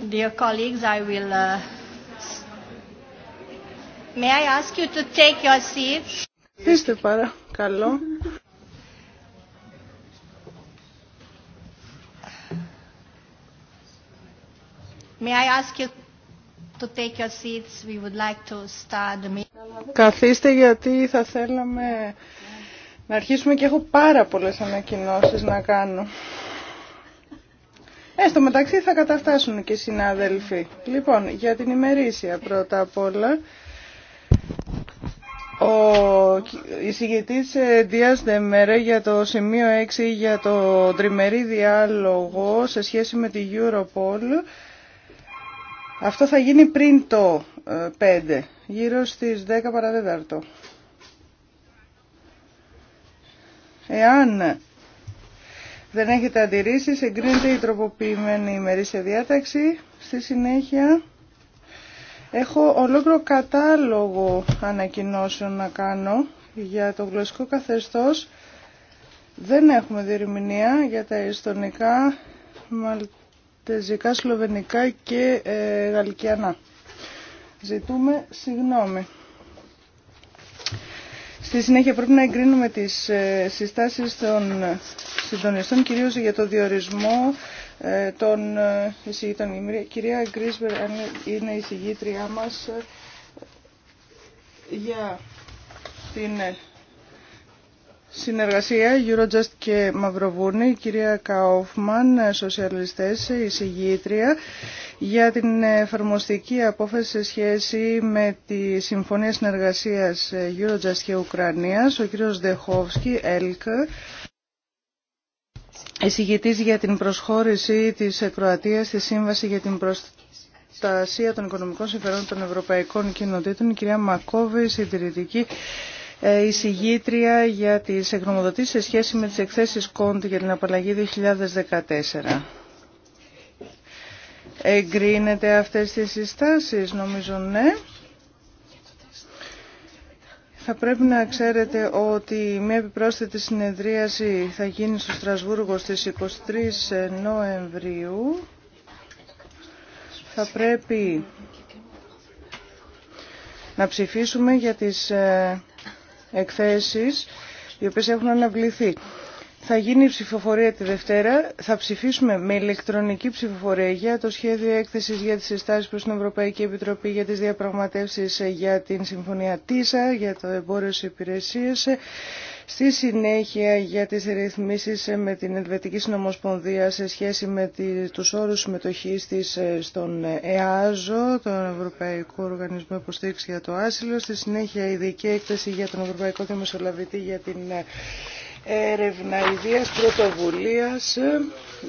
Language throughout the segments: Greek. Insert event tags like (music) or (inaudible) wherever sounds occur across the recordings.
Dear colleagues, I will. Uh... May I ask you to take your seats? Είστε παρακαλώ. May I ask you to take your seats? We would like to start the meeting. Καθίστε γιατί θα θέλαμε να αρχίσουμε και έχω πάρα πολλές ανακοινώσεις να κάνω. Έστω μεταξύ θα καταφτάσουν και οι συνάδελφοι. Λοιπόν, για την ημερήσια πρώτα απ' όλα. Ο εισηγητής ε, Δίας Δεμέρε για το σημείο 6 για το τριμερή διάλογο σε σχέση με τη Europol. Αυτό θα γίνει πριν το 5, ε, γύρω στις 10 παραδέταρτο. Εάν δεν έχετε αντιρρήσεις, εγκρίνεται η τροποποιημένη ημερήσια διάταξη. Στη συνέχεια έχω ολόκληρο κατάλογο ανακοινώσεων να κάνω για το γλωσσικό καθεστώς. Δεν έχουμε διερμηνία για τα ιστονικά, μαλτεζικά, σλοβενικά και ε, γαλλικιανά. Ζητούμε συγγνώμη. Στη συνέχεια πρέπει να εγκρίνουμε τις ε, συστάσεις των συντονιστών, κυρίως για το διορισμό ε, των ε, εισηγητών. Η κυρία Γκρίσβερ είναι η εισηγήτριά μας για την Συνεργασία Eurojust και Μαυροβούνη, κυρία Καόφμαν, σοσιαλιστές, εισηγήτρια για την εφαρμοστική απόφαση σε σχέση με τη Συμφωνία Συνεργασίας Eurojust και Ουκρανίας, ο κύριος Δεχόφσκι, ΕΛΚ, εισηγητής για την προσχώρηση της Κροατίας στη Σύμβαση για την Προστασία των Οικονομικών Συμφερόντων των Ευρωπαϊκών Κοινοτήτων, κυρία Μακόβη, συντηρητική εισηγήτρια για τις εγγνωμοδοτήσεις σε σχέση με τις εκθέσεις κόντ για την απαλλαγή 2014. Εγκρίνεται αυτές τις συστάσεις, νομίζω ναι. Θα πρέπει να ξέρετε ότι μια επιπρόσθετη συνεδρίαση θα γίνει στο Στρασβούργο στις 23 Νοεμβρίου. Θα πρέπει να ψηφίσουμε για τις ε, εκθέσεις οι οποίες έχουν αναβληθεί. Θα γίνει η ψηφοφορία τη Δευτέρα. Θα ψηφίσουμε με ηλεκτρονική ψηφοφορία για το σχέδιο έκθεση για τι συστάσει προ την Ευρωπαϊκή Επιτροπή για τι διαπραγματεύσει για την Συμφωνία ΤΙΣΑ, για το εμπόριο σε υπηρεσίε Στη συνέχεια για τις ρυθμίσεις με την Ελβετική Συνομοσπονδία σε σχέση με τους όρους συμμετοχής της ε, στον ε, ΕΑΖΟ, τον Ευρωπαϊκό Οργανισμό Υποστήριξη για το Άσυλο. Στη συνέχεια ειδική έκθεση για τον Ευρωπαϊκό Δημοσιολαβητή για την ε, έρευνα ιδίας πρωτοβουλίας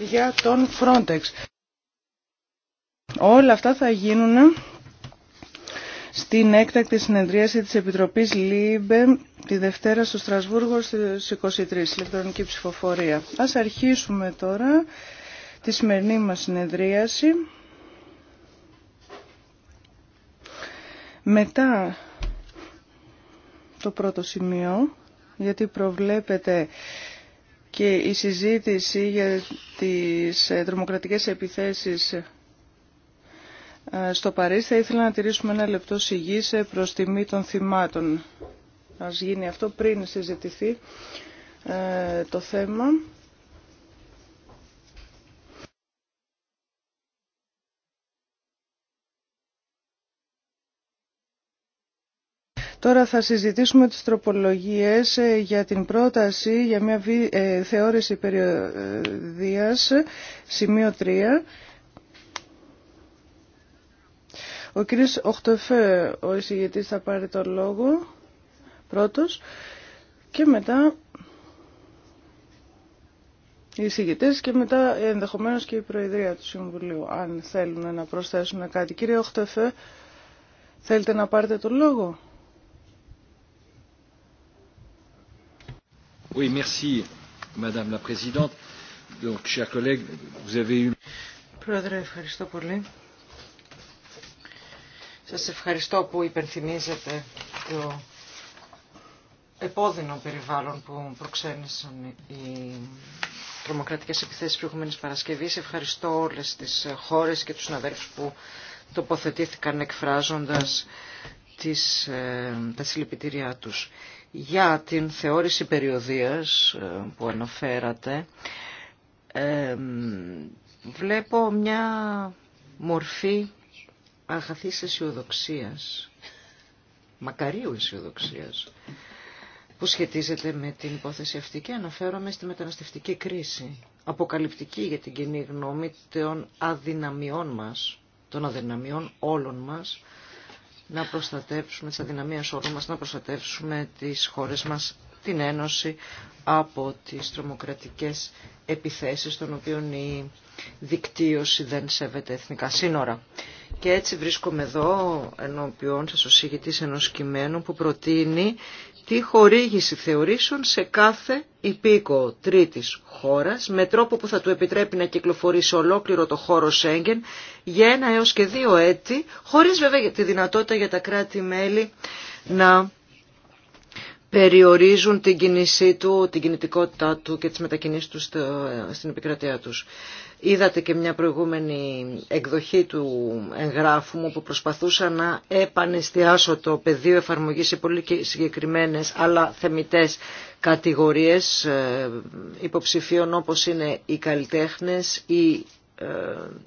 για τον Frontex. Όλα αυτά θα γίνουν στην έκτακτη συνεδρίαση της Επιτροπής ΛΥΜΠΕ τη Δευτέρα στο Στρασβούργο στις 23, ηλεκτρονική ψηφοφορία. Ας αρχίσουμε τώρα τη σημερινή μας συνεδρίαση. Μετά το πρώτο σημείο, γιατί προβλέπεται και η συζήτηση για τις ε, τρομοκρατικές επιθέσεις ε, στο Παρίσι θα ήθελα να τηρήσουμε ένα λεπτό σιγή ε, προς τιμή των θυμάτων. Ας γίνει αυτό πριν συζητηθεί ε, το θέμα. Τώρα θα συζητήσουμε τις τροπολογίες για την πρόταση για μια θεώρηση περιοδίας, σημείο 3. Ο κύριος Οχτωφέ, ο εισηγητής, θα πάρει τον λόγο πρώτος και μετά οι εισηγητές και μετά ενδεχομένως και η Προεδρία του Συμβουλίου, αν θέλουν να προσθέσουν κάτι. Κύριε Οχτωφέ, θέλετε να πάρετε τον λόγο. Oui, Πρόεδρε, ευχαριστώ πολύ. Σας ευχαριστώ που υπενθυμίζετε το επώδυνο περιβάλλον που προξένησαν οι τρομοκρατικές επιθέσεις προηγουμένης Παρασκευής. Ευχαριστώ όλες τις χώρες και τους συναδέλφους που τοποθετήθηκαν εκφράζοντας τις, ε, τα συλληπιτήριά τους. Για την θεώρηση περιοδίας ε, που αναφέρατε, ε, βλέπω μια μορφή αγαθή αισιοδοξία, μακαρίου αισιοδοξία, που σχετίζεται με την υπόθεση αυτή και αναφέρομαι στη μεταναστευτική κρίση, αποκαλυπτική για την κοινή γνώμη των αδυναμιών μας, των αδυναμιών όλων μας, να προστατεύσουμε τι αδυναμίε όλων μας, να προστατεύσουμε τις χώρες μας την Ένωση από τις τρομοκρατικές επιθέσεις των οποίων η δικτύωση δεν σέβεται εθνικά σύνορα. Και έτσι βρίσκομαι εδώ ενώπιον σας ο συγητής ενός κειμένου που προτείνει τη χορήγηση θεωρήσεων σε κάθε υπήκο τρίτης χώρας με τρόπο που θα του επιτρέπει να κυκλοφορεί σε ολόκληρο το χώρο Σέγγεν για ένα έως και δύο έτη χωρίς βέβαια τη δυνατότητα για τα κράτη-μέλη να περιορίζουν την κίνησή του, την κινητικότητά του και τις μετακινήσεις του στην επικρατεία τους. Είδατε και μια προηγούμενη εκδοχή του εγγράφου μου που προσπαθούσα να επανεστιάσω το πεδίο εφαρμογής σε πολύ συγκεκριμένες αλλά θεμητές κατηγορίες ε, υποψηφίων όπως είναι οι καλλιτέχνες, οι ε,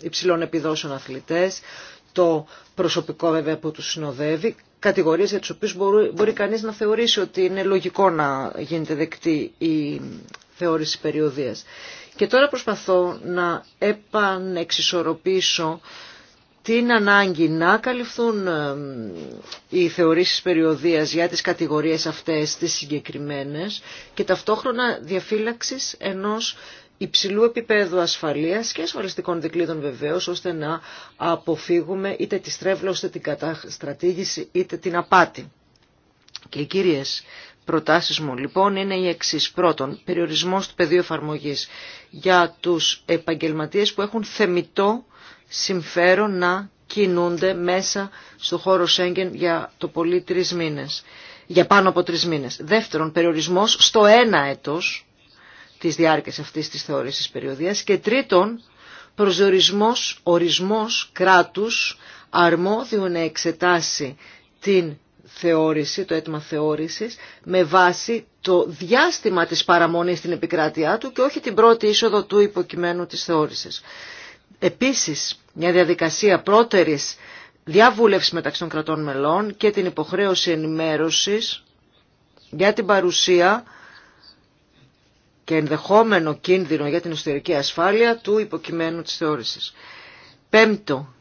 υψηλών επιδόσεων αθλητές, το προσωπικό βέβαια που τους συνοδεύει, κατηγορίες για τις οποίες μπορεί, μπορεί κανείς να θεωρήσει ότι είναι λογικό να γίνεται δεκτή η θεώρηση περιοδίας. Και τώρα προσπαθώ να επανεξισορροπήσω την ανάγκη να καλυφθούν ε, οι θεωρήσεις περιοδίας για τις κατηγορίες αυτές τις συγκεκριμένες και ταυτόχρονα διαφύλαξης ενός υψηλού επίπεδου ασφαλείας και ασφαλιστικών δικλείδων βεβαίως, ώστε να αποφύγουμε είτε τη στρέβλωση, είτε την καταστρατήγηση, είτε την απάτη. Και οι κύριες προτάσεις μου λοιπόν είναι οι εξής. Πρώτον, περιορισμός του πεδίου εφαρμογή για τους επαγγελματίες που έχουν θεμητό συμφέρον να κινούνται μέσα στο χώρο Σέγγεν για το πολύ μήνες. Για πάνω από τρεις μήνες. Δεύτερον, περιορισμός στο ένα έτος της διάρκειας αυτής της θεώρησης περιοδίας και τρίτον προσδιορισμός ορισμός κράτους αρμόδιου να εξετάσει την θεώρηση, το αίτημα θεώρησης με βάση το διάστημα της παραμονής στην επικράτειά του και όχι την πρώτη είσοδο του υποκειμένου της θεώρησης. Επίσης, μια διαδικασία πρώτερης διαβούλευση μεταξύ των κρατών μελών και την υποχρέωση ενημέρωσης για την παρουσία και ενδεχόμενο κίνδυνο για την ιστορική ασφάλεια του υποκειμένου της θεώρησης. Πέμπτο,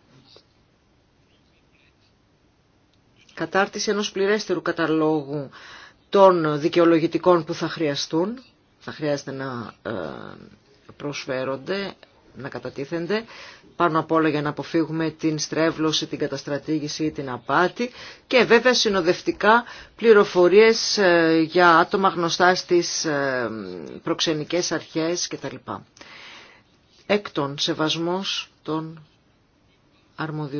κατάρτιση ενός πληρέστερου καταλόγου των δικαιολογητικών που θα χρειαστούν, θα χρειάζεται να ε, προσφέρονται να κατατίθενται, πάνω απ' όλα για να αποφύγουμε την στρέβλωση, την καταστρατήγηση ή την απάτη και βέβαια συνοδευτικά πληροφορίες ε, για άτομα γνωστά στις ε, προξενικές αρχές κτλ. Έκτον, σεβασμός των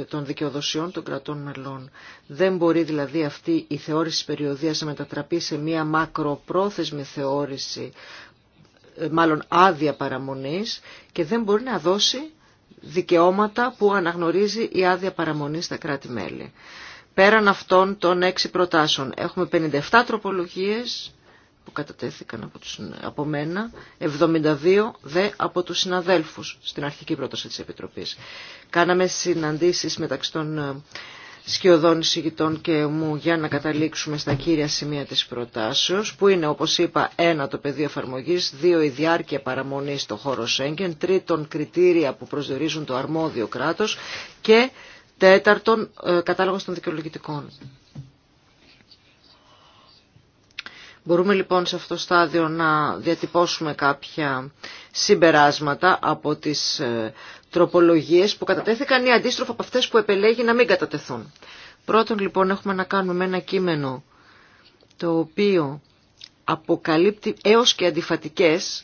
των δικαιοδοσιών των κρατών μελών. Δεν μπορεί δηλαδή αυτή η θεώρηση περιοδίας να μετατραπεί σε μια μακροπρόθεσμη θεώρηση ε, μάλλον άδεια παραμονής και δεν μπορεί να δώσει δικαιώματα που αναγνωρίζει η άδεια παραμονή στα κράτη-μέλη. Πέραν αυτών των έξι προτάσεων έχουμε 57 τροπολογίες που κατατέθηκαν από, τους, από μένα, 72 δε από τους συναδέλφους στην αρχική πρόταση της Επιτροπής. Κάναμε συναντήσεις μεταξύ των ε, Σκιοδόνηση γητών και μου για να καταλήξουμε στα κύρια σημεία της προτάσεως που είναι όπως είπα ένα το πεδίο εφαρμογή, δύο η διάρκεια παραμονή στο χώρο Σέγγεν, τρίτον κριτήρια που προσδιορίζουν το αρμόδιο κράτος και τέταρτον ε, κατάλογος των δικαιολογητικών. Μπορούμε λοιπόν σε αυτό το στάδιο να διατυπώσουμε κάποια συμπεράσματα από τις ε, τροπολογίες που κατατέθηκαν ή αντίστροφα από αυτές που επελέγει να μην κατατεθούν. Πρώτον λοιπόν έχουμε να κάνουμε ένα κείμενο το οποίο αποκαλύπτει έως και αντιφατικές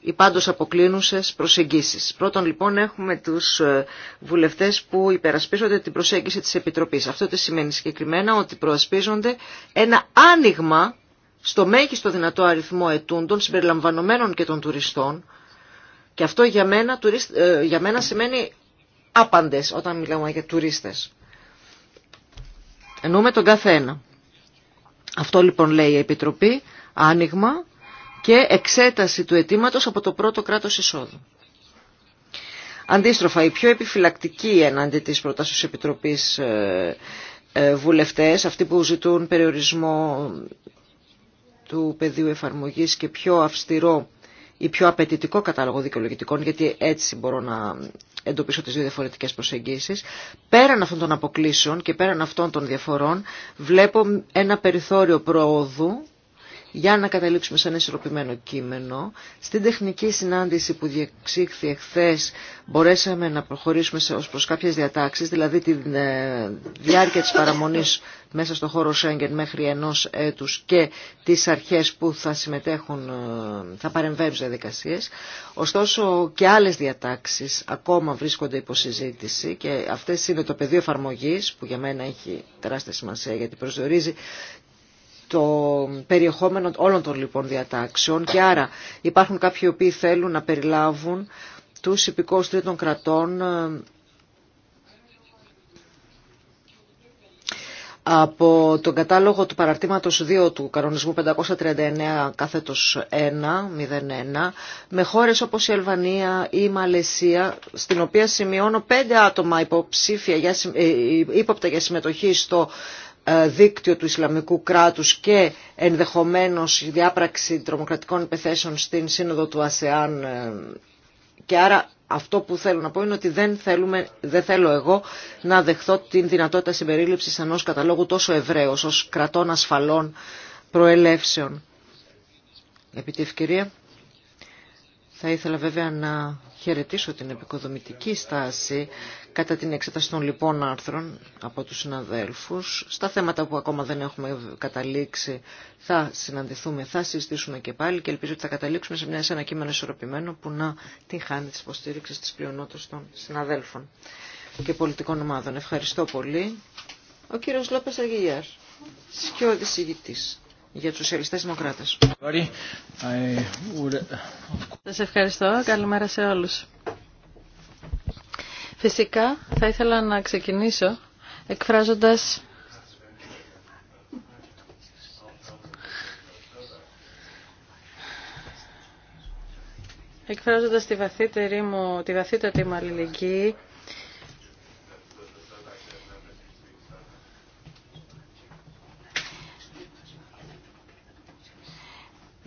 ή πάντως αποκλίνουσες προσεγγίσεις. Πρώτον λοιπόν έχουμε τους ε, βουλευτές που υπερασπίζονται την προσέγγιση της Επιτροπής. Αυτό τι σημαίνει συγκεκριμένα ότι προασπίζονται ένα άνοιγμα στο μέγιστο δυνατό αριθμό ετούντων, συμπεριλαμβανομένων και των τουριστών. Και αυτό για μένα, ε, για μένα σημαίνει άπαντες όταν μιλάμε για τουρίστες. Εννοούμε τον κάθε Αυτό λοιπόν λέει η Επιτροπή, άνοιγμα και εξέταση του αιτήματο από το πρώτο κράτος εισόδου. Αντίστροφα, η πιο επιφυλακτική εναντί της προτάσεως Επιτροπής ε, ε, βουλευτές, αυτοί που ζητούν περιορισμό του πεδίου εφαρμογής και πιο αυστηρό ή πιο απαιτητικό κατάλογο δικαιολογητικών, γιατί έτσι μπορώ να εντοπίσω τις δύο διαφορετικές προσεγγίσεις. Πέραν αυτών των αποκλήσεων και πέραν αυτών των διαφορών, βλέπω ένα περιθώριο προόδου για να καταλήξουμε σε ένα ισορροπημένο κείμενο. Στην τεχνική συνάντηση που διεξήχθη εχθές μπορέσαμε να προχωρήσουμε σε, ως προς κάποιες διατάξεις, δηλαδή τη ε, διάρκεια της παραμονής (coughs) μέσα στο χώρο Σέγγεν μέχρι ενός έτους και τις αρχές που θα συμμετέχουν, ε, θα παρεμβαίνουν σε διαδικασίες. Ωστόσο και άλλες διατάξεις ακόμα βρίσκονται υπό συζήτηση και αυτές είναι το πεδίο εφαρμογή που για μένα έχει τεράστια σημασία γιατί προσδιορίζει το περιεχόμενο όλων των λοιπόν διατάξεων και άρα υπάρχουν κάποιοι οι οποίοι θέλουν να περιλάβουν τους υπηκόους τρίτων κρατών ε, από τον κατάλογο του παραρτήματος 2 του κανονισμού 539 κάθετος 1, με χώρες όπως η Αλβανία ή η Μαλαισία, στην οποία σημειώνω πέντε άτομα υποψήφια για, ε, ε, ύποπτα για συμμετοχή στο ε, δίκτυο του Ισλαμικού κράτους και ενδεχομένως η διάπραξη τρομοκρατικών επιθέσεων στην Σύνοδο του ΑΣΕΑΝ ε, και άρα αυτό που θέλω να πω είναι ότι δεν, θέλουμε, θέλω εγώ να δεχθώ την δυνατότητα συμπερίληψης ενός καταλόγου τόσο ευραίος ως κρατών ασφαλών προελεύσεων. Επί τη ευκαιρία θα ήθελα βέβαια να χαιρετήσω την επικοδομητική στάση κατά την εξέταση των λοιπών άρθρων από τους συναδέλφους. Στα θέματα που ακόμα δεν έχουμε καταλήξει θα συναντηθούμε, θα συζητήσουμε και πάλι και ελπίζω ότι θα καταλήξουμε σε, μια, σε ένα κείμενο ισορροπημένο που να την χάνει της υποστήριξη της πλειονότητας των συναδέλφων και πολιτικών ομάδων. Ευχαριστώ πολύ. Ο κύριος Λόπες Αργυγιάς, σκιώδης ηγητής για τους σοσιαλιστές δημοκράτες. Σας ευχαριστώ. Καλημέρα σε όλους. Φυσικά θα ήθελα να ξεκινήσω εκφράζοντας εκφράζοντας τη βαθύτερη μου, τη βαθύτατη μου αλληλεγγύη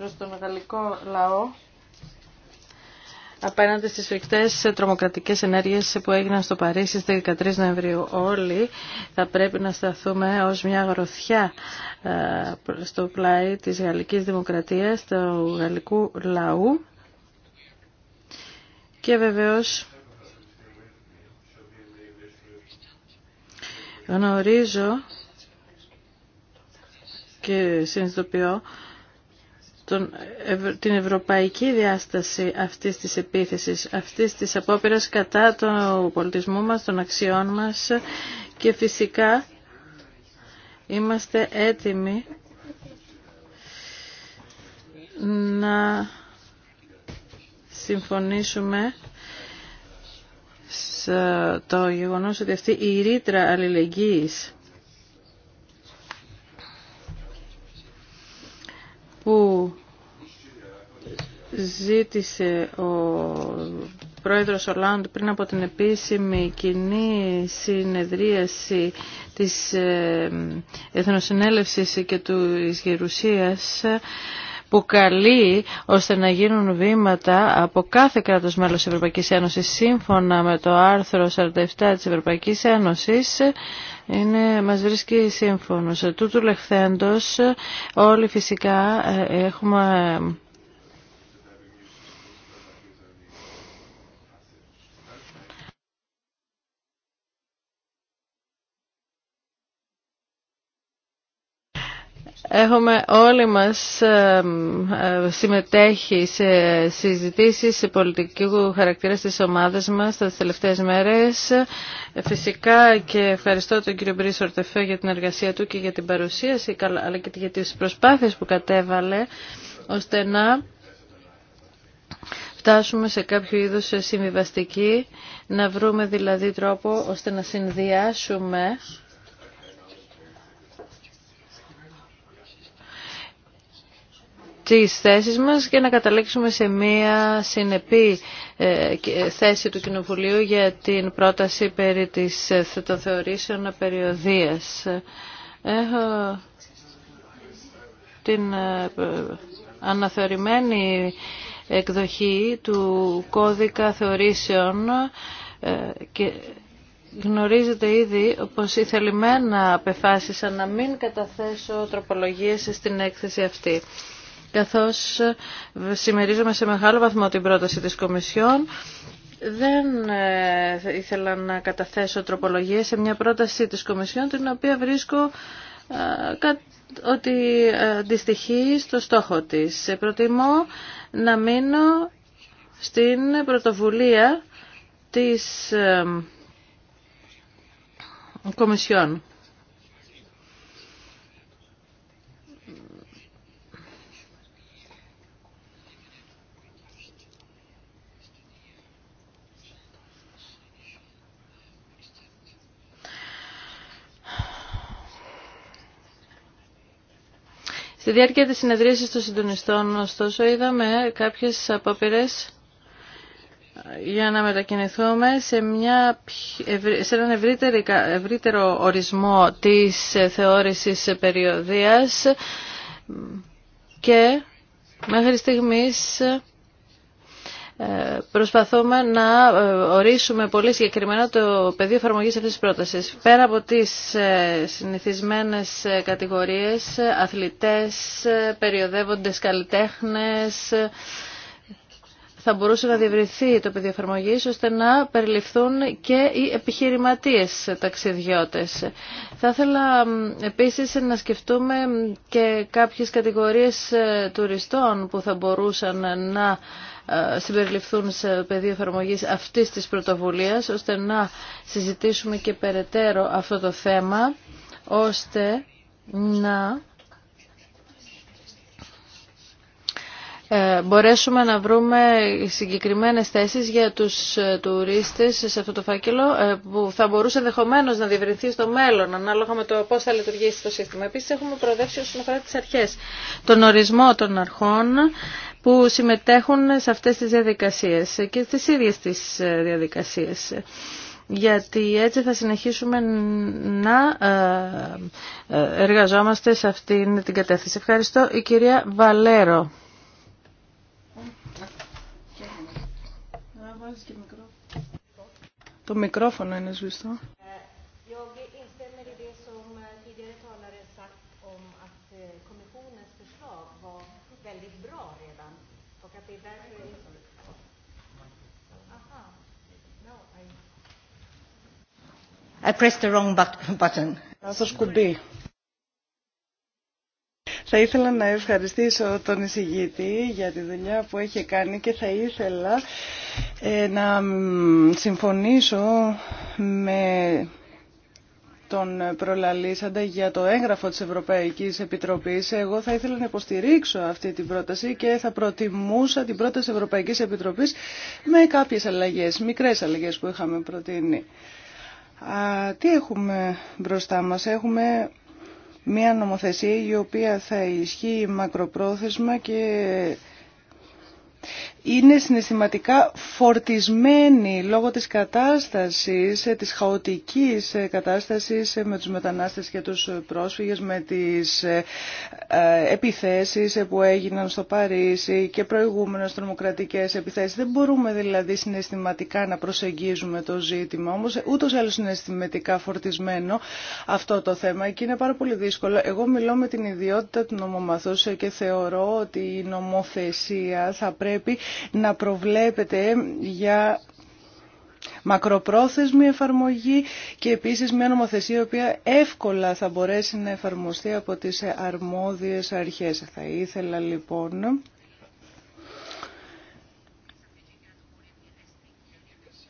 προς τον γαλλικό λαό απέναντι στις φρικτές τρομοκρατικές ενέργειες που έγιναν στο Παρίσι στις 13 Νοεμβρίου. Όλοι θα πρέπει να σταθούμε ως μια γροθιά ε, στο πλάι της γαλλικής δημοκρατίας, του γαλλικού λαού και βεβαίως γνωρίζω και συνειδητοποιώ την ευρωπαϊκή διάσταση αυτής της επίθεσης, αυτής της απόπειρας κατά τον πολιτισμό μας, των αξιών μας και φυσικά είμαστε έτοιμοι να συμφωνήσουμε στο γεγονός ότι αυτή η ρήτρα αλληλεγγύης ζήτησε ο πρόεδρος Ολάντ πριν από την επίσημη κοινή συνεδρίαση της ε, Εθνοσυνέλευσης και του Γερουσίας που καλεί ώστε να γίνουν βήματα από κάθε κράτος μέλος της Ευρωπαϊκής Ένωσης σύμφωνα με το άρθρο 47 της Ευρωπαϊκής Ένωσης είναι, μας βρίσκει σύμφωνος. Τούτου λεχθέντος όλοι φυσικά ε, έχουμε Έχουμε όλοι μας ε, συμμετέχει σε συζητήσεις σε πολιτικού χαρακτήρα στις ομάδες μας τις τελευταίες μέρες. Φυσικά και ευχαριστώ τον κύριο Μπρίσορ για την εργασία του και για την παρουσίαση αλλά και για τις προσπάθειες που κατέβαλε ώστε να φτάσουμε σε κάποιο είδος συμβιβαστική, να βρούμε δηλαδή τρόπο ώστε να συνδυάσουμε τις θέσεις μας και να καταλήξουμε σε μία συνεπή ε, θέση του Κοινοβουλίου για την πρόταση περί της, ε, των θεωρήσεων περιοδίας. Έχω την ε, αναθεωρημένη εκδοχή του κώδικα θεωρήσεων και γνωρίζετε ήδη πως θελημένα απεφάσισα να μην καταθέσω τροπολογίες στην έκθεση αυτή καθώς συμμερίζομαι σε μεγάλο βαθμό την πρόταση της Κομισιόν δεν ε, ήθελα να καταθέσω τροπολογία σε μια πρόταση της Κομισιόν την οποία βρίσκω ε, ότι ε, αντιστοιχεί στο στόχο της. Προτιμώ να μείνω στην πρωτοβουλία της Κομισιόν. Στη διάρκεια της συνεδρίασης των συντονιστών, ωστόσο, είδαμε κάποιες απόπειρες για να μετακινηθούμε σε, σε έναν ευρύτερο, ευρύτερο ορισμό της θεώρησης περιοδίας και μέχρι στιγμής ε, προσπαθούμε να ε, ορίσουμε πολύ συγκεκριμένα το πεδίο εφαρμογή αυτή της πρότασης. Πέρα από τις ε, συνηθισμένες κατηγορίες, αθλητές, περιοδεύοντες καλλιτέχνε, θα μπορούσε να διευρυνθεί το πεδίο εφαρμογή ώστε να περιληφθούν και οι επιχειρηματίες ταξιδιώτε. Θα ήθελα επίσης να σκεφτούμε και κάποιες κατηγορίες τουριστών που θα μπορούσαν να ε, συμπεριληφθούν σε πεδίο εφαρμογή αυτής της πρωτοβουλία, ώστε να συζητήσουμε και περαιτέρω αυτό το θέμα, ώστε να Ε, μπορέσουμε να βρούμε συγκεκριμένες θέσεις για τους ε, τουρίστες σε αυτό το φάκελο ε, που θα μπορούσε ενδεχομένω να διευρυνθεί στο μέλλον ανάλογα με το πώς θα λειτουργήσει το σύστημα. Επίσης έχουμε προοδεύσει όσον αφορά τις αρχές, τον ορισμό των αρχών που συμμετέχουν σε αυτές τις διαδικασίες και στις ίδιες τις διαδικασίες γιατί έτσι θα συνεχίσουμε να εργαζόμαστε σε αυτήν την κατεύθυνση. Ευχαριστώ η κυρία Βαλέρο. βάζεις και μικρό. Το μικρόφωνο είναι σβηστό. I pressed the wrong button. Λάθος κουμπί. Θα ήθελα να ευχαριστήσω τον εισηγητή για τη δουλειά που έχει κάνει και θα ήθελα ε, να συμφωνήσω με τον προλαλήσαντα για το έγγραφο της Ευρωπαϊκής Επιτροπής. Εγώ θα ήθελα να υποστηρίξω αυτή την πρόταση και θα προτιμούσα την πρόταση Ευρωπαϊκής Επιτροπής με κάποιες αλλαγές, μικρές αλλαγές που είχαμε προτείνει. τι έχουμε μπροστά μας. Έχουμε μια νομοθεσία η οποία θα ισχύει μακροπρόθεσμα και είναι συναισθηματικά φορτισμένοι λόγω της κατάστασης, ε, της χαοτικής ε, κατάστασης ε, με τους μετανάστες και τους πρόσφυγες, με τις επιθέσεις που έγιναν στο Παρίσι και προηγούμενες τρομοκρατικές επιθέσεις. Δεν μπορούμε δηλαδή συναισθηματικά να προσεγγίζουμε το ζήτημα, όμως ούτως άλλως συναισθηματικά φορτισμένο αυτό το θέμα και είναι πάρα πολύ δύσκολο. Εγώ μιλώ με την ιδιότητα του νομομαθούς και θεωρώ ότι η νομοθεσία θα πρέπει να προβλέπετε για μακροπρόθεσμη εφαρμογή και επίσης μια νομοθεσία η οποία εύκολα θα μπορέσει να εφαρμοστεί από τις αρμόδιες αρχές. Θα ήθελα λοιπόν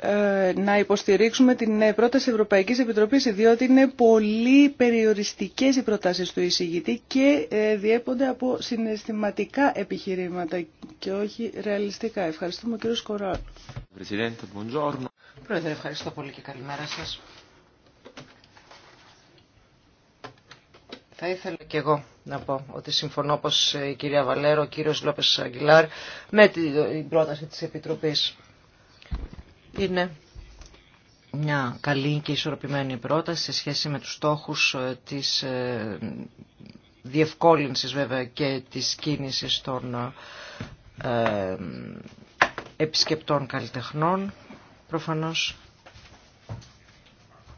Ε, να υποστηρίξουμε την ε, πρόταση Ευρωπαϊκής Επιτροπής διότι είναι πολύ περιοριστικές οι προτάσεις του εισηγητή και ε, διέπονται από συναισθηματικά επιχειρήματα και όχι ρεαλιστικά. Ευχαριστούμε κύριο Σκοράλ. Πρόεδρε, ευχαριστώ πολύ και καλημέρα σας. Θα ήθελα και εγώ να πω ότι συμφωνώ όπως η κυρία Βαλέρο, ο κύριος Λόπες Αγγιλάρ με την πρόταση της Επιτροπής είναι μια καλή και ισορροπημένη πρόταση σε σχέση με τους στόχους ε, της ε, διευκόλυνσης βέβαια και της κίνησης των ε, επισκεπτών καλλιτεχνών. Προφανώς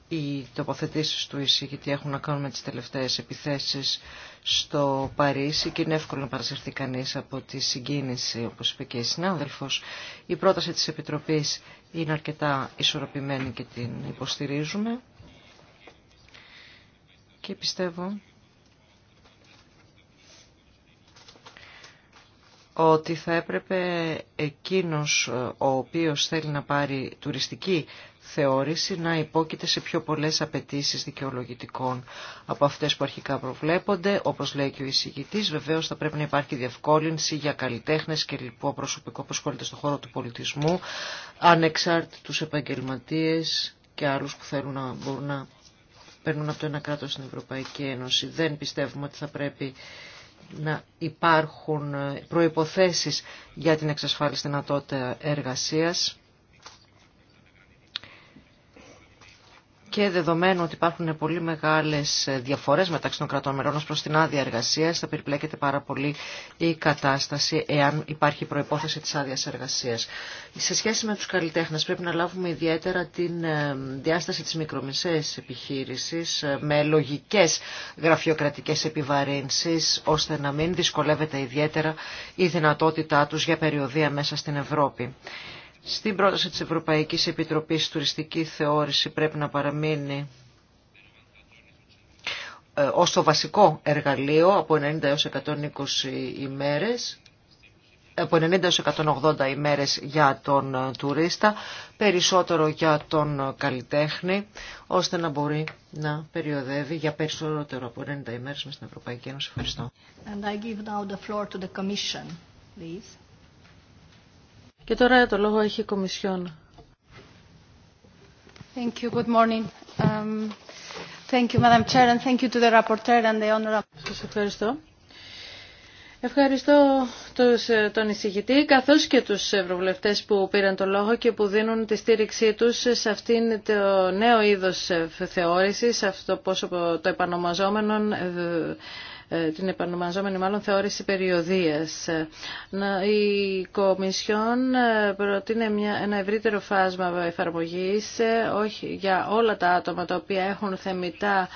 οι τοποθετήσει του εισηγητή έχουν να κάνουν με τις τελευταίες επιθέσεις στο Παρίσι και είναι εύκολο να παρασυρθεί κανείς από τη συγκίνηση, όπω είπε και η Η πρόταση της Επιτροπής είναι αρκετά ισορροπημένη και την υποστηρίζουμε. Και πιστεύω ότι θα έπρεπε εκείνος ο οποίος θέλει να πάρει τουριστική θεώρηση να υπόκειται σε πιο πολλές απαιτήσει δικαιολογητικών από αυτές που αρχικά προβλέπονται. Όπως λέει και ο εισηγητής, βεβαίως θα πρέπει να υπάρχει διευκόλυνση για καλλιτέχνες και λοιπό προσωπικό που ασχολείται στον χώρο του πολιτισμού, ανεξάρτητους επαγγελματίες και άλλους που θέλουν να μπορούν να παίρνουν από το ένα κράτος στην Ευρωπαϊκή Ένωση. Δεν πιστεύουμε ότι θα πρέπει να υπάρχουν προϋποθέσεις για την εξασφάλιση δυνατότητα εργασίας και δεδομένου ότι υπάρχουν πολύ μεγάλες διαφορές μεταξύ των κρατών μερών ως προς την άδεια εργασίας, θα περιπλέκεται πάρα πολύ η κατάσταση εάν υπάρχει προϋπόθεση της άδεια εργασίας. Σε σχέση με τους καλλιτέχνες πρέπει να λάβουμε ιδιαίτερα την ε, διάσταση της μικρομισές επιχείρησης ε, με λογικές γραφειοκρατικές επιβαρύνσεις ώστε να μην δυσκολεύεται ιδιαίτερα η δυνατότητά τους για περιοδία μέσα στην Ευρώπη. Στην πρόταση της Ευρωπαϊκής Επιτροπής τουριστική θεώρηση πρέπει να παραμείνει ε, ως το βασικό εργαλείο από 90 έως 120 ημέρες από 90 έως 180 ημέρες για τον ε, τουρίστα, περισσότερο για τον ε, καλλιτέχνη, ώστε να μπορεί να περιοδεύει για περισσότερο από 90 ημέρες μέσα στην Ευρωπαϊκή Ένωση. Ευχαριστώ. And I give now the floor to the Commission, please. Και τώρα το λόγο έχει η Κομισιόν. ευχαριστώ. Ευχαριστώ ε, τον εισηγητή καθώς και τους ευρωβουλευτές που πήραν το λόγο και που δίνουν τη στήριξή τους σε αυτήν το νέο είδος θεώρησης, αυτό πόσο το επανομαζόμενο ε, ε, την επανομαζόμενη μάλλον θεώρηση περιοδίας. Ε, η Κομισιόν ε, προτείνει μια, ένα ευρύτερο φάσμα εφαρμογής όχι για όλα τα άτομα τα οποία έχουν θεμητά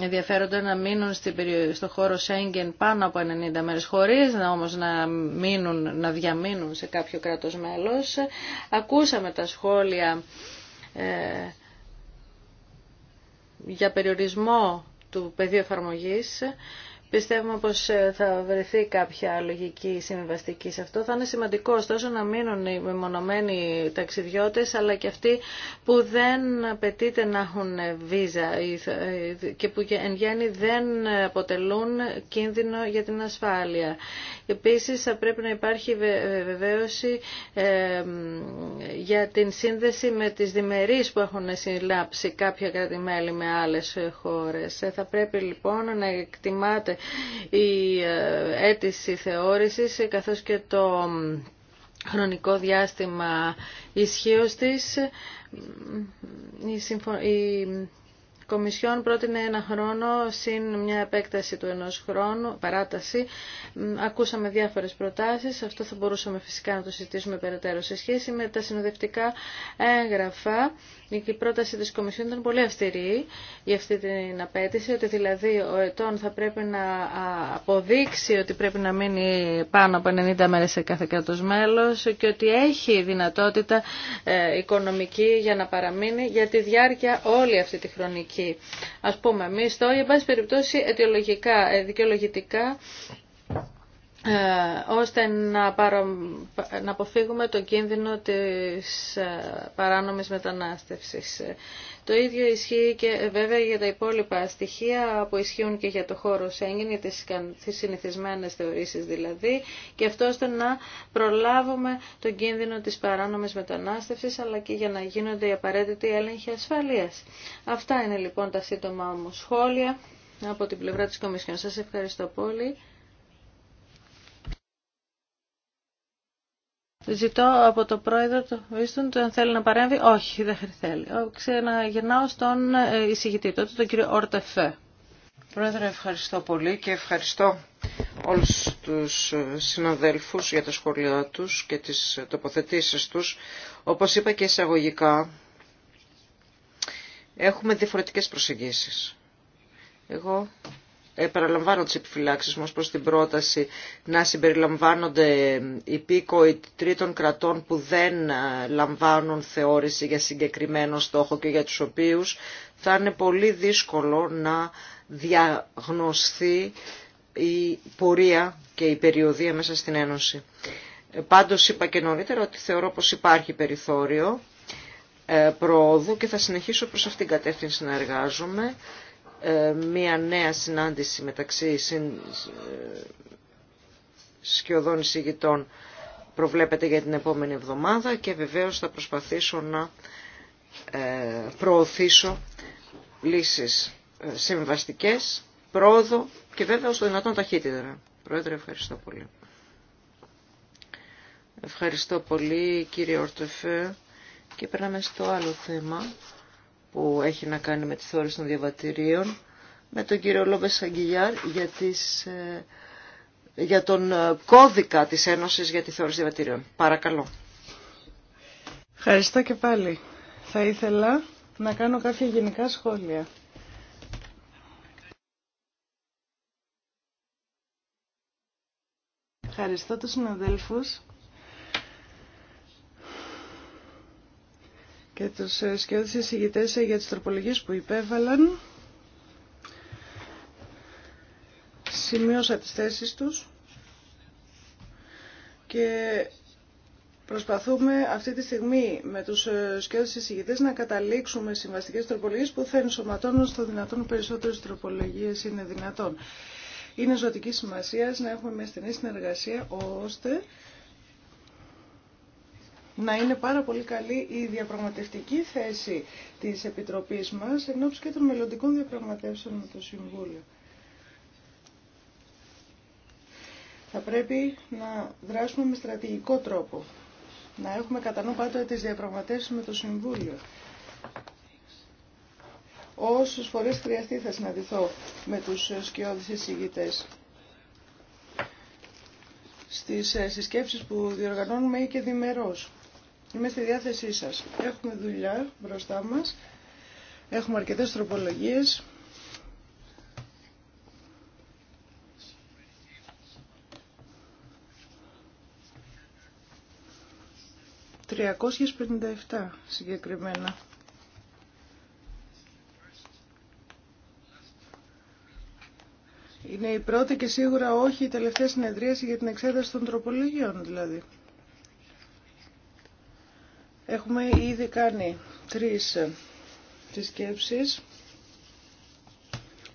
ενδιαφέροντα να μείνουν στην στο χώρο Σέγγεν πάνω από 90 μέρες χωρίς να όμως να, μείνουν, να διαμείνουν σε κάποιο κράτος μέλος. Ακούσαμε τα σχόλια για περιορισμό του πεδίου εφαρμογής Πιστεύουμε πως ε, θα βρεθεί κάποια λογική συμβαστική σε αυτό. Θα είναι σημαντικό ωστόσο να μείνουν οι μεμονωμένοι ταξιδιώτες αλλά και αυτοί που δεν απαιτείται να έχουν βίζα ε, και που εν γέννη δεν αποτελούν κίνδυνο για την ασφάλεια. Επίσης θα πρέπει να υπάρχει ε, βεβαίωση για την σύνδεση με τις διμερείς που έχουν συλλάψει κάποια κρατημέλη με άλλες χώρες. Θα πρέπει λοιπόν να εκτιμάται η ε, αίτηση θεώρησης καθώς και το χρονικό διάστημα ισχύω της η Κομισιόν πρότεινε ένα χρόνο συν μια επέκταση του ενός χρόνου, παράταση. Ακούσαμε διάφορες προτάσεις. Αυτό θα μπορούσαμε φυσικά να το συζητήσουμε περαιτέρω σε σχέση με τα συνοδευτικά έγγραφα. Η πρόταση της Κομισιόν ήταν πολύ αυστηρή για αυτή την απέτηση, ότι δηλαδή ο ετών θα πρέπει να αποδείξει ότι πρέπει να μείνει πάνω από 90 μέρες σε κάθε κράτος μέλος και ότι έχει δυνατότητα ε, οικονομική για να παραμείνει για τη διάρκεια όλη αυτή τη χρονική Α Ας πούμε, μισθό ή, εν πάση περιπτώσει, αιτιολογικά, ε, δικαιολογητικά, ε, ώστε να, αποφύγουμε το κίνδυνο της ε, παράνομης μετανάστευσης. Το ίδιο ισχύει και ε, βέβαια για τα υπόλοιπα στοιχεία που ισχύουν και για το χώρο Σέγγιν, για τις συνηθισμένες θεωρήσεις δηλαδή, και αυτό ώστε να προλάβουμε τον κίνδυνο της παράνομης μετανάστευσης, αλλά και για να γίνονται οι απαραίτητοι έλεγχοι ασφαλείας. Αυτά είναι λοιπόν τα σύντομα μου σχόλια από την πλευρά της Κομισιόν. Σας ευχαριστώ πολύ. Ζητώ από το πρόεδρο του Βίστον αν θέλει να παρέμβει. Όχι, δεν θέλει. γυρνάω στον ε, εισηγητή τότε, τον κύριο Ορτεφέ. Πρόεδρε, ευχαριστώ πολύ και ευχαριστώ όλους τους ε, συναδέλφους για τα σχόλιά τους και τις τοποθετήσεις τους. Όπως είπα και εισαγωγικά, έχουμε διαφορετικές προσεγγίσεις. Εγώ παραλαμβάνω τις επιφυλάξεις μας προς την πρόταση να συμπεριλαμβάνονται υπήκοοι τρίτων κρατών που δεν ε, λαμβάνουν θεώρηση για συγκεκριμένο στόχο και για τους οποίους θα είναι πολύ δύσκολο να διαγνωστεί η πορεία και η περιοδία μέσα στην Ένωση. Ε, πάντως είπα και νωρίτερα ότι θεωρώ πως υπάρχει περιθώριο ε, προόδου και θα συνεχίσω προς αυτήν την κατεύθυνση να εργάζομαι ε, μια νέα συνάντηση μεταξύ ε, σκιωδών εισηγητών προβλέπεται για την επόμενη εβδομάδα και βεβαίως θα προσπαθήσω να ε, προωθήσω λύσεις συμβαστικές, πρόοδο και βέβαια στο δυνατόν ταχύτερα. Πρόεδρε, ευχαριστώ πολύ. Ευχαριστώ πολύ κύριε Ορτεφέ και περνάμε στο άλλο θέμα που έχει να κάνει με τη θεώρηση των διαβατηρίων με τον κύριο Λόμπες Αγγιλιάρ για, τις, ε, για τον ε, κώδικα της Ένωσης για τη θεώρηση διαβατηρίων. Παρακαλώ. Ευχαριστώ και πάλι. Θα ήθελα να κάνω κάποια γενικά σχόλια. Ευχαριστώ τους συναδέλφους και τους σκιώδεις εισηγητές για τις τροπολογίες που υπέβαλαν. Σημείωσα τις θέσεις τους και προσπαθούμε αυτή τη στιγμή με τους σκιώδεις εισηγητές να καταλήξουμε συμβαστικές τροπολογίες που θα ενσωματώνουν στο δυνατόν περισσότερες τροπολογίες είναι δυνατόν. Είναι ζωτική σημασία να έχουμε μια στενή συνεργασία ώστε να είναι πάρα πολύ καλή η διαπραγματευτική θέση της Επιτροπής μας εν και των μελλοντικών διαπραγματεύσεων με το Συμβούλιο. Θα πρέπει να δράσουμε με στρατηγικό τρόπο, να έχουμε κατά νου πάντοτε τις διαπραγματεύσεις με το Συμβούλιο. Όσες φορές χρειαστεί θα συναντηθώ με τους σκιώδεις εισηγητές στις ε, συσκέψεις που διοργανώνουμε ή και διμερώς. Είμαι στη διάθεσή σας. Έχουμε δουλειά μπροστά μας. Έχουμε αρκετές τροπολογίες. ...357 συγκεκριμένα. Είναι η πρώτη και σίγουρα όχι η τελευταία συνεδρίαση για την εξέταση των τροπολογίων δηλαδή. Έχουμε ήδη κάνει τρεις ε, σκέψεις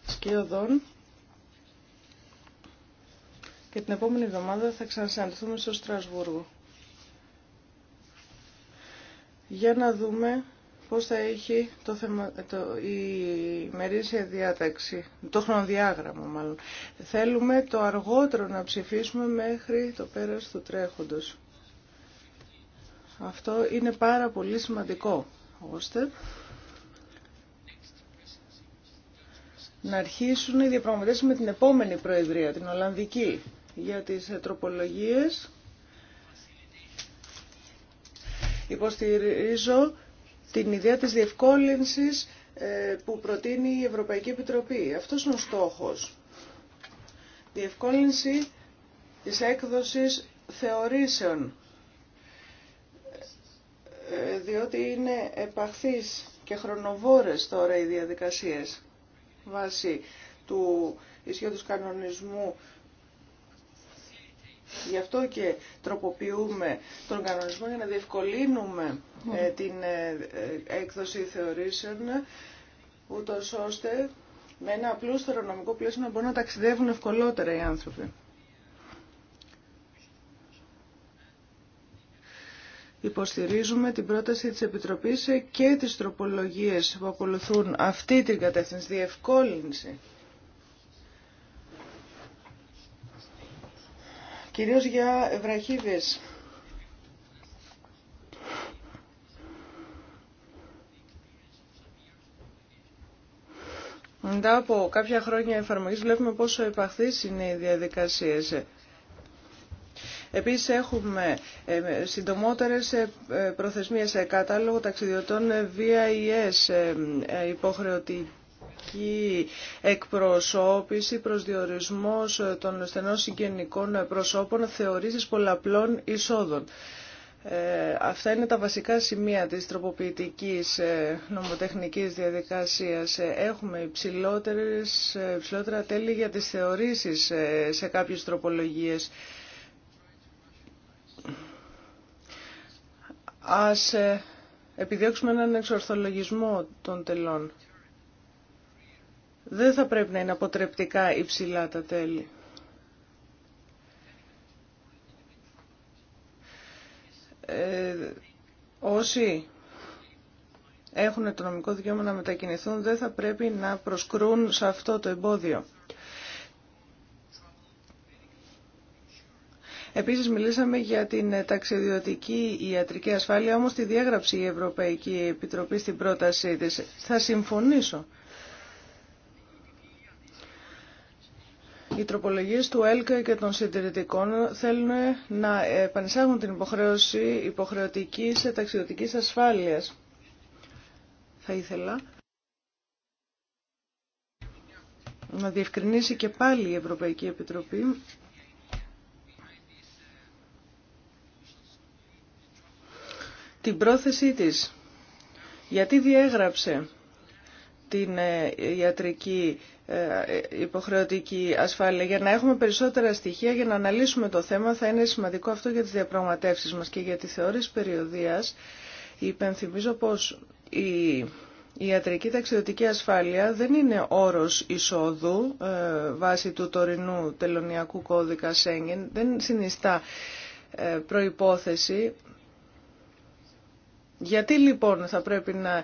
σκιωδών και την επόμενη εβδομάδα θα ξανασυναντηθούμε στο Στρασβούργο για να δούμε πώς θα έχει το θεμα... το... η μερίσια διάταξη, το χρονοδιάγραμμα μάλλον. Θέλουμε το αργότερο να ψηφίσουμε μέχρι το πέρας του τρέχοντος. Αυτό είναι πάρα πολύ σημαντικό, ώστε να αρχίσουν οι διαπραγματεύσεις με την επόμενη Προεδρία, την Ολλανδική, για τις ε, τροπολογίες. Υποστηρίζω την ιδέα της διευκόλυνσης ε, που προτείνει η Ευρωπαϊκή Επιτροπή. Αυτός είναι ο στόχος. Διευκόλυνση της έκδοσης θεωρήσεων ε, διότι είναι επαχθείς και χρονοβόρες τώρα οι διαδικασίες βάσει του ισχύοντος κανονισμού. Γι' αυτό και τροποποιούμε τον κανονισμό για να διευκολύνουμε ναι. ε, την ε, έκδοση θεωρήσεων, ούτως ώστε με ένα απλούστερο νομικό πλαίσιο να μπορούν να ταξιδεύουν ευκολότερα οι άνθρωποι. Υποστηρίζουμε την πρόταση της Επιτροπής και τις τροπολογίες που ακολουθούν αυτή την κατεύθυνση, διευκόλυνση. Κυρίως για ευραχίδες. Μετά από κάποια χρόνια εφαρμογής βλέπουμε πόσο επαχθείς είναι οι διαδικασίες. Επίσης έχουμε ε, συντομότερες ε, προθεσμίες ε, κατάλογο ταξιδιωτών VIS υποχρεωτική εκπροσώπηση εκπροσώπηση, προσδιορισμός των στενών συγγενικών προσώπων, θεωρήσεις πολλαπλών εισόδων. αυτά είναι τα βασικά σημεία της τροποποιητικής ε, νομοτεχνικής διαδικασίας. Έχουμε υψηλότερες, υψηλότερα τέλη για τις θεωρήσεις σε κάποιες τροπολογίες. Ας ε, επιδιώξουμε έναν εξορθολογισμό των τελών. Δεν θα πρέπει να είναι αποτρεπτικά υψηλά τα τέλη. Ε, όσοι έχουν το νομικό δικαίωμα να μετακινηθούν δεν θα πρέπει να προσκρούν σε αυτό το εμπόδιο. Επίσης μιλήσαμε για την ταξιδιωτική ιατρική ασφάλεια, όμως τη διέγραψε η Ευρωπαϊκή Επιτροπή στην πρότασή της. Θα συμφωνήσω. Οι τροπολογίες του ΕΛΚΑ και των συντηρητικών θέλουν να επανεισάγουν την υποχρέωση υποχρεωτικής ταξιδιωτικής ασφάλειας. Θα ήθελα να διευκρινίσει και πάλι η Ευρωπαϊκή Επιτροπή την πρόθεσή της. Γιατί διέγραψε την ε, ιατρική ε, υποχρεωτική ασφάλεια. Για να έχουμε περισσότερα στοιχεία, για να αναλύσουμε το θέμα, θα είναι σημαντικό αυτό για τις διαπραγματεύσεις μας και για τη θεώρηση περιοδίας. Υπενθυμίζω πως η ιατρική ταξιδιωτική ασφάλεια δεν είναι όρος εισόδου ε, βάσει του τωρινού τελωνιακού κώδικα Σέγγεν, δεν συνιστά ε, προϋπόθεση γιατί λοιπόν θα πρέπει να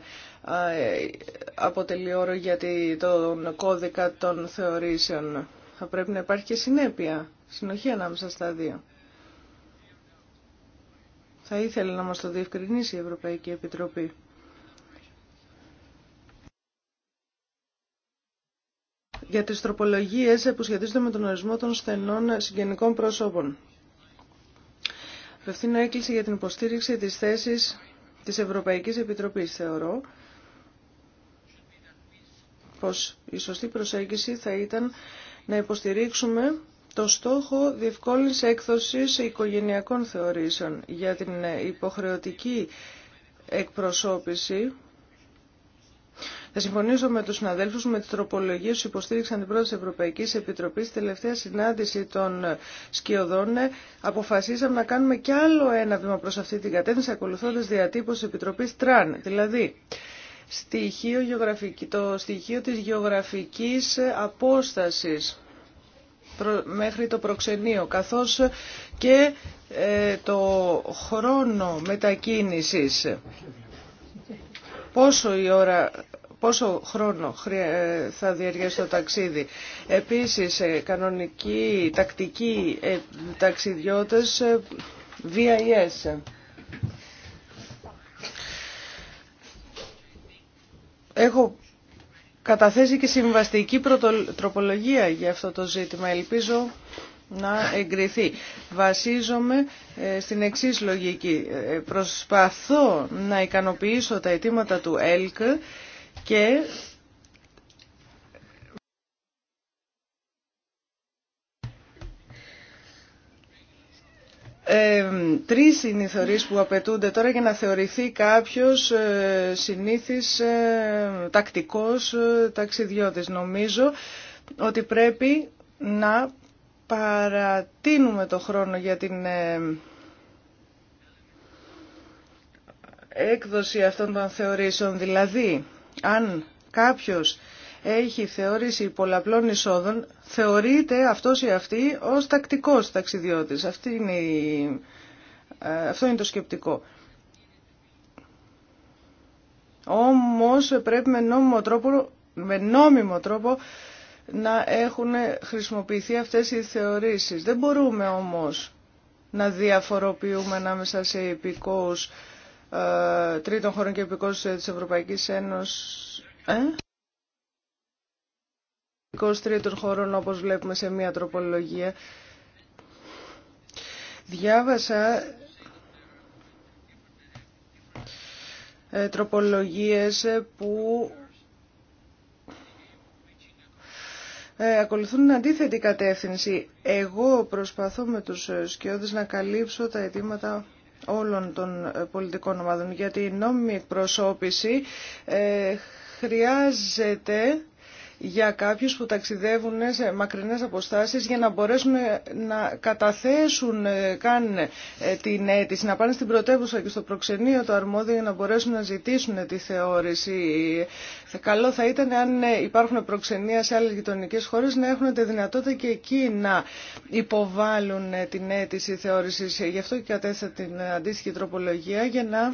ε, αποτελεί όρο για τον κώδικα των θεωρήσεων. Θα πρέπει να υπάρχει και συνέπεια, συνοχή ανάμεσα στα δύο. Θα ήθελε να μας το διευκρινίσει η Ευρωπαϊκή Επιτροπή. Για τις τροπολογίες που σχετίζονται με τον ορισμό των στενών συγγενικών προσώπων. Απευθύνω έκκληση για την υποστήριξη της θέσης της Ευρωπαϊκής Επιτροπής, θεωρώ πως η σωστή προσέγγιση θα ήταν να υποστηρίξουμε το στόχο διευκόλυνση έκδοσης οικογενειακών θεωρήσεων για την υποχρεωτική εκπροσώπηση θα συμφωνήσω με του συναδέλφου με τι τροπολογίε που υποστήριξαν την πρόταση Ευρωπαϊκή Επιτροπή. Στη τελευταία συνάντηση των σκιωδών ε, αποφασίσαμε να κάνουμε κι άλλο ένα βήμα προ αυτή την κατεύθυνση, ακολουθώντα διατύπωση Επιτροπή Τραν. Δηλαδή, στοιχείο γεωγραφική, το στοιχείο τη γεωγραφική απόστασης μέχρι το προξενείο, καθώς και ε, το χρόνο μετακίνησης. Πόσο η ώρα πόσο χρόνο ε, θα διαρκέσει το ταξίδι. Επίσης, ε, κανονικοί, τακτικοί ε, ταξιδιώτες VIS. Έχω καταθέσει και συμβαστική τροπολογία για αυτό το ζήτημα. Ελπίζω να εγκριθεί. Βασίζομαι στην εξή λογική. Προσπαθώ να ικανοποιήσω τα αιτήματα του ΕΛΚ και ε, τρεις είναι οι που απαιτούνται τώρα για να θεωρηθεί κάποιος ε, συνήθις ε, τακτικός ε, ταξιδιώτης. Νομίζω ότι πρέπει να παρατείνουμε το χρόνο για την ε, έκδοση αυτών των θεωρήσεων. Δηλαδή, αν κάποιος έχει θεώρηση πολλαπλών θεωρήσει αυτός ή αυτή ως τακτικός ταξιδιώτης. Αυτή είναι η... Ε, αυτό η αυτο ειναι το σκεπτικό. Όμως πρέπει με νόμιμο τρόπο, με νόμιμο τρόπο να έχουν χρησιμοποιηθεί αυτές οι θεωρήσεις. Δεν μπορούμε όμως να διαφοροποιούμε ανάμεσα σε επικούς ε, τρίτων χωρών και υπηκός ε, της Ευρωπαϊκής Ένωσης. Ε? τρίτων χωρών όπως βλέπουμε σε μια τροπολογία. Διάβασα ε, τροπολογίες που ακολουθούν αντίθετη κατεύθυνση. Εγώ προσπαθώ με τους σκιώδες να καλύψω τα αιτήματα όλων των ε, πολιτικών ομάδων. Γιατί η νόμιμη εκπροσώπηση ε, χρειάζεται για κάποιους που ταξιδεύουν σε μακρινές αποστάσεις για να μπορέσουν να καταθέσουν ε, καν ε, την αίτηση, να πάνε στην πρωτεύουσα και στο προξενείο το αρμόδιο για να μπορέσουν να ζητήσουν τη θεώρηση. Καλό θα ήταν αν ε, υπάρχουν προξενία σε άλλες γειτονικές χώρες να έχουν τη δυνατότητα και εκεί να υποβάλουν την αίτηση θεώρησης. Γι' αυτό και κατέθεσα την αντίστοιχη τροπολογία για να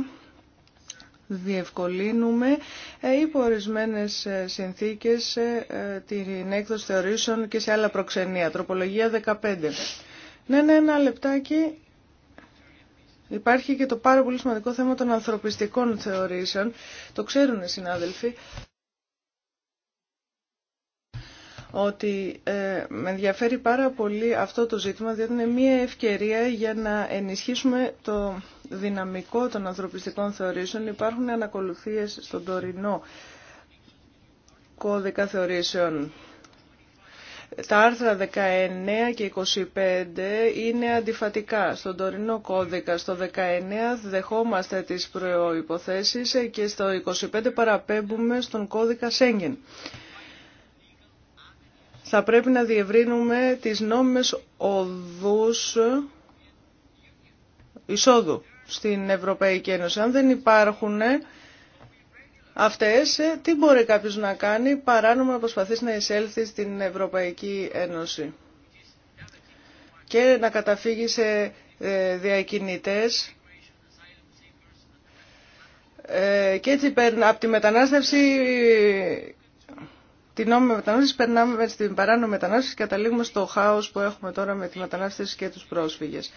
διευκολύνουμε ε, υπό ορισμένε ε, συνθήκες ε, την έκδοση θεωρήσεων και σε άλλα προξενία. Τροπολογία 15. Ναι, ναι, ένα λεπτάκι. Υπάρχει και το πάρα πολύ σημαντικό θέμα των ανθρωπιστικών θεωρήσεων. Το ξέρουν οι συνάδελφοι ότι με ενδιαφέρει πάρα πολύ αυτό το ζήτημα διότι είναι μια ευκαιρία για να ενισχύσουμε το δυναμικό των ανθρωπιστικών θεωρήσεων υπάρχουν ανακολουθίες στον τωρινό κώδικα θεωρήσεων. Τα άρθρα 19 και 25 είναι αντιφατικά. Στον τωρινό κώδικα, στο 19 δεχόμαστε τις προϋποθέσεις και στο 25 παραπέμπουμε στον κώδικα Σέγγεν. Θα πρέπει να διευρύνουμε τις νόμιμες οδούς εισόδου στην Ευρωπαϊκή Ένωση. Αν δεν υπάρχουν αυτές, ε, τι μπορεί κάποιος να κάνει παράνομα να προσπαθήσει να εισέλθει στην Ευρωπαϊκή Ένωση και να καταφύγει σε ε, διακινητές ε, και έτσι από τη μετανάστευση την νόμιμη μετανάστευση περνάμε στην παράνομη μετανάστευση και καταλήγουμε στο χάος που έχουμε τώρα με τη μετανάστευση και τους πρόσφυγες.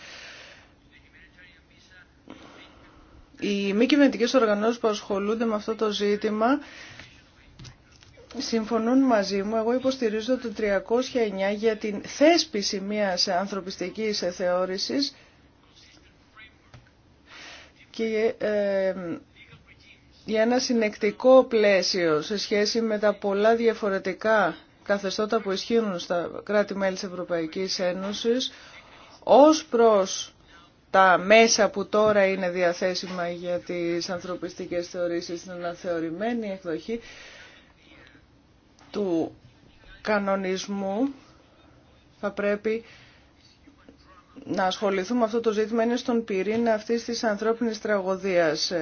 Οι μη κυβερνητικέ οργανώσεις που ασχολούνται με αυτό το ζήτημα συμφωνούν μαζί μου. Εγώ υποστηρίζω το 309 για την θέσπιση μιας ανθρωπιστική θεώρησης και ε, για ένα συνεκτικό πλαίσιο σε σχέση με τα πολλά διαφορετικά καθεστώτα που ισχύουν στα κράτη-μέλη της Ευρωπαϊκής Ένωσης ως προς τα μέσα που τώρα είναι διαθέσιμα για τις ανθρωπιστικές θεωρήσεις στην αναθεωρημένη εκδοχή του κανονισμού θα πρέπει να ασχοληθούμε αυτό το ζήτημα είναι στον πυρήνα αυτής της ανθρώπινης τραγωδίας.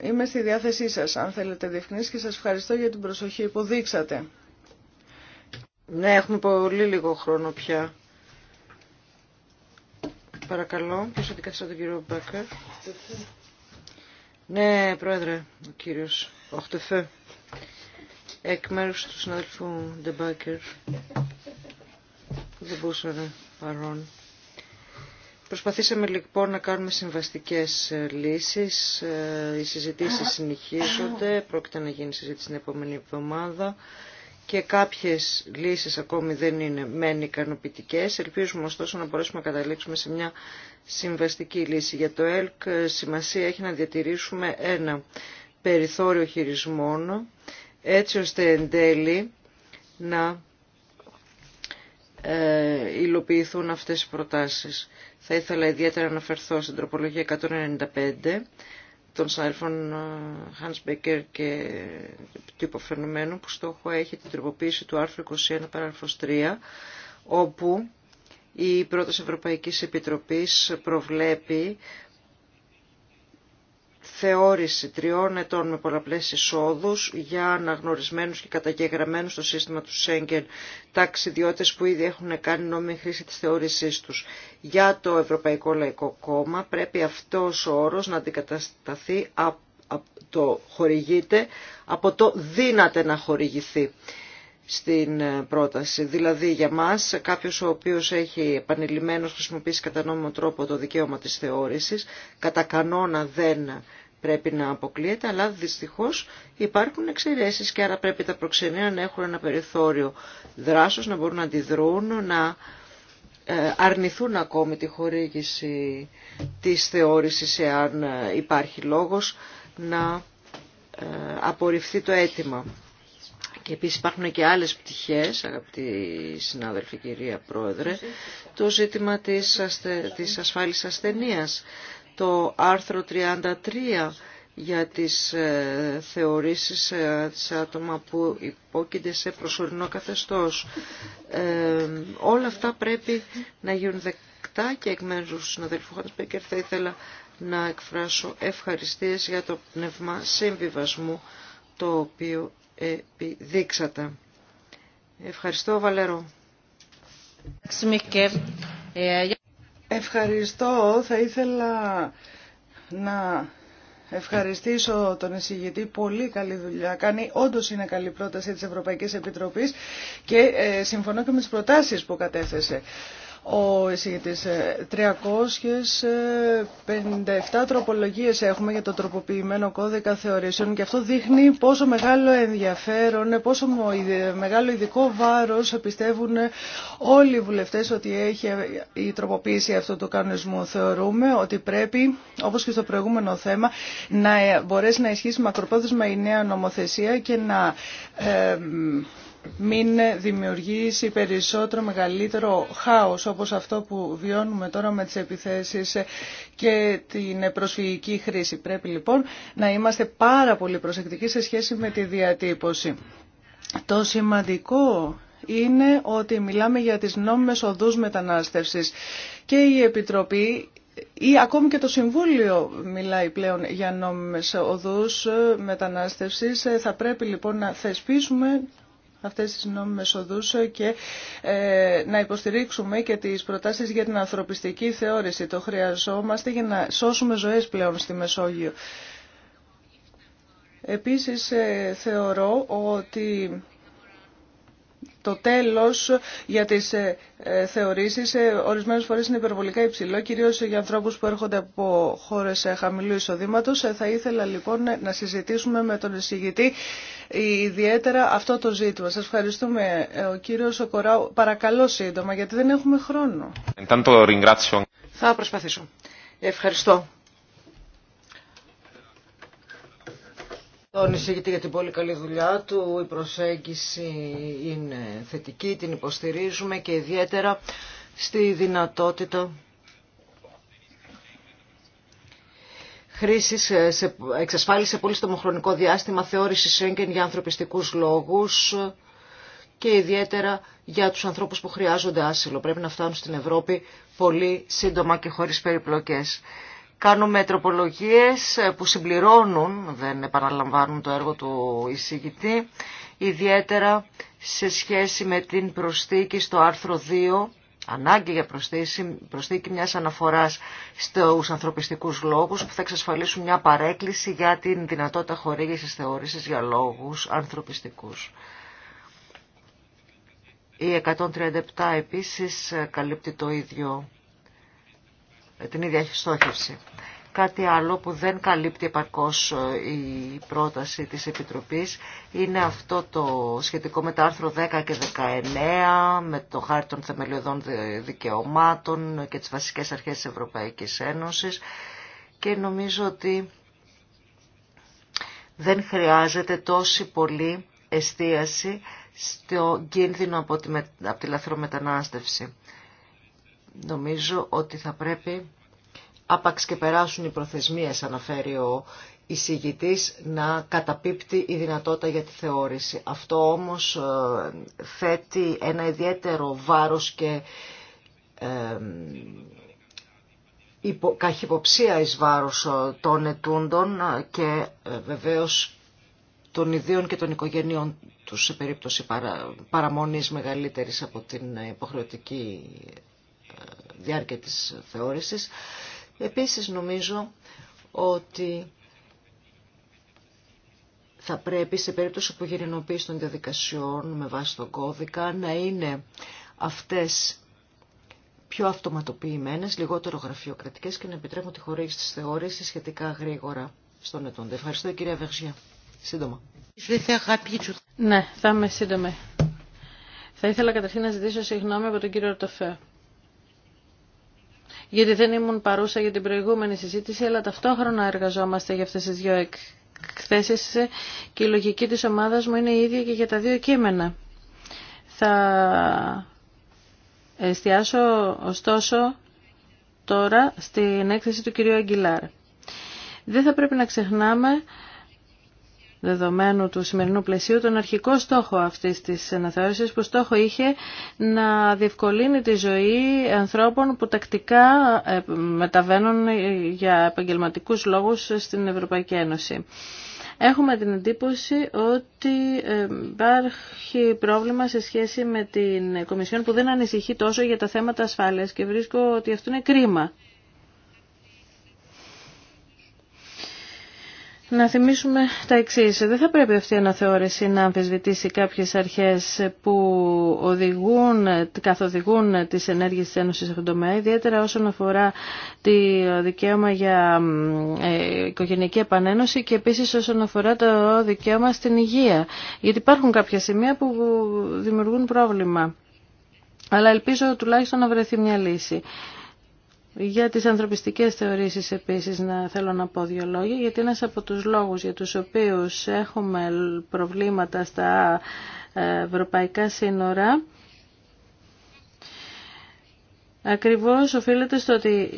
Είμαι στη διάθεσή σας αν θέλετε διευκνήσεις και σας ευχαριστώ για την προσοχή που δείξατε. Ναι, έχουμε πολύ λίγο χρόνο πια. Παρακαλώ, ποιος αντικαθιστά τον κύριο Μπέκερ. Ναι, πρόεδρε, ο κύριος Οχτεφέ, εκ μέρους του συνάδελφου Ντεμπάκερ, δεν μπορούσε να παρών. Προσπαθήσαμε λοιπόν να κάνουμε συμβαστικές ε, λύσεις, ε, οι συζητήσεις συνεχίζονται, πρόκειται να γίνει συζήτηση την επόμενη εβδομάδα και κάποιες λύσεις ακόμη δεν είναι μεν ικανοποιητικέ. Ελπίζουμε ωστόσο να μπορέσουμε να καταλήξουμε σε μια συμβαστική λύση. Για το ΕΛΚ σημασία έχει να διατηρήσουμε ένα περιθώριο χειρισμών έτσι ώστε εν τέλει να ε, υλοποιηθούν αυτές οι προτάσεις. Θα ήθελα ιδιαίτερα να αναφερθώ στην τροπολογία 195 των συνάδελφων ε, Hans Becker και του υποφαινομένου που στόχο έχει την τροποποίηση του άρθρου 21 παράγραφος 3 όπου η πρώτη Ευρωπαϊκής Επιτροπής προβλέπει θεώρηση τριών ετών με πολλαπλές εισόδους για αναγνωρισμένους και καταγεγραμμένους στο σύστημα του Σέγγεν ταξιδιώτες που ήδη έχουν κάνει νόμιμη χρήση της θεώρησής τους. Για το Ευρωπαϊκό Λαϊκό Κόμμα πρέπει αυτός ο όρος να αντικατασταθεί, το χορηγείται, από το δύναται να χορηγηθεί στην ε, πρόταση. Δηλαδή για μας κάποιος ο οποίος έχει επανειλημμένος χρησιμοποιήσει κατά νόμιμο τρόπο το δικαίωμα της θεώρησης, κατά κανόνα δεν πρέπει να αποκλείεται, αλλά δυστυχώς υπάρχουν εξαιρέσεις και άρα πρέπει τα προξενία να έχουν ένα περιθώριο δράσος, να μπορούν να αντιδρούν, να ε, αρνηθούν ακόμη τη χορήγηση της θεώρησης εάν ε, υπάρχει λόγος να ε, απορριφθεί το αίτημα. Και επίσης υπάρχουν και άλλες πτυχές, αγαπητή συνάδελφοι κυρία Πρόεδρε, το ζήτημα της, ασθε... της ασφάλισης το άρθρο 33 για τις ε, θεωρήσεις ε, σε άτομα που υπόκεινται σε προσωρινό καθεστώς. Ε, όλα αυτά πρέπει να γίνουν δεκτά και εκ μέρους του συναδελφού Χατσπέκερ θα ήθελα να εκφράσω ευχαριστίες για το πνεύμα συμβιβασμού το οποίο επιδείξατε. Ευχαριστώ Βαλερό. Ευχαριστώ. Θα ήθελα να ευχαριστήσω τον εισηγητή. Πολύ καλή δουλειά κάνει. Όντω είναι καλή πρόταση της Ευρωπαϊκής Επιτροπής και ε, συμφωνώ και με τις προτάσεις που κατέθεσε ο εισηγητής. 357 ε, ε, τροπολογίες έχουμε για το τροποποιημένο κώδικα θεωρήσεων και αυτό δείχνει πόσο μεγάλο ενδιαφέρον, πόσο ε, μεγάλο ειδικό βάρος πιστεύουν όλοι οι βουλευτές ότι έχει η τροποποίηση αυτού του κανονισμού. Θεωρούμε ότι πρέπει, όπως και στο προηγούμενο θέμα, να μπορέσει να ισχύσει μακροπρόθεσμα η νέα νομοθεσία και να μην δημιουργήσει περισσότερο μεγαλύτερο χάος όπως αυτό που βιώνουμε τώρα με τις επιθέσεις και την προσφυγική χρήση. Πρέπει λοιπόν να είμαστε πάρα πολύ προσεκτικοί σε σχέση με τη διατύπωση. Το σημαντικό είναι ότι μιλάμε για τις νόμιμες οδούς μετανάστευσης και η Επιτροπή ή ακόμη και το Συμβούλιο μιλάει πλέον για νόμιμες οδούς μετανάστευσης. Θα πρέπει λοιπόν να θεσπίσουμε αυτές τις νόμιμες οδούς και ε, να υποστηρίξουμε και τις προτάσεις για την ανθρωπιστική θεώρηση. Το χρειαζόμαστε για να σώσουμε ζωές πλέον στη Μεσόγειο. Επίσης ε, θεωρώ ότι το τέλος για τις ε, ε, θεωρήσεις ε, ορισμένες φορές είναι υπερβολικά υψηλό, κυρίως για ανθρώπους που έρχονται από χώρες χαμηλού εισοδήματος. Θα ήθελα λοιπόν να συζητήσουμε με τον εισηγητή ιδιαίτερα αυτό το ζήτημα. Σας ευχαριστούμε ο κύριος Κοράου. Παρακαλώ σύντομα γιατί δεν έχουμε χρόνο. Θα προσπαθήσω. Ευχαριστώ τον εισηγητή για την πολύ καλή δουλειά του. Η προσέγγιση είναι θετική, την υποστηρίζουμε και ιδιαίτερα στη δυνατότητα χρήσης, ε, σε, εξασφάλιση πολύ στο χρονικό διάστημα θεώρηση Σέγγεν για ανθρωπιστικούς λόγους και ιδιαίτερα για τους ανθρώπους που χρειάζονται άσυλο. Πρέπει να φτάνουν στην Ευρώπη πολύ σύντομα και χωρίς περιπλοκές. Κάνουμε τροπολογίες που συμπληρώνουν, δεν επαναλαμβάνουν το έργο του εισηγητή, ιδιαίτερα σε σχέση με την προσθήκη στο άρθρο 2, ανάγκη για προσθήκη, προσθήκη μιας αναφοράς στους ανθρωπιστικούς λόγους που θα εξασφαλίσουν μια παρέκκληση για την δυνατότητα χορήγησης θεώρησης για λόγους ανθρωπιστικούς. Η 137 επίσης καλύπτει το ίδιο ε, την ίδια στόχευση. Κάτι άλλο που δεν καλύπτει επαρκώς ε, η πρόταση της Επιτροπής είναι αυτό το σχετικό με τα άρθρο 10 και 19, με το χάρτη των θεμελιωδών δικαιωμάτων και τις βασικές αρχές της Ευρωπαϊκής Ένωσης και νομίζω ότι δεν χρειάζεται τόση πολύ εστίαση στο κίνδυνο από τη, από τη λαθρομετανάστευση νομίζω ότι θα πρέπει άπαξ και περάσουν οι προθεσμίες αναφέρει ο εισηγητής να καταπίπτει η δυνατότητα για τη θεώρηση. Αυτό όμως ε, θέτει ένα ιδιαίτερο βάρος και ε, υπο, καχυποψία εις βάρος ε, των ετούντων και βεβαίως των ιδίων και των οικογενειών τους σε περίπτωση παρα, παραμονής μεγαλύτερης από την υποχρεωτική διάρκεια της θεώρησης. Επίσης νομίζω ότι θα πρέπει σε περίπτωση που γυρινοποίηση των διαδικασιών με βάση τον κώδικα να είναι αυτές πιο αυτοματοποιημένες, λιγότερο γραφειοκρατικές και να επιτρέπουν τη χορήγηση της θεώρησης σχετικά γρήγορα στον ετών. Ευχαριστώ κυρία Βεργία. Σύντομα. Ναι, θα είμαι σύντομη. Θα ήθελα καταρχήν να ζητήσω συγγνώμη από τον κύριο Ορτοφέ γιατί δεν ήμουν παρούσα για την προηγούμενη συζήτηση, αλλά ταυτόχρονα εργαζόμαστε για αυτές τις δύο εκθέσεις και η λογική της ομάδας μου είναι η ίδια και για τα δύο κείμενα. Θα εστιάσω ωστόσο τώρα στην έκθεση του κυρίου Αγγιλάρ. Δεν θα πρέπει να ξεχνάμε δεδομένου του σημερινού πλαισίου τον αρχικό στόχο αυτής της αναθεώρησης που στόχο είχε να διευκολύνει τη ζωή ανθρώπων που τακτικά ε, μεταβαίνουν για επαγγελματικούς λόγους στην Ευρωπαϊκή Ένωση. Έχουμε την εντύπωση ότι ε, υπάρχει πρόβλημα σε σχέση με την Κομισιόν που δεν ανησυχεί τόσο για τα θέματα ασφάλειας και βρίσκω ότι αυτό είναι κρίμα. να θυμίσουμε τα εξή. Δεν θα πρέπει αυτή η αναθεώρηση να αμφισβητήσει κάποιες αρχές που οδηγούν, καθοδηγούν τις ενέργειες της Ένωσης στον τομέα, ιδιαίτερα όσον αφορά το ε, δικαίωμα για ε, οικογενειακή επανένωση και επίσης όσον αφορά το δικαίωμα στην υγεία. Γιατί υπάρχουν κάποια σημεία που δημιουργούν πρόβλημα. Αλλά ελπίζω τουλάχιστον να βρεθεί μια λύση. Για τις ανθρωπιστικές θεωρήσεις επίσης να θέλω να πω δύο λόγια, γιατί ένας από τους λόγους για τους οποίους έχουμε προβλήματα στα ευρωπαϊκά σύνορα ακριβώς οφείλεται στο ότι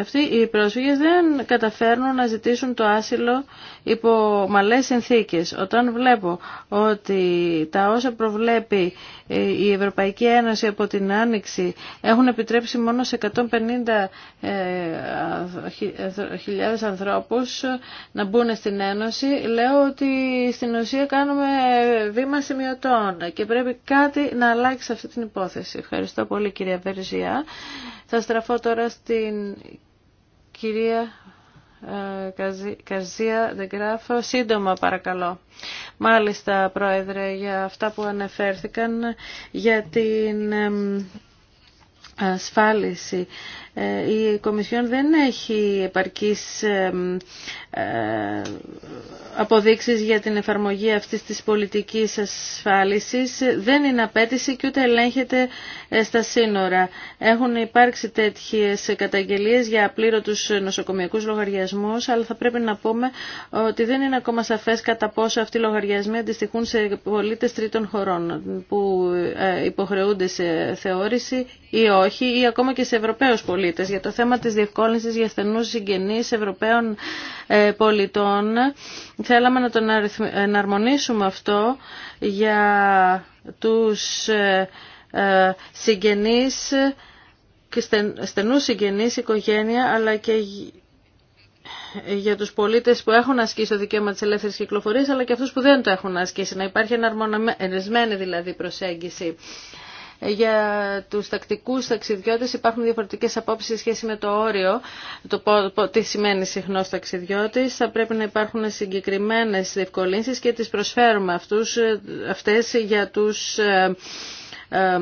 αυτοί οι πρόσφυγες δεν καταφέρνουν να ζητήσουν το άσυλο υπό μαλές συνθήκες. Όταν βλέπω ότι τα όσα προβλέπει ε, η Ευρωπαϊκή Ένωση από την Άνοιξη έχουν επιτρέψει μόνο σε 150.000 ε, ε, ανθρώπους να μπουν στην Ένωση, λέω ότι στην ουσία κάνουμε βήμα σημειωτών και πρέπει κάτι να αλλάξει σε αυτή την υπόθεση. Ευχαριστώ πολύ κυρία Βερζιά. Θα στραφώ τώρα στην κυρία ε, Καρζία γράφω. Σύντομα παρακαλώ. Μάλιστα, Πρόεδρε, για αυτά που αναφέρθηκαν για την ασφάλιση ε, η Κομισιόν δεν έχει επαρκείς ε, αποδείξεις για την εφαρμογή αυτής της πολιτικής ασφάλισης. Δεν είναι απέτηση και ούτε ελέγχεται ε, στα σύνορα. Έχουν υπάρξει τέτοιες καταγγελίες για απλήρωτους νοσοκομιακούς λογαριασμούς, αλλά θα πρέπει να πούμε ότι δεν είναι ακόμα σαφές κατά πόσο αυτοί οι λογαριασμοί αντιστοιχούν σε πολίτες τρίτων χωρών που υποχρεούνται σε θεώρηση ή όχι, ή ακόμα και σε Ευρωπαίους πολίτες για το θέμα της διευκόλυνσης για στενούς συγγενεί Ευρωπαίων ε, πολιτών θέλαμε να τον εναρμονίσουμε αυτό για τους ε, ε, συγγενείς, στενούς συγγενείς, οικογένεια, αλλά και για τους πολίτες που έχουν ασκήσει το δικαίωμα της ελεύθερης κυκλοφορίας αλλά και αυτούς που δεν το έχουν ασκήσει, να υπάρχει εναρμονισμένη δηλαδή προσέγγιση. Για τους τακτικούς ταξιδιώτες υπάρχουν διαφορετικές απόψεις σε σχέση με το όριο, το τι σημαίνει συχνός ταξιδιώτης. Θα πρέπει να υπάρχουν συγκεκριμένες διευκολύνσεις και τις προσφέρουμε αυτούς, ε, αυτές για τους ε, ε,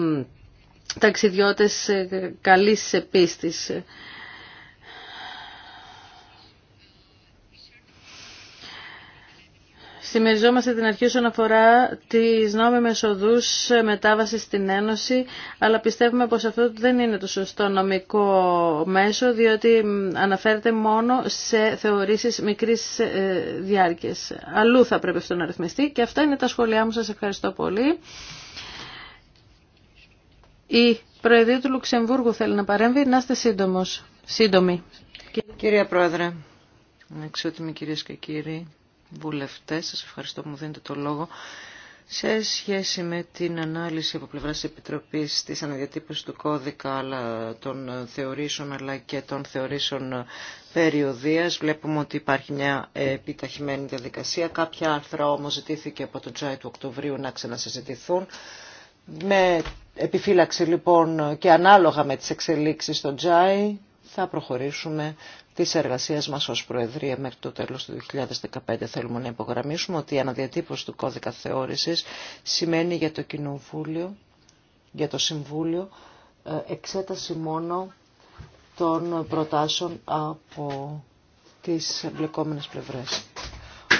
ταξιδιώτες ε, καλής πίστης. Συμμεριζόμαστε την αρχή όσον αφορά τι νόμιμε οδού μετάβαση στην Ένωση, αλλά πιστεύουμε πως αυτό δεν είναι το σωστό νομικό μέσο, διότι αναφέρεται μόνο σε θεωρήσεις μικρής ε, διάρκειας. Αλλού θα πρέπει αυτό να ρυθμιστεί και αυτά είναι τα σχόλιά μου. Σα ευχαριστώ πολύ. Η Προεδρία του Λουξεμβούργου θέλει να παρέμβει. Να είστε Σύντομοι. Κύριε Πρόεδρε, εξότιμοι κυρίε και κύριοι, βουλευτές. Σας ευχαριστώ που μου δίνετε το λόγο. Σε σχέση με την ανάλυση από πλευράς της Επιτροπής της αναδιατύπωσης του κώδικα αλλά των θεωρήσεων αλλά και των θεωρήσεων περιοδίας βλέπουμε ότι υπάρχει μια επιταχυμένη διαδικασία. Κάποια άρθρα όμως ζητήθηκε από το Τζάι του Οκτωβρίου να ξανασυζητηθούν. Με επιφύλαξη λοιπόν και ανάλογα με τις εξελίξεις στο Τζάι θα προχωρήσουμε της εργασίας μας ως Προεδρία μέχρι το τέλος του 2015. Θέλουμε να υπογραμμίσουμε ότι η αναδιατύπωση του κώδικα θεώρησης σημαίνει για το Κοινοβούλιο, για το Συμβούλιο, ε, εξέταση μόνο των προτάσεων από τις εμπλεκόμενες πλευρές.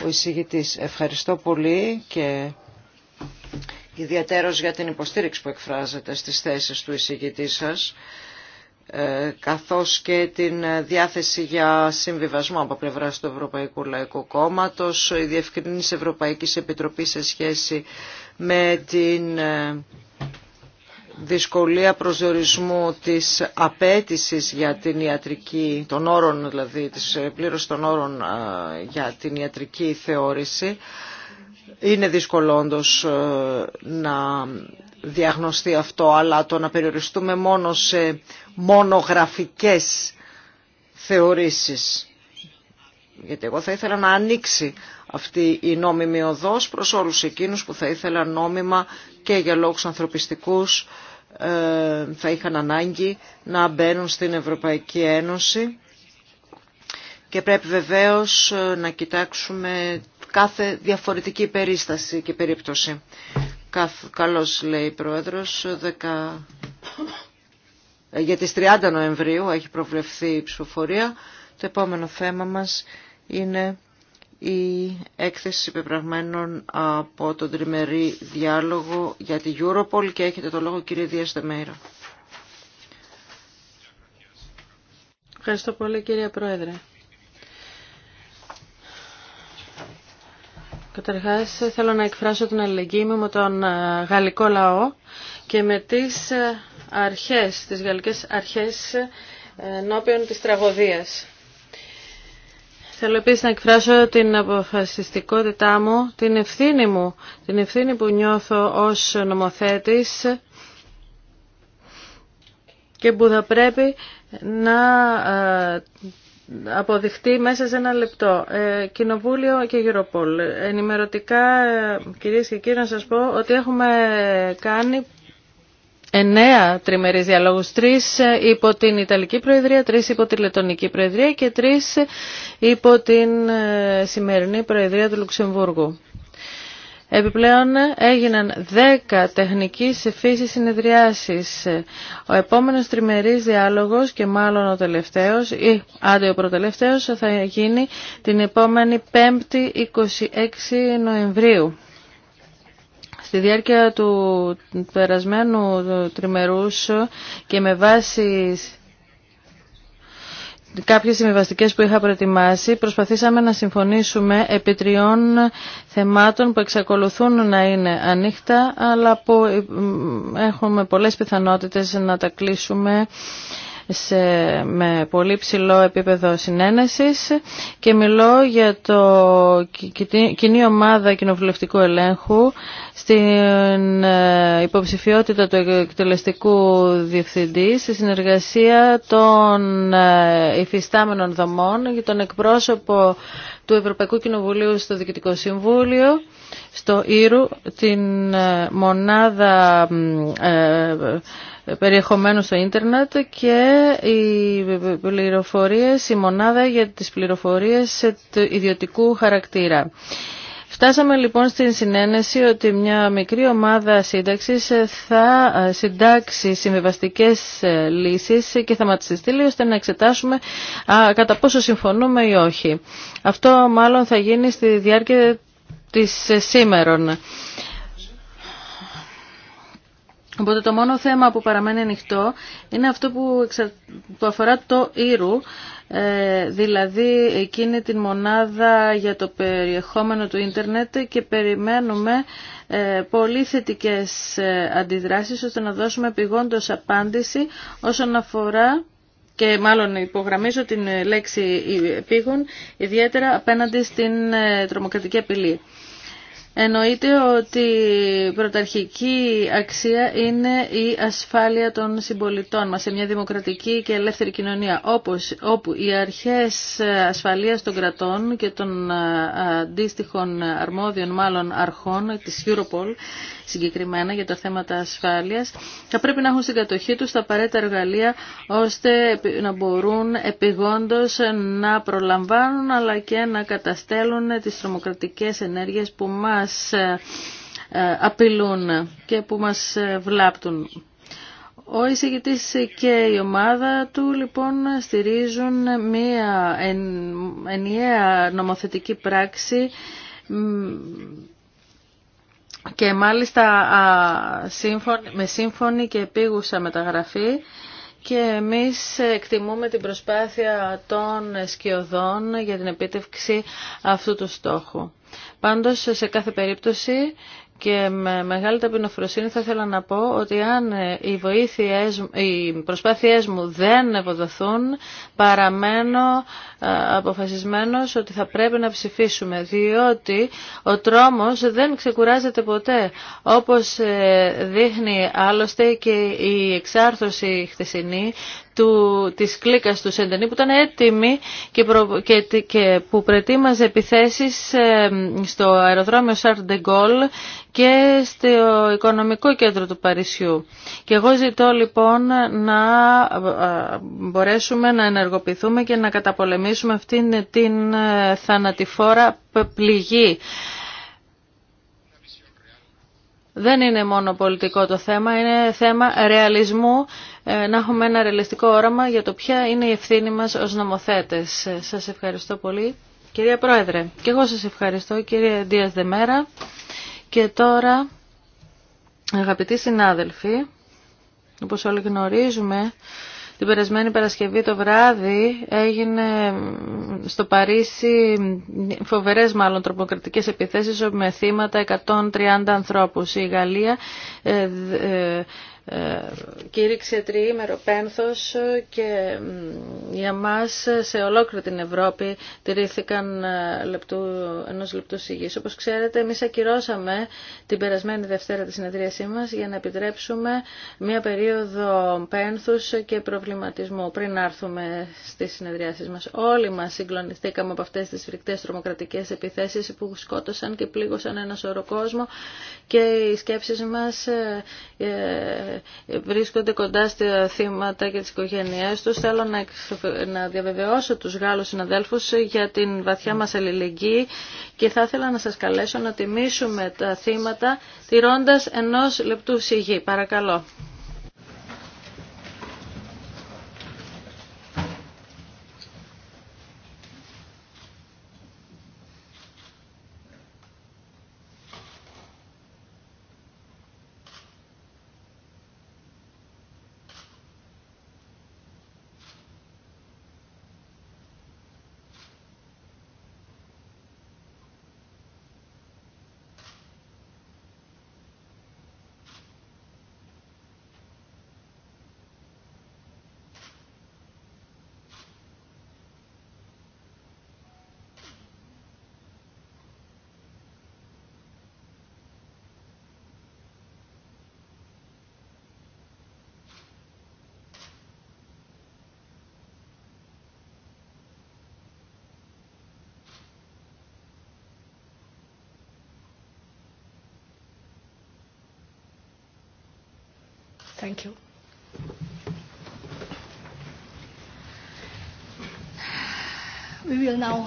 Ο εισηγητής, ευχαριστώ πολύ και ιδιαίτερος για την υποστήριξη που εκφράζεται στις θέσεις του εισηγητή σας. Ε, καθώς και την διάθεση για συμβιβασμό από πλευρά του Ευρωπαϊκού Λαϊκού Κόμματος, η διευκρινής Ευρωπαϊκής Επιτροπής σε σχέση με την ε, δυσκολία προσδιορισμού της απέτησης για την ιατρική, των όρων δηλαδή, της των όρων ε, για την ιατρική θεώρηση. Είναι δύσκολο να διαγνωστεί αυτό, αλλά το να περιοριστούμε μόνο σε μονογραφικές θεωρήσεις. Γιατί εγώ θα ήθελα να ανοίξει αυτή η νόμιμη οδός προς όλους εκείνους που θα ήθελαν νόμιμα και για λόγους ανθρωπιστικούς ε, θα είχαν ανάγκη να μπαίνουν στην Ευρωπαϊκή Ένωση και πρέπει βεβαίως ε, να κοιτάξουμε κάθε διαφορετική περίσταση και περίπτωση. Καλώς λέει η Πρόεδρος, 10... Ε, για τις 30 Νοεμβρίου έχει προβλεφθεί η ψηφοφορία. Το επόμενο θέμα μας είναι η έκθεση υπεπραγμένων από τον τριμερή διάλογο για τη Europol και έχετε το λόγο κύριε Δίας Δεμέιρα. Ευχαριστώ πολύ κύριε Πρόεδρε. Καταρχάς θέλω να εκφράσω την αλληλεγγύη μου με τον ε, γαλλικό λαό και με τις ε, αρχές, τις γαλλικές αρχές ε, ενώπιον της τραγωδίας. Θέλω επίσης να εκφράσω την αποφασιστικότητά μου, την ευθύνη μου, την ευθύνη που νιώθω ως νομοθέτης και που θα πρέπει να αποδειχτεί μέσα σε ένα λεπτό. Ε, κοινοβούλιο και Europol. Ενημερωτικά, ε, κυρίες και κύριοι, να σας πω ότι έχουμε κάνει εννέα τριμερείς διαλόγους, τρεις ε, υπό την Ιταλική Προεδρία, τρεις υπό τη Λετωνική Προεδρία και τρεις ε, υπό την σημερινή Προεδρία του Λουξεμβούργου. Επιπλέον έγιναν 10 τεχνικής φύση συνεδριάσεις. Ο επόμενος τριμερής διάλογος και μάλλον ο τελευταίος ή άντε ο προτελευταίος θα γίνει την επόμενη 5η 26 Νοεμβρίου. Στη διάρκεια του περασμένου τριμερούς και με βάση κάποιες συμβιβαστικές που είχα προετοιμάσει προσπαθήσαμε να συμφωνήσουμε επί τριών θεμάτων που εξακολουθούν να είναι ανοιχτά αλλά που έχουμε πολλές πιθανότητες να τα κλείσουμε σε, με πολύ ψηλό επίπεδο συνένεσης και μιλώ για το κοινή ομάδα κοινοβουλευτικού ελέγχου στην ε, υποψηφιότητα του εκτελεστικού διευθυντή στη συνεργασία των ε, υφιστάμενων δομών για τον εκπρόσωπο του Ευρωπαϊκού Κοινοβουλίου στο Διοικητικό Συμβούλιο, στο Ήρου, την ε, μονάδα περιεχομένου στο ίντερνετ και οι πληροφορίες, η μονάδα για τις πληροφορίες ιδιωτικού χαρακτήρα. Φτάσαμε λοιπόν στην συνένεση ότι μια μικρή ομάδα σύνταξης θα συντάξει συμβιβαστικές λύσεις και θα μας τι στείλει ώστε να εξετάσουμε κατά πόσο συμφωνούμε ή όχι. Αυτό μάλλον θα γίνει στη διάρκεια της ε, σήμερων. Οπότε το μόνο θέμα που παραμένει ανοιχτό είναι αυτό που, αφορά το Ήρου, ε, δηλαδή εκείνη την μονάδα για το περιεχόμενο του ίντερνετ και περιμένουμε ε, πολύ θετικές ε, αντιδράσεις ώστε να δώσουμε πηγόντως απάντηση όσον αφορά και μάλλον υπογραμμίζω την λέξη πήγων ιδιαίτερα απέναντι στην τρομοκρατική απειλή. Εννοείται ότι πρωταρχική αξία είναι η ασφάλεια των συμπολιτών μας σε μια δημοκρατική και ελεύθερη κοινωνία, όπως, όπου οι αρχές ασφαλείας των κρατών και των αντίστοιχων αρμόδιων μάλλον αρχών της Europol συγκεκριμένα για τα θέματα ασφάλειας, θα πρέπει να έχουν στην κατοχή τους τα απαραίτητα εργαλεία ώστε να μπορούν επιγόντως να προλαμβάνουν αλλά και να καταστέλουν τις τρομοκρατικές ενέργειες που μας ε, ε, απειλούν και που μας ε, βλάπτουν. Ο εισηγητής και η ομάδα του λοιπόν στηρίζουν μία ενιαία νομοθετική πράξη και μάλιστα με σύμφωνη και επίγουσα μεταγραφή και εμείς εκτιμούμε την προσπάθεια των σκιωδών για την επίτευξη αυτού του στόχου. Πάντως σε κάθε περίπτωση και με μεγάλη ταπεινοφροσύνη θα ήθελα να πω ότι αν οι, βοήθειές, οι προσπάθειές μου δεν ευοδοθούν, παραμένω ε, αποφασισμένος ότι θα πρέπει να ψηφίσουμε, διότι ο τρόμος δεν ξεκουράζεται ποτέ. Όπως ε, δείχνει άλλωστε και η εξάρθρωση χθεσινή του, της κλίκας του Σεντενή που ήταν έτοιμη και, και, και που προετοίμαζε επιθέσεις ε, στο αεροδρόμιο Σαρντεγκολ και στο οικονομικό κέντρο του Παρισιού. Και εγώ ζητώ λοιπόν να ε, μπορέσουμε να ενεργοποιηθούμε και να καταπολεμήσουμε αυτήν την ε, θανατηφόρα πληγή. Δεν είναι μόνο πολιτικό το θέμα, είναι θέμα ρεαλισμού, ε, να έχουμε ένα ρεαλιστικό όραμα για το ποια είναι η ευθύνη μας ως νομοθέτες. Σας ευχαριστώ πολύ. Κυρία Πρόεδρε, και εγώ σας ευχαριστώ κύριε Δίας Δεμέρα. Και τώρα, αγαπητοί συνάδελφοι, όπως όλοι γνωρίζουμε, την περασμένη Παρασκευή το βράδυ έγινε στο Παρίσι φοβερές μάλλον τρομοκρατικές επιθέσεις με θύματα 130 ανθρώπους. Η Γαλλία ε, ε, ε, κήρυξε τριήμερο πένθος και για μας σε ολόκληρη την Ευρώπη τηρήθηκαν ε, λεπτού, ενός λεπτού σιγής. Όπως ξέρετε εμείς ακυρώσαμε την περασμένη Δευτέρα τη συνεδρίασή μας για να επιτρέψουμε μια περίοδο πένθους και προβληματισμού πριν έρθουμε στις συνεδριάσεις μας. Όλοι μας συγκλονιστήκαμε από αυτές τις φρικτές τρομοκρατικές επιθέσεις που σκότωσαν και πλήγωσαν ένα σωρό κόσμο και οι σκέψεις μας ε, βρίσκονται κοντά στα θύματα και τις οικογένειές τους. Θέλω να, να διαβεβαιώσω τους Γάλλους συναδέλφους για την βαθιά μας αλληλεγγύη και θα ήθελα να σας καλέσω να τιμήσουμε τα θύματα τηρώντας ενός λεπτού σιγή. Παρακαλώ. now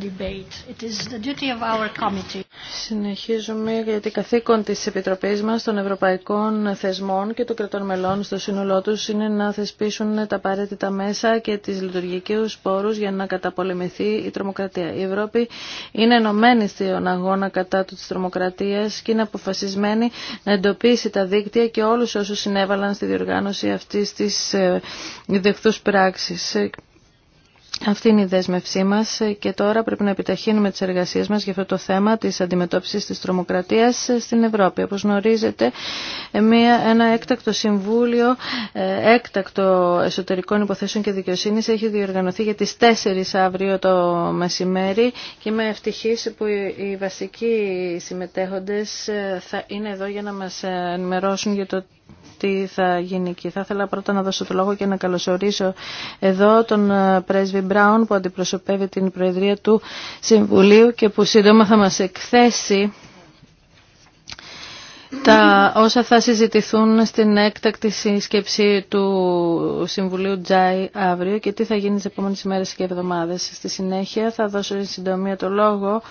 debate. It is the duty of our committee. Συνεχίζουμε για την καθήκον της Επιτροπής μας των Ευρωπαϊκών Θεσμών και των κρατών μελών στο σύνολό τους είναι να θεσπίσουν τα απαραίτητα μέσα και τις λειτουργικούς πόρους για να καταπολεμηθεί η τρομοκρατία. Η Ευρώπη είναι ενωμένη στον αγώνα κατά του της τρομοκρατίας και είναι αποφασισμένη να εντοπίσει τα δίκτυα και όλους όσους συνέβαλαν στη διοργάνωση αυτής της ε, δεχθούς πράξης. Αυτή είναι η δέσμευσή μας και τώρα πρέπει να επιταχύνουμε τις εργασίες μας για αυτό το θέμα της αντιμετώπισης της τρομοκρατίας στην Ευρώπη. Όπως γνωρίζετε, μια, ένα έκτακτο συμβούλιο, ε, έκτακτο εσωτερικών υποθέσεων και δικαιοσύνης έχει διοργανωθεί για τις 4 αύριο το μεσημέρι και είμαι ευτυχή που οι βασικοί συμμετέχοντες ε, θα είναι εδώ για να μας ε, ενημερώσουν για το τι θα γίνει και Θα ήθελα πρώτα να δώσω το λόγο και να καλωσορίσω εδώ τον ε, πρέσβη Μπράουν που αντιπροσωπεύει την Προεδρία του Συμβουλίου και που σύντομα θα μας εκθέσει τα όσα θα συζητηθούν στην έκτακτη σύσκεψη του Συμβουλίου Τζάι αύριο και τι θα γίνει τις επόμενες ημέρες και εβδομάδες. Στη συνέχεια θα δώσω συντομία το λόγο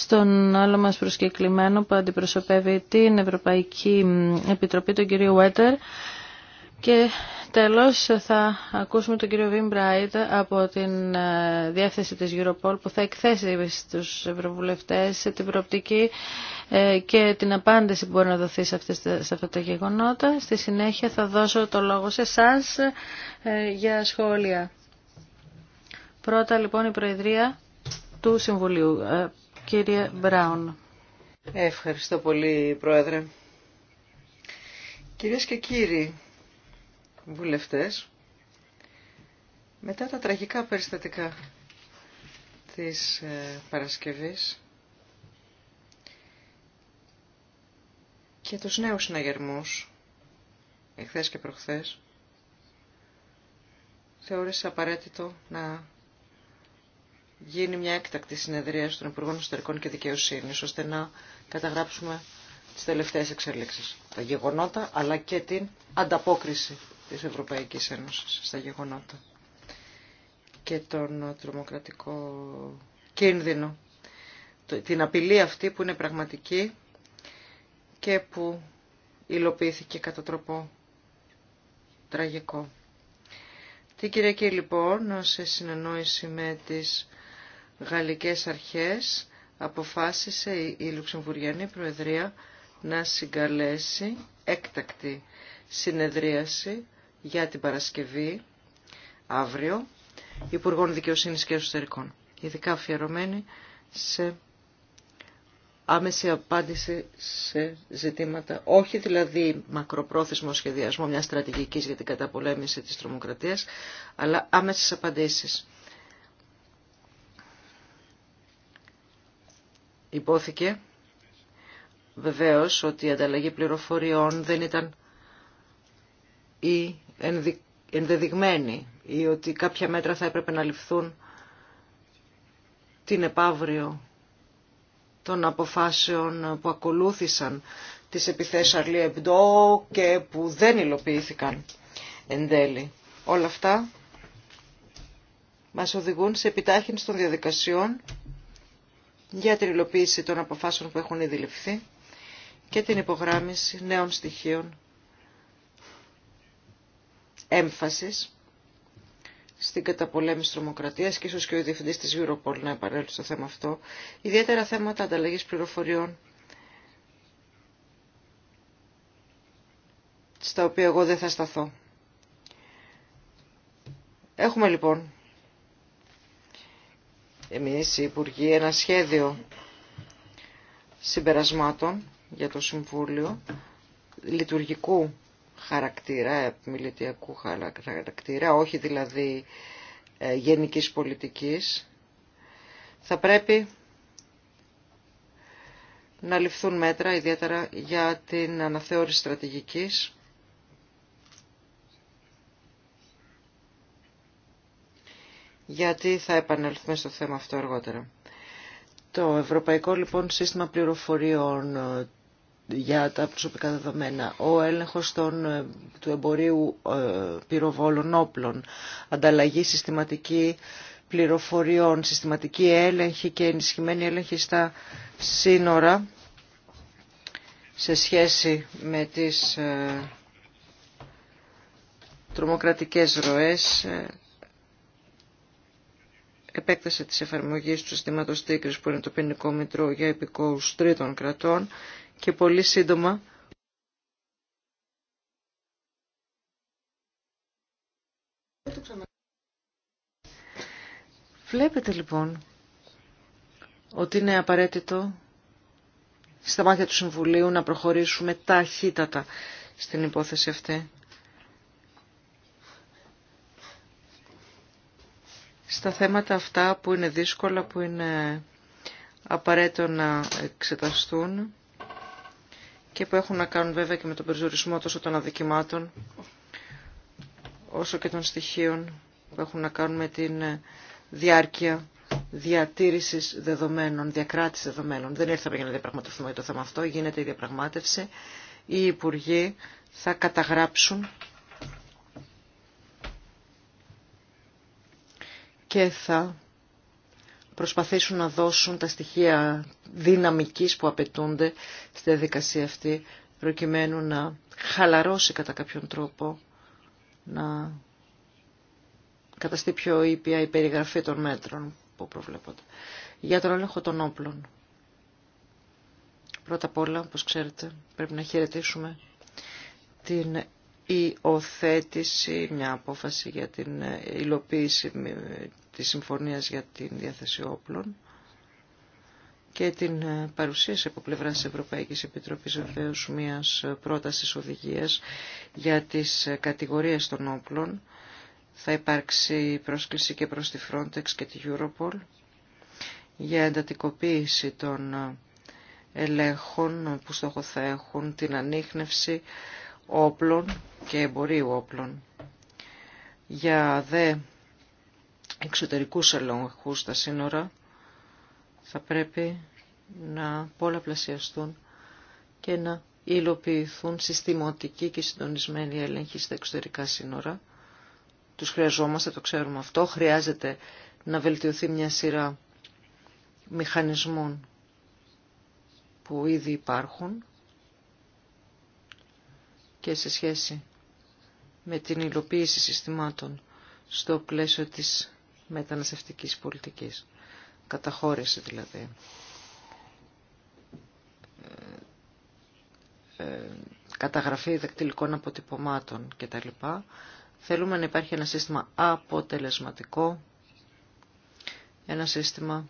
στον άλλο μας προσκεκλημένο που αντιπροσωπεύει την Ευρωπαϊκή Επιτροπή, τον κύριο Βέτερ. Και τέλος θα ακούσουμε τον κύριο Βιμ από την ε, διάθεση της Europol που θα εκθέσει στους ευρωβουλευτές την προοπτική ε, και την απάντηση που μπορεί να δοθεί σε, αυτές, σε αυτά τα γεγονότα. Στη συνέχεια θα δώσω το λόγο σε εσά ε, για σχόλια. Πρώτα λοιπόν η Προεδρία του Συμβουλίου κύριε Μπράουν. Ευχαριστώ πολύ, Πρόεδρε. Κυρίες και κύριοι βουλευτές, μετά τα τραγικά περιστατικά της ε, Παρασκευής και τους νέους συναγερμούς, εχθές και προχθές, θεώρησα απαραίτητο να γίνει μια έκτακτη συνεδρία των Υπουργών Εσωτερικών και Δικαιοσύνη, ώστε να καταγράψουμε τι τελευταίε εξελίξει. Τα γεγονότα, αλλά και την ανταπόκριση τη Ευρωπαϊκή Ένωση στα γεγονότα και τον τρομοκρατικό κίνδυνο. Την απειλή αυτή που είναι πραγματική και που υλοποιήθηκε κατά τρόπο τραγικό. τι Κυριακή λοιπόν, σε συνεννόηση με τις γαλλικές αρχές αποφάσισε η Λουξεμβουριανή Προεδρία να συγκαλέσει έκτακτη συνεδρίαση για την Παρασκευή αύριο Υπουργών Δικαιοσύνης και Εσωτερικών, ειδικά αφιερωμένη σε άμεση απάντηση σε ζητήματα, όχι δηλαδή μακροπρόθεσμο σχεδιασμό μιας στρατηγικής για την καταπολέμηση της τρομοκρατίας, αλλά άμεσες απαντήσεις. υπόθηκε βεβαίως ότι η ανταλλαγή πληροφοριών δεν ήταν ή ενδεδειγμένη ή ότι κάποια μέτρα θα έπρεπε να ληφθούν την επαύριο των αποφάσεων που ακολούθησαν τις επιθέσεις Αρλή και που δεν υλοποιήθηκαν εν τέλει. Όλα αυτά μας οδηγούν σε επιτάχυνση των διαδικασιών για την υλοποίηση των αποφάσεων που έχουν ήδη ληφθεί και την υπογράμμιση νέων στοιχείων έμφασης στην καταπολέμηση τρομοκρατίας και ίσως και ο διευθυντής της Europol να επανέλθει στο θέμα αυτό. Ιδιαίτερα θέματα ανταλλαγής πληροφοριών στα οποία εγώ δεν θα σταθώ. Έχουμε λοιπόν εμείς οι Υπουργοί ένα σχέδιο συμπερασμάτων για το Συμβούλιο λειτουργικού χαρακτήρα, επιμελητιακού χαρακτήρα, όχι δηλαδή ε, γενικής πολιτικής, θα πρέπει να ληφθούν μέτρα ιδιαίτερα για την αναθεώρηση στρατηγικής γιατί θα επανέλθουμε στο θέμα αυτό αργότερα. Το Ευρωπαϊκό λοιπόν Σύστημα Πληροφοριών ε, για τα προσωπικά δεδομένα, ο έλεγχος των, ε, του εμπορίου ε, πυροβόλων όπλων, ανταλλαγή συστηματική πληροφοριών, συστηματική έλεγχη και ενισχυμένη έλεγχη στα σύνορα σε σχέση με τις ε, τρομοκρατικές ροές, επέκταση της εφαρμογής του συστήματος τίκρης που είναι το ποινικό μητρό για επικόους τρίτων κρατών και πολύ σύντομα Βλέπετε λοιπόν ότι είναι απαραίτητο στα μάτια του Συμβουλίου να προχωρήσουμε ταχύτατα στην υπόθεση αυτή. στα θέματα αυτά που είναι δύσκολα, που είναι απαραίτητο να εξεταστούν και που έχουν να κάνουν βέβαια και με τον περιορισμό τόσο των αδικημάτων όσο και των στοιχείων που έχουν να κάνουν με την διάρκεια διατήρησης δεδομένων, διακράτηση δεδομένων. Δεν ήρθαμε για να διαπραγματευτούμε το θέμα αυτό, γίνεται η διαπραγμάτευση. Οι Υπουργοί θα καταγράψουν και θα προσπαθήσουν να δώσουν τα στοιχεία δυναμικής που απαιτούνται στη διαδικασία αυτή προκειμένου να χαλαρώσει κατά κάποιον τρόπο, να καταστεί πιο ήπια η περιγραφή των μέτρων που προβλέπονται. Για τον έλεγχο των όπλων. Πρώτα απ' όλα, όπως ξέρετε, πρέπει να χαιρετήσουμε την οθέτηση, μια απόφαση για την υλοποίηση της συμφωνίας για την διάθεση όπλων και την παρουσίαση από πλευρά της Ευρωπαϊκής Επιτροπής βεβαίω μιας πρότασης οδηγίας για τις κατηγορίες των όπλων. Θα υπάρξει πρόσκληση και προς τη Frontex και τη Europol για εντατικοποίηση των ελέγχων που στόχο θα έχουν την ανείχνευση όπλων και εμπορίου όπλων. Για δε εξωτερικούς ελόγχους στα σύνορα θα πρέπει να πολλαπλασιαστούν και να υλοποιηθούν συστηματικοί και συντονισμένοι έλεγχοι στα εξωτερικά σύνορα. Τους χρειαζόμαστε, το ξέρουμε αυτό. Χρειάζεται να βελτιωθεί μια σειρά μηχανισμών που ήδη υπάρχουν και σε σχέση με την υλοποίηση συστημάτων στο πλαίσιο της μεταναστευτικής πολιτικής. Καταχώρηση δηλαδή. Ε, ε, καταγραφή δακτυλικών αποτυπωμάτων κτλ. Θέλουμε να υπάρχει ένα σύστημα αποτελεσματικό, ένα σύστημα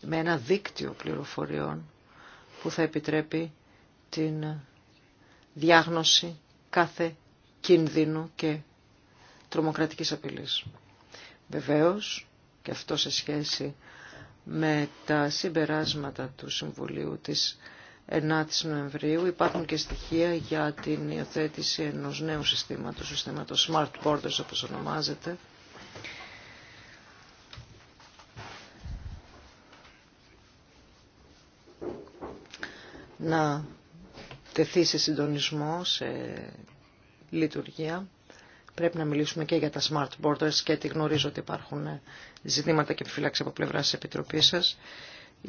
με ένα δίκτυο πληροφοριών που θα επιτρέπει την διάγνωση κάθε κίνδυνου και τρομοκρατικής απειλής. Βεβαίως, και αυτό σε σχέση με τα συμπεράσματα του Συμβουλίου της 9ης Νοεμβρίου υπάρχουν και στοιχεία για την υιοθέτηση ενός νέου συστήματος, συστήματος Smart Borders όπως ονομάζεται, να τεθεί σε συντονισμό, σε λειτουργία. Πρέπει να μιλήσουμε και για τα smart borders και τη γνωρίζω ότι υπάρχουν ε, ζητήματα και επιφυλάξει από πλευρά τη Επιτροπή σα.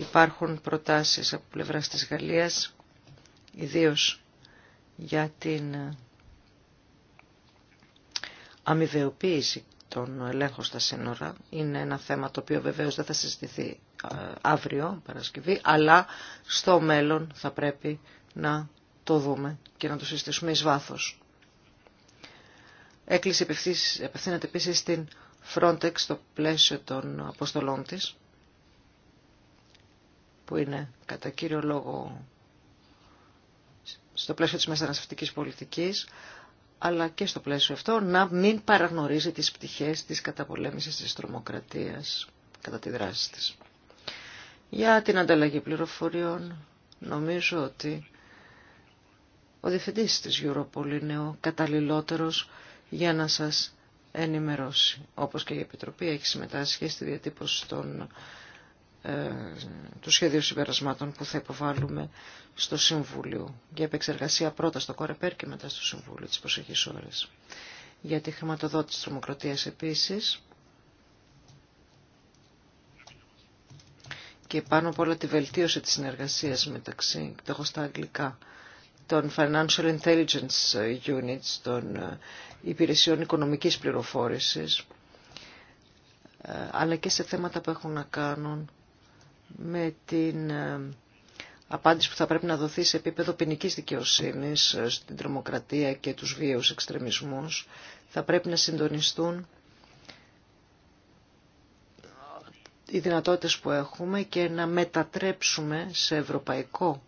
Υπάρχουν προτάσεις από πλευρά της Γαλλίας, ιδίως για την ε, αμοιβαιοποίηση των ελέγχων στα σύνορα. Είναι ένα θέμα το οποίο βεβαίως δεν θα συζητηθεί ε, αύριο, Παρασκευή, αλλά στο μέλλον θα πρέπει να το δούμε και να το συστήσουμε εις βάθος. Έκκληση απευθύνεται επίσης στην Frontex στο πλαίσιο των αποστολών της, που είναι κατά κύριο λόγο στο πλαίσιο της μεταναστευτική πολιτικής, αλλά και στο πλαίσιο αυτό να μην παραγνωρίζει τις πτυχές της καταπολέμησης της τρομοκρατίας κατά τη δράση της. Για την ανταλλαγή πληροφοριών νομίζω ότι ο διευθυντής της Europol είναι ο καταλληλότερος για να σας ενημερώσει. Όπως και η Επιτροπή έχει συμμετάσχει στη διατύπωση των, ε, του σχεδίου συμπερασμάτων που θα υποβάλουμε στο Συμβούλιο για επεξεργασία πρώτα στο Κορεπέρ και μετά στο Συμβούλιο της Προσεχής ώρες. Για τη χρηματοδότηση τρομοκρατίας επίσης, και πάνω απ' όλα τη βελτίωση της συνεργασίας μεταξύ, το έχω στα αγγλικά, των Financial Intelligence Units, των ε, υπηρεσιών οικονομικής πληροφόρησης, ε, αλλά και σε θέματα που έχουν να κάνουν με την ε, απάντηση που θα πρέπει να δοθεί σε επίπεδο ποινική δικαιοσύνης στην τρομοκρατία και τους βίαιους εξτρεμισμούς, θα πρέπει να συντονιστούν οι δυνατότητες που έχουμε και να μετατρέψουμε σε ευρωπαϊκό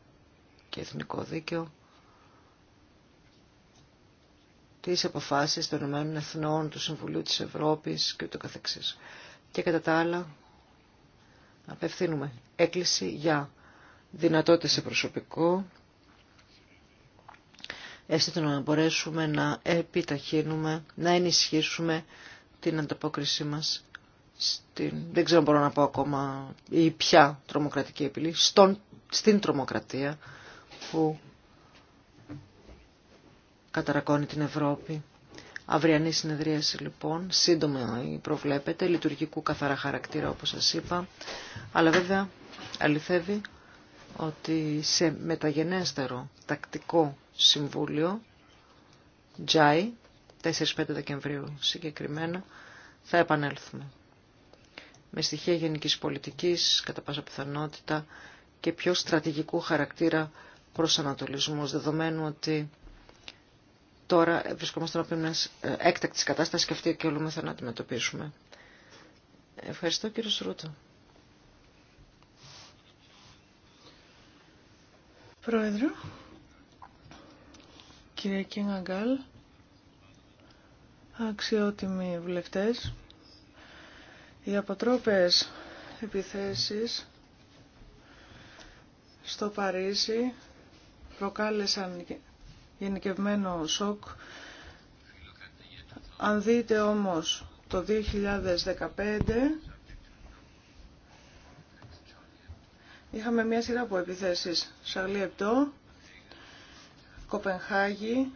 και εθνικό δίκαιο τις αποφάσεις των Ηνωμένων Εθνών, του Συμβουλίου της Ευρώπης και ούτω καθεξής. Και κατά τα άλλα απευθύνουμε έκκληση για δυνατότητες σε προσωπικό, έστω να μπορέσουμε να επιταχύνουμε, να ενισχύσουμε την ανταπόκρισή μας στην, δεν ξέρω μπορώ να πω ακόμα, ή ποια τρομοκρατική επιλή, στον, στην τρομοκρατία που καταρακώνει την Ευρώπη. Αυριανή συνεδρίαση λοιπόν, σύντομα προβλέπεται, λειτουργικού καθαρά χαρακτήρα όπως σας είπα, αλλά βέβαια αληθεύει ότι σε μεταγενέστερο τακτικό συμβούλιο, Τζάι, 4-5 Δεκεμβρίου συγκεκριμένα, θα επανέλθουμε. Με στοιχεία γενικής πολιτικής, κατά πάσα πιθανότητα, και πιο στρατηγικού χαρακτήρα Ανατολισμός, δεδομένου ότι Τώρα βρισκόμαστε να μια ε, έκτακτη κατάσταση και αυτή και ολούμεθα να αντιμετωπίσουμε. Ευχαριστώ κύριο Σρούτο. Πρόεδρο, κύριε Κίνα αξιότιμοι βουλευτές, οι αποτρόπες επιθέσεις στο Παρίσι προκάλεσαν γενικευμένο σοκ. Αν δείτε όμως το 2015 είχαμε μια σειρά από επιθέσεις. επτό Κοπενχάγη,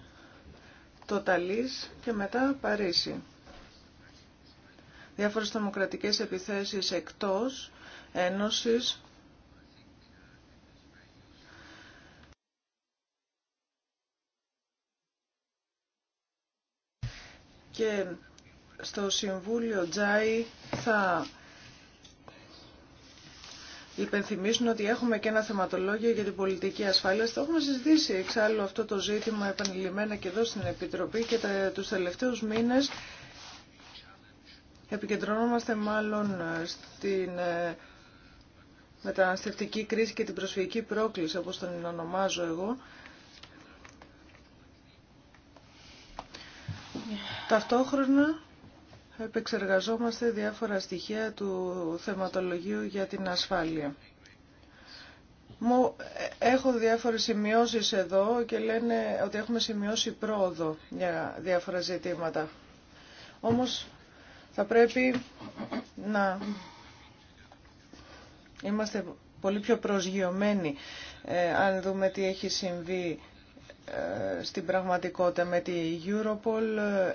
το Ταλής και μετά Παρίσι. Διάφορες δημοκρατικές επιθέσεις εκτός Ένωσης και στο Συμβούλιο Τζάι θα υπενθυμίσουν ότι έχουμε και ένα θεματολόγιο για την πολιτική ασφάλεια. Το έχουμε συζητήσει εξάλλου αυτό το ζήτημα επανειλημμένα και εδώ στην Επιτροπή και τα, τους τελευταίους μήνες επικεντρωνόμαστε μάλλον στην ε, μεταναστευτική κρίση και την προσφυγική πρόκληση όπως τον ονομάζω εγώ. Ταυτόχρονα επεξεργαζόμαστε διάφορα στοιχεία του θεματολογίου για την ασφάλεια. Μου ε, έχω διάφορες σημειώσεις εδώ και λένε ότι έχουμε σημειώσει πρόοδο για διάφορα ζητήματα. Όμως θα πρέπει να είμαστε πολύ πιο προσγειωμένοι ε, αν δούμε τι έχει συμβεί ε, στην πραγματικότητα. Με τη Europol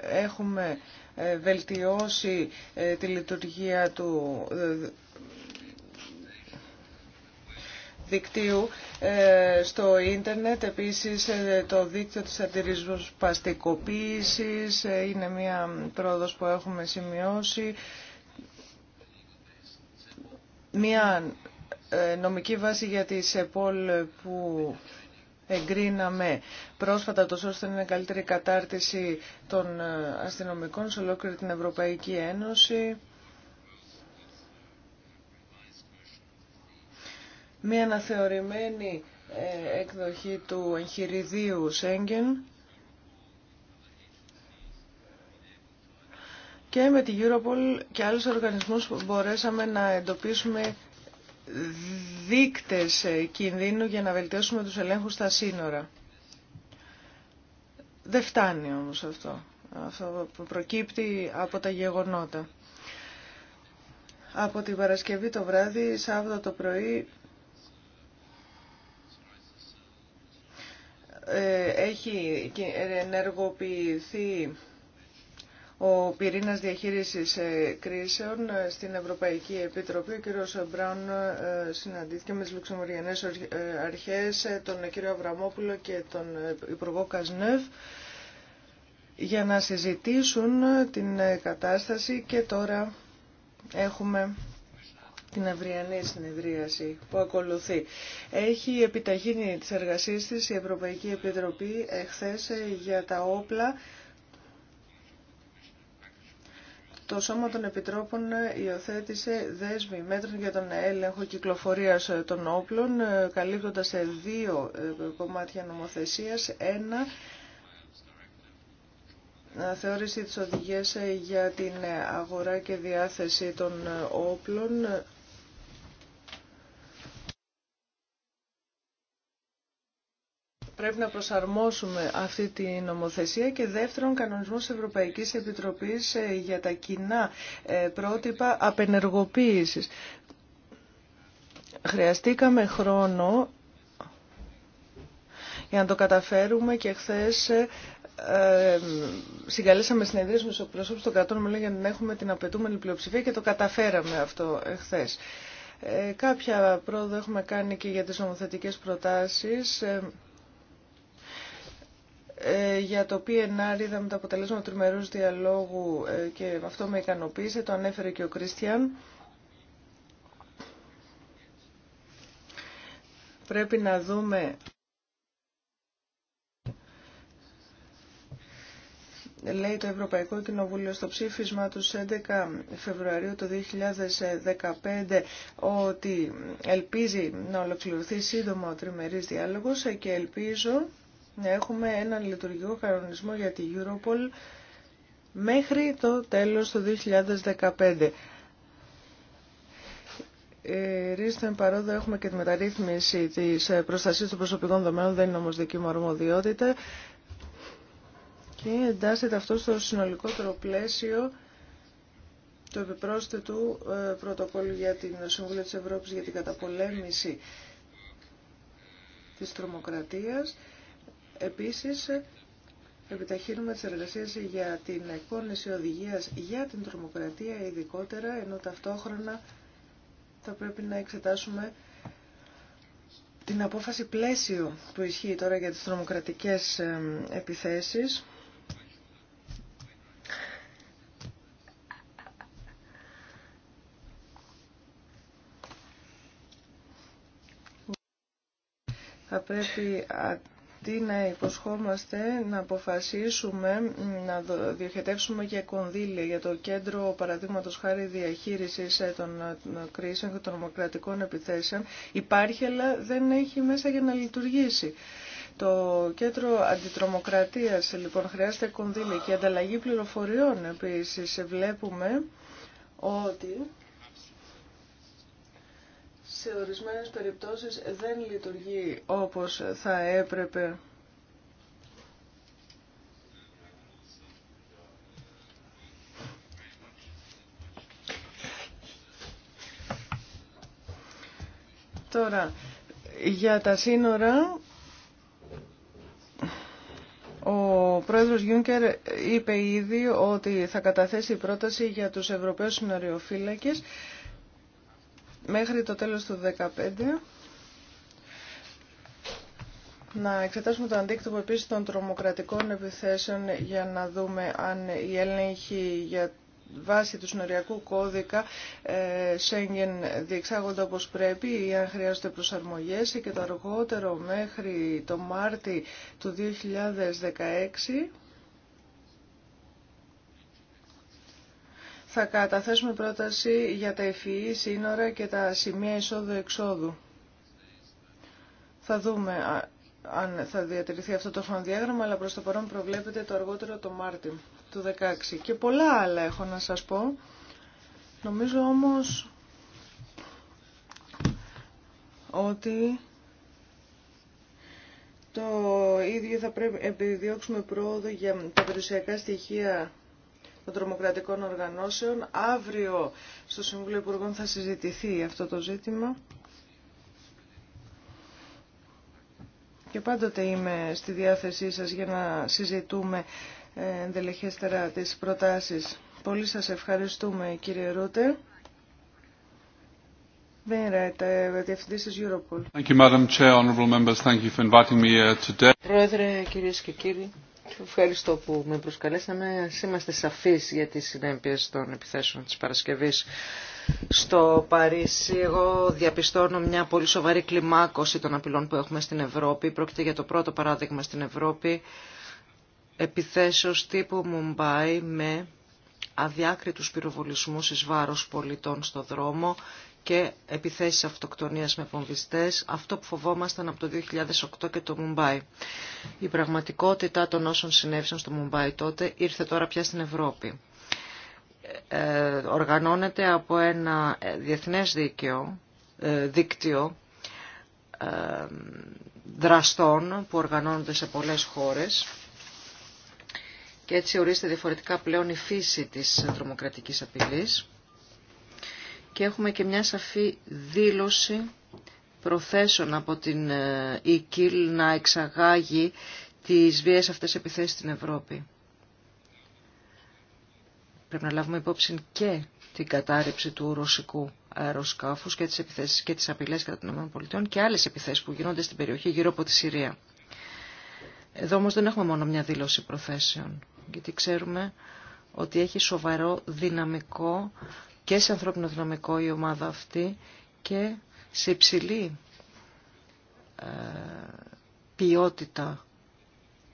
ε, έχουμε ε, βελτιώσει τη λειτουργία του δικτύου στο ίντερνετ. Επίσης το δίκτυο της παστικοποίησης είναι μια πρόοδος που έχουμε σημειώσει. Μια νομική βάση για τη ΣΕΠΟΛ που εγκρίναμε πρόσφατα το ώστε να είναι καλύτερη κατάρτιση των ε, αστυνομικών σε ολόκληρη την Ευρωπαϊκή Ένωση. Μία αναθεωρημένη ε, εκδοχή του εγχειριδίου Σέγγεν και με τη Europol και άλλους οργανισμούς μπορέσαμε να εντοπίσουμε δείκτες κινδύνου για να βελτιώσουμε τους ελέγχους στα σύνορα. Δεν φτάνει όμως αυτό. Αυτό που προκύπτει από τα γεγονότα. Από την Παρασκευή το βράδυ, Σάββατο το πρωί, ε, έχει ενεργοποιηθεί ο πυρήνας διαχείρισης ε, κρίσεων ε, στην Ευρωπαϊκή Επιτροπή. Ο κ. Μπράουν ε, συναντήθηκε με τις Αρχές, τον κύριο Αβραμόπουλο και τον Υπουργό Κασνεύ... για να συζητήσουν την κατάσταση και τώρα έχουμε την αυριανή συνεδρίαση που ακολουθεί. Έχει επιταχύνει τις εργασίες της η Ευρωπαϊκή Επιτροπή εχθές για τα όπλα Το Σώμα των Επιτρόπων υιοθέτησε δέσμη μέτρων για τον έλεγχο κυκλοφορίας των όπλων, ε, καλύπτοντας σε δύο ε, κομμάτια νομοθεσίας. Ένα, ε, θεώρηση της οδηγίας για την αγορά και διάθεση των όπλων, πρέπει να προσαρμόσουμε αυτή τη νομοθεσία και δεύτερον κανονισμός Ευρωπαϊκής Επιτροπής ε, για τα κοινά ε, πρότυπα απενεργοποίησης. Χρειαστήκαμε χρόνο για να το καταφέρουμε και χθε ε, συγκαλέσαμε συνεδρίες με του των κρατών για να έχουμε την απαιτούμενη πλειοψηφία και το καταφέραμε αυτό ε, χθε. Ε, κάποια πρόοδο έχουμε κάνει και για τις νομοθετικές προτάσεις. Ε, για το PNR είδαμε το αποτελέσμα του τριμερούς διαλόγου ε, και αυτό με ικανοποίησε, το ανέφερε και ο Κρίστιαν. Πρέπει να δούμε λέει το Ευρωπαϊκό Κοινοβούλιο στο ψήφισμα του 11 Φεβρουαρίου του 2015 ότι ελπίζει να ολοκληρωθεί σύντομα ο τριμερής διάλογος και ελπίζω έχουμε έναν λειτουργικό κανονισμό για τη Europol μέχρι το τέλος του 2015. Ε, με παρόδο έχουμε και τη μεταρρύθμιση της ε, προστασίας των προσωπικών δομένων, δεν είναι όμως δική μου αρμοδιότητα και εντάσσεται αυτό στο συνολικό πλαίσιο του επιπρόσθετου ε, πρωτοκόλλου για την Συμβουλία της Ευρώπης για την καταπολέμηση της τρομοκρατίας. Επίσης, επιταχύνουμε τις εργασίες για την εκπόνηση οδηγίας για την τρομοκρατία ειδικότερα, ενώ ταυτόχρονα θα πρέπει να εξετάσουμε την απόφαση πλαίσιο που ισχύει τώρα για τις τρομοκρατικές επιθέσεις. Θα πρέπει τι να υποσχόμαστε να αποφασίσουμε να διοχετεύσουμε και κονδύλια για το κέντρο παραδείγματο χάρη διαχείρισης ε, ε, των κρίσεων και των δημοκρατικών επιθέσεων, υπάρχει αλλά δεν έχει μέσα για να λειτουργήσει. Το κέντρο αντιτρομοκρατία, λοιπόν χρειάζεται κονδύλια και ανταλλαγή πληροφοριών επίση βλέπουμε ότι σε ορισμένες περιπτώσεις δεν λειτουργεί όπως θα έπρεπε. Τώρα, για τα σύνορα, ο πρόεδρος Γιούνκερ είπε ήδη ότι θα καταθέσει πρόταση για τους Ευρωπαίους συνοριοφύλακες μέχρι το τέλος του 2015 να εξετάσουμε το αντίκτυπο επίσης των τρομοκρατικών επιθέσεων για να δούμε αν η έλεγχη για βάση του συνοριακού κώδικα ε, Σέγγεν διεξάγονται όπως πρέπει ή αν χρειάζονται προσαρμογές και το αργότερο μέχρι το Μάρτι του 2016 θα καταθέσουμε πρόταση για τα ευφυή e e σύνορα και τα σημεία εισόδου-εξόδου. Θα δούμε αν θα διατηρηθεί αυτό το φανδιάγραμμα, αλλά προς το παρόν προβλέπεται το αργότερο το Μάρτι του 16. Και πολλά άλλα έχω να σας πω. Νομίζω όμως ότι το ίδιο θα πρέπει επιδιώξουμε πρόοδο για τα περιουσιακά στοιχεία των τρομοκρατικών οργανώσεων. Αύριο στο Συμβούλιο Υπουργών θα συζητηθεί αυτό το ζήτημα. Και πάντοτε είμαι στη διάθεσή σας για να συζητούμε ε, εντελεχέστερα τις προτάσεις. Πολύ σας ευχαριστούμε κύριε Ρούτε. Ε, Πρόεδρε, κυρίες και κύριοι, ευχαριστώ που με προσκαλέσαμε. Είμαστε σαφείς για τις συνέπειες των επιθέσεων της Παρασκευής στο Παρίσι. Εγώ διαπιστώνω μια πολύ σοβαρή κλιμάκωση των απειλών που έχουμε στην Ευρώπη. Πρόκειται για το πρώτο παράδειγμα στην Ευρώπη επιθέσεως τύπου Μουμπάι με αδιάκριτους πυροβολισμούς εις βάρος πολιτών στο δρόμο και επιθέσεις αυτοκτονίας με βομβιστές, αυτό που φοβόμασταν από το 2008 και το Μουμπάι. Η πραγματικότητα των όσων συνέβησαν στο Μουμπάι τότε ήρθε τώρα πια στην Ευρώπη. Ε, οργανώνεται από ένα ε, διεθνές ε, δίκτυο δραστών που οργανώνονται σε πολλές χώρες και έτσι ορίζεται διαφορετικά πλέον η φύση της τρομοκρατικής απειλής και έχουμε και μια σαφή δήλωση προθέσεων από την ΙΚΙΛ ε, να εξαγάγει τις βίες αυτές επιθέσεις στην Ευρώπη. Πρέπει να λάβουμε υπόψη και την κατάρρευση του ρωσικού αεροσκάφους και τις, επιθέσεις, και τις απειλές κατά των ΗΠΑ και άλλες επιθέσεις που γίνονται στην περιοχή γύρω από τη Συρία. Εδώ όμως δεν έχουμε μόνο μια δήλωση προθέσεων, γιατί ξέρουμε ότι έχει σοβαρό δυναμικό και σε ανθρώπινο δυναμικό η ομάδα αυτή και σε υψηλή ε, ποιότητα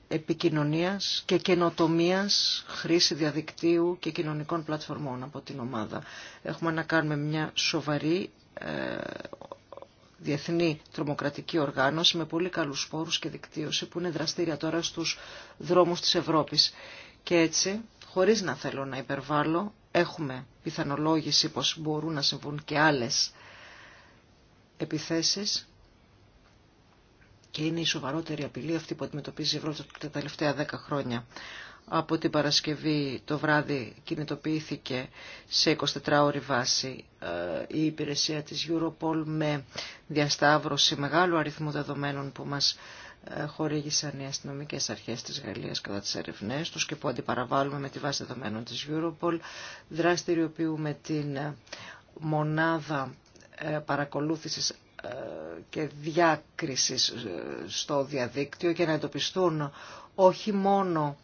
επικοινωνίας και καινοτομίας χρήση διαδικτύου και κοινωνικών πλατφορμών από την ομάδα. Έχουμε να κάνουμε μια σοβαρή ε, διεθνή τρομοκρατική οργάνωση με πολύ καλούς σπόρους και δικτύωση που είναι δραστήρια τώρα στους δρόμους της Ευρώπης. Και έτσι, χωρίς να θέλω να υπερβάλλω, έχουμε πιθανολόγηση πως μπορούν να συμβούν και άλλες επιθέσεις και είναι η σοβαρότερη απειλή αυτή που αντιμετωπίζει η Ευρώπη τα τελευταία δέκα χρόνια. Από την Παρασκευή το βράδυ κινητοποιήθηκε σε 24 ώρη βάση ε, η υπηρεσία της Europol με διασταύρωση μεγάλου αριθμού δεδομένων που μας ε, χορήγησαν οι αστυνομικές αρχές της Γαλλίας κατά τις ερευνές τους και που αντιπαραβάλλουμε με τη βάση δεδομένων της Europol. Δραστηριοποιούμε την ε, μονάδα ε, παρακολούθησης και διάκρισης στο διαδίκτυο για να εντοπιστούν όχι μόνο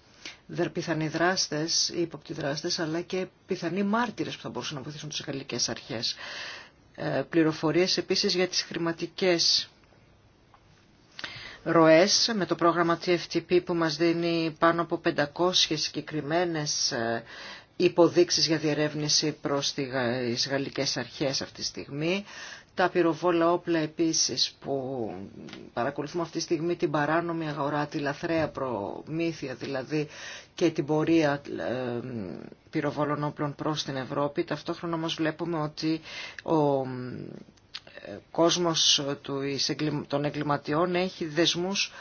πιθανοί δράστες ή υποπτή δράστες, αλλά και πιθανοί μάρτυρες που θα μπορούσαν να βοηθήσουν τις γαλλικές αρχές. Πληροφορίες επίσης για τις χρηματικές ροές με το πρόγραμμα TFTP που μας δίνει πάνω από 500 συγκεκριμένε ε, υποδείξεις για διερεύνηση προς τις γαλλικές αρχές αυτή τη στιγμή. Τα πυροβόλα όπλα επίσης που παρακολουθούμε αυτή τη στιγμή την παράνομη αγορά, τη λαθρέα προμήθεια δηλαδή και την πορεία ε, πυροβόλων όπλων προς την Ευρώπη. Ταυτόχρονα όμως βλέπουμε ότι ο κόσμος των εγκληματιών έχει δεσμούς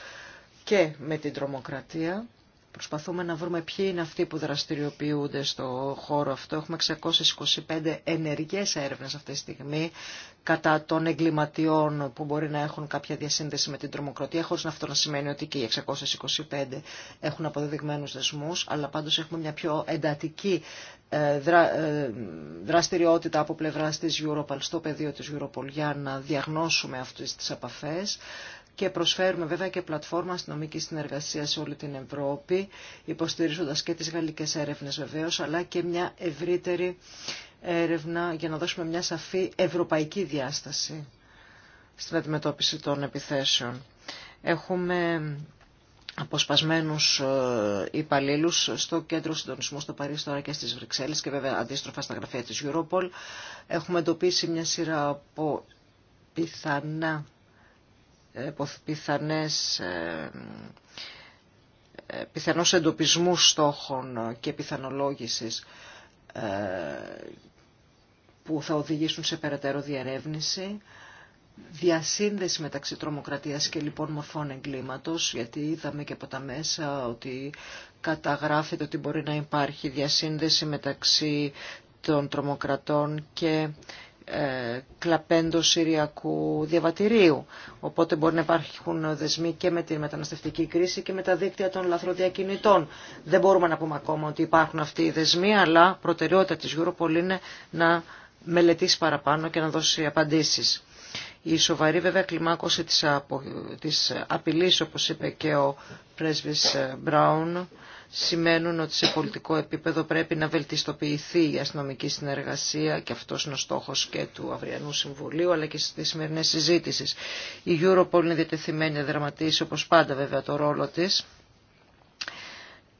και με την τρομοκρατία Προσπαθούμε να βρούμε ποιοι είναι αυτοί που δραστηριοποιούνται στο χώρο αυτό. Έχουμε 625 ενεργές έρευνες αυτή τη στιγμή κατά των εγκληματιών που μπορεί να έχουν κάποια διασύνδεση με την τρομοκρατία, χωρίς αυτό να σημαίνει ότι και οι 625 έχουν αποδεδειγμένους δεσμούς, αλλά πάντως έχουμε μια πιο εντατική ε, ε, δραστηριότητα από πλευράς της Europol στο πεδίο της Europol για να διαγνώσουμε αυτές τις απαφές και προσφέρουμε βέβαια και πλατφόρμα αστυνομική συνεργασία σε όλη την Ευρώπη, υποστηρίζοντας και τις γαλλικές έρευνες βεβαίως, αλλά και μια ευρύτερη έρευνα για να δώσουμε μια σαφή ευρωπαϊκή διάσταση στην αντιμετώπιση των επιθέσεων. Έχουμε αποσπασμένους ε, υπαλλήλους στο κέντρο συντονισμού στο Παρίσι τώρα και στις Βρυξέλλες και βέβαια αντίστροφα στα γραφεία της Europol. Έχουμε εντοπίσει μια σειρά από πιθανά ε, πιθανές, ε, ε, εντοπισμού στόχων και πιθανολόγησης που θα οδηγήσουν σε περαιτέρω διερεύνηση, διασύνδεση μεταξύ τρομοκρατίας και λοιπόν μορφών εγκλήματος, γιατί είδαμε και από τα μέσα ότι καταγράφεται ότι μπορεί να υπάρχει διασύνδεση μεταξύ των τρομοκρατών και ε, κλαπέντο συριακού διαβατηρίου. Οπότε μπορεί να υπάρχουν δεσμοί και με τη μεταναστευτική κρίση και με τα δίκτυα των λαθροδιακινητών. Δεν μπορούμε να πούμε ακόμα ότι υπάρχουν αυτοί οι δεσμοί, αλλά προτεραιότητα της Europol είναι να μελετήσει παραπάνω και να δώσει απαντήσεις. Η σοβαρή βέβαια κλιμάκωση τη απο... της απειλής, είπε και ο πρέσβης ε, Μπράουν, σημαίνουν ότι σε πολιτικό επίπεδο πρέπει να βελτιστοποιηθεί η αστυνομική συνεργασία και αυτό είναι ο στόχο και του αυριανού συμβουλίου αλλά και στις σημερινές συζήτηση. Η Europol είναι διατεθειμένη να δραματίσει όπω πάντα βέβαια το ρόλο τη,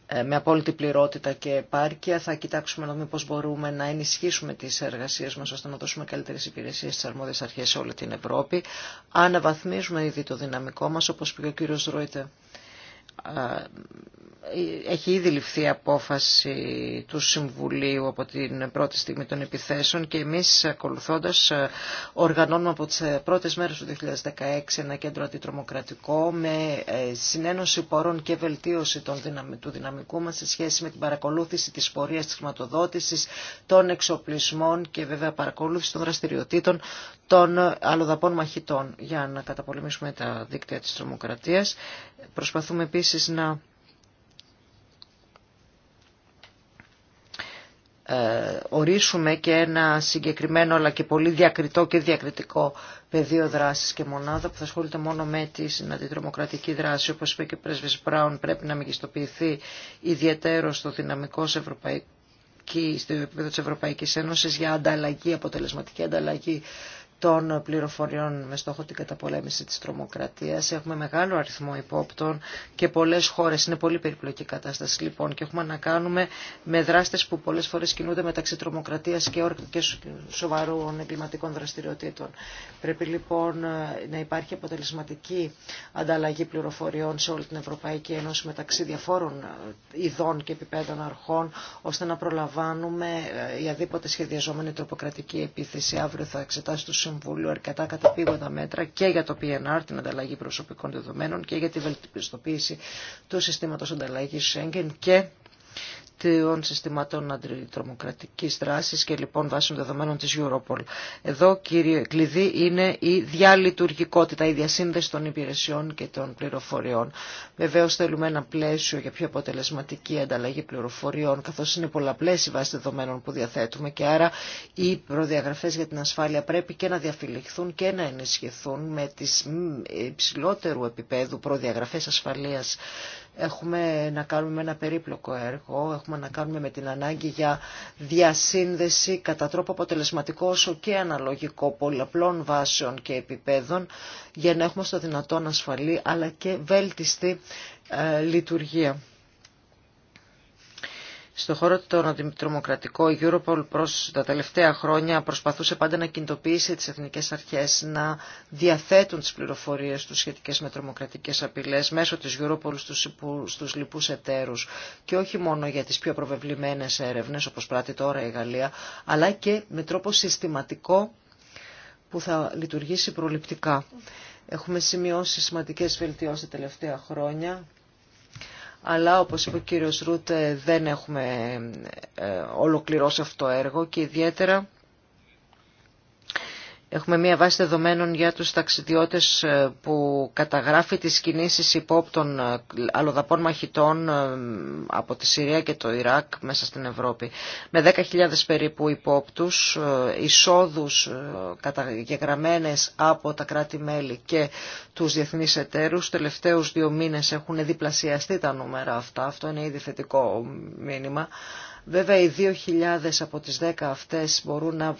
ε, με απόλυτη πληρότητα και επάρκεια. Θα κοιτάξουμε να δούμε πώ μπορούμε να ενισχύσουμε τι εργασίε μα ώστε να δώσουμε καλύτερε υπηρεσίε στι αρμόδιες αρχέ σε όλη την Ευρώπη. Αναβαθμίζουμε ήδη το δυναμικό μα, όπω πει ο κύριο Ρόιτε ε, έχει ήδη ληφθεί απόφαση του Συμβουλίου από την πρώτη στιγμή των επιθέσεων και εμείς ακολουθώντας ε, οργανώνουμε από τις ε, πρώτες μέρες του 2016 ένα κέντρο αντιτρομοκρατικό με συνένωση πορών και βελτίωση του δυναμικού μας σε σχέση με την παρακολούθηση της πορείας της χρηματοδότησης, των εξοπλισμών και βέβαια παρακολούθηση των δραστηριοτήτων των αλλοδαπών μαχητών για να καταπολεμήσουμε τα δίκτυα της τρομοκρατίας. Προσπαθούμε επίση επίσης να ε, ορίσουμε και ένα συγκεκριμένο αλλά και πολύ διακριτό και διακριτικό πεδίο δράσης και μονάδα που θα ασχολείται μόνο με τη αντιτρομοκρατική δράση. Όπως είπε και ο πρέσβης Μπράουν πρέπει να μεγιστοποιηθεί ιδιαίτερο στο δυναμικό σε ευρωπαϊκή στο επίπεδο της Ευρωπαϊκής Ένωσης για ανταλλαγή, αποτελεσματική ανταλλαγή των πληροφοριών με στόχο την καταπολέμηση της τρομοκρατίας. Έχουμε μεγάλο αριθμό υπόπτων και πολλές χώρες. Είναι πολύ περιπλοκή κατάσταση λοιπόν και έχουμε να κάνουμε με δράστες που πολλές φορές κινούνται μεταξύ τρομοκρατίας και, και σοβαρών εγκληματικών δραστηριοτήτων. Πρέπει λοιπόν να υπάρχει αποτελεσματική ανταλλαγή πληροφοριών σε όλη την Ευρωπαϊκή Ένωση μεταξύ διαφόρων ε, ειδών και επιπέδων αρχών ώστε να προλαμβάνουμε ε, η αδίποτε σχεδιαζόμενη τροποκρατική επίθεση. Αύριο θα εξετάσει το Συμβούλου αρκετά καταπήγοντα μέτρα και για το PNR, την ανταλλαγή προσωπικών δεδομένων και για τη βελτιστοποίηση του συστήματος ανταλλαγής Schengen και των συστημάτων αντιτρομοκρατικής δράσης και λοιπόν βάσει των δεδομένων της Europol. Εδώ κύριε κλειδί είναι η διαλειτουργικότητα, η διασύνδεση των υπηρεσιών και των πληροφοριών. Βεβαίω θέλουμε ένα πλαίσιο για πιο αποτελεσματική ανταλλαγή πληροφοριών καθώς είναι πολλαπλές οι βάσει δεδομένων που διαθέτουμε και άρα οι προδιαγραφές για την ασφάλεια πρέπει και να διαφυλιχθούν και να ενισχυθούν με τις υψηλότερου επίπεδου προδιαγραφές ασφαλείας Έχουμε να κάνουμε ένα περίπλοκο έργο, έχουμε να κάνουμε με την ανάγκη για διασύνδεση κατά τρόπο αποτελεσματικό όσο και αναλογικό πολλαπλών βάσεων και επιπέδων για να έχουμε στο δυνατόν ασφαλή αλλά και βέλτιστη ε, λειτουργία. Στον χώρο των αντιτρομοκρατικών, η Europol προς τα τελευταία χρόνια προσπαθούσε πάντα να κινητοποιήσει τις εθνικές αρχές να διαθέτουν τις πληροφορίες τους σχετικές με τρομοκρατικές απειλές μέσω της Europol στους, στους λοιπούς εταίρους και όχι μόνο για τις πιο προβεβλημένες έρευνες όπως πράττει τώρα η Γαλλία αλλά και με τρόπο συστηματικό που θα λειτουργήσει προληπτικά. Έχουμε σημειώσει σημαντικές βελτιώσεις τα τελευταία χρόνια αλλά όπως είπε ο κύριος Ρούτ δεν έχουμε ε, ολοκληρώσει αυτό το έργο και ιδιαίτερα Έχουμε μία βάση δεδομένων για τους ταξιδιώτες ε, που καταγράφει τις κινήσεις υπόπτων ε, αλλοδαπών μαχητών ε, από τη Συρία και το Ιράκ μέσα στην Ευρώπη. Με 10.000 περίπου υπόπτους, εισόδους καταγεγραμμένες από τα κράτη-μέλη και τους διεθνείς εταίρους. Τελευταίους δύο μήνες έχουν διπλασιαστεί τα νούμερα αυτά. Αυτό είναι ήδη θετικό μήνυμα. Βέβαια οι 2.000 από τις 10 αυτές μπορούν να,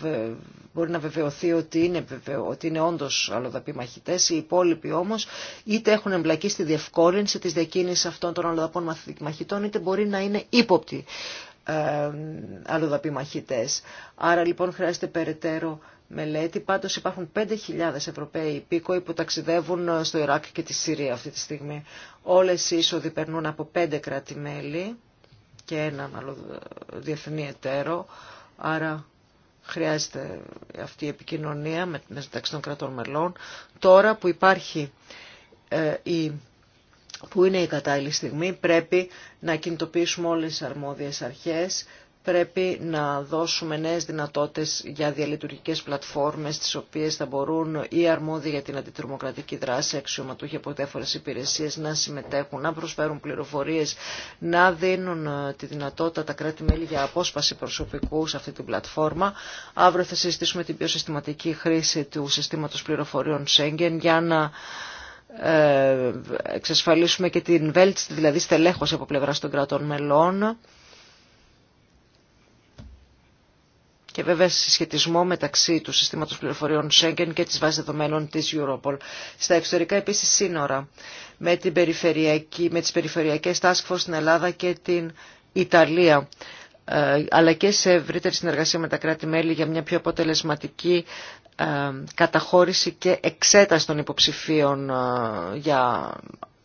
μπορεί να βεβαιωθεί ότι είναι, ότι είναι όντως αλλοδαποί μαχητές, οι υπόλοιποι όμως είτε έχουν εμπλακεί στη διευκόλυνση της διακίνησης αυτών των αλλοδαπών μαχητών είτε μπορεί να είναι ύποπτοι ε, μαχητές. Άρα λοιπόν χρειάζεται περαιτέρω μελέτη. Πάντως υπάρχουν 5.000 Ευρωπαίοι υπήκοοι που ταξιδεύουν ε, στο Ιράκ και τη Συρία αυτή τη στιγμή. Όλες οι είσοδοι περνούν από 5 κράτη-μέλη και έναν άλλο διεθνή εταίρο. Άρα χρειάζεται αυτή η επικοινωνία μεταξύ των κρατών μελών. Τώρα που υπάρχει ε, η που είναι η κατάλληλη στιγμή πρέπει να κινητοποιήσουμε όλες τις αρμόδιες αρχές πρέπει να δώσουμε νέες δυνατότητες για διαλειτουργικές πλατφόρμες τις οποίες θα μπορούν οι αρμόδιοι για την αντιτρομοκρατική δράση, αξιωματούχοι από διάφορε υπηρεσίες να συμμετέχουν, να προσφέρουν πληροφορίες, να δίνουν ε, τη δυνατότητα τα κράτη-μέλη για απόσπαση προσωπικού σε αυτή την πλατφόρμα. Αύριο θα συζητήσουμε την πιο συστηματική χρήση του συστήματος πληροφοριών Schengen για να ε, εξασφαλίσουμε και την βέλτιστη δηλαδή στελέχωση από πλευρά των κρατών μελών και βέβαια σε συσχετισμό μεταξύ του συστήματος πληροφοριών Schengen και της βάσης δεδομένων της Europol. Στα εξωτερικά επίσης σύνορα με, την περιφερειακή, με τις περιφερειακές task force στην Ελλάδα και την Ιταλία ε, αλλά και σε ευρύτερη συνεργασία με τα κράτη-μέλη για μια πιο αποτελεσματική ε, καταχώρηση και εξέταση των υποψηφίων ε, για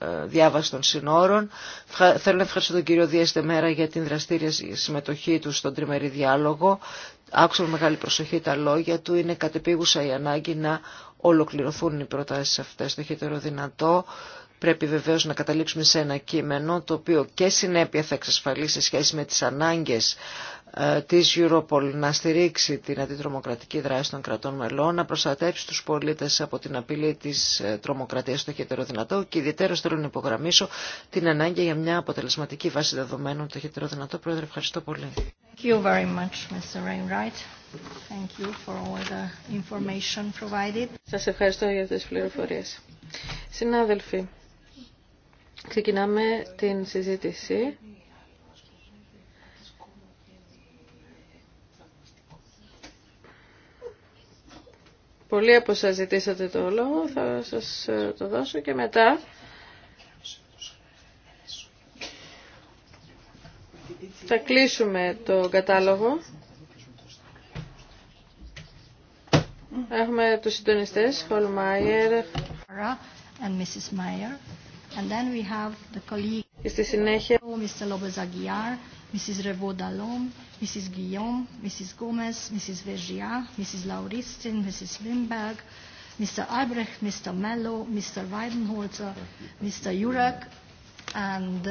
ε, διάβαση των συνόρων. Θέλω να ευχαριστώ τον κύριο Δίεστε Μέρα για την δραστήρια συμμετοχή του στον τριμερή διάλογο. Άκουσα με μεγάλη προσοχή τα λόγια του. Είναι κατεπίγουσα η ανάγκη να ολοκληρωθούν οι προτάσεις αυτές το χειτερό δυνατό. Πρέπει βεβαίως να καταλήξουμε σε ένα κείμενο το οποίο και συνέπεια θα εξασφαλίσει σε σχέση με τις ανάγκες ε, της Europol να στηρίξει την αντιτρομοκρατική δράση των κρατών μελών, να προστατεύσει τους πολίτες από την απειλή της ε, τρομοκρατίας στο χέτερο δυνατό και ιδιαίτερα θέλω να υπογραμμίσω την ανάγκη για μια αποτελεσματική βάση δεδομένων το χέτερο δυνατό. Πρόεδρε, ευχαριστώ πολύ. Thank you very much, Thank you for all Σας ευχαριστώ για τις πληροφορίες. Συνάδελφοι, ξεκινάμε την συζήτηση. Πολλοί από σας ζητήσατε το λόγο, θα σας ε, το δώσω και μετά. Θα κλείσουμε το κατάλογο. Έχουμε τους συντονιστές, Χολμάιερ. And Mrs. Meyer. And then Στη συνέχεια, Mrs. Revaud-Dallon, Mrs. Guillaume, Mrs. Gomez, Mrs. Vergia, Mrs. Lauristin, Mrs. Wimberg, Mr. Albrecht, Mr. Mello, Mr. Weidenholzer, Mr. Jurek, and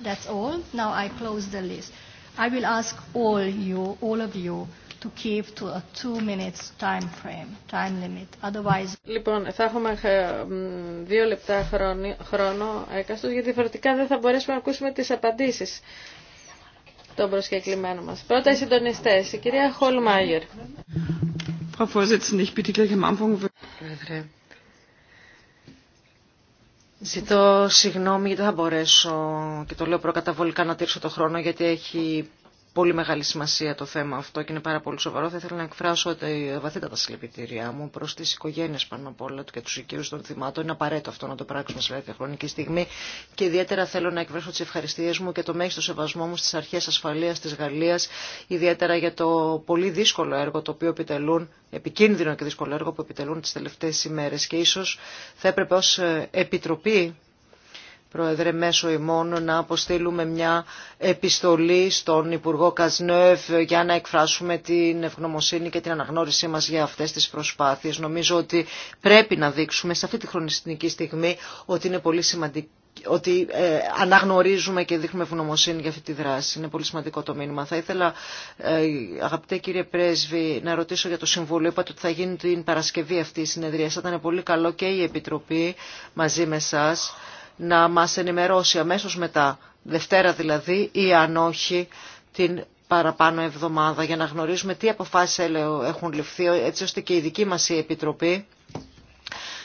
that's all. Now I close the list. I will ask all you, all of you, to keep to a two minutes time frame, time limit. Otherwise... Λοιπόν, θα έχουμε δύο λεπτά χρόνο, χρόνο έκαστος, γιατί διαφορετικά δεν θα μπορέσουμε να ακούσουμε τις απαντήσεις τον προσκεκλημένο μας. Πρώτα οι συντονιστές, η κυρία Χολμάγερ. ζητώ συγγνώμη γιατί δεν θα μπορέσω και το λέω προκαταβολικά να τήρξω το χρόνο γιατί έχει πολύ μεγάλη σημασία το θέμα αυτό και είναι πάρα πολύ σοβαρό. Θα ήθελα να εκφράσω ότι βαθύτατα συλληπιτήριά μου προ τι οικογένειε πάνω απ' όλα και του οικείου των θυμάτων. Είναι απαραίτητο αυτό να το πράξουμε σε τέτοια χρονική στιγμή. Και ιδιαίτερα θέλω να εκφράσω τι ευχαριστίε μου και το μέγιστο σεβασμό μου στι αρχέ ασφαλεία τη Γαλλία, ιδιαίτερα για το πολύ δύσκολο έργο το οποίο επιτελούν, επικίνδυνο και δύσκολο έργο που επιτελούν τι τελευταίε ημέρε. Και ίσω θα έπρεπε ω Επιτροπή Πρόεδρε, μέσω ημών να αποστείλουμε μια επιστολή στον Υπουργό Κασνεύ για να εκφράσουμε την ευγνωμοσύνη και την αναγνώρισή μας για αυτές τις προσπάθειες. Νομίζω ότι πρέπει να δείξουμε σε αυτή τη χρονιστική στιγμή ότι είναι πολύ ότι ε, αναγνωρίζουμε και δείχνουμε ευγνωμοσύνη για αυτή τη δράση. Είναι πολύ σημαντικό το μήνυμα. Θα ήθελα, ε, αγαπητέ κύριε Πρέσβη, να ρωτήσω για το Συμβούλιο. Είπατε ότι θα γίνει την Παρασκευή αυτή η συνεδρία. Θα ήταν πολύ καλό και η Επιτροπή μαζί με σας να μας ενημερώσει αμέσως μετά, Δευτέρα δηλαδή, ή αν όχι, την παραπάνω εβδομάδα για να γνωρίζουμε τι αποφάσεις έχουν ληφθεί έτσι ώστε και η δική μας η Επιτροπή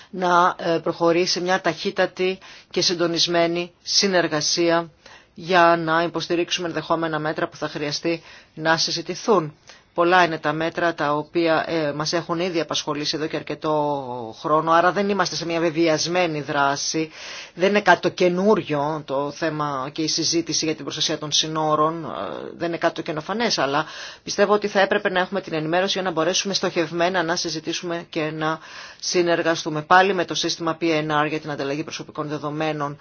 να ε, προχωρήσει μια ταχύτατη και συντονισμένη συνεργασία για να υποστηρίξουμε ενδεχόμενα μέτρα που θα χρειαστεί να συζητηθούν. Πολλά είναι τα μέτρα τα οποία ε, μας έχουν ήδη απασχολήσει εδώ και αρκετό χρόνο, άρα δεν είμαστε σε μια βεβαιασμένη δράση. Δεν είναι κάτι το καινούριο το θέμα και η συζήτηση για την προστασία των συνόρων, ε, δεν είναι κάτι το καινοφανές, αλλά πιστεύω ότι θα έπρεπε να έχουμε την ενημέρωση για να μπορέσουμε στοχευμένα να συζητήσουμε και να συνεργαστούμε. Πάλι με το σύστημα PNR για την ανταλλαγή προσωπικών δεδομένων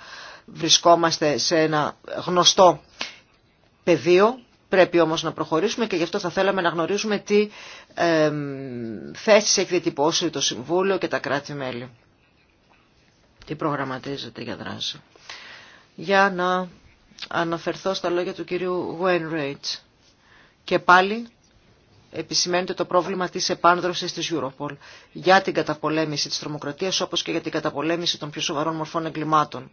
βρισκόμαστε σε ένα γνωστό πεδίο Πρέπει όμως να προχωρήσουμε και γι' αυτό θα θέλαμε να γνωρίζουμε τι ε, θέσεις έχει διατυπώσει το Συμβούλιο και τα κράτη-μέλη. Τι προγραμματίζεται για δράση. Για να αναφερθώ στα λόγια του κυρίου Ρέιτς. Και πάλι επισημαίνεται το πρόβλημα της επάνδρωσης της Europol για την καταπολέμηση της τρομοκρατίας όπως και για την καταπολέμηση των πιο σοβαρών μορφών εγκλημάτων.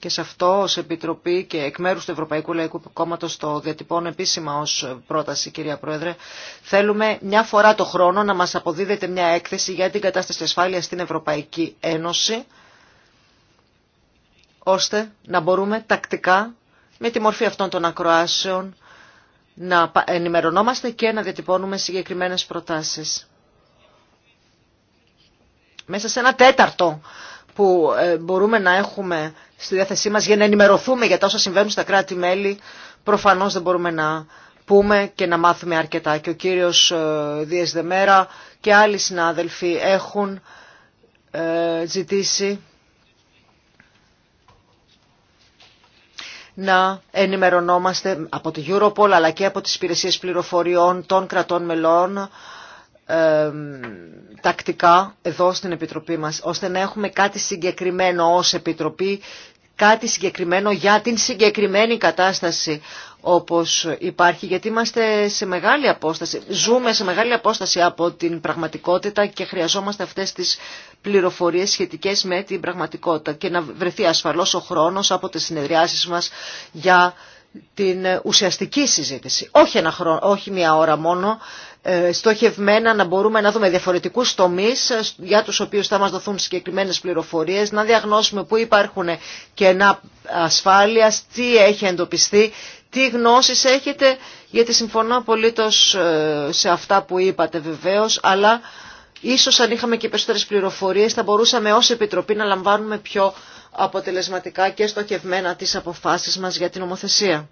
και σε αυτό ως Επιτροπή και εκ μέρους του Ευρωπαϊκού Λαϊκού Κόμματος το διατυπώνω επίσημα ως πρόταση κυρία Πρόεδρε, θέλουμε μια φορά το χρόνο να μας αποδίδεται μια έκθεση για την κατάσταση ασφάλειας στην Ευρωπαϊκή Ένωση, ώστε να μπορούμε τακτικά με τη μορφή αυτών των ακροάσεων να ενημερωνόμαστε και να διατυπώνουμε συγκεκριμένες προτάσεις. Μέσα σε ένα τέταρτο που ε, μπορούμε να έχουμε στη διάθεσή μας για να ενημερωθούμε για τα όσα συμβαίνουν στα κράτη-μέλη. Προφανώς δεν μπορούμε να πούμε και να μάθουμε αρκετά. Και ο κύριος ε, Δίες Δεμέρα και άλλοι συνάδελφοι έχουν ε, ζητήσει να ενημερωνόμαστε από τη Europol αλλά και από τις υπηρεσίες πληροφοριών των κρατών μελών τακτικά εδώ στην Επιτροπή μας, ώστε να έχουμε κάτι συγκεκριμένο ως Επιτροπή κάτι συγκεκριμένο για την συγκεκριμένη κατάσταση όπως υπάρχει, γιατί είμαστε σε μεγάλη απόσταση, ζούμε σε μεγάλη απόσταση από την πραγματικότητα και χρειαζόμαστε αυτές τις πληροφορίες σχετικές με την πραγματικότητα και να βρεθεί ασφαλώς ο χρόνος από τις συνεδριάσεις μας για την ουσιαστική συζήτηση. Όχι, όχι μια ώρα μόνο, ε, στοχευμένα να μπορούμε να δούμε διαφορετικούς τομείς ε, για τους οποίους θα μας δοθούν συγκεκριμένες πληροφορίες, να διαγνώσουμε πού υπάρχουν κενά ασφάλειας, τι έχει εντοπιστεί, τι γνώσεις έχετε, γιατί συμφωνώ απολύτως ε, σε αυτά που είπατε βεβαίως, αλλά ίσως αν είχαμε και περισσότερες πληροφορίες θα μπορούσαμε ως Επιτροπή να λαμβάνουμε πιο αποτελεσματικά και στοχευμένα τις αποφάσεις μας για την ομοθεσία.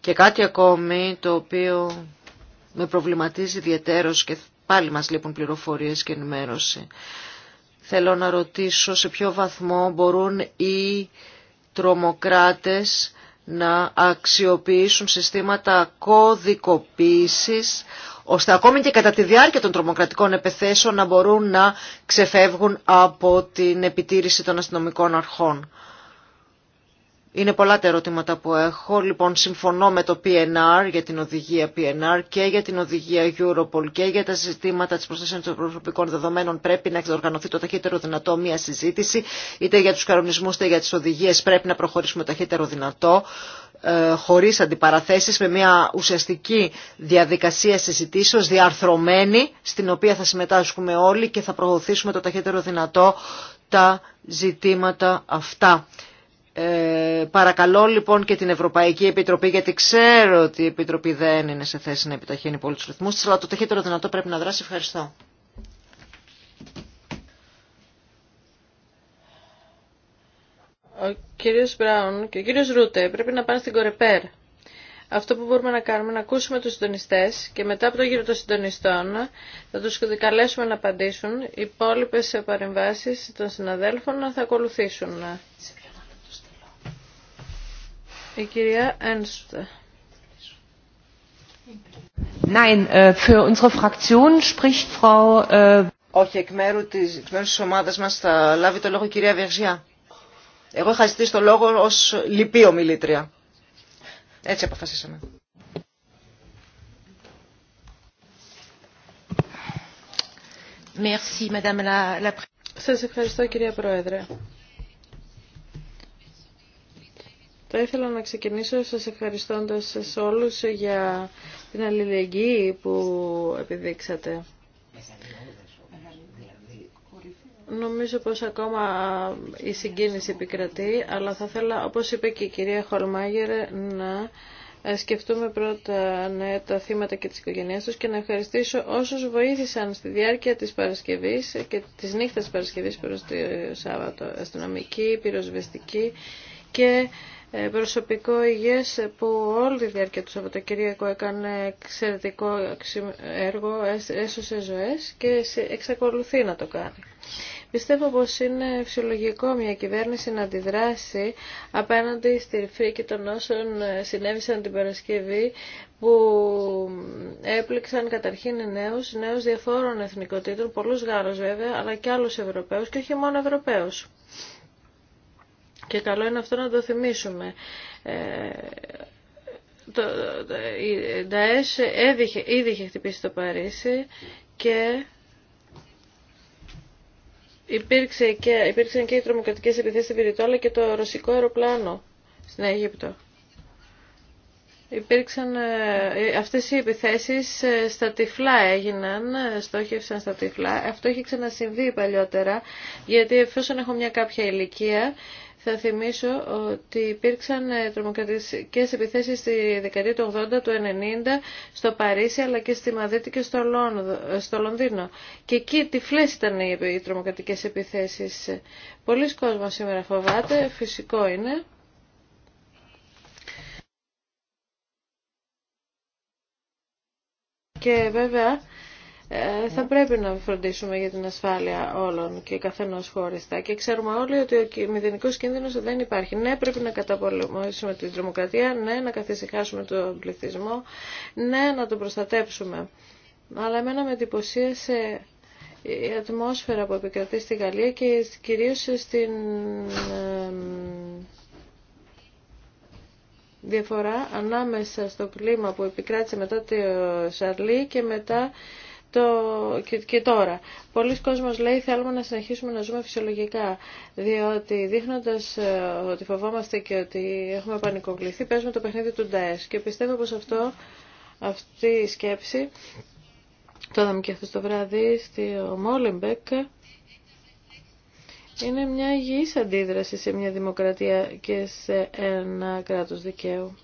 Και κάτι ακόμη το οποίο με προβληματίζει ιδιαίτερος και πάλι μας λείπουν πληροφορίες και ενημέρωση. Θέλω να ρωτήσω σε ποιο βαθμό μπορούν οι τρομοκράτες να αξιοποιήσουν συστήματα κωδικοποίησης ώστε ακόμη και κατά τη διάρκεια των τρομοκρατικών επιθέσεων να μπορούν να ξεφεύγουν από την επιτήρηση των αστυνομικών αρχών. Είναι πολλά τα ερωτήματα που έχω. Λοιπόν, συμφωνώ με το PNR, για την οδηγία PNR και για την οδηγία Europol και για τα ζητήματα της προστασίας των προσωπικών δεδομένων πρέπει να εξοργανωθεί το ταχύτερο δυνατό μία συζήτηση. Είτε για τους κανονισμούς είτε για τις οδηγίες πρέπει να προχωρήσουμε το ταχύτερο δυνατό ε, χωρίς αντιπαραθέσεις, με μια ουσιαστική διαδικασία συζητήσεως διαρθρωμένη, στην οποία θα συμμετάσχουμε όλοι και θα προωθήσουμε το ταχύτερο δυνατό τα ζητήματα αυτά. Ε, παρακαλώ λοιπόν και την Ευρωπαϊκή Επιτροπή, γιατί ξέρω ότι η Επιτροπή δεν είναι σε θέση να επιταχύνει πολλού ρυθμού τη, αλλά το ταχύτερο δυνατό πρέπει να δράσει. Ευχαριστώ. Ο κύριο Μπράουν και ο κύριο Ρούτε πρέπει να πάνε στην Κορεπέρ. Αυτό που μπορούμε να κάνουμε είναι να ακούσουμε του συντονιστέ και μετά από το γύρο των συντονιστών θα του καλέσουμε να απαντήσουν. Οι υπόλοιπε παρεμβάσει των συναδέλφων θα ακολουθήσουν. Η κυρία Ένστε. Nein, äh, für unsere Fraktion spricht Frau... Äh, Όχι, εκ μέρου τη ομάδα μα θα λάβει το λόγο η κυρία Βεργιά. Εγώ είχα ζητήσει το λόγο ω λυπή ομιλήτρια. Έτσι αποφασίσαμε. Merci, Madame la... Σας ευχαριστώ κυρία Πρόεδρε. Θα ήθελα να ξεκινήσω σας ευχαριστώντας σε όλους για την αλληλεγγύη που επιδείξατε. Νομίζω πως ακόμα η συγκίνηση επικρατεί, αλλά θα ήθελα, όπως είπε και η κυρία Χολμάγερ, να σκεφτούμε πρώτα ναι, τα θύματα και τις οικογένειές τους και να ευχαριστήσω όσους βοήθησαν στη διάρκεια της Παρασκευής και της νύχτας της Παρασκευής προς το Σάββατο, αστυνομική, πυροσβεστική και ε, προσωπικό υγιές που όλη τη διάρκεια του Σαββατοκυριακού έκανε εξαιρετικό έργο, έσωσε ζωές και εξακολουθεί να το κάνει. Πιστεύω πως είναι φυσιολογικό μια κυβέρνηση να αντιδράσει απέναντι στη φρίκη των όσων ε, συνέβησαν την Παρασκευή που έπληξαν καταρχήν νέους, νέους διαφόρων εθνικότητων, πολλούς Γάλλους βέβαια, αλλά και άλλους Ευρωπαίους και όχι μόνο Ευρωπαίους. Και καλό είναι αυτό να το θυμίσουμε. Ε, το, το, η Νταέσ ήδη είχε χτυπήσει το Παρίσι και υπήρξε και, υπήρξαν και οι τρομοκρατικές επιθέσεις στην Πυρητόλα και το ρωσικό αεροπλάνο στην Αίγυπτο. Υπήρξαν, ε, ε, αυτές οι επιθέσεις ε, στα τυφλά έγιναν, στόχευσαν στα τυφλά. Αυτό έχει ξανασυμβεί παλιότερα, γιατί εφόσον έχω μια κάποια ηλικία, θα θυμίσω ότι υπήρξαν τρομοκρατικές επιθέσεις στη δεκαετία του 80, του 90, στο Παρίσι αλλά και στη Μαδίτη και στο, Λονδίνο. Και εκεί τυφλές ήταν οι τρομοκρατικές επιθέσεις. Πολλοί κόσμοι σήμερα φοβάται, φυσικό είναι. Και βέβαια ε, θα πρέπει να φροντίσουμε για την ασφάλεια όλων και καθενό χωριστά. Και ξέρουμε όλοι ότι ο μηδενικό κίνδυνο δεν υπάρχει. Ναι, πρέπει να καταπολεμήσουμε την τρομοκρατία, ναι, να καθησυχάσουμε τον πληθυσμό, ναι, να τον προστατέψουμε. Αλλά εμένα με εντυπωσίασε η ατμόσφαιρα που επικρατεί στη Γαλλία και κυρίως στην ε, διαφορά ανάμεσα στο κλίμα που επικράτησε μετά το Σαρλί και μετά το... Και, τώρα. Πολλοί κόσμος λέει θέλουμε να συνεχίσουμε να ζούμε φυσιολογικά, διότι δείχνοντας ε, ότι φοβόμαστε και ότι έχουμε πανικοκληθεί, παίζουμε το παιχνίδι του Νταές. Και πιστεύω πως αυτό, αυτή η σκέψη, το είδαμε και αυτό το βράδυ, στη Μόλεμπεκ, είναι μια υγιής αντίδραση σε μια δημοκρατία και σε ένα κράτος δικαίου.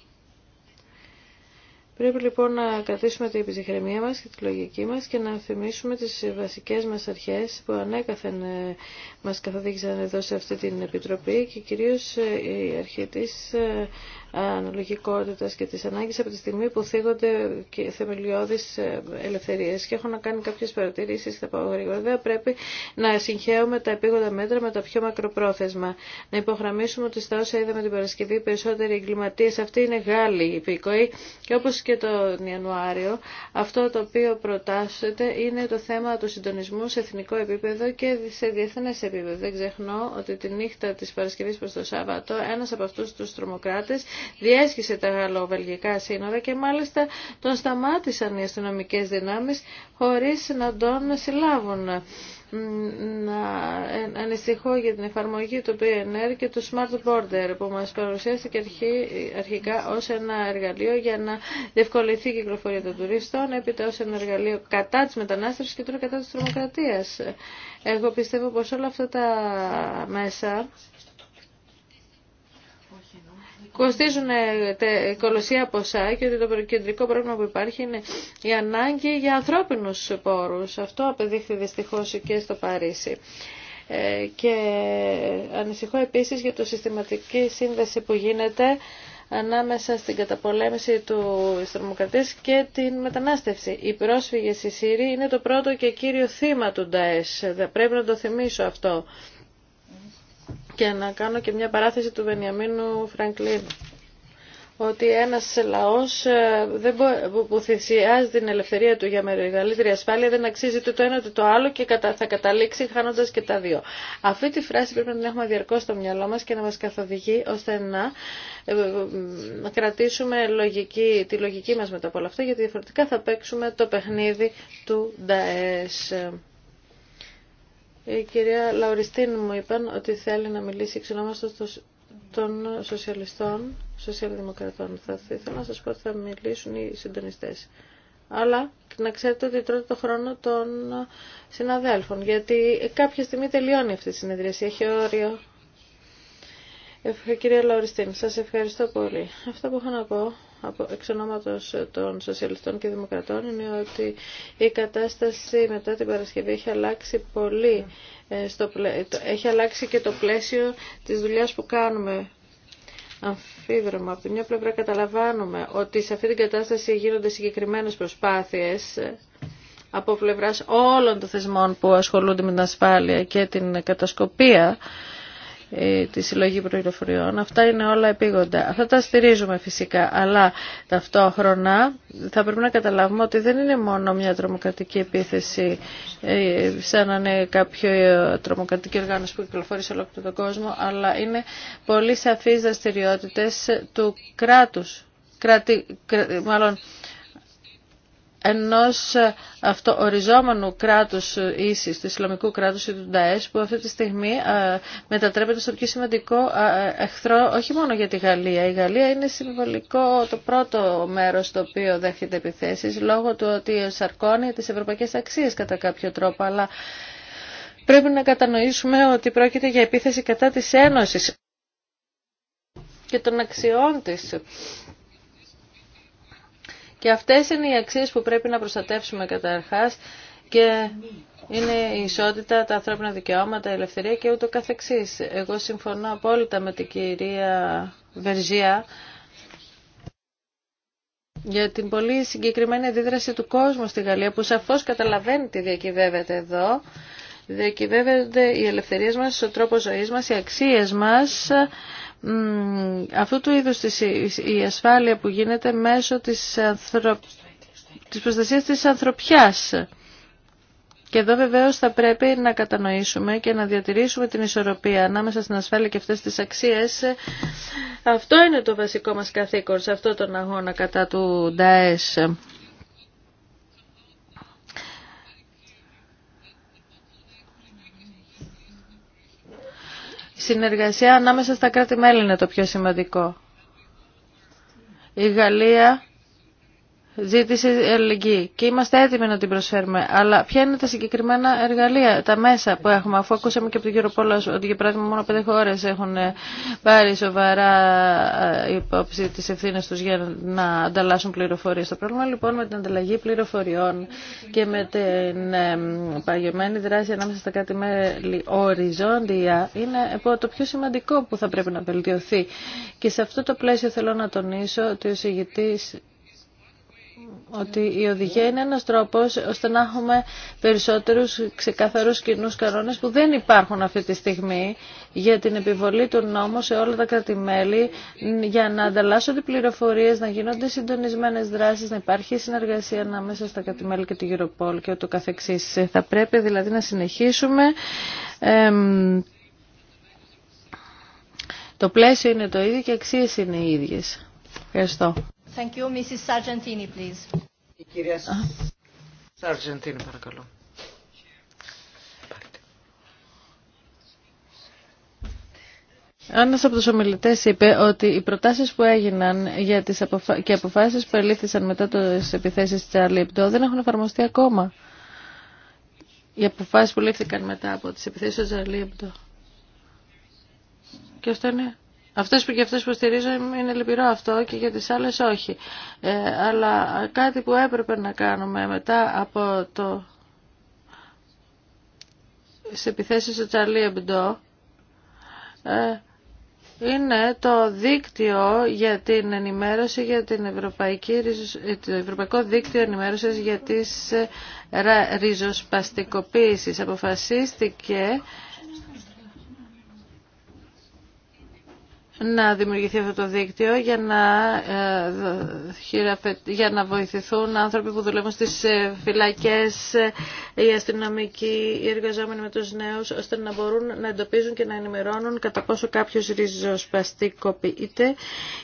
Πρέπει λοιπόν να κρατήσουμε την επιζυχρεμία μας και τη λογική μας και να θυμίσουμε τις βασικές μας αρχές που ανέκαθεν ε, μας καθοδήγησαν εδώ σε αυτή την Επιτροπή και κυρίως ε, η αρχή της ε, αναλογικότητας και της ανάγκης από τη στιγμή που θίγονται και θεμελιώδεις ε, ελευθερίες. Και έχω να κάνει κάποιες παρατηρήσεις, θα πάω γρήγορα. Βέβαια πρέπει να συγχαίουμε τα επίγοντα μέτρα με τα πιο μακροπρόθεσμα. Να υπογραμμίσουμε ότι στα όσα είδαμε την Παρασκευή περισσότεροι εγκληματίε αυτοί είναι Γάλλοι υπήκοοι και όπως και τον Ιανουάριο αυτό το οποίο προτάσσεται είναι το θέμα του συντονισμού σε εθνικό επίπεδο και σε διεθνές επίπεδο. Δεν ξεχνώ ότι τη νύχτα της Παρασκευής προς το Σάββατο ένας από αυτούς τους τρομοκράτες διέσχισε τα γαλλοβελγικά σύνορα και μάλιστα τον σταμάτησαν οι αστυνομικέ δυνάμεις χωρίς να τον συλλάβουν να ε, ανησυχώ για την εφαρμογή του PNR και του Smart Border που μας παρουσιάστηκε αρχικά ως ένα εργαλείο για να διευκολυνθεί η κυκλοφορία των τουριστών, έπειτα ως ένα εργαλείο κατά της μετανάστευσης και τώρα κατά της τρομοκρατίας. Εγώ πιστεύω πως όλα αυτά τα μέσα κοστίζουν ε, κολοσσία ποσά και ότι το κεντρικό πρόβλημα που υπάρχει είναι η ανάγκη για ανθρώπινους πόρους. Αυτό απεδείχθη δυστυχώς και στο Παρίσι ε, και ανησυχώ επίσης για το συστηματική σύνδεση που γίνεται ανάμεσα στην καταπολέμηση του τρομοκρατίας και την μετανάστευση. Οι πρόσφυγες στη Σύρη είναι το πρώτο και κύριο θύμα του Νταές. πρέπει να το θυμίσω αυτό και να κάνω και μια παράθεση του Βενιαμίνου Φραγκλίνου ότι ένας λαός ε, που θυσιάζει την ελευθερία του για μεγαλύτερη ασφάλεια δεν αξίζει το ένα το άλλο και θα καταλήξει χάνοντας και τα δύο. Αυτή τη φράση πρέπει να την έχουμε διαρκώς στο μυαλό μας και να μας καθοδηγεί ώστε να ε, ε, κρατήσουμε λογική, τη λογική μας μετά από όλα αυτά γιατί διαφορετικά θα παίξουμε το παιχνίδι του Νταές. Η κυρία Λαουριστίν μου είπαν ότι θέλει να μιλήσει εξ των σοσιαλιστών, σοσιαλδημοκρατών. Θα ήθελα να σας πω ότι θα μιλήσουν οι συντονιστές. Αλλά να ξέρετε ότι τρώτε το χρόνο των συναδέλφων, γιατί κάποια στιγμή τελειώνει αυτή η συνεδρίαση, έχει όριο. Ε, κυρία Λαουριστίν, σας ευχαριστώ πολύ. Αυτό που έχω να πω από, εξ ονόματος των Σοσιαλιστών και Δημοκρατών είναι ότι η κατάσταση μετά την Παρασκευή έχει αλλάξει πολύ. Ε, στο Έχει αλλάξει και το πλαίσιο της δουλειάς που κάνουμε αμφίδρομα. Από τη μια πλευρά καταλαβαίνουμε ότι σε αυτή την κατάσταση γίνονται συγκεκριμένες προσπάθειες ε, από πλευράς όλων των θεσμών που ασχολούνται με την ασφάλεια και την κατασκοπία ε, τη συλλογή πληροφοριών. Αυτά είναι όλα επίγοντα. Αυτά τα στηρίζουμε φυσικά, αλλά ταυτόχρονα θα πρέπει να καταλάβουμε ότι δεν είναι μόνο μια τρομοκρατική επίθεση ε, σαν να είναι κάποιο ε, τρομοκρατική οργάνωση που κυκλοφορεί σε ολόκληρο τον κόσμο, αλλά είναι πολύ σαφείς δραστηριότητες του κράτους, κρατη, μάλλον ενός ε, αυτοοριζόμενου κράτους ε, ίσης, του Ισλαμικού κράτους ή του Νταές, που αυτή τη στιγμή ε, μετατρέπεται στο πιο σημαντικό εχθρό, όχι μόνο για τη Γαλλία. Η Γαλλία είναι συμβολικό το πρώτο μέρος το οποίο δέχεται επιθέσεις, λόγω του ότι σαρκώνει τις ευρωπαϊκές αξίες κατά κάποιο τρόπο, αλλά πρέπει να κατανοήσουμε ότι πρόκειται για επίθεση κατά της Ένωσης και των αξιών της και αυτές είναι οι αξίες που πρέπει να προστατεύσουμε καταρχάς και είναι η ισότητα, τα ανθρώπινα δικαιώματα, η ελευθερία και ούτω καθεξής. Εγώ συμφωνώ απόλυτα με την κυρία Βερζιά για την πολύ συγκεκριμένη αντίδραση του κόσμου στη Γαλλία που σαφώς καταλαβαίνει τι διακυβεύεται εδώ. Διακυβεύονται οι ελευθερίες μας, ο τρόπος ζωής μας, οι αξίες μας αυτού του είδους η ασφάλεια που γίνεται μέσω της, ανθρω... της προστασίας της ανθρωπιάς. Και εδώ βεβαίως θα πρέπει να κατανοήσουμε και να διατηρήσουμε την ισορροπία ανάμεσα στην ασφάλεια και αυτές τις αξίες. Αυτό είναι το βασικό μας καθήκον σε αυτόν τον αγώνα κατά του ΝΤΑΕΣ. συνεργασία ανάμεσα στα κράτη-μέλη είναι το πιο σημαντικό. Η Γαλλία ζήτηση ελληνική και είμαστε έτοιμοι να την προσφέρουμε. Αλλά ποια είναι τα συγκεκριμένα εργαλεία, τα μέσα που έχουμε, αφού ακούσαμε και από τον κύριο Πόλα ότι για παράδειγμα μόνο πέντε χώρε έχουν ε, πάρει σοβαρά ε, υπόψη τι ευθύνε του για να ανταλλάσσουν πληροφορίε. Το πρόβλημα λοιπόν με την ανταλλαγή πληροφοριών και με την ε, παγιωμένη δράση ανάμεσα στα κάτι μέλη οριζόντια είναι το πιο σημαντικό που θα πρέπει να βελτιωθεί. Και σε αυτό το πλαίσιο θέλω να τονίσω ότι ο συγητής ότι η οδηγία είναι ένας τρόπος ώστε να έχουμε περισσότερους ξεκαθαρούς κοινού κανόνες που δεν υπάρχουν αυτή τη στιγμή για την επιβολή του νόμου σε όλα τα κρατημέλη, για να ανταλλάσσονται πληροφορίες, να γίνονται συντονισμένες δράσεις, να υπάρχει συνεργασία ανάμεσα στα κρατημέλη και τη Γεροπόλ και ούτω καθεξής. Θα πρέπει δηλαδή να συνεχίσουμε το πλαίσιο είναι το ίδιο και οι αξίες είναι οι ίδιες. Ευχαριστώ. Thank you. Mrs. Sargentini, please. Η κυρία Σαργεντίνη, παρακαλώ. Ένα από τους ομιλητές είπε ότι οι προτάσεις που έγιναν για τις αποφα... και οι αποφάσεις που ελήφθησαν μετά τι επιθέσει τη Charlie Hebdo δεν έχουν εφαρμοστεί ακόμα. Οι αποφάσεις που λήφθηκαν μετά από τι επιθέσει τη Charlie Hebdo. Και αυτό είναι Αυτές που και αυτές που στηρίζω είναι λυπηρό αυτό και για τις άλλες όχι. Ε, αλλά κάτι που έπρεπε να κάνουμε μετά από το... Σε επιθέσεις του Τσαρλί Εμπντό, ε, είναι το δίκτυο για την ενημέρωση για την Ευρωπαϊκή, ε, το Ευρωπαϊκό Δίκτυο Ενημέρωσης για τις ριζοσπαστικοποίησει. Αποφασίστηκε να δημιουργηθεί αυτό το δίκτυο για να, ε, για να βοηθηθούν άνθρωποι που δουλεύουν στις ε, φυλακές, ε, οι αστυνομικοί, οι εργαζόμενοι με τους νέους, ώστε να μπορούν να εντοπίζουν και να ενημερώνουν κατά πόσο κάποιος ριζοσπαστικοποιείται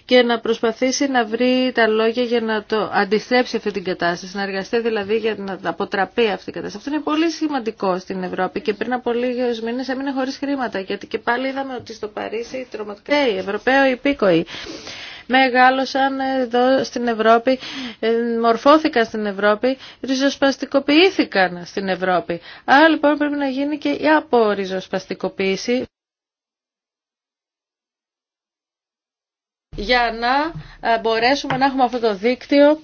και να προσπαθήσει να βρει τα λόγια για να το αντιστρέψει αυτή την κατάσταση, να εργαστεί δηλαδή για να αποτραπεί αυτή η κατάσταση. Αυτό είναι πολύ σημαντικό στην Ευρώπη και πριν από λίγους μήνες έμεινε χωρίς χρήματα, γιατί και πάλι είδαμε ότι στο Παρίσι τρομακτικά Ευρωπαίοι υπήκοοι. Μεγάλωσαν εδώ στην Ευρώπη, ε, μορφώθηκαν στην Ευρώπη, ριζοσπαστικοποιήθηκαν στην Ευρώπη. Άρα λοιπόν πρέπει να γίνει και η απορριζοσπαστικοποίηση. για να ε, μπορέσουμε να έχουμε αυτό το δίκτυο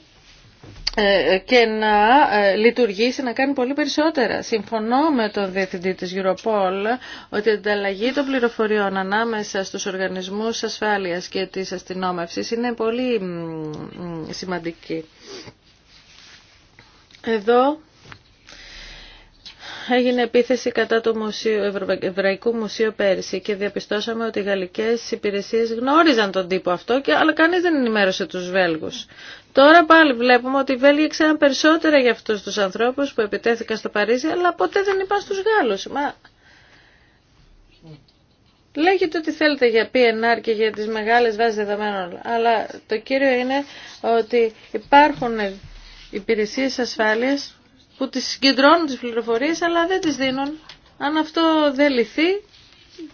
ε, και να ε, λειτουργήσει, να κάνει πολύ περισσότερα. Συμφωνώ με τον Διευθυντή της Europol ότι η ανταλλαγή των πληροφοριών ανάμεσα στους οργανισμούς ασφάλειας και της αστυνόμευσης είναι πολύ σημαντική. Εδώ έγινε επίθεση κατά του Μουσείου, Εβραϊκού Μουσείου πέρυσι και διαπιστώσαμε ότι οι γαλλικές υπηρεσίες γνώριζαν τον τύπο αυτό, και, αλλά κανείς δεν ενημέρωσε τους Βέλγους. Τώρα πάλι βλέπουμε ότι οι Βέλγοι ξέραν περισσότερα για αυτούς τους ανθρώπους που επιτέθηκαν στο Παρίσι, αλλά ποτέ δεν είπαν στους Γάλλους. Μα... Λέγεται ότι θέλετε για PNR και για τις μεγάλες βάσεις δεδομένων, αλλά το κύριο είναι ότι υπάρχουν υπηρεσίες ασφάλειας που τις συγκεντρώνουν τις πληροφορίες αλλά δεν τις δίνουν. Αν αυτό δεν λυθεί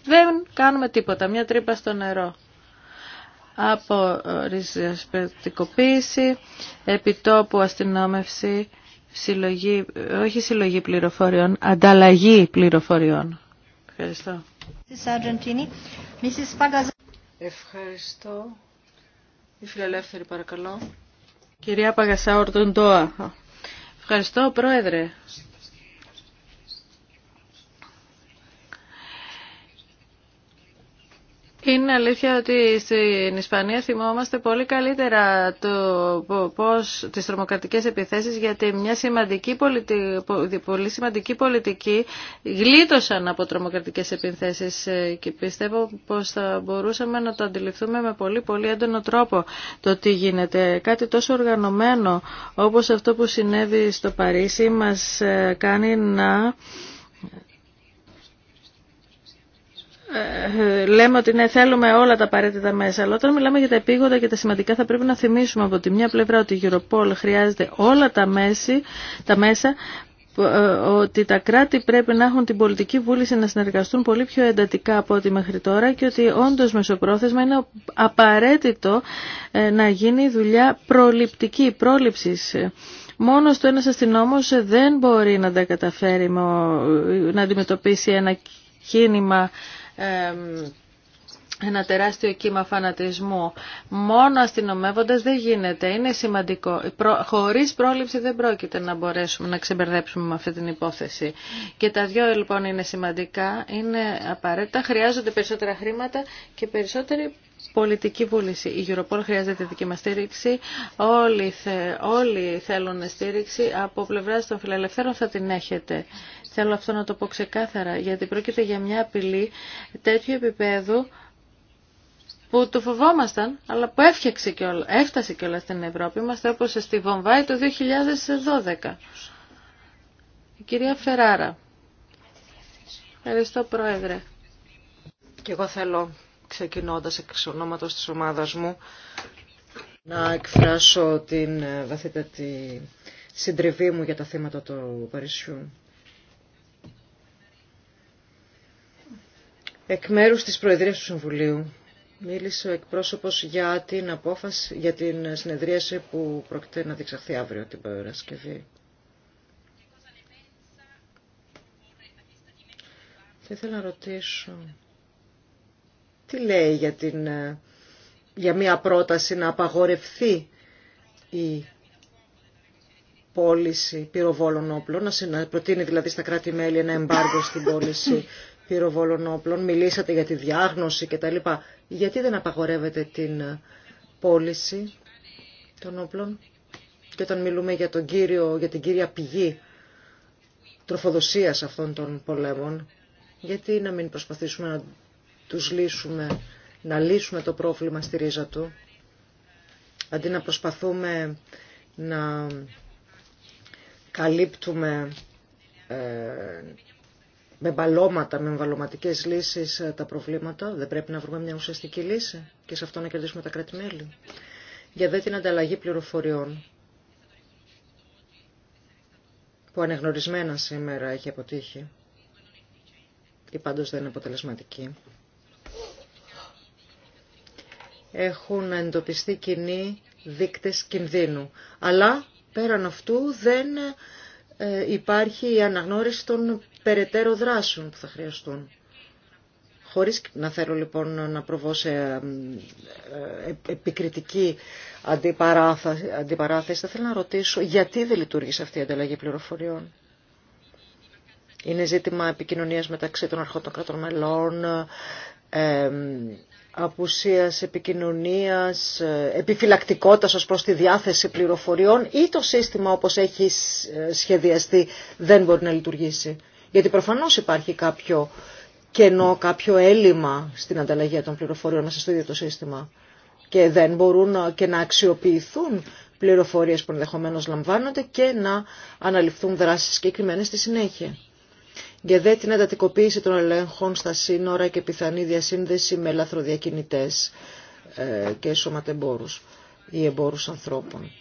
δεν κάνουμε τίποτα, μια τρύπα στο νερό. Από ριζοσπαστικοποίηση, επιτόπου αστυνόμευση, συλλογή, όχι συλλογή πληροφοριών, ανταλλαγή πληροφοριών. Ευχαριστώ. Ευχαριστώ. Η φιλελεύθερη παρακαλώ. Κυρία Παγασάουρ Ευχαριστώ, Πρόεδρε. Είναι αλήθεια ότι στην Ισπανία θυμόμαστε πολύ καλύτερα το πώς τις τρομοκρατικές επιθέσεις γιατί μια σημαντική πολιτι... πολύ σημαντική πολιτική γλίτωσαν από τρομοκρατικές επιθέσεις ε, και πιστεύω πως θα μπορούσαμε να το αντιληφθούμε με πολύ πολύ έντονο τρόπο το τι γίνεται. Κάτι τόσο οργανωμένο όπως αυτό που συνέβη στο Παρίσι μας ε, κάνει να Ε, λέμε ότι ναι, θέλουμε όλα τα απαραίτητα μέσα, αλλά όταν μιλάμε για τα επίγοντα και τα σημαντικά θα πρέπει να θυμίσουμε από τη μια πλευρά ότι η Europol χρειάζεται όλα τα, μέση, τα μέσα ε, ότι τα κράτη πρέπει να έχουν την πολιτική βούληση να συνεργαστούν πολύ πιο εντατικά από ό,τι μέχρι τώρα και ότι όντως μεσοπρόθεσμα είναι απαραίτητο ε, να γίνει δουλειά προληπτική, πρόληψης. Μόνο το ένας αστυνόμος δεν μπορεί να τα καταφέρει να αντιμετωπίσει ένα κίνημα ένα τεράστιο κύμα φανατισμού. Μόνο αστυνομεύοντας δεν γίνεται. Είναι σημαντικό. Χωρίς πρόληψη δεν πρόκειται να μπορέσουμε να ξεμπερδέψουμε με αυτή την υπόθεση. Και τα δυο λοιπόν είναι σημαντικά, είναι απαραίτητα. Χρειάζονται περισσότερα χρήματα και περισσότερη πολιτική βούληση. Η Europol χρειάζεται δική μας στήριξη. Όλοι, όλοι θέλουν στήριξη. Από πλευράς των φιλελευθέρων θα την έχετε. Θέλω αυτό να το πω ξεκάθαρα, γιατί πρόκειται για μια απειλή τέτοιου επίπεδου που το φοβόμασταν, αλλά που όλα, έφτασε και όλα στην Ευρώπη. Είμαστε όπως στη Βομβάη το 2012. Η κυρία Φεράρα. Ευχαριστώ, Πρόεδρε. Και εγώ θέλω, ξεκινώντας εξ ονόματος της ομάδας μου, να εκφράσω την ε, βαθύτατη συντριβή μου για τα θύματα του Παρισιού. Εκ μέρους της Προεδρίας του Συμβουλίου μίλησε ο εκπρόσωπος για την, απόφαση, για την συνεδρίαση που πρόκειται να διεξαχθεί αύριο την Παρασκευή. Θα ήθελα να ρωτήσω τι λέει για, την, για μια πρόταση να απαγορευθεί η πώληση πυροβόλων όπλων, να προτείνει δηλαδή στα κράτη-μέλη ένα εμπάργο στην πώληση πυροβόλων όπλων, μιλήσατε για τη διάγνωση κτλ. Γιατί δεν απαγορεύεται την ε, πώληση των όπλων και όταν μιλούμε για, τον κύριο, για την κύρια πηγή τροφοδοσίας αυτών των πολέμων, γιατί να μην προσπαθήσουμε να τους λύσουμε, να λύσουμε το πρόβλημα στη ρίζα του, αντί να προσπαθούμε να καλύπτουμε ε, με μπαλώματα, με εμβαλωματικέ λύσεις ε, τα προβλήματα. Δεν πρέπει να βρούμε μια ουσιαστική λύση και σε αυτό να κερδίσουμε τα κράτη-μέλη. Για δε την ανταλλαγή πληροφοριών που ανεγνωρισμένα σήμερα έχει αποτύχει ή πάντως δεν είναι αποτελεσματική. Έχουν εντοπιστεί κοινοί δείκτες κινδύνου. Αλλά πέραν αυτού δεν ε, υπάρχει η αναγνώριση των περαιτέρω δράσεων που θα χρειαστούν. Χωρίς να θέλω λοιπόν να προβώ σε ε, ε, επικριτική αντιπαράθεση, θα θέλω να ρωτήσω γιατί δεν λειτουργήσε αυτή η ανταλλαγή πληροφοριών. Είναι ζήτημα επικοινωνίας μεταξύ των αρχών των κρατών μελών, ε, απουσίας επικοινωνίας, επιφυλακτικότητας ως προς τη διάθεση πληροφοριών ή το σύστημα όπως έχει σχεδιαστεί δεν μπορεί να λειτουργήσει. Γιατί προφανώς υπάρχει κάποιο κενό, κάποιο έλλειμμα στην ανταλλαγή των πληροφοριών μέσα στο ίδιο το σύστημα. Και δεν μπορούν και να αξιοποιηθούν πληροφορίες που ενδεχομένω λαμβάνονται και να αναλυφθούν δράσεις συγκεκριμένε στη συνέχεια. Για δε την εντατικοποίηση των ελέγχων στα σύνορα και πιθανή διασύνδεση με λαθροδιακινητές ε, και σωματεμπόρους ή εμπόρους ανθρώπων.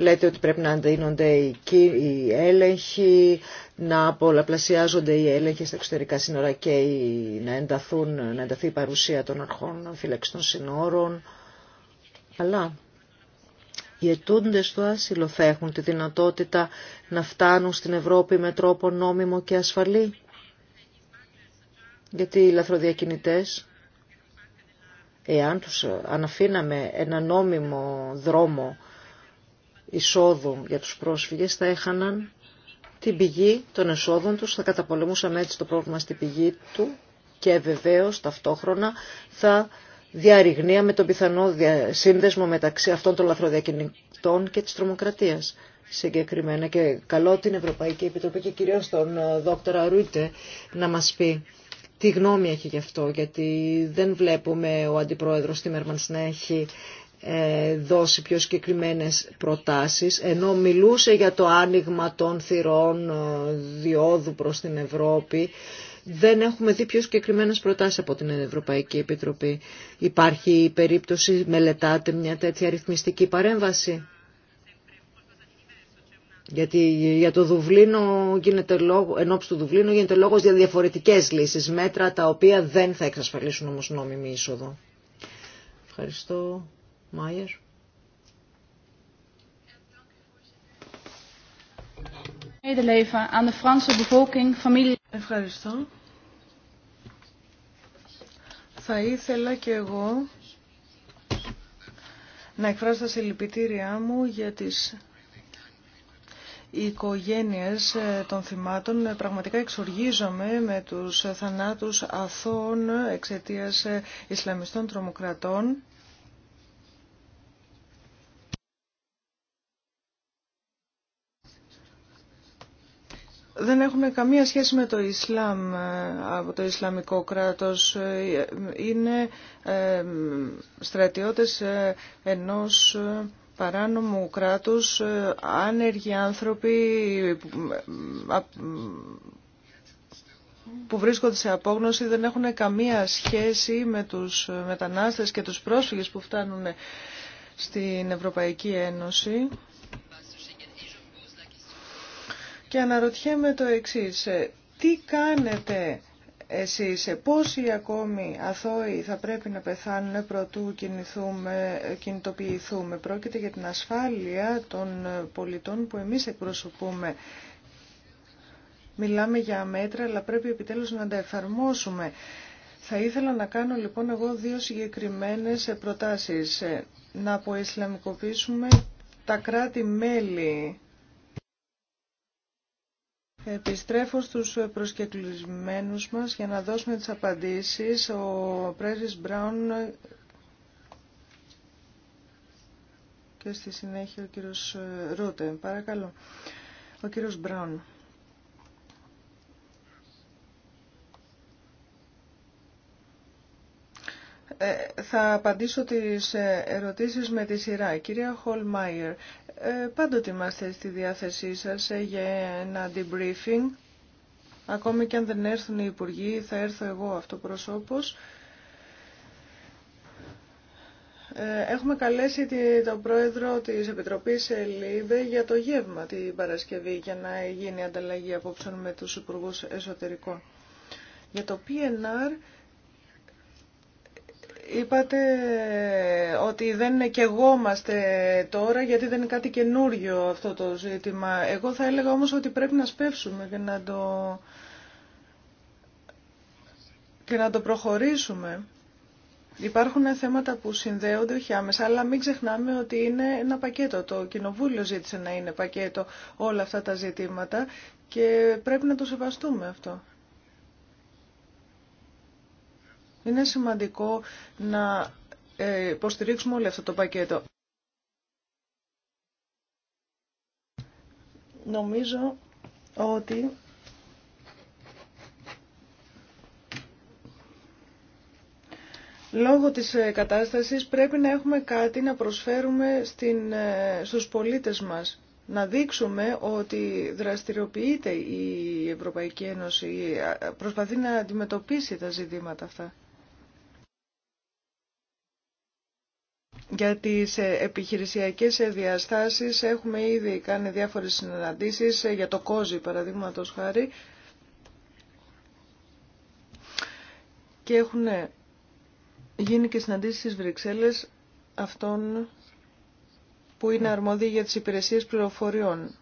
Λέτε ότι πρέπει να αντείνονται οι έλεγχοι, να πολλαπλασιάζονται οι έλεγχοι στα εξωτερικά σύνορα και να, ενταθούν, να ενταθεί η παρουσία των αρχών φύλαξη των σύνορων. Αλλά οι ετούντες του άσυλο θα έχουν τη δυνατότητα να φτάνουν στην Ευρώπη με τρόπο νόμιμο και ασφαλή. Γιατί οι λαθροδιακινητές, εάν τους αναφήναμε ένα νόμιμο δρόμο εισόδου για τους πρόσφυγες θα έχαναν την πηγή των εσόδων τους, θα καταπολεμούσαμε έτσι το πρόβλημα στην πηγή του και βεβαίως ταυτόχρονα θα με τον πιθανό σύνδεσμο μεταξύ αυτών των λαθροδιακινητών και της τρομοκρατίας συγκεκριμένα και καλώ την Ευρωπαϊκή Επιτροπή και κυρίως τον ε, δόκτωρα Ρούιτε να μας πει τι γνώμη έχει γι' αυτό, γιατί δεν βλέπουμε ο Αντιπρόεδρος Τίμερμανς να έχει ε, δώσει πιο συγκεκριμένες προτάσεις, ενώ μιλούσε για το άνοιγμα των θυρών ε, διόδου προς την Ευρώπη. Δεν έχουμε δει πιο συγκεκριμένε προτάσεις από την Ευρωπαϊκή Επιτροπή. Υπάρχει η περίπτωση, μελετάτε μια τέτοια αριθμιστική παρέμβαση. Γιατί για το Δουβλίνο γίνεται λόγο, ενώπιση του Δουβλίνου γίνεται λόγος για διαφορετικές λύσεις, μέτρα τα οποία δεν θα εξασφαλίσουν όμως νόμιμη είσοδο. Ευχαριστώ. Ευχαριστώ. Θα ήθελα και εγώ να εκφράσω τα συλληπιτήριά μου για τις οικογένειες ε, των θυμάτων πραγματικά εξοργίζομαι με τους θανάτους αθώων εξαιτίας ε, Ισλαμιστών τρομοκρατών. δεν έχουν καμία σχέση με το Ισλάμ, ε, από το Ισλαμικό κράτος. Ε, είναι ε, στρατιώτες ενός παράνομου κράτους, άνεργοι άνθρωποι που βρίσκονται σε απόγνωση, δεν έχουν καμία σχέση με τους μετανάστες και τους πρόσφυγες που φτάνουν στην Ευρωπαϊκή Ένωση. Και αναρωτιέμαι το εξής, ε, τι κάνετε εσείς, ε, πόσοι ακόμη αθώοι θα πρέπει να πεθάνουν προτού κινηθούμε, ε, κινητοποιηθούμε. Πρόκειται για την ασφάλεια των πολιτών που εμείς εκπροσωπούμε. Μιλάμε για μέτρα, αλλά πρέπει επιτέλους να τα εφαρμόσουμε. Θα ήθελα να κάνω λοιπόν εγώ δύο συγκεκριμένες προτάσεις. Να αποεσλαμικοποιήσουμε τα κράτη-μέλη Επιστρέφω στους προσκεκλισμένους μας για να δώσουμε τις απαντήσεις. Ο πρέσβης Μπράουν και στη συνέχεια ο κύριος Ρούτε. Παρακαλώ. Ο κύριος Μπράουν. Ε, θα απαντήσω τις ε, ερωτήσεις με τη σειρά. Κυρία Χολμάιερ, ε, πάντοτε είμαστε στη διάθεσή σας για ένα debriefing. Ακόμη και αν δεν έρθουν οι υπουργοί, θα έρθω εγώ αυτοπροσώπως. Έχουμε καλέσει τον πρόεδρο της Επιτροπής ΛΥΜΠΕ για το γεύμα την Παρασκευή για να γίνει ανταλλαγή απόψεων με τους υπουργούς εσωτερικών. Για το PNR Είπατε ότι δεν κεγόμαστε τώρα γιατί δεν είναι κάτι καινούριο αυτό το ζήτημα. Εγώ θα έλεγα όμως ότι πρέπει να σπεύσουμε και να το, και να το προχωρήσουμε. Υπάρχουν θέματα που συνδέονται όχι άμεσα, αλλά μην ξεχνάμε ότι είναι ένα πακέτο. Το Κοινοβούλιο ζήτησε να είναι πακέτο όλα αυτά τα ζητήματα και πρέπει να το σεβαστούμε αυτό. Είναι σημαντικό να ε, υποστηρίξουμε όλο αυτό το πακέτο. Νομίζω ότι λόγω της ε, κατάστασης πρέπει να έχουμε κάτι να προσφέρουμε στην, ε, στους πολίτες μας. Να δείξουμε ότι δραστηριοποιείται η Ευρωπαϊκή Ένωση, προσπαθεί να αντιμετωπίσει τα ζητήματα αυτά. Για τις ε, επιχειρησιακές ε, διαστάσεις έχουμε ήδη κάνει διάφορες συναντήσεις ε, για το κόζι παραδείγματος χάρη και έχουν γίνει και συναντήσεις στις Βρυξέλλες αυτών που είναι αρμόδιοι για τις υπηρεσίες πληροφοριών.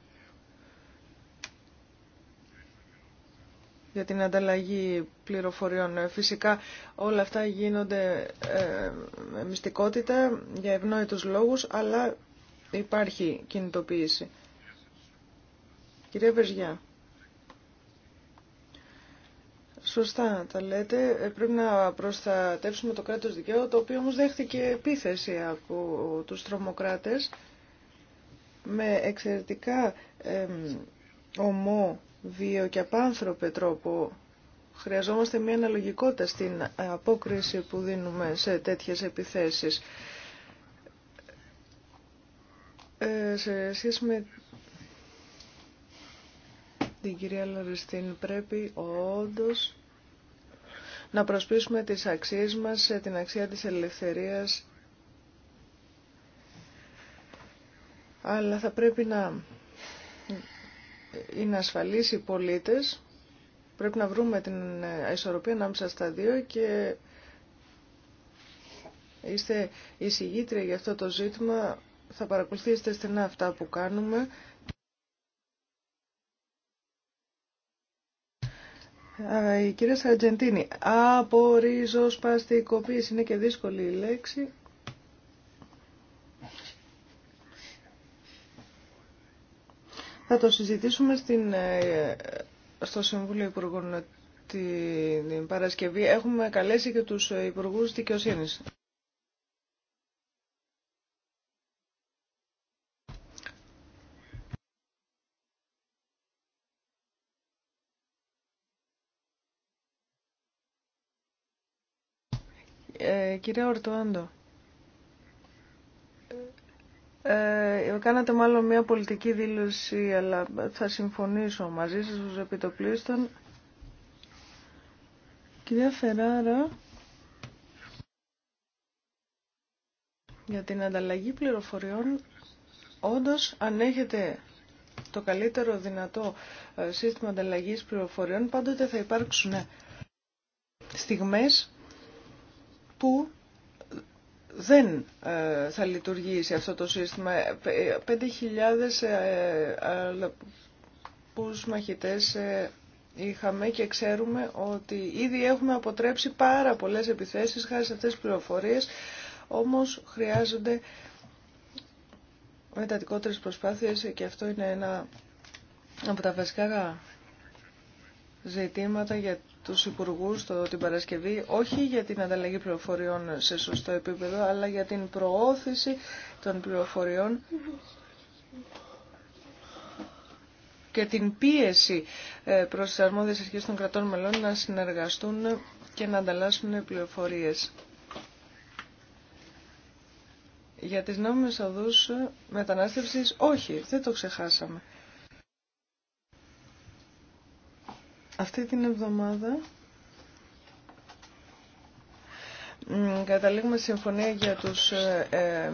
για την ανταλλαγή πληροφοριών. Ε, φυσικά όλα αυτά γίνονται ε, με μυστικότητα για ευνόητους λόγους, αλλά υπάρχει κινητοποίηση. Κυρία Βεζιά. Σωστά τα λέτε. Ε, πρέπει να προστατεύσουμε το κράτος δικαίου, το οποίο όμως δέχτηκε επίθεση από τους τρομοκράτες με εξαιρετικά ομό βίο και απάνθρωπε τρόπο. Χρειαζόμαστε μια αναλογικότητα στην απόκριση που δίνουμε σε τέτοιες επιθέσεις. Ε, σε σχέση με την κυρία Λαριστίν πρέπει όντως να προσπίσουμε τις αξίες μας σε την αξία της ελευθερίας αλλά θα πρέπει να είναι ασφαλείς οι πολίτες. Πρέπει να βρούμε την ε, ισορροπία ανάμεσα στα δύο και είστε εισηγήτρια για αυτό το ζήτημα. Θα παρακολουθήσετε στενά αυτά που κάνουμε. Η κυρία Σαρτζεντίνη, σπαστικοποίηση, είναι και δύσκολη η λέξη. Θα το συζητήσουμε στην, ε, στο Συμβούλιο Υπουργών την Παρασκευή. Έχουμε καλέσει και τους Υπουργούς Δικαιοσύνης. Ε, Ορτοάντο, ε, κάνατε μάλλον μια πολιτική δήλωση, αλλά θα συμφωνήσω μαζί σας ως επιτοπλίστων. Κυρία Φεράρα, για την ανταλλαγή πληροφοριών, όντως αν έχετε το καλύτερο δυνατό ε, σύστημα ανταλλαγής πληροφοριών, πάντοτε θα υπάρξουν στιγμές που δεν ε, θα λειτουργήσει αυτό το σύστημα. 5.000 ε, αλλαπούς μαχητές ε, είχαμε και ξέρουμε ότι ήδη έχουμε αποτρέψει πάρα πολλές επιθέσεις χάρη σε αυτές τις πληροφορίες, όμως χρειάζονται μετατικότερες προσπάθειες και αυτό είναι ένα από τα βασικά ζητήματα για τους υπουργούς το, την Παρασκευή, όχι για την ανταλλαγή πληροφοριών σε σωστό επίπεδο, αλλά για την προώθηση των πληροφοριών και την πίεση ε, προς τις αρμόδιες αρχές των κρατών μελών να συνεργαστούν και να ανταλλάσσουν πληροφορίες. Για τις νόμιμες οδούς μετανάστευσης, όχι, δεν το ξεχάσαμε. Αυτή την εβδομάδα καταλήγουμε συμφωνία για τους ε, ε,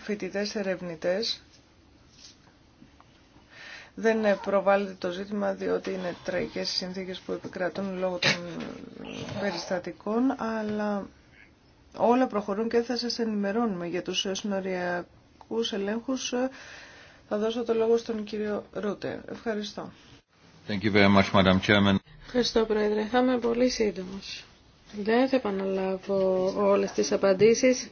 φοιτητές ερευνητές. Δεν προβάλλεται το ζήτημα διότι είναι τραγικές οι συνθήκες που επικρατούν λόγω των περιστατικών, αλλά όλα προχωρούν και θα σας ενημερώνουμε για τους συνοριακούς ελέγχους. Ε, θα δώσω το λόγο στον κύριο Ρούτε. Ευχαριστώ. Ευχαριστώ, Πρόεδρε. Θα είμαι πολύ σύντομο. Δεν θα επαναλάβω όλες τις απαντήσεις.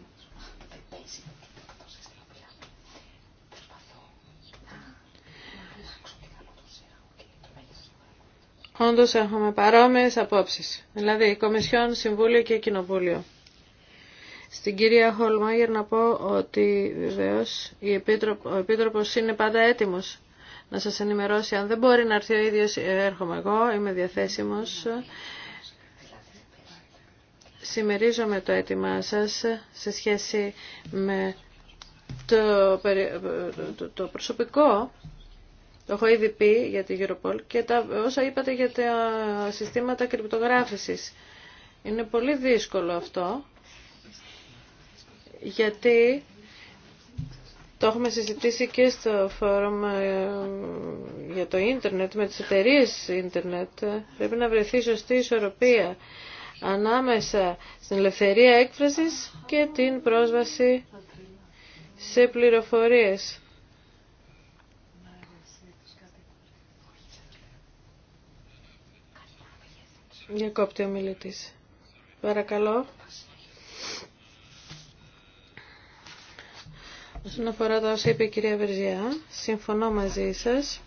Όντω έχουμε παρόμοιες απόψει. δηλαδή Κομισιόν, Συμβούλιο και Κοινοβούλιο. Στην κυρία Χολμάγερ να πω ότι βεβαίω ο Επίτροπο, είναι πάντα έτοιμο να σας ενημερώσει. Αν δεν μπορεί να έρθει ο ίδιος, ε, έρχομαι εγώ, είμαι διαθέσιμος. Συμμερίζομαι το αίτημά σας σε σχέση με το, το, προσωπικό το έχω ήδη πει για τη Europol και τα, όσα είπατε για τα συστήματα κρυπτογράφησης. Είναι πολύ δύσκολο αυτό, γιατί το έχουμε συζητήσει και στο φόρουμ ε, για το ίντερνετ, με τις εταιρείε ίντερνετ. Πρέπει να βρεθεί σωστή ισορροπία ανάμεσα στην ελευθερία έκφρασης και την πρόσβαση σε πληροφορίες. κόπτη ο μιλητής. Παρακαλώ. Όσον αφορά τα όσα είπε η κυρία Βερζιά, συμφωνώ μαζί σας.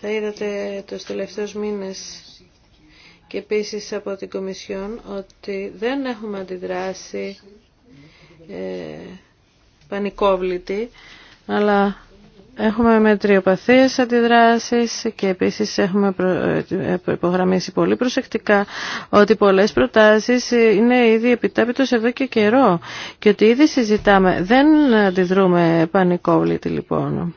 Θα είδατε τους τελευταίους μήνες και επίσης από την Κομισιόν ότι δεν έχουμε αντιδράσει ε, πανικόβλητη, αλλά Έχουμε μετριοπαθείς αντιδράσεις και επίσης έχουμε ε, υπογραμμίσει πολύ προσεκτικά ότι πολλές προτάσεις είναι ήδη επιτάπητος εδώ και καιρό και ότι ήδη συζητάμε. Δεν αντιδρούμε πανικόβλητη, λοιπόν.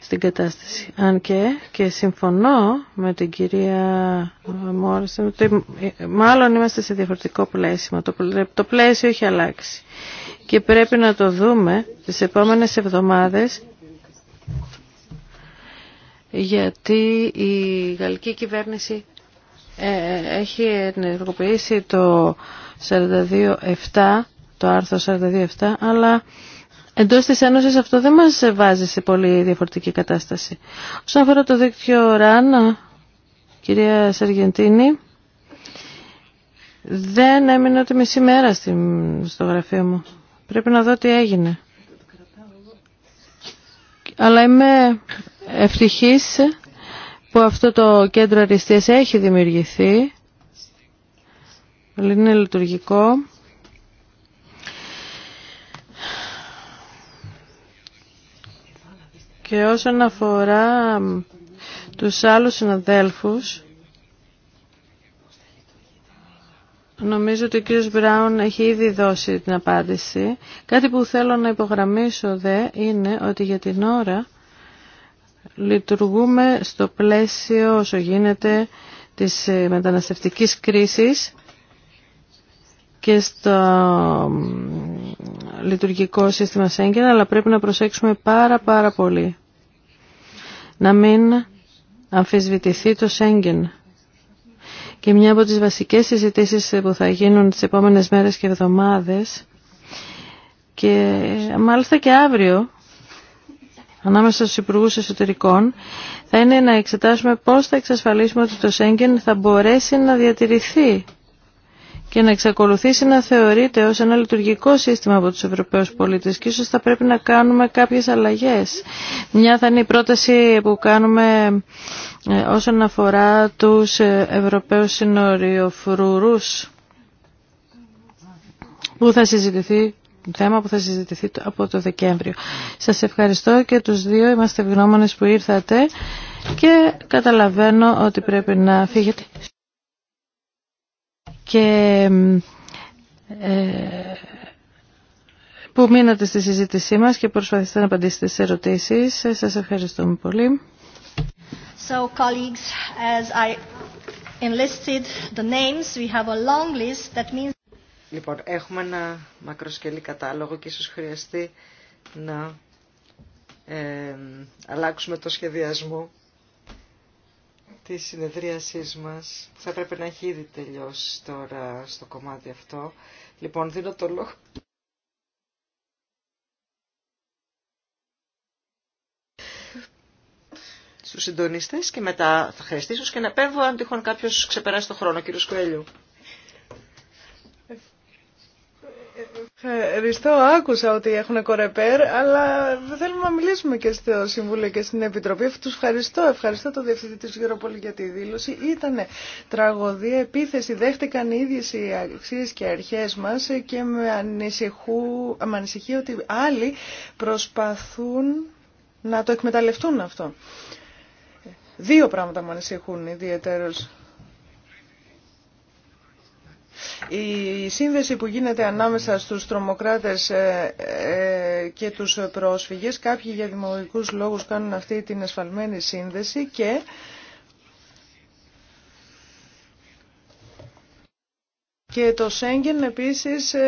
Στην κατάσταση. Αν και, και συμφωνώ με την κυρία Μόρσεν ότι μάλλον είμαστε σε διαφορετικό πλαίσιο. Το πλαίσιο έχει αλλάξει και πρέπει να το δούμε τις επόμενες εβδομάδες γιατί η γαλλική κυβέρνηση ε, έχει ενεργοποιήσει το 42.7, το άρθρο 42.7, αλλά εντός της Ένωσης αυτό δεν μας βάζει σε πολύ διαφορετική κατάσταση. Όσον αφορά το δίκτυο ΡΑΝ, κυρία Σαργεντίνη, δεν έμεινε ότι μισή μέρα στο γραφείο μου. Πρέπει να δω τι έγινε. Αλλά είμαι ευτυχής που αυτό το κέντρο αριστείας έχει δημιουργηθεί. Είναι λειτουργικό. Και όσον αφορά τους άλλους συναδέλφους, Νομίζω ότι ο κύριος Μπράουν έχει ήδη δώσει την απάντηση. Κάτι που θέλω να υπογραμμίσω δε είναι ότι για την ώρα λειτουργούμε στο πλαίσιο όσο γίνεται της ε, μεταναστευτικής κρίσης και στο λειτουργικό σύστημα Σέγγεν, αλλά πρέπει να προσέξουμε πάρα πάρα πολύ. Να μην αμφισβητηθεί το Σέγγεν. Και μια από τις βασικές συζητήσεις που θα γίνουν τις επόμενες μέρες και εβδομάδες και μάλιστα και αύριο ανάμεσα στους υπουργού Εσωτερικών θα είναι να εξετάσουμε πώς θα εξασφαλίσουμε ότι το Σέγγεν θα μπορέσει να διατηρηθεί και να εξακολουθήσει να θεωρείται ως ένα λειτουργικό σύστημα από τους Ευρωπαίους πολίτες και ίσως θα πρέπει να κάνουμε κάποιες αλλαγές. Μια θα είναι η πρόταση που κάνουμε ε, όσον αφορά τους ε, Ευρωπαίους συνοριοφρουρούς που θα συζητηθεί θέμα που θα συζητηθεί από το Δεκέμβριο. Σας ευχαριστώ και τους δύο. Είμαστε ευγνώμονες που ήρθατε και καταλαβαίνω ότι πρέπει να φύγετε και ε, που μείνατε στη συζήτησή μας και προσπαθήσατε να απαντήσετε σε ερωτήσεις. Ε, σας ευχαριστούμε πολύ. So, colleagues, as I enlisted the names, we have a long list. That means... Λοιπόν, έχουμε ένα μακροσκελή κατάλογο και ίσως χρειαστεί να ε, αλλάξουμε το σχεδιασμό Τη συνεδρίασής μας, θα έπρεπε να έχει ήδη τελειώσει τώρα στο κομμάτι αυτό. Λοιπόν, δίνω το λόγο. Στου συντονιστέ και μετά θα χρειαστήσω και να πέμβω αν τυχόν κάποιος ξεπεράσει το χρόνο, Κύριο Κουέλιου. Ευχαριστώ. Άκουσα ότι έχουν κορεπέρ, αλλά θέλουμε να μιλήσουμε και στο Συμβούλιο και στην Επιτροπή. Του ευχαριστώ. Ευχαριστώ τον Διευθυντή τη Γεροπόλη για τη δήλωση. Ήταν τραγωδία, επίθεση. Δέχτηκαν οι ίδιε οι αξίε και αρχέ μα και με, με ανησυχεί ότι άλλοι προσπαθούν να το εκμεταλλευτούν αυτό. Δύο πράγματα μου ανησυχούν ιδιαίτερω. Η σύνδεση που γίνεται ανάμεσα στους τρομοκράτες ε, ε, και τους πρόσφυγες, κάποιοι για δημοτικούς λόγους κάνουν αυτή την ασφαλμένη σύνδεση και το Σέγγεν επίσης ε,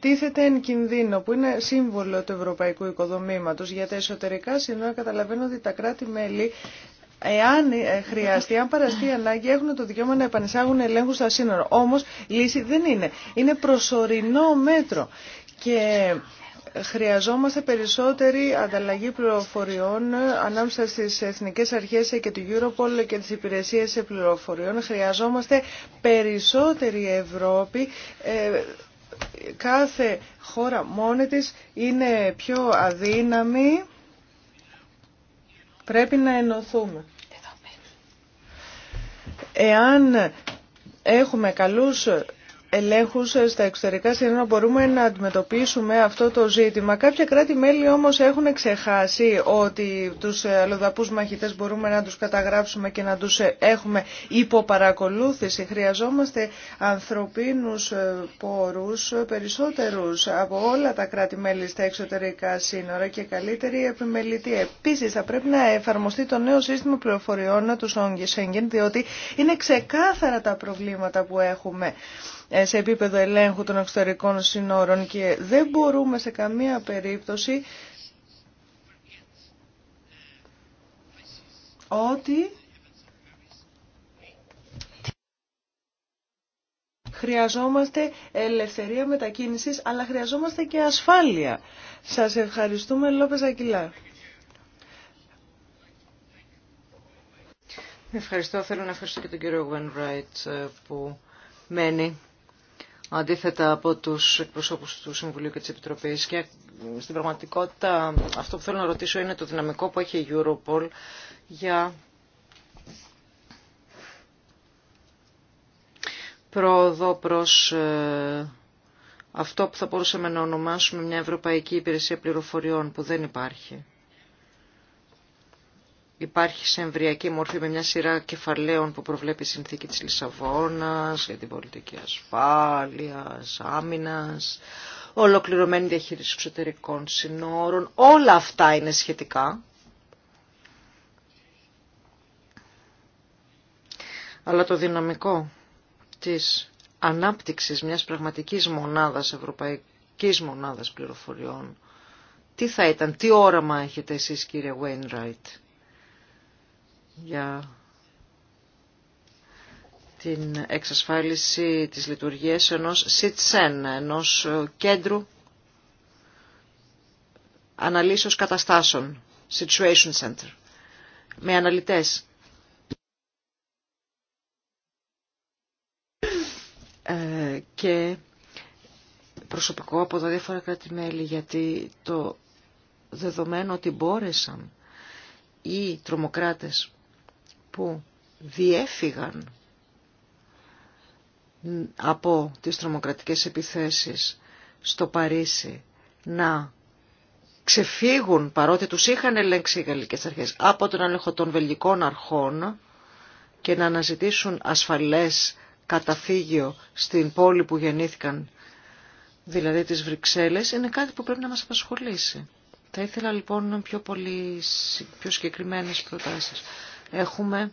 τίθεται εν κινδύνο που είναι σύμβολο του ευρωπαϊκού οικοδομήματος για τα εσωτερικά σύνορα καταλαβαίνω ότι τα κράτη-μέλη Εάν ε, χρειαστεί, αν παραστεί ανάγκη, έχουν το δικαίωμα να επανεισάγουν ελέγχου στα σύνορα. Όμω λύση δεν είναι. Είναι προσωρινό μέτρο. Και χρειαζόμαστε περισσότερη ανταλλαγή πληροφοριών ανάμεσα στις εθνικές αρχές και του Europol και τι υπηρεσίες πληροφοριών. Χρειαζόμαστε περισσότερη Ευρώπη. Ε, κάθε χώρα μόνη της είναι πιο αδύναμη. Πρέπει να ενωθούμε. Εάν έχουμε καλούς ελέγχους στα εξωτερικά σύνορα μπορούμε να αντιμετωπίσουμε αυτό το ζήτημα. Κάποια κράτη-μέλη όμως έχουν ξεχάσει ότι τους αλλοδαπούς μαχητές μπορούμε να τους καταγράψουμε και να τους έχουμε υποπαρακολούθηση. Χρειαζόμαστε ανθρωπίνους πόρους περισσότερους από όλα τα κράτη-μέλη στα εξωτερικά σύνορα και καλύτερη επιμελητή. Επίσης θα πρέπει να εφαρμοστεί το νέο σύστημα πληροφοριών του Σόγγι διότι είναι ξεκάθαρα τα προβλήματα που έχουμε. Ε, σε επίπεδο ελέγχου των εξωτερικών συνόρων και δεν μπορούμε σε καμία περίπτωση ότι χρειαζόμαστε ελευθερία μετακίνησης, αλλά χρειαζόμαστε και ασφάλεια. Σας ευχαριστούμε, Λόπες Αγγιλά. Ευχαριστώ. Θέλω να ευχαριστώ και τον κύριο Ράιτ ε, που μένει αντίθετα από τους εκπροσώπους του Συμβουλίου και της Επιτροπή. Και στην πραγματικότητα αυτό που θέλω να ρωτήσω είναι το δυναμικό που έχει η Europol για πρόοδο προς ε, αυτό που θα μπορούσαμε να ονομάσουμε μια Ευρωπαϊκή Υπηρεσία Πληροφοριών που δεν υπάρχει. Υπάρχει σε εμβριακή μορφή με μια σειρά κεφαλαίων που προβλέπει η συνθήκη της Λισαβόνας για την πολιτική ασφάλειας, άμυνας, ολοκληρωμένη διαχείριση εξωτερικών συνόρων. Όλα αυτά είναι σχετικά. Αλλά το δυναμικό της ανάπτυξης μιας πραγματικής μονάδας, ευρωπαϊκής μονάδας πληροφοριών, τι θα ήταν, τι όραμα έχετε εσείς κύριε Wainwright για την εξασφάλιση της λειτουργίας ενός ΣΙΤΣΕΝ, ενός κέντρου αναλύσεως καταστάσεων, Situation Center, με αναλυτές. Ε, και προσωπικό από τα διάφορα κράτη-μέλη, γιατί το δεδομένο ότι μπόρεσαν οι τρομοκράτες που διέφυγαν από τις τρομοκρατικές επιθέσεις στο Παρίσι να ξεφύγουν παρότι τους είχαν ελέγξει οι γαλλικές αρχές από τον έλεγχο των βελγικών αρχών και να αναζητήσουν ασφαλές καταφύγιο στην πόλη που γεννήθηκαν, δηλαδή τις Βρυξέλλες, είναι κάτι που πρέπει να μας απασχολήσει. Θα ήθελα λοιπόν πιο, πολύ, πιο συγκεκριμένες προτάσεις. Έχουμε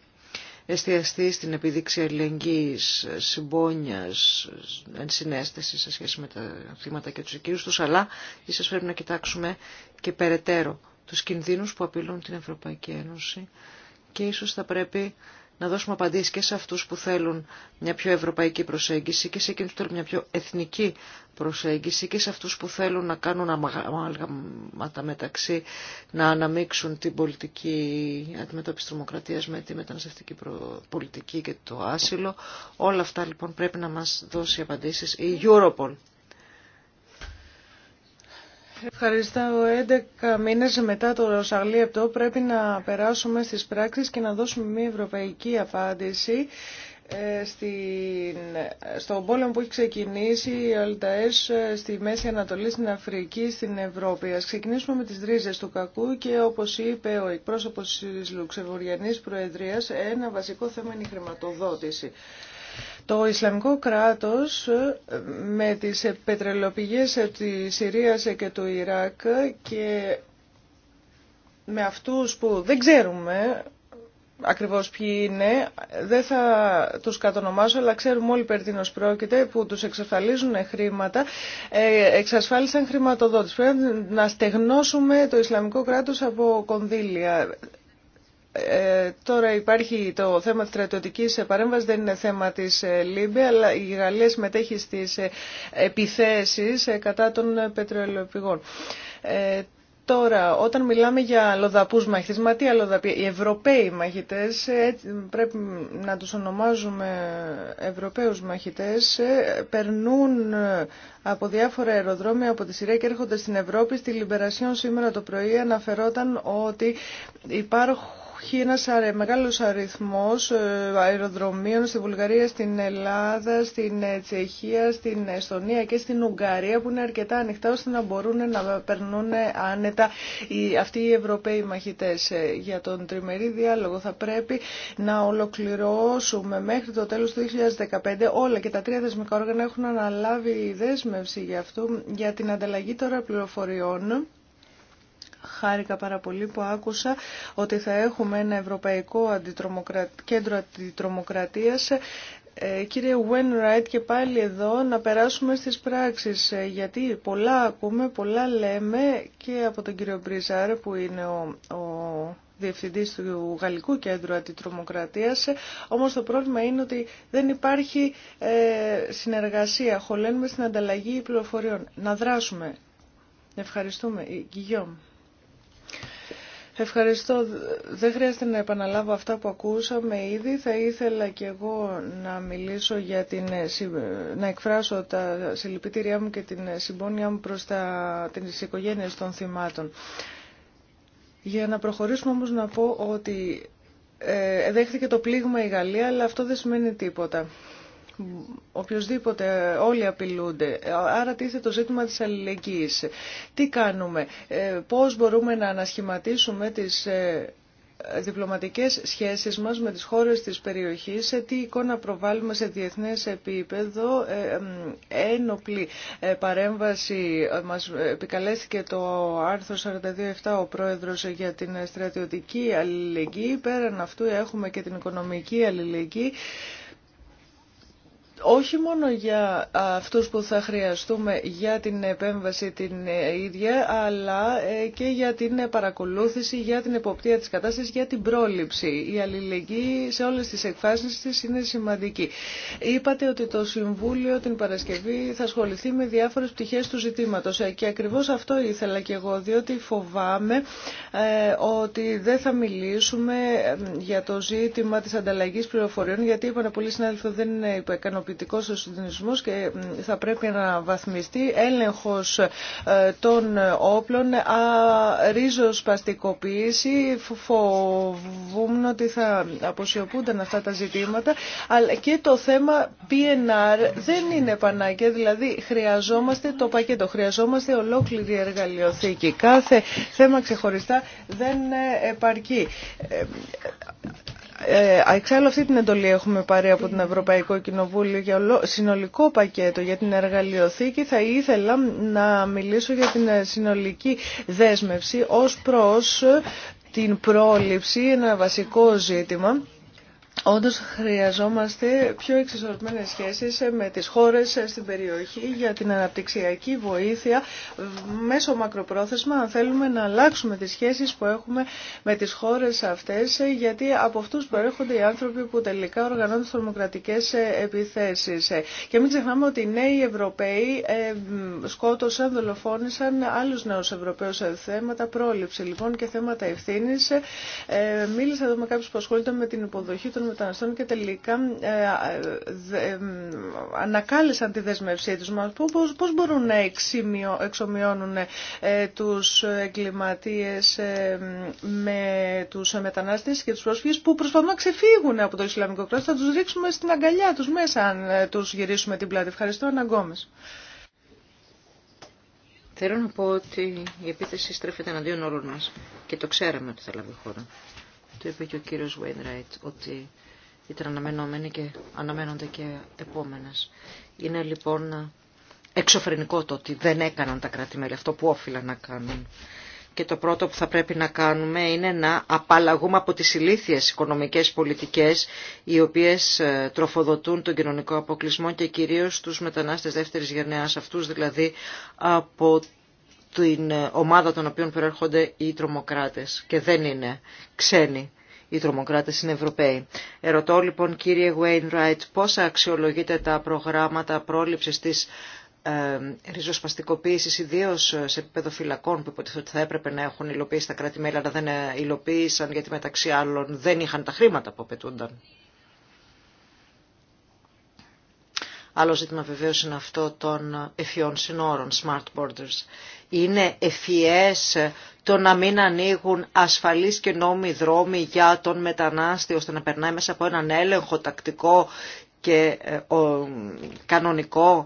εστιαστεί στην επίδειξη αλληλεγγύης, συμπόνιας, ενσυναίσθησης σε σχέση με τα θύματα και τους εκείνους τους, αλλά ίσως πρέπει να κοιτάξουμε και περαιτέρω τους κινδύνους που απειλούν την Ευρωπαϊκή Ένωση και ίσως θα πρέπει να δώσουμε απαντήσεις και σε αυτούς που θέλουν μια πιο ευρωπαϊκή προσέγγιση και σε εκείνους που θέλουν μια πιο εθνική προσέγγιση και σε αυτούς που θέλουν να κάνουν αμάλγαματα μεταξύ, να αναμίξουν την πολιτική αντιμετώπιση τρομοκρατίας με τη μεταναστευτική πολιτική και το άσυλο. Όλα αυτά λοιπόν πρέπει να μας δώσει απαντήσεις η Europol. Ευχαριστώ. 11 μήνε μετά το ροσαλή Επτό πρέπει να περάσουμε στις πράξεις και να δώσουμε μια ευρωπαϊκή απάντηση ε, στον πόλεμο που έχει ξεκινήσει η Αλταές ε, στη Μέση Ανατολή, στην Αφρική, στην Ευρώπη. Ας ξεκινήσουμε με τις ρίζες του κακού και όπως είπε ο εκπρόσωπος της Λουξεβουριανής Προεδρίας, ένα βασικό θέμα είναι η χρηματοδότηση. Το Ισλαμικό κράτος ε, με τις πετρελοπηγές της Συρίας και του Ιράκ και με αυτούς που δεν ξέρουμε ακριβώς ποιοι είναι, δεν θα τους κατονομάσω, αλλά ξέρουμε όλοι περί τίνος πρόκειται, που τους εξασφαλίζουν χρήματα, ε, εξασφάλισαν χρηματοδότηση. Πρέπει να στεγνώσουμε το Ισλαμικό κράτος από κονδύλια. Ε, τώρα υπάρχει το θέμα της στρατιωτικής παρέμβασης, δεν είναι θέμα της ε, ΛΥΜΠΕ, αλλά η Γαλλία συμμετέχει στις ε, επιθέσεις κατά των πετρελαιοπηγών. Τώρα, όταν μιλάμε για λοδαπούς μαχητές, μα τι οι Ευρωπαίοι μαχητές, πρέπει να τους ονομάζουμε Ευρωπαίους μαχητές, περνούν από διάφορα αεροδρόμια από τη Συρία και έρχονται στην Ευρώπη. Στη Λιμπερασιόν σήμερα το πρωί αναφερόταν ότι υπάρχουν Υπάρχει ένας μεγάλος αριθμός ε, αεροδρομίων στη Βουλγαρία, στην Ελλάδα, στην ε, Τσεχία, στην Εστονία και στην Ουγγαρία που είναι αρκετά ανοιχτά ώστε να μπορούν να περνούν άνετα οι, αυτοί οι Ευρωπαίοι μαχητές. Ε, για τον τριμερή διάλογο θα πρέπει να ολοκληρώσουμε μέχρι το τέλος του 2015 όλα και τα τρία θεσμικά όργανα έχουν αναλάβει δέσμευση για αυτό, για την ανταλλαγή τώρα πληροφοριών χάρηκα πάρα πολύ που άκουσα ότι θα έχουμε ένα Ευρωπαϊκό Κέντρο Αντιτρομοκρατίας ε, κύριε Wainwright και πάλι εδώ να περάσουμε στις πράξεις ε, γιατί πολλά ακούμε, πολλά λέμε και από τον κύριο Μπριζάρ που είναι ο, ο διευθυντής του Γαλλικού Κέντρου Αντιτρομοκρατίας ε, όμως το πρόβλημα είναι ότι δεν υπάρχει ε, συνεργασία χωλένουμε στην ανταλλαγή πληροφοριών να δράσουμε Ευχαριστούμε. Γιγιόμ. Ευχαριστώ. Δεν χρειάζεται να επαναλάβω αυτά που ακούσαμε ήδη. Θα ήθελα και εγώ να μιλήσω για την, να εκφράσω τα συλληπιτήριά μου και την συμπόνια μου προς τα, τις οικογένειες των θυμάτων. Για να προχωρήσουμε όμως να πω ότι ε, δέχθηκε το πλήγμα η Γαλλία, αλλά αυτό δεν σημαίνει τίποτα οποιοδήποτε όλοι απειλούνται. Άρα τίθεται το ζήτημα της αλληλεγγύης. Τι κάνουμε, ε, πώς μπορούμε να ανασχηματίσουμε τις ε, διπλωματικές σχέσεις μας με τις χώρες της περιοχής, σε τι εικόνα προβάλλουμε σε διεθνές επίπεδο, ε, ένοπλη παρέμβαση μας επικαλέστηκε το άρθρο 42.7 ο πρόεδρος για την στρατιωτική αλληλεγγύη, πέραν αυτού έχουμε και την οικονομική αλληλεγγύη όχι μόνο για αυτούς που θα χρειαστούμε για την επέμβαση την ίδια, αλλά ε, και για την παρακολούθηση, για την εποπτεία της κατάστασης, για την πρόληψη. Η αλληλεγγύη σε όλες τις εκφάσεις της είναι σημαντική. Είπατε ότι το Συμβούλιο την Παρασκευή θα ασχοληθεί με διάφορες πτυχές του ζητήματος ε, και ακριβώς αυτό ήθελα και εγώ, διότι φοβάμαι ε, ότι δεν θα μιλήσουμε για το ζήτημα της ανταλλαγής πληροφοριών, γιατί είπαμε πολύ πολλοί δεν είναι ικανοποιητικός ο και θα πρέπει να βαθμιστεί έλεγχος ε, των όπλων, ρίζοσπαστικοποίηση, φοβούμουν ότι θα αποσιωπούνταν αυτά τα ζητήματα, αλλά και το θέμα PNR δεν είναι πανάκια, δηλαδή χρειαζόμαστε το πακέτο, χρειαζόμαστε ολόκληρη εργαλειοθήκη. Κάθε θέμα ξεχωριστά δεν ε, επαρκεί. Ε, ε, εξάλλου αυτή την εντολή έχουμε πάρει από την Ευρωπαϊκό Κοινοβούλιο για συνολικό πακέτο για την εργαλειοθήκη. Θα ήθελα να μιλήσω για την ε, συνολική δέσμευση ως προς ε, την πρόληψη, ένα βασικό ζήτημα Όντως χρειαζόμαστε πιο εξισορροπημένες σχέσεις με τις χώρες στην περιοχή για την αναπτυξιακή βοήθεια μέσω μακροπρόθεσμα αν θέλουμε να αλλάξουμε τις σχέσεις που έχουμε με τις χώρες αυτές γιατί από αυτούς προέρχονται οι άνθρωποι που τελικά οργανώνουν θερμοκρατικές επιθέσεις. Και μην ξεχνάμε ότι οι νέοι Ευρωπαίοι ε, σκότωσαν, δολοφόνησαν άλλους νέους Ευρωπαίους σε θέματα πρόληψη λοιπόν και θέματα ευθύνης. Ε, μίλησα εδώ με κάποιους που ασχολούνται με την υποδοχή των των μεταναστών και τελικά ε, ε, ε, ανακάλυψαν τη δεσμευσή τους μας. Πώς, πώς μπορούν να εξομοιώνουν τους εγκληματίες με τους μετανάστες και τους πρόσφυγες που προσπαθούν να ξεφύγουν από το Ισλαμικό κράτος. Θα τους ρίξουμε στην αγκαλιά τους μέσα αν τους γυρίσουμε την πλάτη. Ευχαριστώ, Αναγκόμες. Θέλω να πω ότι η επίθεση στρέφεται εναντίον όλων μας και το ξέραμε ότι θα λάβει χώρα. Το είπε και ο κύριος Βουέινραιτ ότι ήταν αναμενόμενοι και αναμένονται και επόμενες. Είναι λοιπόν εξωφρενικό το ότι δεν έκαναν τα κράτη-μέλη αυτό που όφυλαν να κάνουν. Και το πρώτο που θα πρέπει να κάνουμε είναι να απαλλαγούμε από τις ηλίθιες οικονομικές πολιτικές οι οποίες ε, τροφοδοτούν τον κοινωνικό αποκλεισμό και κυρίως τους μετανάστες δεύτερης γενεάς αυτούς, δηλαδή από την ε, ομάδα των οποίων προέρχονται οι τρομοκράτες και δεν είναι ξένοι. Οι τρομοκράτες είναι Ευρωπαίοι. Ερωτώ λοιπόν κύριε Wainwright πόσα αξιολογείται τα προγράμματα πρόληψης της ε, ριζοσπαστικοποίηση, ιδίω σε επίπεδο φυλακών που υποτίθεται ότι θα έπρεπε να έχουν υλοποιήσει τα κράτη-μέλη, αλλά δεν ε, υλοποίησαν γιατί μεταξύ άλλων δεν είχαν τα χρήματα που απαιτούνταν. Άλλο ζήτημα βεβαίως είναι αυτό των ε, εφιών συνόρων, smart borders είναι ευφυές το να μην ανοίγουν ασφαλείς και νόμοι δρόμοι για τον μετανάστη ώστε να περνάει μέσα από έναν έλεγχο τακτικό και ε, κανονικό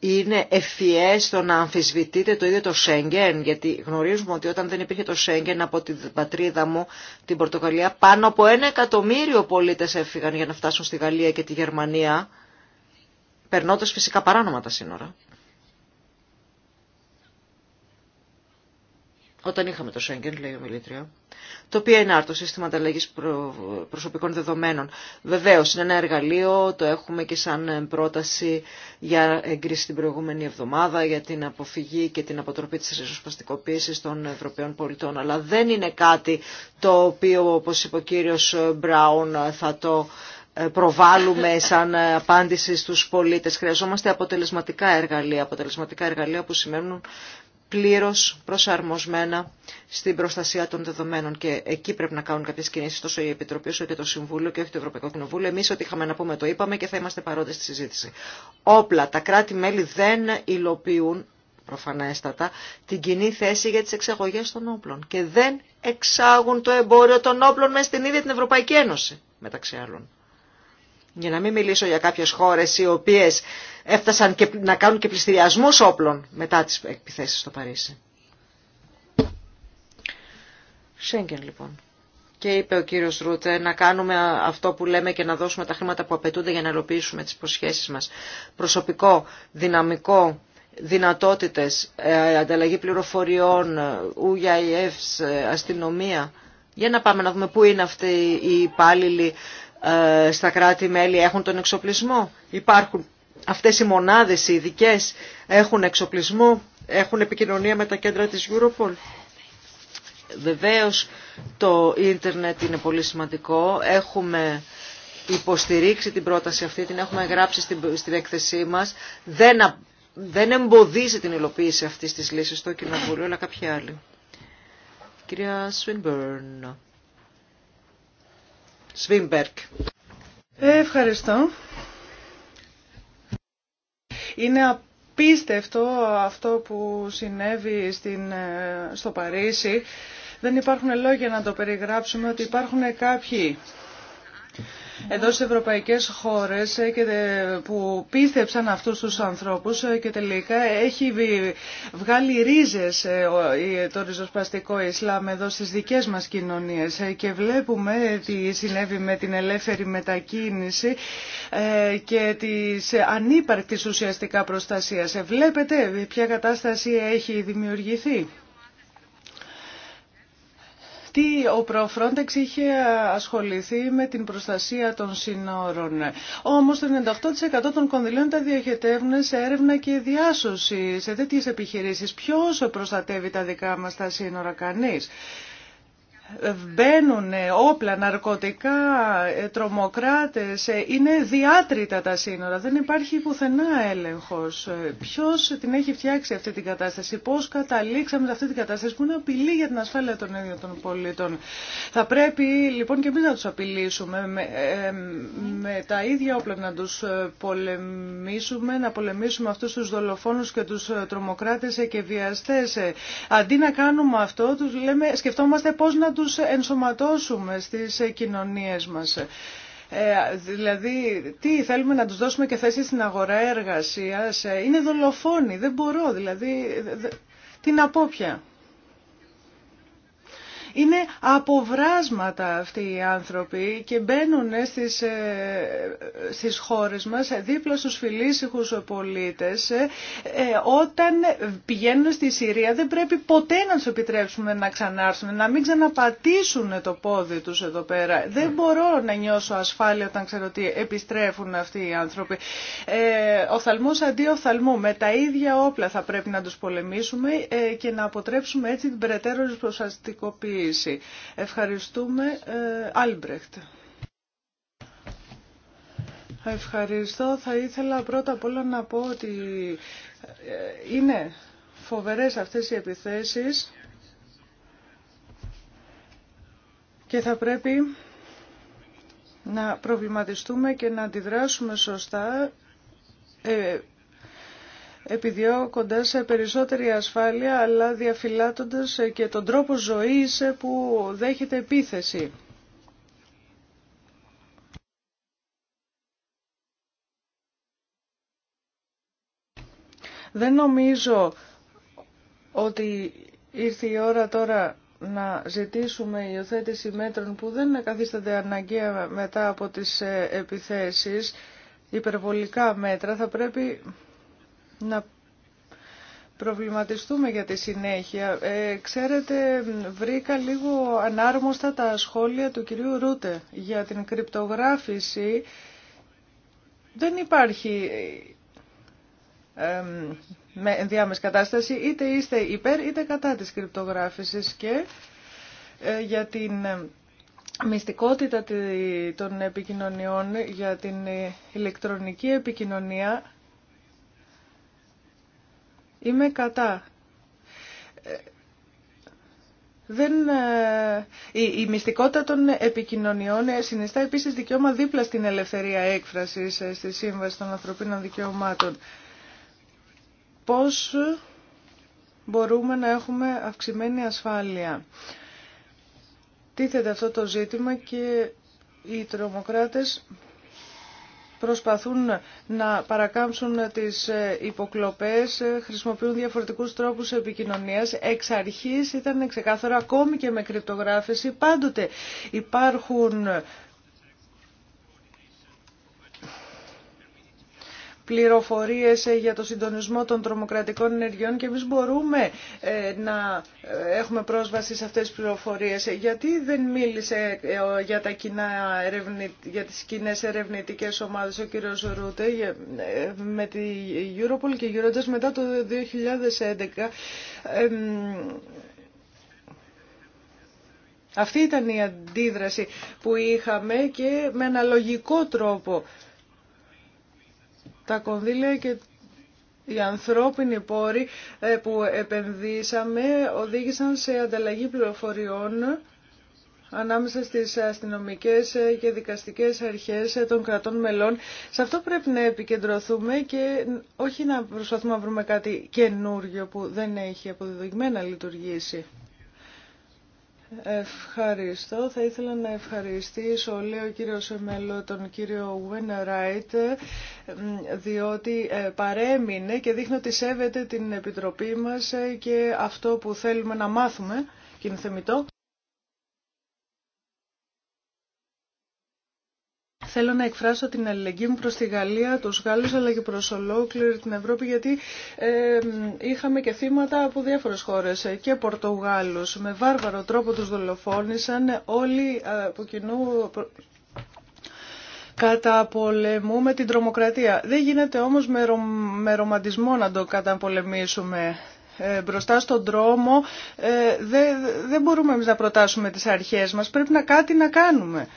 είναι ευφυές το να αμφισβητείτε το ίδιο το Σέγγεν, γιατί γνωρίζουμε ότι όταν δεν υπήρχε το Σέγγεν από την πατρίδα μου, την Πορτογαλία, πάνω από ένα εκατομμύριο πολίτες έφυγαν για να φτάσουν στη Γαλλία και τη Γερμανία, περνώντας φυσικά παράνομα τα σύνορα. όταν είχαμε το Σέγγεν, λέει ο Μιλήτρια. Το PNR, το σύστημα ανταλλαγή προσωπικών δεδομένων. Βεβαίω, είναι ένα εργαλείο, το έχουμε και σαν ε, πρόταση για εγκρίση την προηγούμενη εβδομάδα για την αποφυγή και την αποτροπή τη ριζοσπαστικοποίηση των Ευρωπαίων πολιτών. Αλλά δεν είναι κάτι το οποίο, όπω είπε ο κύριο Μπράουν, θα το ε, προβάλλουμε σαν ε, απάντηση στους πολίτες. Χρειαζόμαστε αποτελεσματικά εργαλεία, αποτελεσματικά εργαλεία που σημαίνουν πλήρως προσαρμοσμένα στην προστασία των δεδομένων. Και εκεί πρέπει να κάνουν κάποιες κινήσεις τόσο η Επιτροπή όσο και το Συμβούλιο και όχι το Ευρωπαϊκό Κοινοβούλιο. Εμείς ό,τι είχαμε να πούμε το είπαμε και θα είμαστε παρόντες στη συζήτηση. Όπλα, τα κράτη-μέλη δεν υλοποιούν προφανέστατα, την κοινή θέση για τις εξαγωγές των όπλων και δεν εξάγουν το εμπόριο των όπλων μέσα στην ίδια την Ευρωπαϊκή Ένωση, μεταξύ άλλων. Για να μην μιλήσω για κάποιες χώρες οι οποίες έφτασαν να κάνουν και πληστηριασμούς όπλων μετά τις επιθέσεις στο Παρίσι. Σέγγεν λοιπόν. Και είπε ο κύριος Ρούτε να κάνουμε αυτό που λέμε και να δώσουμε τα χρήματα που απαιτούνται για να ελοπίσουμε τις προσχέσεις μας. Προσωπικό, δυναμικό, δυνατότητες, ε, ανταλλαγή πληροφοριών, UIFs, ε, αστυνομία. Για να πάμε να δούμε πού είναι αυτοί οι υπάλληλοι ε, στα κράτη-μέλη έχουν τον εξοπλισμό. Υπάρχουν αυτές οι μονάδες οι ειδικέ έχουν εξοπλισμό, έχουν επικοινωνία με τα κέντρα της Europol. Βεβαίως το ίντερνετ είναι πολύ σημαντικό. Έχουμε υποστηρίξει την πρόταση αυτή, την έχουμε γράψει στην, έκθεσή μας. Δεν, δεν εμποδίζει την υλοποίηση αυτής της λύσης στο Κοινοβούλιο, αλλά κάποια άλλη. Κυρία Σουινμπέρν. Ευχαριστώ. Είναι απίστευτο αυτό που συνέβη στην, ε, στο Παρίσι. Δεν υπάρχουν λόγια να το περιγράψουμε ότι υπάρχουν κάποιοι εδώ στις ευρωπαϊκές χώρες ε, ε, που πίστεψαν αυτούς τους ανθρώπους ε, και τελικά έχει βγάλει ρίζες το ριζοσπαστικό Ισλάμ εδώ στις δικές μας κοινωνίες και βλέπουμε τι συνέβη με την ελεύθερη μετακίνηση και της ανύπαρκτης ουσιαστικά προστασίας. Βλέπετε ποια κατάσταση έχει δημιουργηθεί γιατί ο Προφρόντεξ είχε ασχοληθεί με την προστασία των συνόρων. Όμως το 98% των κονδυλίων τα διοχετεύουν σε έρευνα και διάσωση, σε τέτοιες επιχειρήσεις. Ποιο προστατεύει τα δικά μας τα σύνορα, κανεί μπαίνουν όπλα, ναρκωτικά, ε, τρομοκράτες, ε, είναι διάτρητα τα σύνορα, δεν υπάρχει πουθενά έλεγχος. Ε, ποιος την έχει φτιάξει αυτή την κατάσταση, πώς καταλήξαμε σε αυτή την κατάσταση που είναι απειλή για την ασφάλεια των ίδιων των πολίτων. Θα πρέπει λοιπόν και εμείς να τους απειλήσουμε με, τα ίδια όπλα να τους πολεμήσουμε, να πολεμήσουμε αυτούς τους δολοφόνους και τους τρομοκράτες και βιαστές. Αντί να κάνουμε αυτό, τους λέμε, σκεφτόμαστε πώς να τους ενσωματώσουμε στις κοινωνίες μας. Ε, δηλαδή, τι θέλουμε να τους δώσουμε και θέση στην αγορά εργασίας. Ε, είναι δολοφόνοι, δεν μπορώ, δηλαδή, τι να πω πια. Είναι αποβράσματα αυτοί οι άνθρωποι και μπαίνουν στις, ε, στις χώρες μας δίπλα στους φιλήσυχους πολίτες. Ε, ε, όταν πηγαίνουν στη Συρία δεν πρέπει ποτέ να τους επιτρέψουμε να ξανάρθουν, να μην ξαναπατήσουν το πόδι τους εδώ πέρα. Δεν μπορώ να νιώσω ασφάλεια όταν ξέρω ότι επιστρέφουν αυτοί οι άνθρωποι. Ο θαλμός αντί οφθαλμού Με τα ίδια όπλα θα πρέπει να τους πολεμήσουμε και να αποτρέψουμε έτσι την περαιτέρω προσαστικοποίηση. Ευχαριστούμε. Ε, Άλμπρεχτ. Ευχαριστώ. Θα ήθελα πρώτα απ' όλα να πω ότι ε, είναι φοβερές αυτές οι επιθέσεις και θα πρέπει να προβληματιστούμε και να αντιδράσουμε σωστά ε, επιδιώκοντας περισσότερη ασφάλεια αλλά διαφυλάττοντας και τον τρόπο ζωής που δέχεται επίθεση. Δεν νομίζω ότι ήρθε η ώρα τώρα να ζητήσουμε υιοθέτηση μέτρων που δεν καθίστανται αναγκαία μετά από τις ε, επιθέσεις, υπερβολικά μέτρα. Θα πρέπει να προβληματιστούμε για τη συνέχεια. Ε, ξέρετε, βρήκα λίγο ανάρμοστα τα σχόλια του κυρίου Ρούτε για την κρυπτογράφηση. Δεν υπάρχει ε, με ενδιάμεση κατάσταση, είτε είστε υπέρ είτε κατά της κρυπτογράφησης και ε, για την μυστικότητα των επικοινωνιών, για την ηλεκτρονική επικοινωνία Είμαι κατά. Ε, δεν, ε, η, η μυστικότητα των επικοινωνιών ε, συνιστά επίσης δικαίωμα δίπλα στην ελευθερία έκφρασης στη Σύμβαση των Ανθρωπίνων Δικαιωμάτων. Πώς μπορούμε να έχουμε αυξημένη ασφάλεια. Τίθεται αυτό το ζήτημα και οι τρομοκράτες προσπαθούν να παρακάμψουν τις ε, υποκλοπές, ε, χρησιμοποιούν διαφορετικούς τρόπους επικοινωνίας. Εξ αρχής ήταν ξεκάθαρο, ακόμη και με κρυπτογράφηση, πάντοτε υπάρχουν πληροφορίες ε, για το συντονισμό των τρομοκρατικών ενεργειών και εμείς μπορούμε ε, να ε, έχουμε πρόσβαση σε αυτές τις πληροφορίες. Γιατί δεν μίλησε για, τα κοινά για τις κοινέ ερευνητικές ομάδες ο κύριος Ρούτε με τη Europol και Eurojust μετά το 2011 αυτή ήταν η αντίδραση που είχαμε και με αναλογικό τρόπο τα κονδύλια και οι ανθρώπινοι πόροι ε, που επενδύσαμε οδήγησαν σε ανταλλαγή πληροφοριών ανάμεσα στις αστυνομικές και δικαστικές αρχές των κρατών μελών. Σε αυτό πρέπει να επικεντρωθούμε και όχι να προσπαθούμε να βρούμε κάτι καινούργιο που δεν έχει αποδεδειγμένα λειτουργήσει. Ευχαριστώ. Θα ήθελα να ευχαριστήσω, λέει ο κύριος σεμέλο τον κύριο Βένερ Ράιτ διότι ε, παρέμεινε και δείχνω ότι σέβεται την Επιτροπή μας ε, και αυτό που θέλουμε να μάθουμε και είναι θεμητό. Θέλω να εκφράσω την αλληλεγγύη μου προς τη Γαλλία, τους Γάλλους αλλά και προς ολόκληρη την Ευρώπη γιατί ε, είχαμε και θύματα από διάφορες χώρες και Πορτογάλους. Με βάρβαρο τρόπο τους δολοφόνησαν όλοι από κοινού καταπολεμούμε την τρομοκρατία. Δεν γίνεται όμως με, ρομαντισμό να το καταπολεμήσουμε. Ε, μπροστά στον τρόμο ε, δεν μπορούμε εμείς να προτάσουμε τις αρχές μας. Πρέπει να κάτι να κάνουμε.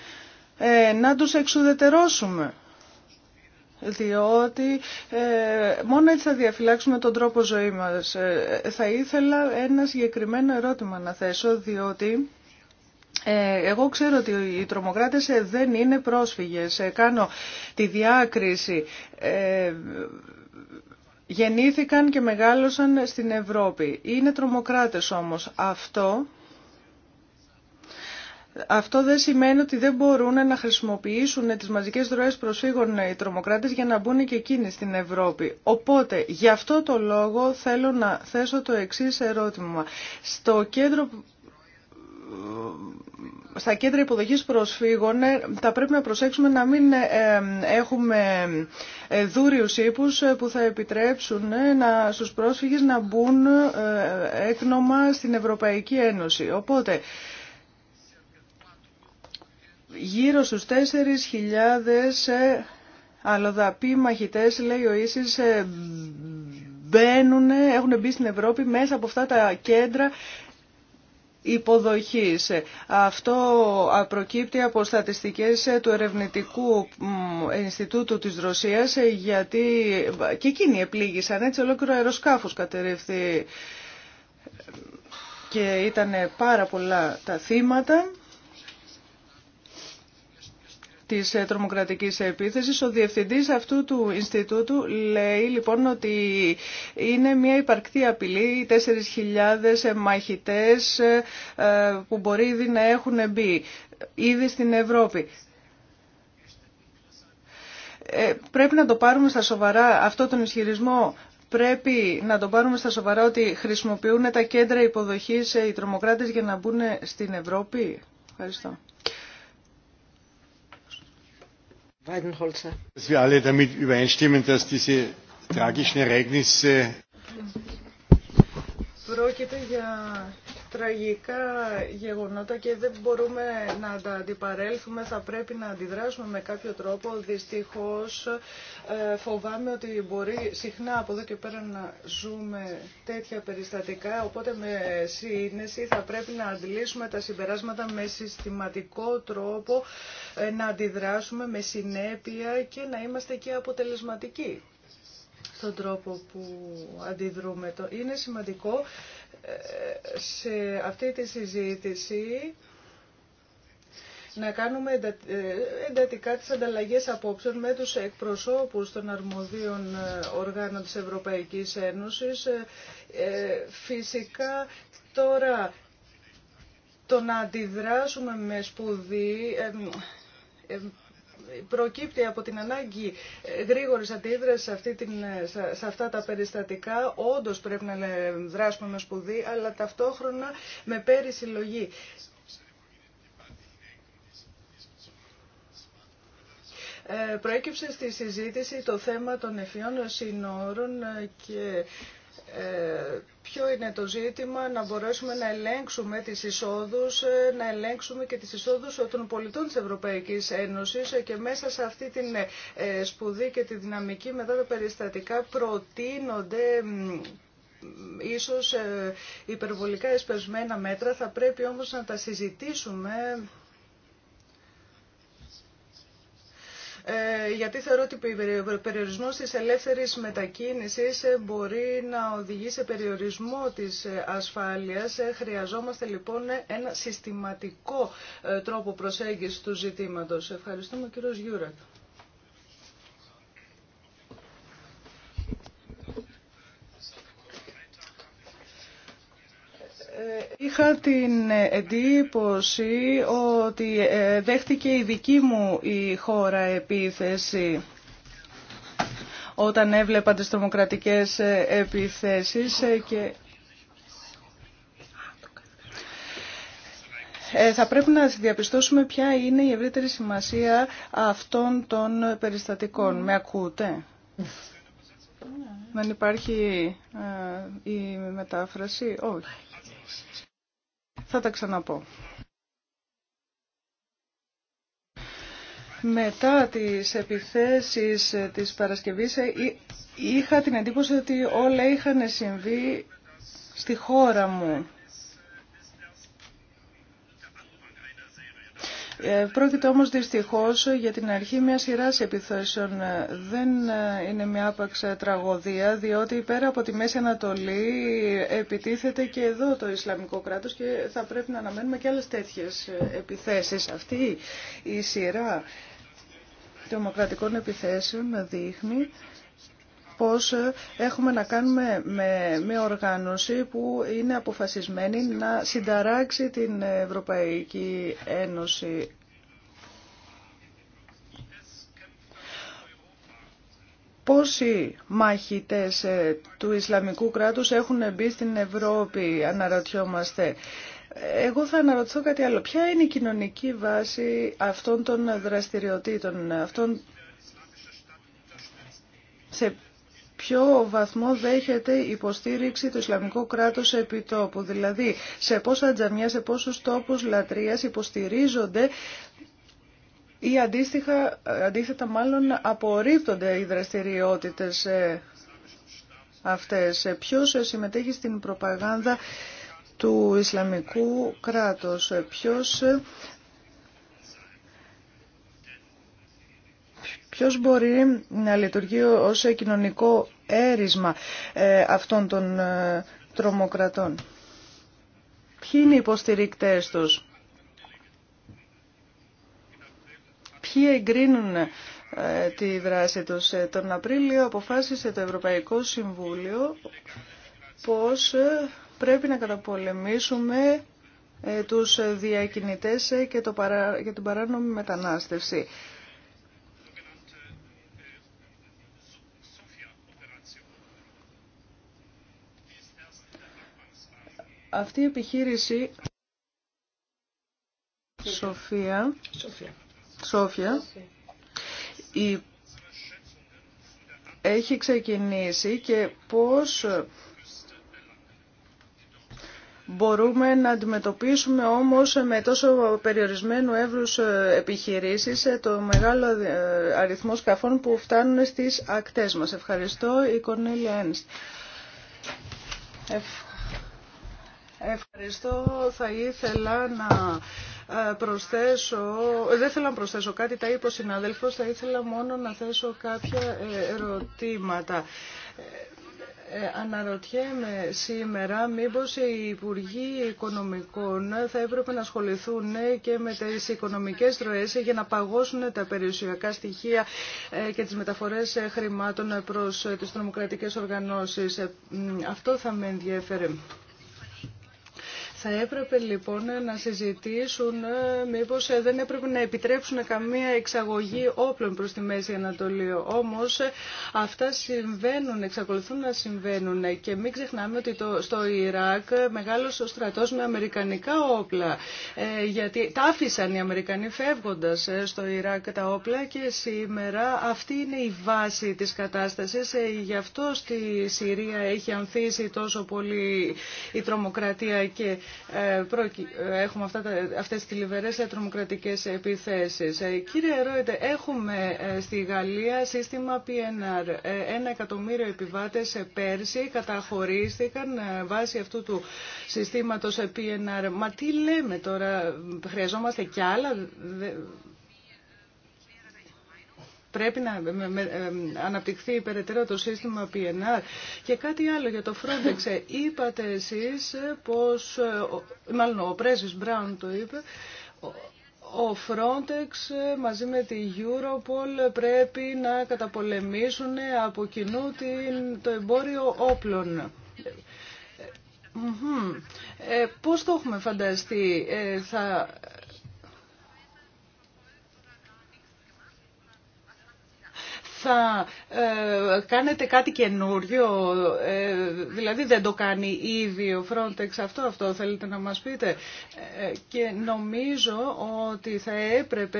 Ε, να τους εξουδετερώσουμε. Διότι μόνο έτσι θα διαφυλάξουμε τον τρόπο ζωή μας. Θα ήθελα ένα συγκεκριμένο ερώτημα να θέσω, διότι... Ε, εγώ ξέρω ότι οι τρομοκράτες ε, δεν είναι πρόσφυγες. Ε, κάνω τη διάκριση. Γεννήθηκαν και μεγάλωσαν στην Ευρώπη. Είναι τρομοκράτες όμως. Αυτό αυτό δεν σημαίνει ότι δεν μπορούν να χρησιμοποιήσουν τις μαζικές δροές προσφύγων οι τρομοκράτες για να μπουν και εκείνοι στην Ευρώπη. Οπότε, γι' αυτό το λόγο θέλω να θέσω το εξής ερώτημα. Στο κέντρο στα κέντρα υποδοχής προσφύγων θα ε, πρέπει να προσέξουμε να μην ε, έχουμε ε, δούριους ύπους που θα επιτρέψουν να, στους πρόσφυγες να μπουν έκνομα στην Ευρωπαϊκή Ένωση. Οπότε γύρω στους 4.000 αλλοδαποί μαχητές, λέει ο Ίσης, μπαίνουν, έχουν μπει στην Ευρώπη μέσα από αυτά τα κέντρα υποδοχής. Αυτό προκύπτει από στατιστικές του Ερευνητικού Ινστιτούτου της Ρωσίας γιατί και εκείνοι επλήγησαν έτσι ολόκληρο αεροσκάφος κατερρευθεί και ήταν πάρα πολλά τα θύματα της ε, τρομοκρατικής επίθεσης. Ο διευθυντής αυτού του Ινστιτούτου λέει λοιπόν ότι είναι μια υπαρκτή απειλή 4.000 ε, μαχητές ε, που μπορεί ήδη να έχουν μπει ήδη στην Ευρώπη. Πρέπει να το πάρουμε στα σοβαρά αυτό τον ισχυρισμό πρέπει να το πάρουμε στα σοβαρά ότι χρησιμοποιούν τα κέντρα υποδοχής οι τρομοκράτες για να μπουν στην Ευρώπη. Ευχαριστώ. Weidenholzer. Dass wir alle damit übereinstimmen, dass diese tragischen Ereignisse Πρόκειται για τραγικά γεγονότα και δεν μπορούμε να τα αντιπαρέλθουμε, θα πρέπει να αντιδράσουμε με κάποιο τρόπο. Δυστυχώς ε, φοβάμαι ότι μπορεί συχνά από εδώ και πέρα να ζούμε τέτοια περιστατικά, οπότε με σύνεση θα πρέπει να αντιλήσουμε τα συμπεράσματα με συστηματικό τρόπο, ε, να αντιδράσουμε με συνέπεια και να είμαστε και αποτελεσματικοί τον τρόπο που αντιδρούμε. Είναι σημαντικό ε, σε αυτή τη συζήτηση να κάνουμε ε, εντατικά τις ανταλλαγές απόψεων με τους εκπροσώπους των αρμοδίων ε, οργάνων της Ευρωπαϊκής Ένωσης. Φυσικά τώρα το να αντιδράσουμε με σπουδή προκύπτει από την ανάγκη ε, γρήγορη αντίδραση ε, σε, αυτά τα περιστατικά. Όντω πρέπει να δράσουμε με σπουδή, αλλά ταυτόχρονα με λογή. Ε, προέκυψε στη συζήτηση το θέμα των ευφυών συνόρων και Ποιο είναι το ζήτημα να μπορέσουμε να ελέγξουμε τις εισόδους, ε, να ελέγξουμε και τις εισόδους των πολιτών της Ευρωπαϊκής Ένωσης ε, και μέσα σε αυτή την ε, σπουδή και τη δυναμική μετά τα περιστατικά προτείνονται ίσως υπερβολικά εσπεσμένα μέτρα. Θα πρέπει όμως να τα συζητήσουμε Ε, γιατί θεωρώ ότι ο περιορισμός της ελεύθερης μετακίνησης ε, μπορεί να οδηγεί σε περιορισμό της ε, ασφάλειας. Χρειαζόμαστε λοιπόν ένα συστηματικό τρόπο προσέγγισης του ζητήματος. Ευχαριστούμε κύριος Γιούρακ. Ε, είχα την εντύπωση ότι ε, δέχτηκε η δική μου η χώρα επίθεση όταν έβλεπα τις τρομοκρατικές ε, επιθέσεις και θα πρέπει να διαπιστώσουμε ποια είναι η ευρύτερη σημασία αυτών των περιστατικών. Με ακούτε? Ναι. Δεν υπάρχει η μετάφραση. Όχι. Θα τα ξαναπώ. Μετά τις επιθέσεις της Παρασκευής ε, είχα την εντύπωση ότι όλα είχαν συμβεί στη χώρα μου. Ε, πρόκειται όμως δυστυχώς για την αρχή μια σειρά επιθέσεων. Ε, δεν ε, είναι μια άπαξ τραγωδία, διότι πέρα από τη Μέση Ανατολή επιτίθεται και εδώ το Ισλαμικό κράτος και θα πρέπει να αναμένουμε και άλλες τέτοιες επιθέσεις. Αυτή η σειρά δημοκρατικών επιθέσεων δείχνει πως έχουμε να κάνουμε με, μια οργάνωση που είναι αποφασισμένη να συνταράξει την Ευρωπαϊκή Ένωση. Πόσοι μαχητές ε, του Ισλαμικού κράτους έχουν μπει στην Ευρώπη, αναρωτιόμαστε. Εγώ θα αναρωτηθώ κάτι άλλο. Ποια είναι η κοινωνική βάση αυτών των δραστηριοτήτων, αυτών σε ποιο βαθμό δέχεται υποστήριξη του Ισλαμικού κράτους επί τόπου. Δηλαδή, σε πόσα τζαμιά, σε πόσους τόπους λατρείας υποστηρίζονται ή αντίστοιχα, αντίθετα μάλλον απορρίπτονται οι δραστηριότητες ε, αυτές. Ε, ποιος συμμετέχει στην προπαγάνδα του Ισλαμικού κράτους, ε, ποιος Ποιος μπορεί να λειτουργεί ως κοινωνικό έρισμα ε, αυτών των ε, τρομοκρατών. Ποιοι είναι οι υποστηρικτές τους. Ποιοι εγκρίνουν ε, τη δράση τους. Τον Απρίλιο αποφάσισε το Ευρωπαϊκό Συμβούλιο πως πρέπει να καταπολεμήσουμε τους διακινητές και την παράνομη μετανάστευση. Αυτή η επιχείρηση Σοφία. Σοφία. Η... Έχει ξεκινήσει και πώς μπορούμε να αντιμετωπίσουμε όμως με τόσο περιορισμένου εύρους ε, επιχειρήσεις ε, το μεγάλο ε, αριθμό σκαφών που φτάνουν στις ακτές μας. Ευχαριστώ η Κορνέλια Ευχαριστώ. Θα ήθελα να ε, προσθέσω, δεν θέλω να προσθέσω κάτι, τα είπε ο συνάδελφος, θα ήθελα μόνο να θέσω κάποια ε, ερωτήματα. Ε, ε, αναρωτιέμαι σήμερα μήπως οι Υπουργοί Οικονομικών θα έπρεπε να ασχοληθούν και με τις οικονομικές τροές για να παγώσουν τα περιουσιακά στοιχεία και τις μεταφορές χρημάτων προς τις τρομοκρατικές οργανώσεις. Αυτό θα με ενδιέφερε. Θα έπρεπε λοιπόν να συζητήσουν ε, μήπως ε, δεν έπρεπε να επιτρέψουν καμία εξαγωγή όπλων προς τη Μέση Ανατολή. Όμως ε, αυτά συμβαίνουν, εξακολουθούν να συμβαίνουν και μην ξεχνάμε ότι το, στο Ιράκ μεγάλος ο στρατός με αμερικανικά όπλα γιατί τα άφησαν οι Αμερικανοί φεύγοντας στο Ιράκ τα όπλα και σήμερα αυτή είναι η βάση της κατάστασης. Γι' αυτό στη Συρία έχει ανθίσει τόσο πολύ η τρομοκρατία και ε, ε, έχουμε αυτά, αυτές τις θλιβερές ε, τρομοκρατικές επιθέσεις. Κύριε Ρόιτε, έχουμε στη Γαλλία σύστημα PNR. Ένα εκατομμύριο επιβάτες πέρσι καταχωρίστηκαν βάσει αυτού του συστήματος PNR. Μα τι λέμε τώρα, χρειαζόμαστε κι άλλα πρέπει να ε, αναπτυχθεί περαιτέρω το σύστημα PNR. Και κάτι άλλο για το Frontex. (laughs) Είπατε εσείς πως, ε, μάλλον ο πρέσβης Μπράουν το είπε, ο Frontex μαζί με τη Europol πρέπει να καταπολεμήσουν από κοινού το εμπόριο όπλων. Mm πώς το έχουμε φανταστεί, θα θα ε, κάνετε κάτι καινούριο, ε, δηλαδή δεν το κάνει ήδη ο Frontex αυτό, αυτό θέλετε να μας πείτε. Ε, και νομίζω ότι θα έπρεπε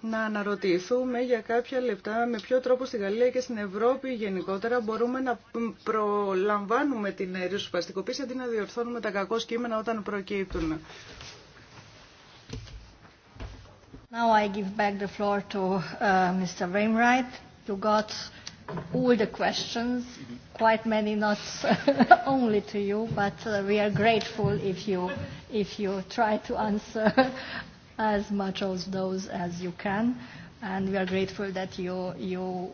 να αναρωτηθούμε για κάποια λεπτά με ποιο τρόπο στη Γαλλία και στην Ευρώπη γενικότερα μπορούμε να προλαμβάνουμε την ριζοσπαστικοποίηση αντί να διορθώνουμε τα κακό σκήμενα όταν προκύπτουν. Now I give back the floor to uh, Mr you got all the questions, quite many not only to you, but we are grateful if you if you try to answer as much of those as you can, and we are grateful that you you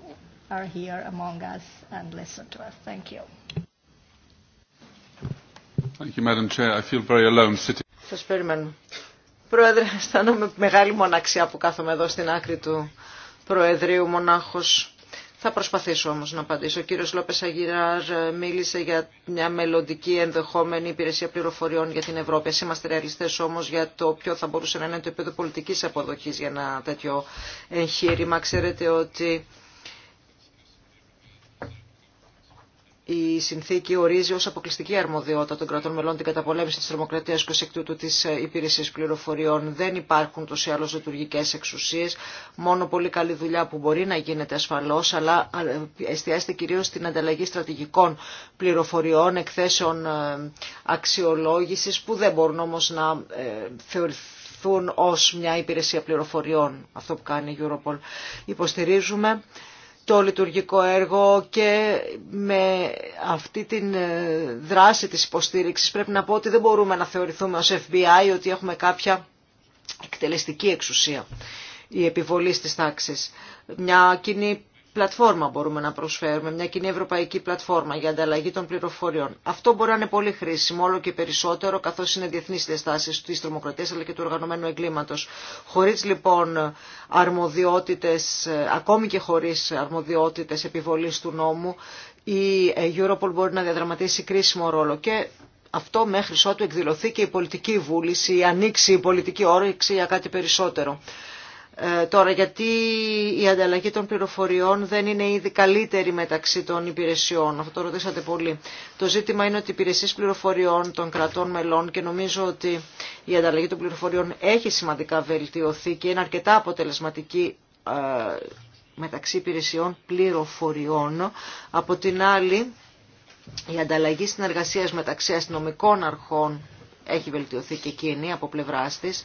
are here among us and listen to us. Thank you. Thank you, Madam Chair. I feel very alone sitting. Σας Πρόεδρε, αισθάνομαι μεγάλη μοναξιά που κάθομαι εδώ στην άκρη του Προεδρείου μονάχος. Θα προσπαθήσω όμως να απαντήσω. Ο κύριος Λόπες Αγιράρ ε, μίλησε για μια μελλοντική ενδεχόμενη υπηρεσία πληροφοριών για την Ευρώπη. Εσείς είμαστε ρεαλιστές όμως για το ποιο θα μπορούσε να είναι το επίπεδο πολιτικής αποδοχής για ένα τέτοιο εγχείρημα. Ξέρετε ότι η συνθήκη ορίζει ως αποκλειστική αρμοδιότητα των κρατών μελών την καταπολέμηση της τρομοκρατίας και ως εκ τούτου της ε, υπηρεσίας πληροφοριών. Δεν υπάρχουν τους ή άλλως λειτουργικές εξουσίες, μόνο πολύ καλή δουλειά που μπορεί να γίνεται ασφαλώς, αλλά ε, εστιάζεται κυρίως στην ανταλλαγή στρατηγικών πληροφοριών, εκθέσεων ε, αξιολόγησης, που δεν μπορούν όμως να θεωρηθούν ως μια υπηρεσία πληροφοριών, αυτό που κάνει η Europol. Υποστηρίζουμε το λειτουργικό έργο και με αυτή την ε, δράση της υποστήριξης πρέπει να πω ότι δεν μπορούμε να θεωρηθούμε ως FBI ότι έχουμε κάποια εκτελεστική εξουσία η επιβολή της τάξης. Μια κοινή πλατφόρμα μπορούμε να προσφέρουμε, μια κοινή ευρωπαϊκή πλατφόρμα για ανταλλαγή των πληροφοριών. Αυτό μπορεί να είναι πολύ χρήσιμο όλο και περισσότερο, καθώ είναι διεθνεί διαστάσει τη τρομοκρατία αλλά και του οργανωμένου εγκλήματο. Χωρί λοιπόν αρμοδιότητε, ακόμη και χωρί αρμοδιότητε επιβολή του νόμου, η Europol μπορεί να διαδραματίσει κρίσιμο ρόλο. Και αυτό μέχρι ότου εκδηλωθεί και η πολιτική βούληση, η ανοίξη, η πολιτική όρεξη για κάτι περισσότερο. Ε, τώρα γιατί η ανταλλαγή των πληροφοριών δεν είναι ήδη καλύτερη μεταξύ των υπηρεσιών. Αυτό το ρωτήσατε πολύ. Το ζήτημα είναι ότι οι υπηρεσίες πληροφοριών των κρατών μελών και νομίζω ότι η ανταλλαγή των πληροφοριών έχει σημαντικά βελτιωθεί και είναι αρκετά αποτελεσματική ε, μεταξύ υπηρεσιών πληροφοριών. Από την άλλη, η ανταλλαγή συνεργασίας μεταξύ αστυνομικών αρχών έχει βελτιωθεί και εκείνη από πλευράς της.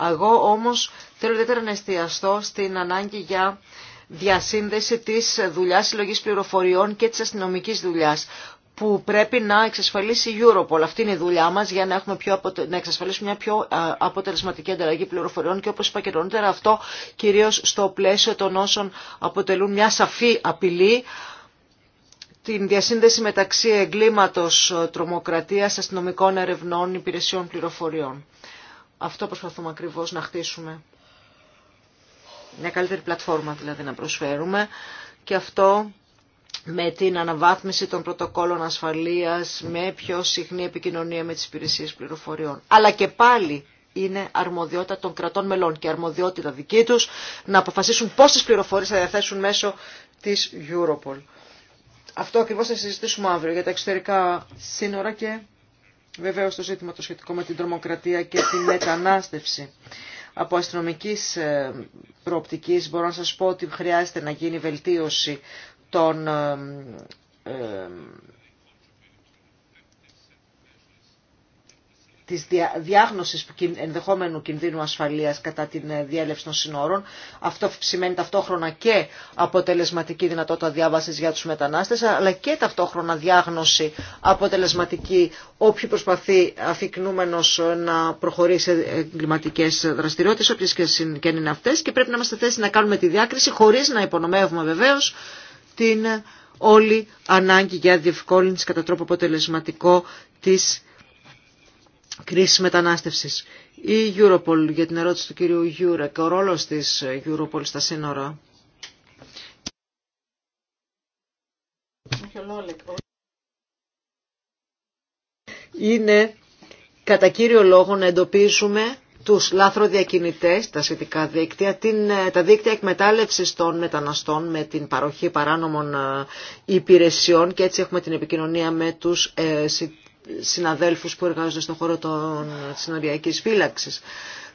Εγώ όμως θέλω ιδιαίτερα να εστιαστώ στην ανάγκη για διασύνδεση της δουλειάς συλλογή πληροφοριών και της αστυνομικής δουλειάς που πρέπει να εξασφαλίσει η Europol. Αυτή είναι η δουλειά μας για να, έχουμε πιο να εξασφαλίσουμε μια πιο αποτελεσματική ανταλλαγή πληροφοριών και όπως είπα και νωρίτερα αυτό κυρίως στο πλαίσιο των όσων αποτελούν μια σαφή απειλή την διασύνδεση μεταξύ εγκλήματος τρομοκρατίας, αστυνομικών ερευνών, υπηρεσιών πληροφοριών. Αυτό προσπαθούμε ακριβώς να χτίσουμε. Μια καλύτερη πλατφόρμα δηλαδή να προσφέρουμε και αυτό με την αναβάθμιση των πρωτοκόλων ασφαλείας, με πιο συχνή επικοινωνία με τις υπηρεσίες πληροφοριών. Αλλά και πάλι είναι αρμοδιότητα των κρατών μελών και αρμοδιότητα δική τους να αποφασίσουν πόσες πληροφορίες θα διαθέσουν μέσω της Europol. Αυτό ακριβώς θα συζητήσουμε αύριο για τα εξωτερικά σύνορα και Βεβαίως το ζήτημα το σχετικό με την τρομοκρατία και τη μετανάστευση. Από αστυνομικής ε, προοπτικής μπορώ να σας πω ότι χρειάζεται να γίνει βελτίωση των ε, ε, της διάγνωσης ενδεχόμενου κινδύνου ασφαλείας κατά την ε, διέλευση των συνόρων. Αυτό σημαίνει ταυτόχρονα και αποτελεσματική δυνατότητα διάβασης για τους μετανάστες, αλλά και ταυτόχρονα διάγνωση αποτελεσματική όποιου προσπαθεί αφικνούμενος ε, να προχωρήσει σε εγκληματικές δραστηριότητες, όποιες και είναι αυτές και πρέπει να είμαστε θέσει να κάνουμε τη διάκριση χωρίς να υπονομεύουμε βεβαίως την ε, όλη ανάγκη για διευκόλυνση κατά τρόπο αποτελεσματικό της κρίση μετανάστευση Η Europol για την ερώτηση του κυρίου και ο ρόλο της Europol στα σύνορα. Είναι κατά κύριο λόγο να εντοπίσουμε τους λάθροδιακινητές, τα σχετικά δίκτυα, την, τα δίκτυα εκμετάλλευσης των μεταναστών με την παροχή παράνομων ε, υπηρεσιών και έτσι έχουμε την επικοινωνία με τους ε, συναδέλφους που εργάζονται στον χώρο των συνοριακής φύλαξης.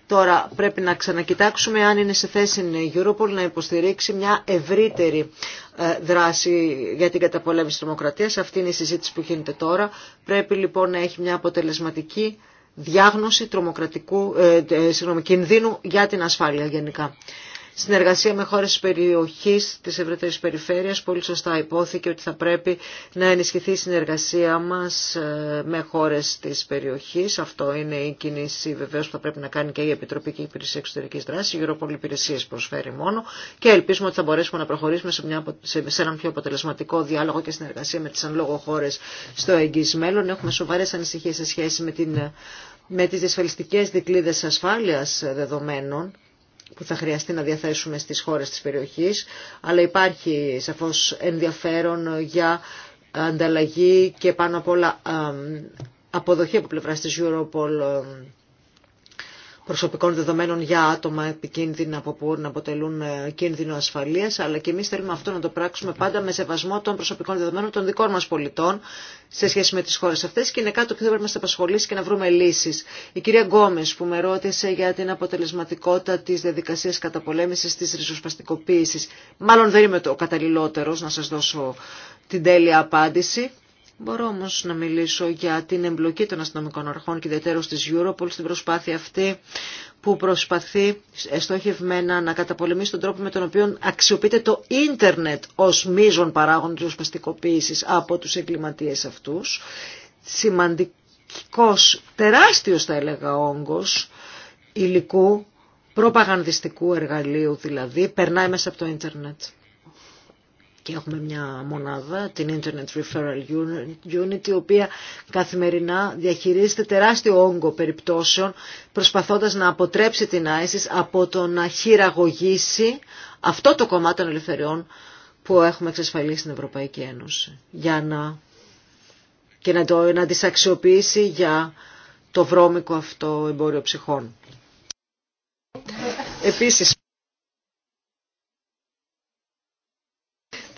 Τώρα πρέπει να ξανακοιτάξουμε αν είναι σε θέση η Europol να υποστηρίξει μια ευρύτερη ε, δράση για την καταπολέμηση της τρομοκρατίας. Αυτή είναι η συζήτηση που γίνεται τώρα. Πρέπει λοιπόν να έχει μια αποτελεσματική διάγνωση τρομοκρατικού, ε, ε, συγγνώμη, κινδύνου για την ασφάλεια γενικά συνεργασία με χώρες της περιοχής της ευρύτερης περιφέρειας. Πολύ σωστά υπόθηκε ότι θα πρέπει να ενισχυθεί η συνεργασία μας ε, με χώρες της περιοχής. Αυτό είναι η κίνηση βεβαίως που θα πρέπει να κάνει και η Επιτροπή και η Υπηρεσία Εξωτερικής Δράσης. Η Europol Υπηρεσίες προσφέρει μόνο και ελπίζουμε ότι θα μπορέσουμε να προχωρήσουμε σε, μια, σε έναν πιο αποτελεσματικό διάλογο και συνεργασία με τις ανλόγω λόγω χώρες στο εγγύς μέλλον. Έχουμε σοβαρές ανησυχίες σε σχέση με την ε, με τις δυσφαλιστικές δικλείδες ασφάλειας ε, δεδομένων που θα χρειαστεί να διαθέσουμε στις χώρες της περιοχής, αλλά υπάρχει σαφώς ενδιαφέρον για ανταλλαγή και πάνω απ' όλα αποδοχή από πλευράς της Europol προσωπικών δεδομένων για άτομα επικίνδυνα που μπορούν να αποτελούν ε, κίνδυνο ασφαλείας, αλλά και εμείς θέλουμε αυτό να το πράξουμε πάντα με σεβασμό των προσωπικών δεδομένων των δικών μας πολιτών σε σχέση με τις χώρες αυτές και είναι κάτι που θα πρέπει να μας απασχολήσει και να βρούμε λύσεις. Η κυρία Γκόμες που με ρώτησε για την αποτελεσματικότητα της διαδικασίας καταπολέμησης της ριζοσπαστικοποίησης. Μάλλον δεν είμαι ο καταλληλότερος να σας δώσω την τέλεια απάντηση. Μπορώ όμω να μιλήσω για την εμπλοκή των αστυνομικών αρχών και ιδιαίτερω τη Europol στην προσπάθεια αυτή που προσπαθεί στοχευμένα να καταπολεμήσει τον τρόπο με τον οποίο αξιοποιείται το ίντερνετ ως μείζον παράγων της από τους εγκληματίε αυτούς. Σημαντικός, τεράστιο θα έλεγα όγκο, υλικού, προπαγανδιστικού εργαλείου δηλαδή, περνάει μέσα από το ίντερνετ και έχουμε μια μονάδα, την Internet Referral Unit, η οποία καθημερινά διαχειρίζεται τεράστιο όγκο περιπτώσεων, προσπαθώντας να αποτρέψει την ISIS από το να χειραγωγήσει αυτό το κομμάτι των ελευθεριών που έχουμε εξασφαλίσει στην Ευρωπαϊκή Ένωση. Για να... και να, το... να τις αξιοποιήσει για το βρώμικο αυτό εμπόριο ψυχών. Επίσης,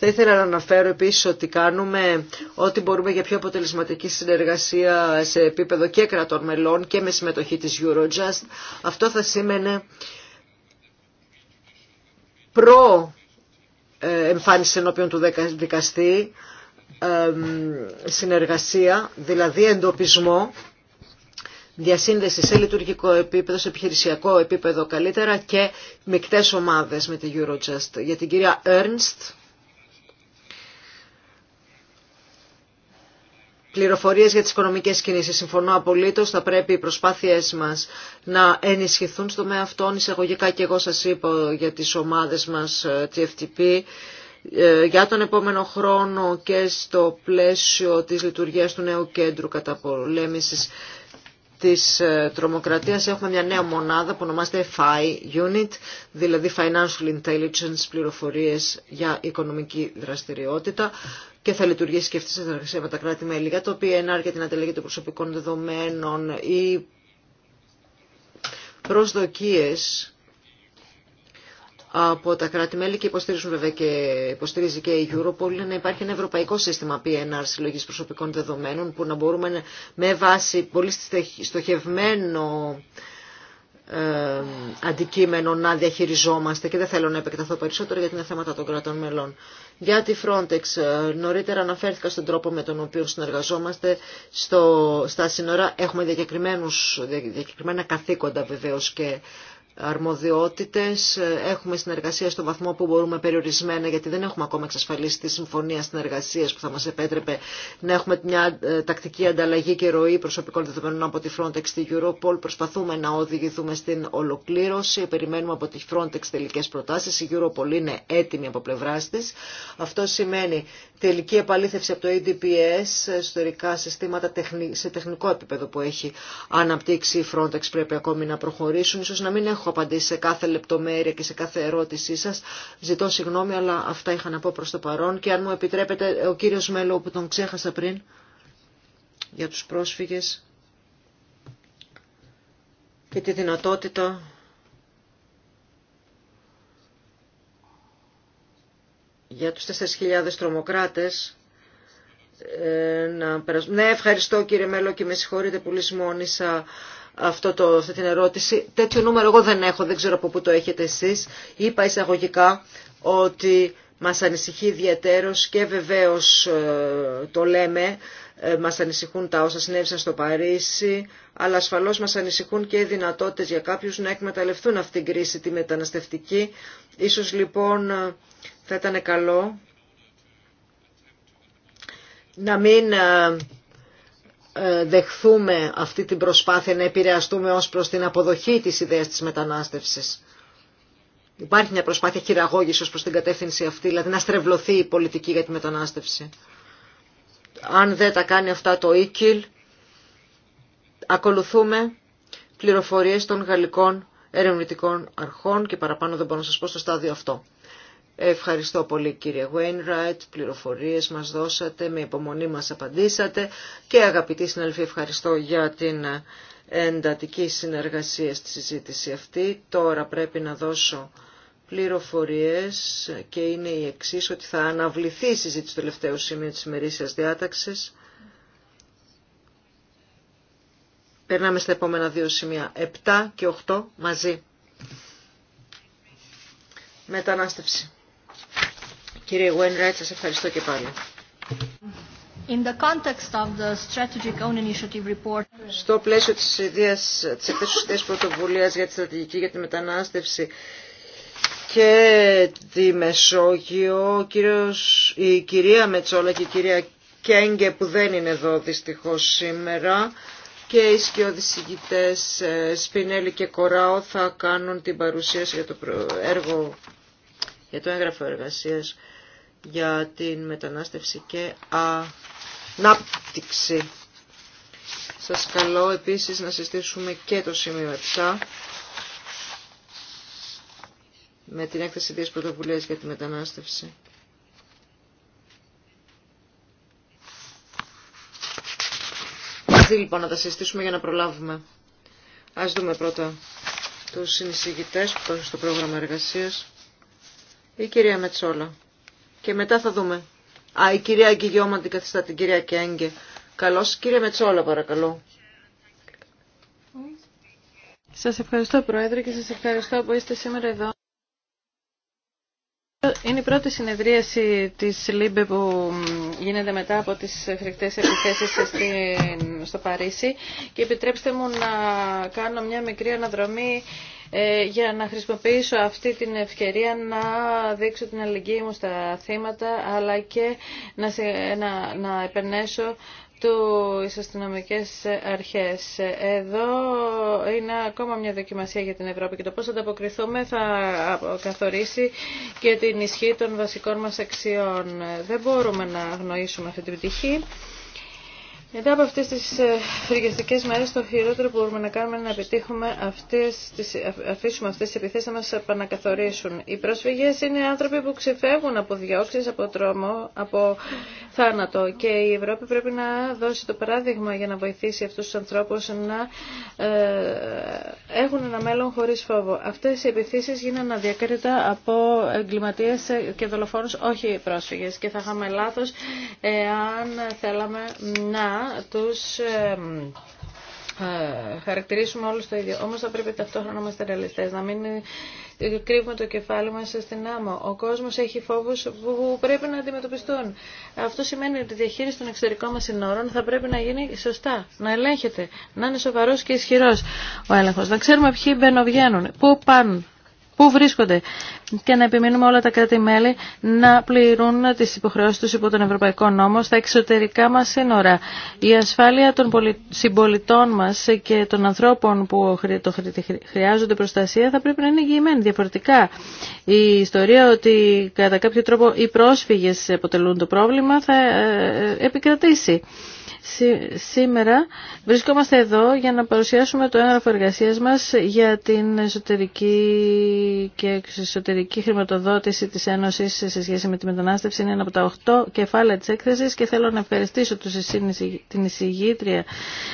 Θα ήθελα να αναφέρω επίσης ότι κάνουμε ό,τι μπορούμε για πιο αποτελεσματική συνεργασία σε επίπεδο και κρατών μελών και με συμμετοχή της Eurojust. Αυτό θα σήμαινε προ ε, εμφάνιση ενώπιον του δικαστή, συνεργασία, δηλαδή εντοπισμό, διασύνδεση σε λειτουργικό επίπεδο, σε επιχειρησιακό επίπεδο καλύτερα και μεικτές ομάδες με τη Eurojust. Για την κυρία Ernst, πληροφορίε για τι οικονομικέ κινήσει. Συμφωνώ απολύτω. Θα πρέπει οι προσπάθειέ μα να ενισχυθούν στο με αυτόν. Εισαγωγικά και εγώ σα είπα για τι ομάδε μα ε, TFTP ε, για τον επόμενο χρόνο και στο πλαίσιο της λειτουργίας του νέου κέντρου καταπολέμησης της ε, τρομοκρατίας έχουμε μια νέα μονάδα που ονομάζεται FI Unit, δηλαδή Financial Intelligence, πληροφορίες για οικονομική δραστηριότητα και θα λειτουργήσει και αυτή σε συνεργασία με τα κράτη-μέλη για το οποίο και την τελεγεί των προσωπικών δεδομένων ή προσδοκίες από τα κράτη-μέλη και υποστηρίζουν βέβαια και υποστηρίζει και η Europol είναι να υπάρχει ένα ευρωπαϊκό σύστημα PNR συλλογή προσωπικών δεδομένων που να μπορούμε με βάση πολύ στοχευμένο ε, αντικείμενο να διαχειριζόμαστε και δεν θέλω να επεκταθώ περισσότερο γιατί είναι θέματα των κρατών μελών. Για τη Frontex, ε, νωρίτερα αναφέρθηκα στον τρόπο με τον οποίο συνεργαζόμαστε στο, στα σύνορα. Έχουμε διακεκριμένα καθήκοντα βεβαίως και αρμοδιότητες. Έχουμε συνεργασία στο βαθμό που μπορούμε περιορισμένα γιατί δεν έχουμε ακόμα εξασφαλίσει τη συμφωνία συνεργασίας που θα μας επέτρεπε να έχουμε μια ε, τακτική ανταλλαγή και ροή προσωπικών δεδομένων από τη Frontex στη Europol. Προσπαθούμε να οδηγηθούμε στην ολοκλήρωση. Περιμένουμε από τη Frontex τελικές προτάσεις. Η Europol είναι έτοιμη από πλευρά τη. Αυτό σημαίνει τελική επαλήθευση από το EDPS, ιστορικά συστήματα σε τεχνικό επίπεδο που έχει αναπτύξει η Frontex πρέπει ακόμη να προχωρήσουν. Ίσως να μην έχουμε έχω απαντήσει σε κάθε λεπτομέρεια και σε κάθε ερώτησή σας. Ζητώ συγγνώμη, αλλά αυτά είχα να πω προς το παρόν. Και αν μου επιτρέπετε, ο κύριος Μέλο που τον ξέχασα πριν, για τους πρόσφυγες και τη δυνατότητα για τους 4.000 τρομοκράτες ε, να περασ... Ναι, ευχαριστώ κύριε Μέλο και με συγχωρείτε που λησμόνησα αυτό το, αυτή την ερώτηση. Τέτοιο νούμερο εγώ δεν έχω, δεν ξέρω από πού το έχετε εσείς. Είπα εισαγωγικά ότι μας ανησυχεί ιδιαίτερος και βεβαίως ε, το λέμε, ε, μας ανησυχούν τα όσα συνέβησαν στο Παρίσι, αλλά ασφαλώς μας ανησυχούν και οι δυνατότητες για κάποιους να εκμεταλλευτούν αυτήν την κρίση, τη μεταναστευτική. Ίσως λοιπόν ε, θα ήταν καλό να μην ε, δεχθούμε αυτή την προσπάθεια να επηρεαστούμε ως προς την αποδοχή της ιδέας της μετανάστευσης. Υπάρχει μια προσπάθεια χειραγώγησης προς την κατεύθυνση αυτή, δηλαδή να στρεβλωθεί η πολιτική για τη μετανάστευση. Αν δεν τα κάνει αυτά το ΙΚΙΛ, ακολουθούμε πληροφορίες των γαλλικών ερευνητικών αρχών και παραπάνω δεν μπορώ να σας πω στο στάδιο αυτό. Ευχαριστώ πολύ κύριε Wainwright, πληροφορίες μας δώσατε, με υπομονή μας απαντήσατε και αγαπητοί συναδελφοί ευχαριστώ για την εντατική συνεργασία στη συζήτηση αυτή. Τώρα πρέπει να δώσω πληροφορίες και είναι η εξή ότι θα αναβληθεί η συζήτηση του τελευταίου σημείου της ημερήσια διάταξης. Περνάμε στα επόμενα δύο σημεία, 7 και 8 μαζί. Μετανάστευση. Κύριε Γουένραιτ, σας ευχαριστώ και πάλι. In the context of the strategic own initiative report... Στο πλαίσιο της, ιδέας, της εκθέσεως πρωτοβουλίας για τη στρατηγική για τη μετανάστευση και τη Μεσόγειο, η κυρία Μετσόλα και η κυρία Κέγκε που δεν είναι εδώ δυστυχώς σήμερα και οι σκιωδησηγητές ε, Σπινέλη και Κοράο θα κάνουν την παρουσίαση για το έργο για το έγγραφο εργασίας για την μετανάστευση και ανάπτυξη. Σας καλώ επίσης να συστήσουμε και το σημείο 7 με την έκθεση της πρωτοβουλίας για τη μετανάστευση. Μαζί λοιπόν να τα συστήσουμε για να προλάβουμε. Ας δούμε πρώτα τους συνεισηγητές που στο πρόγραμμα εργασίας. Η κυρία Μετσόλα και μετά θα δούμε. Α, η κυρία Αγγιγιώμα αντικαθιστά την κυρία Κέγγε. Καλώς. Κύριε Μετσόλα παρακαλώ. Σας ευχαριστώ Πρόεδρε και σας ευχαριστώ που είστε σήμερα εδώ. Είναι η πρώτη συνεδρίαση της ΛΥΜΠΕ που γίνεται μετά από τις φρικτές επιθέσεις στο Παρίσι και επιτρέψτε μου να κάνω μια μικρή αναδρομή ε, για να χρησιμοποιήσω αυτή την ευκαιρία να δείξω την αλληλεγγύη μου στα θύματα αλλά και να, να, επενέσω τις αστυνομικέ αρχές. Εδώ είναι ακόμα μια δοκιμασία για την Ευρώπη και το πώς θα ανταποκριθούμε θα καθορίσει και την ισχύ των βασικών μας αξιών. Δεν μπορούμε να αγνοήσουμε αυτή την πτυχή. Μετά από αυτές τις ε, φρικιαστικές μέρες, το χειρότερο που μπορούμε να κάνουμε είναι να επιτύχουμε αυτές τις, ε, αφήσουμε αυτές τις επιθέσεις να μας επανακαθορίσουν. Οι πρόσφυγες είναι άνθρωποι που ξεφεύγουν από διώξεις, από τρόμο, από θάνατο και η Ευρώπη πρέπει να δώσει το παράδειγμα για να βοηθήσει αυτούς τους ανθρώπους να ε, έχουν ένα μέλλον χωρίς φόβο. Αυτές οι επιθέσεις γίνανε αδιακρίτα από εγκληματίες και δολοφόνους, όχι πρόσφυγες και θα είχαμε λάθος εάν θέλαμε να τους ε, χαρακτηρίσουμε όλους το ίδιο. Όμως θα πρέπει ταυτόχρονα να είμαστε ρεαλιστές, να μην κρύβουμε το κεφάλι μας στην άμμο. Ο κόσμος έχει φόβους που πρέπει να αντιμετωπιστούν. Αυτό σημαίνει ότι η διαχείριση των εξωτερικών μας συνόρων θα πρέπει να γίνει σωστά, να ελέγχεται, να είναι σοβαρός και ισχυρός ο έλεγχος, να ξέρουμε ποιοι μπαίνουν, πού πάνε, Πού βρίσκονται και να επιμείνουμε όλα τα κράτη-μέλη να πληρούν τις υποχρεώσεις τους υπό τον Ευρωπαϊκό Νόμο στα εξωτερικά μας σύνορα. Η ασφάλεια των συμπολιτών μας και των ανθρώπων που χρειάζονται προστασία θα πρέπει να είναι εγγυημένη διαφορετικά. Η ιστορία ότι κατά κάποιο τρόπο οι πρόσφυγες αποτελούν το πρόβλημα θα ε, ε, επικρατήσει. Σήμερα βρισκόμαστε εδώ για να παρουσιάσουμε το έγγραφο εργασίας μας για την εσωτερική και εξωτερική χρηματοδότηση της Ένωσης σε σχέση με τη μετανάστευση. Είναι ένα από τα οχτώ κεφάλαια της έκθεσης και θέλω να ευχαριστήσω την εισηγήτρια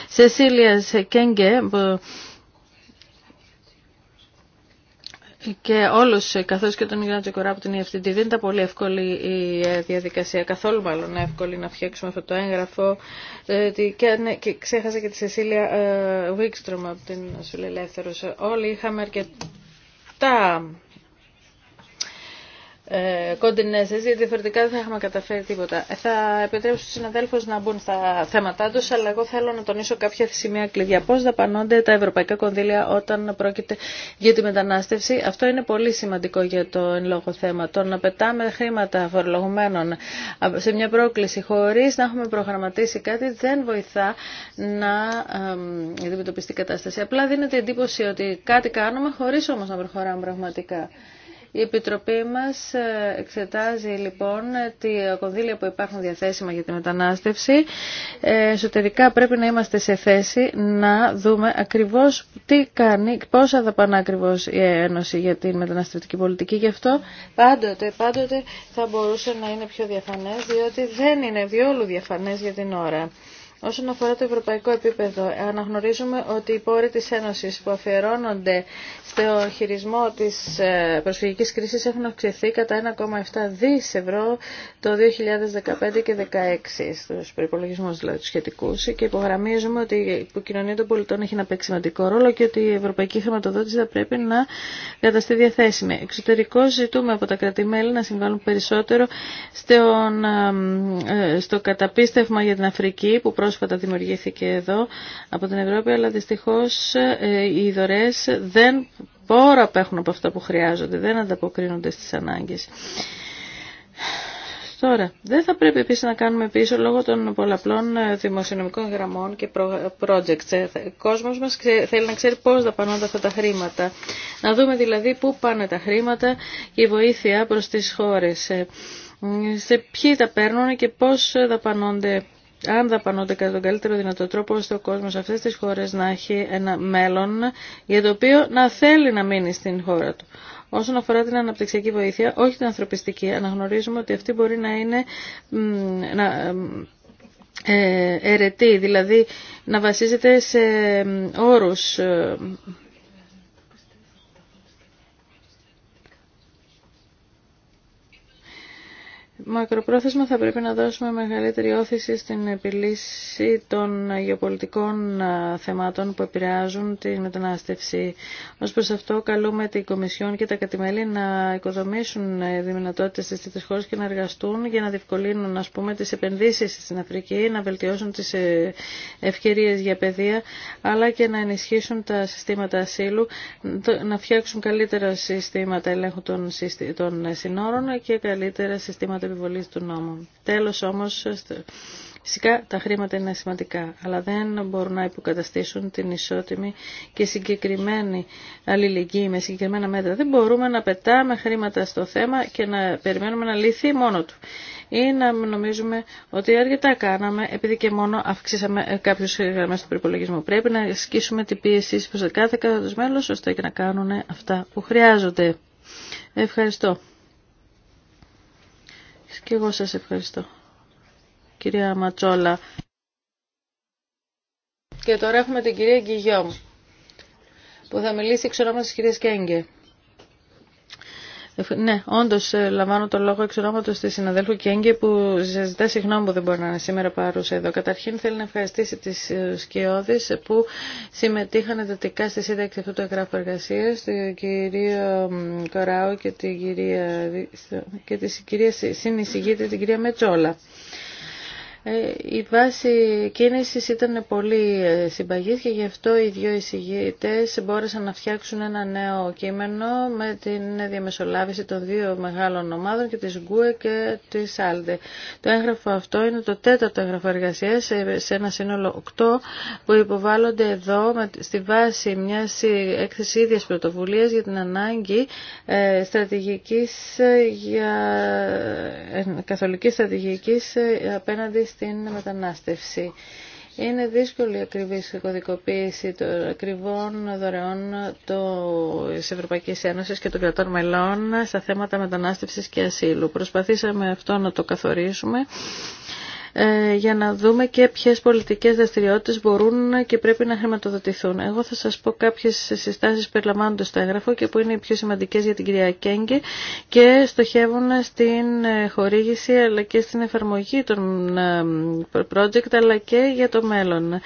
Σεσίλια Κέγκε και όλους καθώς και τον Γιάννη Κορά από την EFTD δεν ήταν πολύ εύκολη η ε, διαδικασία καθόλου μάλλον εύκολη να φτιάξουμε αυτό το έγγραφο ε, και, ναι, και ξέχασα και τη Σεσίλια ε, Βίξτρομ από την Σουλελεύθερος όλοι είχαμε αρκετά ε, γιατί διαφορετικά δεν θα είχαμε καταφέρει τίποτα. Ε, θα επιτρέψω του συναδέλφου να μπουν στα θέματά του, αλλά εγώ θέλω να τονίσω κάποια σημεία κλειδιά. Πώ δαπανώνται τα ευρωπαϊκά κονδύλια όταν πρόκειται για τη μετανάστευση. Αυτό είναι πολύ σημαντικό για το εν λόγω θέμα. Το να πετάμε χρήματα φορολογουμένων σε μια πρόκληση χωρί να έχουμε προγραμματίσει κάτι δεν βοηθά να αντιμετωπιστεί η κατάσταση. Απλά δίνεται εντύπωση ότι κάτι κάνουμε χωρί όμω να προχωράμε πραγματικά. Η Επιτροπή μας ε, εξετάζει λοιπόν τη κονδύλια που υπάρχουν διαθέσιμα για τη μετανάστευση. Ε, εσωτερικά πρέπει να είμαστε σε θέση να δούμε ακριβώς τι κάνει, πόσα δαπανά ακριβώς η Ένωση για τη μεταναστευτική πολιτική. Γι' αυτό πάντοτε, πάντοτε θα μπορούσε να είναι πιο διαφανές, διότι δεν είναι διόλου διαφανές για την ώρα. Όσον αφορά το ευρωπαϊκό επίπεδο, αναγνωρίζουμε ότι οι πόροι της Ένωσης που αφιερώνονται στο χειρισμό της ε, προσφυγικής κρίσης έχουν αυξηθεί κατά 1,7 δις ευρώ το 2015 και 2016 στους προϋπολογισμούς δηλαδή τους σχετικούς και υπογραμμίζουμε ότι η κοινωνία των πολιτών έχει ένα παίξει ρόλο και ότι η ευρωπαϊκή χρηματοδότηση θα πρέπει να καταστεί διαθέσιμη. Εξωτερικώ ζητούμε από τα κρατημέλη να συμβάλλουν περισσότερο στον, ε, ε, στο καταπίστευμα για την Αφρική που πρόσφατα δημιουργήθηκε εδώ από την Ευρώπη, αλλά δυστυχώς ε, οι δωρεές δεν πόρα απέχουν από αυτά που χρειάζονται, δεν ανταποκρίνονται στις ανάγκες. Τώρα, δεν θα πρέπει επίσης να κάνουμε πίσω λόγω των πολλαπλών ε, δημοσιονομικών γραμμών και projects. Ε, ο κόσμος μας θέλει να ξέρει πώς δαπανώνται αυτά τα χρήματα. Να δούμε δηλαδή πού πάνε τα χρήματα και η βοήθεια προς τις χώρες. Σε ποιοι τα παίρνουν και πώς δαπανώνται αν δαπανούνται κατά τον καλύτερο δυνατό τρόπο ώστε ο κόσμος αυτές τις χώρες να έχει ένα μέλλον για το οποίο να θέλει να μείνει στην χώρα του. Όσον αφορά την αναπτυξιακή βοήθεια, όχι την ανθρωπιστική, αναγνωρίζουμε ότι αυτή μπορεί να είναι να, ερετή, δηλαδή να βασίζεται σε όρους Μακροπρόθεσμα θα πρέπει να δώσουμε μεγαλύτερη όθηση στην επιλύση των γεωπολιτικών ε, θεμάτων που επηρεάζουν τη μετανάστευση. Ω προς αυτό καλούμε την Κομισιόν και τα κατημέλη να οικοδομήσουν ε, δυνατότητε στι τρει χώρες και να εργαστούν για να διευκολύνουν τι επενδύσει στην Αφρική, να βελτιώσουν τι ε, ευκαιρίε για παιδεία, αλλά και να ενισχύσουν τα συστήματα ασύλου, να φτιάξουν καλύτερα συστήματα ελέγχου των συνόρων και καλύτερα συστήματα επιβολή. Τέλο του νόμου. Τέλος όμως, φυσικά τα χρήματα είναι σημαντικά, αλλά δεν μπορούν να υποκαταστήσουν την ισότιμη και συγκεκριμένη αλληλεγγύη με συγκεκριμένα μέτρα. Δεν μπορούμε να πετάμε χρήματα στο θέμα και να περιμένουμε να λυθεί μόνο του ή να νομίζουμε ότι αρκετά κάναμε επειδή και μόνο αυξήσαμε κάποιου γραμμέ του προπολογισμού. Πρέπει να ασκήσουμε την πίεση προς κάθε κράτο μέλο ώστε και να κάνουν αυτά που χρειάζονται. Ευχαριστώ. Και εγώ σας ευχαριστώ. Κυρία Ματσόλα. Και τώρα έχουμε την κυρία Γκυγιόμ που θα μιλήσει εξ ονόματος της κυρίας Κέγκε. Ναι, όντω ε, λαμβάνω το λόγο εξ ονόματο τη συναδέλφου Κέγκε που ζητά συγγνώμη που δεν μπορεί να είναι σήμερα παρούσα εδώ. Καταρχήν θέλει να ευχαριστήσει τι ε, σκιώδει που συμμετείχαν εντατικά στη σύνταξη αυτού του εγγράφου εργασία, την κυρία Κοράου και τη κυρία, και την κυρία Μετσόλα. Ε, η βάση κίνησης ήταν πολύ ε, συμπαγής και γι' αυτό οι δύο εισηγητές μπόρεσαν να φτιάξουν ένα νέο κείμενο με την διαμεσολάβηση των δύο μεγάλων ομάδων και της ΓΚΟΕ και της ΑΛΔΕ. Το έγγραφο αυτό είναι το τέταρτο έγγραφο εργασία ε, σε ένα σύνολο 8 που υποβάλλονται εδώ στη βάση μιας έκθεσης ίδιας πρωτοβουλίας για την ανάγκη στρατηγικής για καθολικής στρατηγικής απέναντι στην μετανάστευση. Είναι δύσκολη η ακριβή κωδικοποίηση των ακριβών δωρεών τη Ευρωπαϊκή Ένωση και των κρατών μελών στα θέματα μετανάστευση και ασύλου. Προσπαθήσαμε αυτό να το καθορίσουμε ε, για να δούμε και ποιες πολιτικές δραστηριότητες μπορούν και πρέπει να χρηματοδοτηθούν. Εγώ θα σας πω κάποιες συστάσεις περιλαμβάνοντας στο έγγραφο και που είναι οι πιο σημαντικές για την κυρία Κέγκε και στοχεύουν στην ε, χορήγηση αλλά και στην εφαρμογή των ε, project αλλά και για το μέλλον.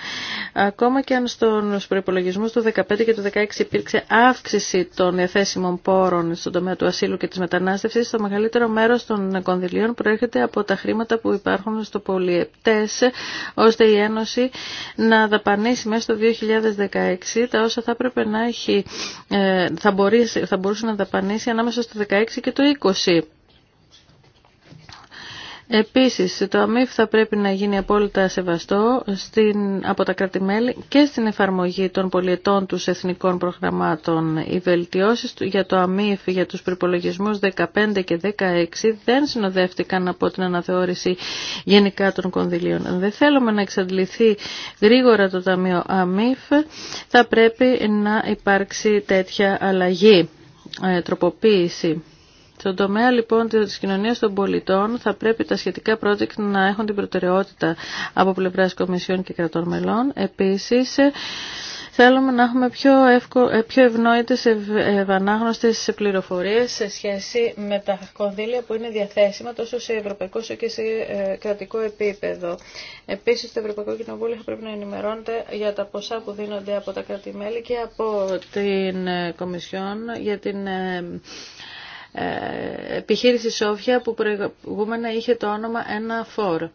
Ακόμα και αν στους προπολογισμού του 2015 και του 2016 υπήρξε αύξηση των διαθέσιμων πόρων στον τομέα του ασύλου και της μετανάστευσης, το μεγαλύτερο μέρος των κονδυλίων προέρχεται από τα χρήματα που υπάρχουν στο πολιτικό πολιεπτές ώστε η Ένωση να δαπανίσει μέσα στο 2016 τα όσα θα έπρεπε να έχει, ε, θα, μπορούσε, θα μπορούσε να δαπανίσει ανάμεσα στο 2016 και το 20. Επίσης, το ΑΜΥΦ θα πρέπει να γίνει απόλυτα σεβαστό στην, από τα κράτη-μέλη και στην εφαρμογή των πολιετών τους εθνικών προγραμμάτων. Οι βελτιώσεις για το ΑΜΥΦ για τους προπολογισμού 15 και 16 δεν συνοδεύτηκαν από την αναθεώρηση γενικά των κονδυλίων. Δεν θέλουμε να εξαντληθεί γρήγορα το Ταμείο ΑΜΥΦ, θα πρέπει να υπάρξει τέτοια αλλαγή, ε, τροποποίηση. Στον τομέα λοιπόν της κοινωνίας των πολιτών θα πρέπει τα σχετικά project να έχουν την προτεραιότητα από πλευράς Κομισιών και κρατών μελών. Επίσης, θέλουμε να έχουμε πιο, ευκο, ε, πιο ευνόητες, ευανάγνωστες πληροφορίες σε σχέση με τα κονδύλια που είναι διαθέσιμα τόσο σε ευρωπαϊκό όσο και σε ε, κρατικό επίπεδο. Επίσης, το Ευρωπαϊκό Κοινοβούλιο θα πρέπει να ενημερώνεται για τα ποσά που δίνονται από τα κράτη-μέλη και από την ε, Κομισιόν για την ε, επιχείρηση Σόφια που προηγούμενα είχε το όνομα ένα φόρ.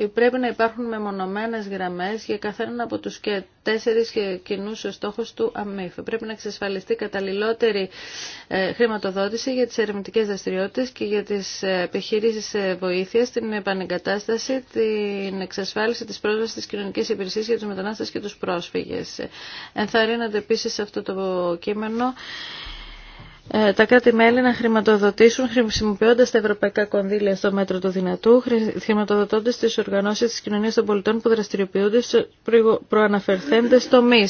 Ε, πρέπει να υπάρχουν μεμονωμένες γραμμές για καθέναν από τους και τέσσερις κοινού στόχους του ΑΜΕΦ. Πρέπει να εξασφαλιστεί καταλληλότερη ε, χρηματοδότηση για τις ερευνητικές δραστηριότητες και για τις ε, επιχειρήσεις βοήθειας, την επανεγκατάσταση, την εξασφάλιση της πρόσβασης της κοινωνικής υπηρεσίας για τους μετανάστες και τους πρόσφυγες. Ενθαρρύνονται επίσης αυτό το κείμενο ε, τα κράτη-μέλη να χρηματοδοτήσουν χρησιμοποιώντα τα ευρωπαϊκά κονδύλια στο μέτρο του δυνατού, χρηματοδοτώντα τι οργανώσει τη κοινωνία των πολιτών που δραστηριοποιούνται στου προαναφερθέντε τομεί.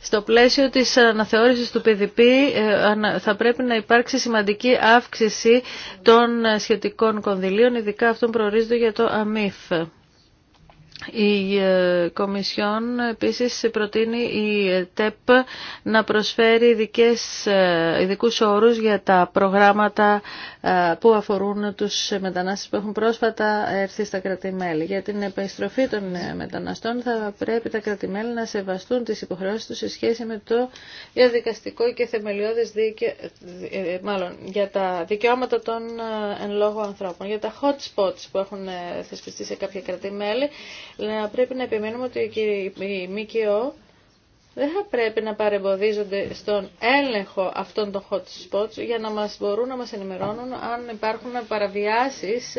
Στο πλαίσιο της αναθεώρησης του ΠΔΠ ε, θα πρέπει να υπάρξει σημαντική αύξηση των ε, σχετικών κονδυλίων, ειδικά αυτών προορίζονται για το ΑΜΙΦ. Η ε, Κομισιόν επίσης προτείνει η ε, ΤΕΠ να προσφέρει ειδικές, ε, ειδικούς όρους για τα προγράμματα που αφορούν τους μετανάστες που έχουν πρόσφατα έρθει στα κρατημέλη. Για την επιστροφή των μεταναστών θα πρέπει τα κρατημέλη να σεβαστούν τις υποχρεώσεις τους σε σχέση με το διαδικαστικό και θεμελιώδες δίκαιο, μάλλον για τα δικαιώματα των εν λόγω ανθρώπων, για τα hot spots που έχουν θεσπιστεί σε κάποια κρατημέλη πρέπει να επιμένουμε ότι οι ΜΚΟ δεν θα πρέπει να παρεμποδίζονται στον έλεγχο αυτών των hot spots για να μας μπορούν να μας ενημερώνουν αν υπάρχουν παραβιάσεις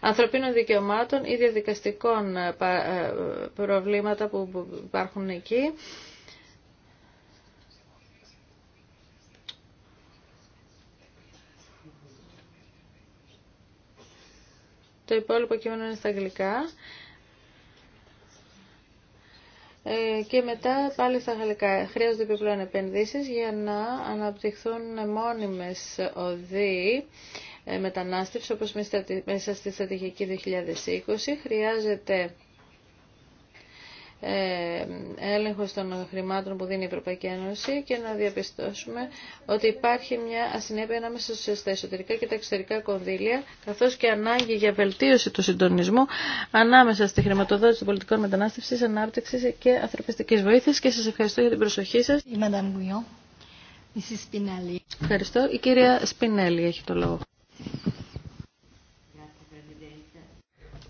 ανθρωπίνων δικαιωμάτων ή διαδικαστικών ε, ε, προβλήματα που υπάρχουν εκεί. Το υπόλοιπο κείμενο είναι στα αγγλικά. Ε, και μετά πάλι στα Χρειάζονται επιπλέον επενδύσεις για να αναπτυχθούν μόνιμες οδοί ε, μετανάστευση όπως μέσα στη στρατηγική 2020. Χρειάζεται ε, έλεγχος των χρημάτων που δίνει η Ευρωπαϊκή Ένωση και να διαπιστώσουμε ότι υπάρχει μια ασυνέπεια ανάμεσα στα εσωτερικά και τα εξωτερικά κονδύλια, καθώς και ανάγκη για βελτίωση του συντονισμού ανάμεσα στη χρηματοδότηση των πολιτικών μετανάστευσης, ανάπτυξης και ανθρωπιστικής βοήθειας και σας ευχαριστώ για την προσοχή σας. Ευχαριστώ. Η κυρία Σπινέλη έχει το λόγο.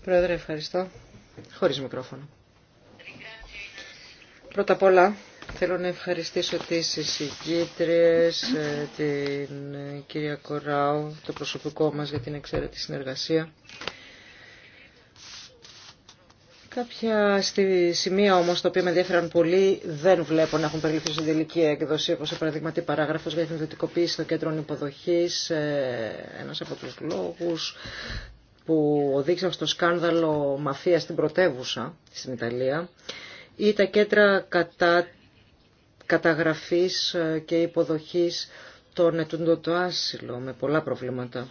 Πρόεδρε, ευχαριστώ. Χωρίς μικρόφωνο. Πρώτα απ' όλα θέλω να ευχαριστήσω τις συγκίτριες, ε, την ε, κυρία Κοράου, το προσωπικό μας για την εξαίρετη συνεργασία. Κάποια στη σημεία όμως τα οποία με ενδιαφέραν πολύ δεν βλέπω να έχουν περιληφθεί στην τελική έκδοση, όπως, σε παράδειγμα τη για την ιδιωτικοποίηση των κέντρων υποδοχή, ε, ένα από τους λόγους που οδήγησαν στο σκάνδαλο μαφία στην πρωτεύουσα, στην Ιταλία ή τα κέντρα κατά, καταγραφής ε, και υποδοχής των ετούντων το άσυλο με πολλά προβλήματα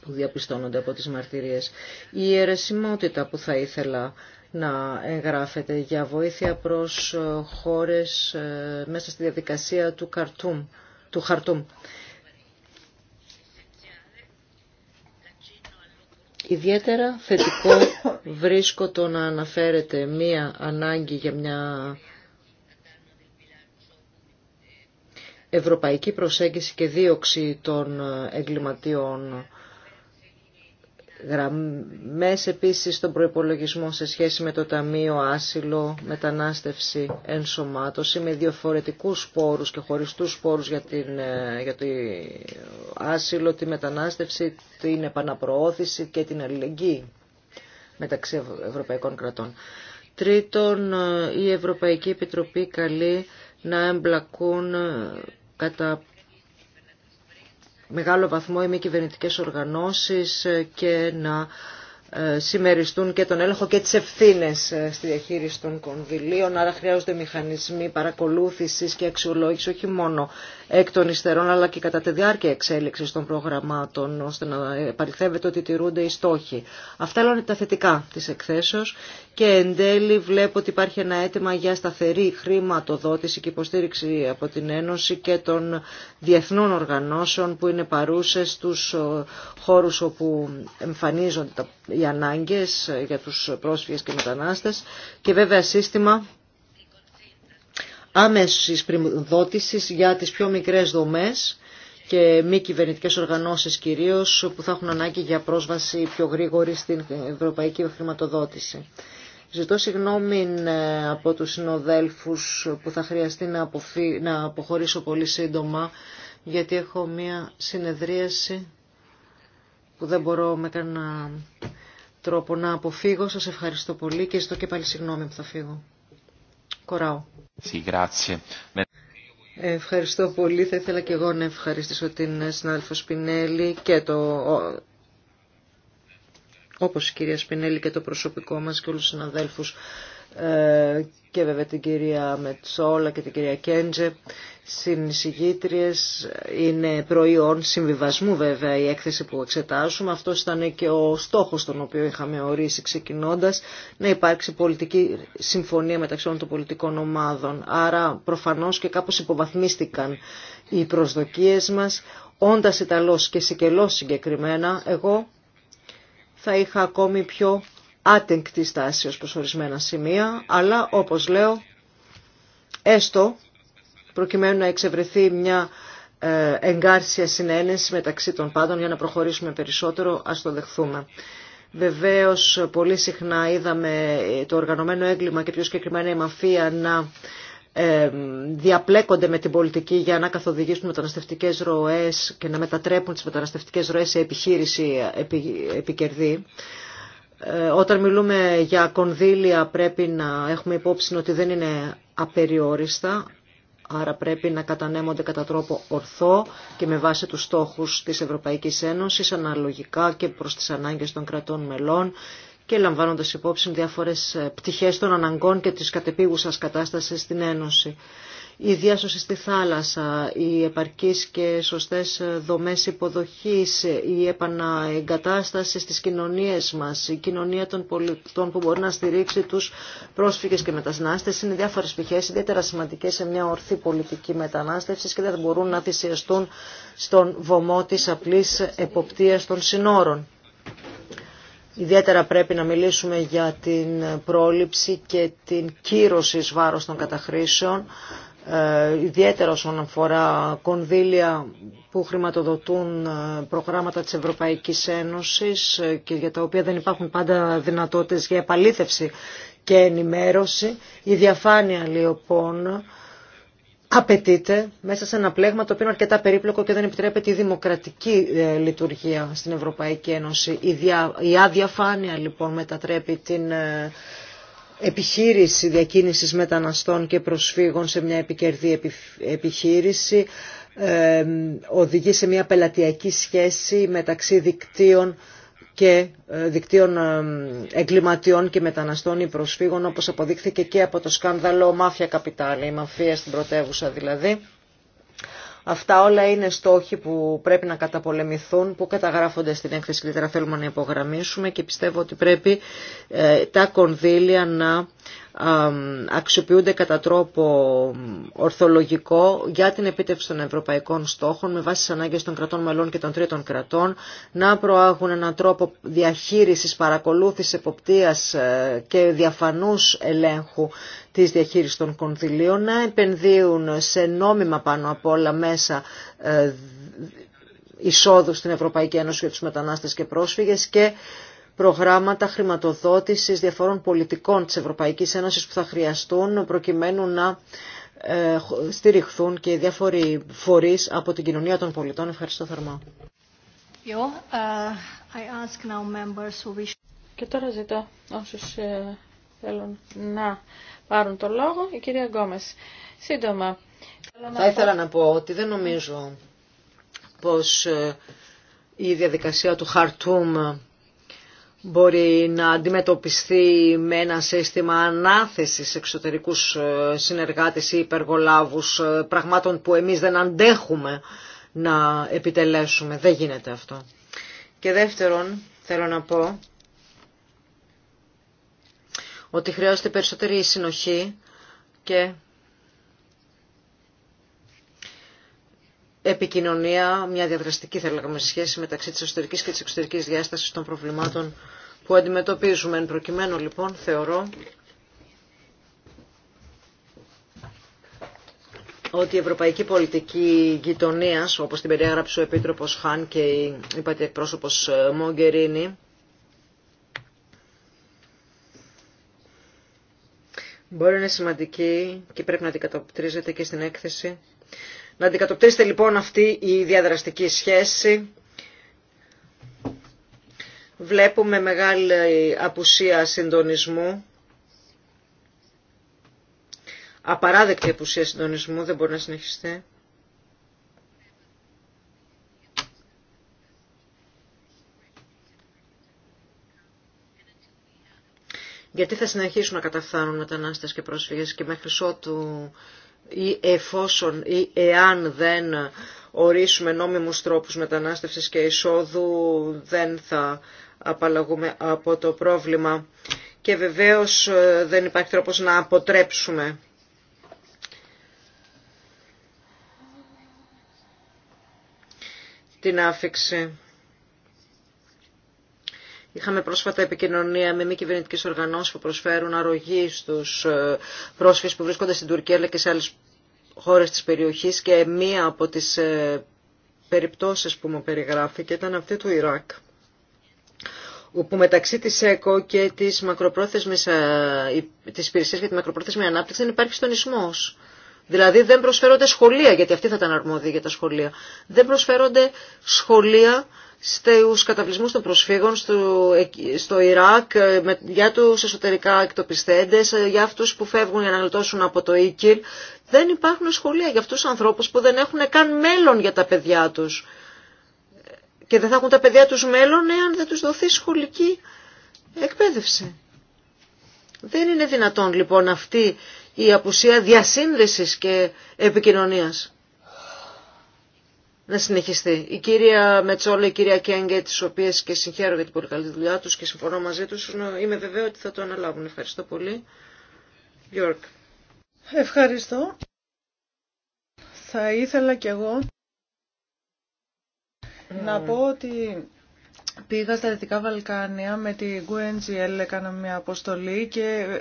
που διαπιστώνονται από τις μαρτυρίες. Η αιρεσιμότητα που θα ήθελα να εγγράφεται για βοήθεια προς ε, χώρες ε, μέσα στη διαδικασία του, καρτούμ, του χαρτούμ. Ιδιαίτερα θετικό βρίσκω το να αναφέρεται μία ανάγκη για μια ευρωπαϊκή προσέγγιση και δίωξη των εγκληματιών γραμμές επίσης στον προϋπολογισμό σε σχέση με το Ταμείο Άσυλο, Μετανάστευση, Ενσωμάτωση με διαφορετικούς πόρους και χωριστούς πόρους για, την, ε, για το άσυλο, τη μετανάστευση, την επαναπροώθηση και την αλληλεγγύη μεταξύ ευρωπαϊκών κρατών. Τρίτον, ε, η Ευρωπαϊκή Επιτροπή καλεί να εμπλακούν ε, κατά μεγάλο βαθμό οι μη κυβερνητικέ οργανώσεις ε, και να ε, συμμεριστούν και τον έλεγχο και τις ευθύνες ε, στη διαχείριση των κονδυλίων. Άρα χρειάζονται μηχανισμοί παρακολούθησης και αξιολόγηση όχι μόνο εκ των υστερών αλλά και κατά τη διάρκεια εξέλιξης των προγραμμάτων ώστε να παριθεύεται ότι τηρούνται οι στόχοι. Αυτά λένε τα θετικά της εκθέσεως και εν τέλει βλέπω ότι υπάρχει ένα αίτημα για σταθερή χρηματοδότηση και υποστήριξη από την Ένωση και των διεθνών οργανώσεων που είναι παρούσες στους ε, χώρους όπου εμφανίζονται τα οι ανάγκες για τους πρόσφυγες και μετανάστες και βέβαια σύστημα άμεσης πριμδότησης, για τις πιο μικρές δομές και μη κυβερνητικέ οργανώσεις κυρίως που θα έχουν ανάγκη για πρόσβαση πιο γρήγορη στην ευρωπαϊκή χρηματοδότηση. Ζητώ συγγνώμη ε, από τους συνοδέλφους που θα χρειαστεί να, να αποχωρήσω πολύ σύντομα γιατί έχω μία συνεδρίαση που δεν μπορώ με κανένα τρόπο να αποφύγω. Σας ευχαριστώ πολύ και ζητώ και πάλι συγγνώμη που θα φύγω. Κοράω. Ευχαριστώ πολύ. Θα ήθελα και εγώ να ευχαριστήσω την συνάδελφο Σπινέλη και το... όπως η κυρία Σπινέλη και το προσωπικό μας και όλους τους συναδέλφους ε, και βέβαια την κυρία Μετσόλα και την κυρία Κέντζε συνεισηγήτριες είναι προϊόν συμβιβασμού βέβαια η έκθεση που εξετάζουμε. Αυτός ήταν και ο στόχος τον οποίο είχαμε ορίσει ξεκινώντας να υπάρξει πολιτική συμφωνία μεταξύ των πολιτικών ομάδων. Άρα προφανώς και κάπως υποβαθμίστηκαν οι προσδοκίες μας. Όντας Ιταλός και Σικελός συγκεκριμένα, εγώ θα είχα ακόμη πιο άτεγκτη στάση ως προς σημεία, αλλά όπως λέω, έστω προκειμένου να εξευρεθεί μια ε, εγκάρσια συνένεση μεταξύ των πάντων για να προχωρήσουμε περισσότερο, ας το δεχθούμε. Βεβαίως πολύ συχνά είδαμε ε, το οργανωμένο έγκλημα και πιο συγκεκριμένα η μαφία να ε, διαπλέκονται με την πολιτική για να καθοδηγήσουν μεταναστευτικές ροές και να μετατρέπουν τις μεταναστευτικές ροές σε επιχείρηση επικερδή. Ε, όταν μιλούμε για κονδύλια πρέπει να έχουμε υπόψη ότι δεν είναι απεριόριστα, άρα πρέπει να κατανέμονται κατά τρόπο ορθό και με βάση τους στόχους της Ευρωπαϊκής Ένωσης, αναλογικά και προς τις ανάγκες των κρατών μελών και λαμβάνοντας υπόψη διάφορες ε, πτυχές των αναγκών και της κατεπίγουσας κατάστασης στην Ένωση η διάσωση στη θάλασσα, οι επαρκείς και σωστές δομές υποδοχής, η επαναεγκατάσταση στις κοινωνίες μας, η κοινωνία των πολιτών που μπορεί να στηρίξει τους πρόσφυγες και μετανάστες είναι διάφορες πτυχές, ιδιαίτερα σημαντικές σε μια ορθή πολιτική μετανάστευση και δεν μπορούν να θυσιαστούν στον βωμό της απλής εποπτείας των συνόρων. Ιδιαίτερα πρέπει να μιλήσουμε για την πρόληψη και την κύρωση βάρος των καταχρήσεων ε, ιδιαίτερα όσον αφορά κονδύλια που χρηματοδοτούν ε, προγράμματα της Ευρωπαϊκής Ένωσης ε, και για τα οποία δεν υπάρχουν πάντα δυνατότητες για επαλήθευση και ενημέρωση. Η διαφάνεια λοιπόν απαιτείται μέσα σε ένα πλέγμα το οποίο είναι αρκετά περίπλοκο και δεν επιτρέπεται η δημοκρατική λειτουργία στην Ευρωπαϊκή Ένωση. Η, η αδιαφάνεια λοιπόν μετατρέπει την επιχείρηση διακίνησης μεταναστών και προσφύγων σε μια επικερδή επιχείρηση οδηγεί σε μια πελατειακή σχέση μεταξύ δικτύων και ε, δικτύων εγκληματιών και μεταναστών ή προσφύγων όπως αποδείχθηκε και από το σκάνδαλο Μάφια Καπιτάλη, η μαφία στην πρωτεύουσα δηλαδή Αυτά όλα είναι στόχοι που πρέπει να καταπολεμηθούν, που καταγράφονται στην έκθεση τώρα θέλουμε να υπογραμμίσουμε και πιστεύω ότι πρέπει ε, τα κονδύλια να αξιοποιούνται κατά τρόπο ορθολογικό για την επίτευξη των ευρωπαϊκών στόχων με βάση τις ανάγκες των κρατών μελών και των τρίτων κρατών, να προάγουν έναν τρόπο διαχείρισης, παρακολούθησης, εποπτείας ε, και διαφανούς ελέγχου της διαχείρισης των κονδυλίων, να επενδύουν σε νόμιμα πάνω απ' όλα μέσα ε, εισόδου στην Ευρωπαϊκή Ένωση για τους μετανάστες και πρόσφυγες και προγράμματα χρηματοδότησης διαφορών πολιτικών της Ευρωπαϊκής Ένωσης που θα χρειαστούν προκειμένου να ε, στηριχθούν και οι διάφοροι φορείς από την κοινωνία των πολιτών. Ευχαριστώ θερμά. Uh, και τώρα ζητώ όσους ε, θέλουν να πάρουν το λόγο. Η κυρία Γκόμες, σύντομα. Θα ήθελα να πω ότι δεν νομίζω πως ε, η διαδικασία του Χαρτούμ μπορεί να αντιμετωπιστεί με ένα σύστημα ανάθεσης εξωτερικούς ε, συνεργάτες ή υπεργολάβους ε, πραγμάτων που εμείς δεν αντέχουμε να επιτελέσουμε. Δεν γίνεται αυτό. Και δεύτερον, θέλω να πω ότι χρειάζεται περισσότερη συνοχή και επικοινωνία, μια διαδραστική θα λέγαμε σχέση μεταξύ της εσωτερικής και της εξωτερικής διάστασης των προβλημάτων που αντιμετωπίζουμε. Εν προκειμένου λοιπόν θεωρώ ότι η ευρωπαϊκή πολιτική γειτονία, όπως την περιέγραψε ο Επίτροπος Χάν και η υπατή εκπρόσωπος ε, Μογκερίνη, μπορεί να είναι σημαντική και πρέπει να αντικατοπτρίζεται και στην έκθεση. Να αντικατοπτρίσετε λοιπόν αυτή η διαδραστική σχέση. Βλέπουμε μεγάλη απουσία συντονισμού. Απαράδεκτη απουσία συντονισμού, δεν μπορεί να συνεχιστεί. γιατί θα συνεχίσουν να καταφθάνουν μετανάστες και πρόσφυγες και μέχρι ότου ή εφόσον ή εάν δεν ορίσουμε νόμιμους τρόπους μετανάστευσης και εισόδου δεν θα απαλλαγούμε από το πρόβλημα. Και βεβαίως ε, δεν υπάρχει τρόπος να αποτρέψουμε την άφηξη Είχαμε πρόσφατα επικοινωνία με μη κυβερνητικέ οργανώσει που προσφέρουν αρρωγή στου ε, πρόσφυγε που βρίσκονται στην Τουρκία αλλά και σε άλλε χώρε τη περιοχή και μία από τι ε, περιπτώσει που μου περιγράφηκε ήταν αυτή του Ιράκ όπου μεταξύ της ΕΚΟ και της, μακροπρόθεσμης, ε, της υπηρεσίας για τη μακροπρόθεσμη ανάπτυξη δεν υπάρχει στονισμός. Δηλαδή δεν προσφέρονται σχολεία, γιατί αυτή θα ήταν αρμόδιοι για τα σχολεία. Δεν προσφέρονται σχολεία στους καταβλισμούς των προσφύγων στο, Ιράκ ε, για τους εσωτερικά εκτοπιστέντες, ε, για αυτούς που φεύγουν για να γλιτώσουν από το Ίκυρ. Δεν υπάρχουν σχολεία για αυτούς τους ανθρώπους που δεν έχουν καν μέλλον για τα παιδιά τους. Και δεν θα έχουν τα παιδιά τους μέλλον εάν δεν τους δοθεί σχολική εκπαίδευση. Δεν είναι δυνατόν λοιπόν αυτή η απουσία διασύνδεσης και επικοινωνίας να συνεχιστεί. Η κυρία Μετσόλα, η κυρία Κέγκε, τι οποίε και συγχαίρω για την πολύ καλή δουλειά τους και συμφωνώ μαζί τους, είμαι βέβαιο ότι θα το αναλάβουν. Ευχαριστώ πολύ. Γιώργ. Ευχαριστώ. Θα ήθελα κι εγώ να πω ότι πήγα στα Δυτικά Βαλκάνια με την QNGL, έκανα μια αποστολή και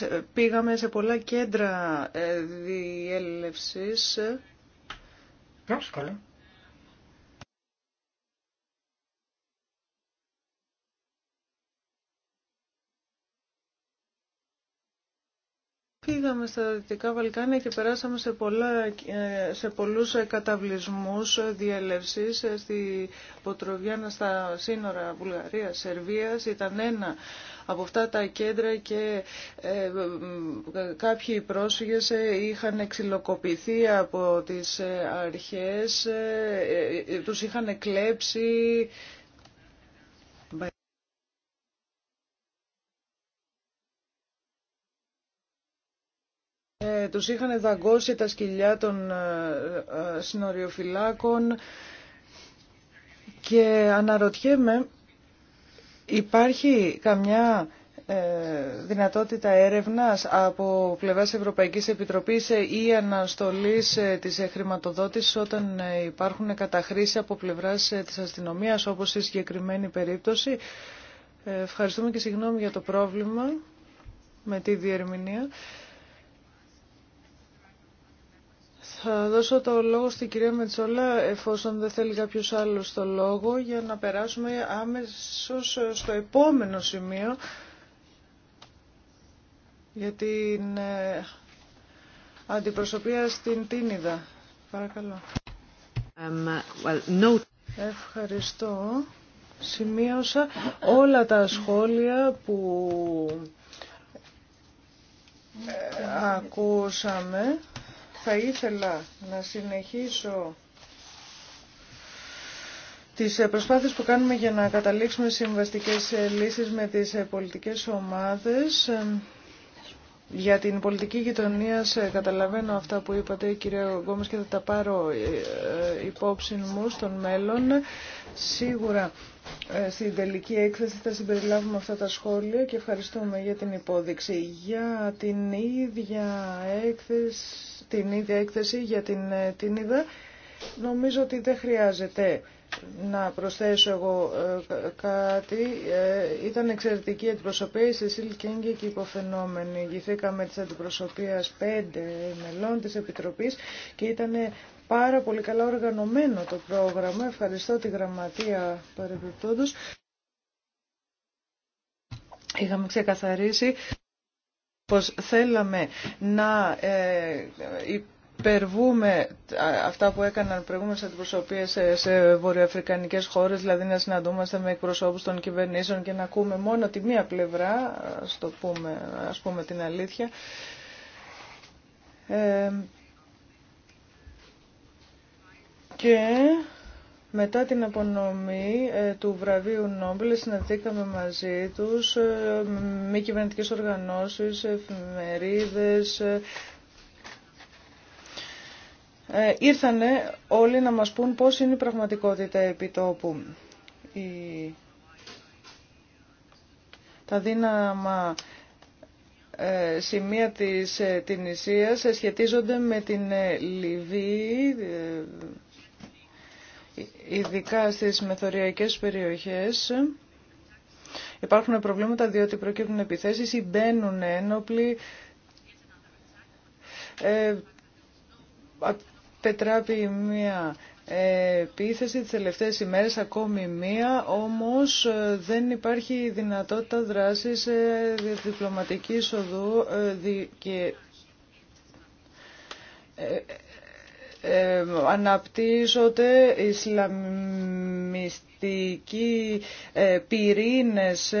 ε, πήγαμε σε πολλά κέντρα ε, διέλευσης καλά. Πήγαμε στα Δυτικά Βαλκάνια και περάσαμε σε, πολλά, ε, σε πολλούς καταβλισμούς διέλευσης στη Ποτροβιάνα στα σύνορα Βουλγαρίας, Σερβίας. Ήταν ένα από αυτά τα κέντρα και ε, κάποιοι πρόσφυγες ε, είχαν ξυλοκοπηθεί από τις ε, αρχές, τους είχαν κλέψει. Τους είχαν δαγκώσει τα σκυλιά των συνοριοφυλάκων και αναρωτιέμαι Υπάρχει καμιά ε, δυνατότητα έρευνας από πλευράς Ευρωπαϊκής Επιτροπής ε, ή αναστολής ε, της χρηματοδότησης όταν υπάρχουν καταχρήσει από πλευράς της αστυνομίας όπως η συγκεκριμένη περίπτωση. Ευχαριστούμε και συγγνώμη για το πρόβλημα με τη διερμηνία. Θα δώσω το λόγο στην κυρία Μετσόλα, εφόσον δεν θέλει κάποιος άλλος το λόγο, για να περάσουμε άμεσως στο επόμενο σημείο για την ε, αντιπροσωπεία στην Τίνιδα. Παρακαλώ. Um, well, no. Ευχαριστώ. Σημείωσα όλα τα σχόλια που ε, ακούσαμε. Θα ήθελα να συνεχίσω τις προσπάθειες που κάνουμε για να καταλήξουμε συμβαστικές λύσεις με τις πολιτικές ομάδες. Για την πολιτική γειτονία καταλαβαίνω αυτά που είπατε κυρία Γκόμες και θα τα πάρω ε, ε, υπόψη μου στον μέλλον. Σίγουρα ε, στην τελική έκθεση θα συμπεριλάβουμε αυτά τα σχόλια και ευχαριστούμε για την υπόδειξη. Για την ίδια έκθεση, την ίδια έκθεση για την, την νομίζω ότι δεν χρειάζεται να προσθέσω εγώ ε, κάτι. Ε, ήταν εξαιρετική η αντιπροσωπεία, η Σεσίλ Κέγγε και υποφαινόμενη υποφαινόμενοι. Γηθήκαμε της πέντε μελών της Επιτροπής και ήταν πάρα πολύ καλά οργανωμένο το πρόγραμμα. Ευχαριστώ τη γραμματεία παρεμπιπτόντως. Είχαμε ξεκαθαρίσει πως θέλαμε να ε, υπερβούμε αυτά που έκαναν προηγούμενε αντιπροσωπείε σε, σε βορειοαφρικανικές χώρες, δηλαδή να συναντούμαστε με εκπροσώπου των κυβερνήσεων και να ακούμε μόνο τη μία πλευρά, ας, το πούμε, ας πούμε την αλήθεια. Ε, και μετά την απονομή ε, του βραβείου Νόμπελ συναντήκαμε μαζί τους ε, μη κυβερνητικές οργανώσεις, εφημερίδες, ε, ήρθανε όλοι να μας πούν πώς είναι η πραγματικότητα επί τόπου. Η... Τα δύναμα ε, σημεία της ε, ε, σχετίζονται με την ε, Λιβύη, ειδικά στις μεθοριακές περιοχές. Υπάρχουν προβλήματα διότι προκύπτουν επιθέσεις ή μπαίνουν ένοπλοι πετράπει μία επίθεση τις τελευταίες ημέρες, ακόμη μία, όμως ε, δεν υπάρχει δυνατότητα δράσης ε, διπλωματική οδού ε, και αναπτύσσονται ισλαμιστικοί πυρήνες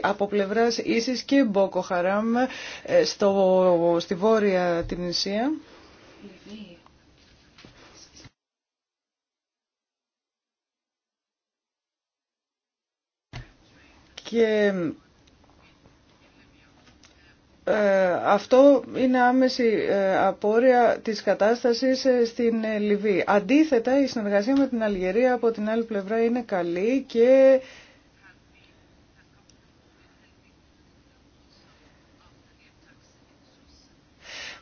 από πλευράς Ίσης και Μποκοχαράμ στο, στη βόρεια την Ισία. Και ε, αυτό είναι άμεση ε, απόρρια της κατάστασης ε, στην ε, Λιβύη. Αντίθετα, η συνεργασία με την Αλγερία από την άλλη πλευρά είναι καλή και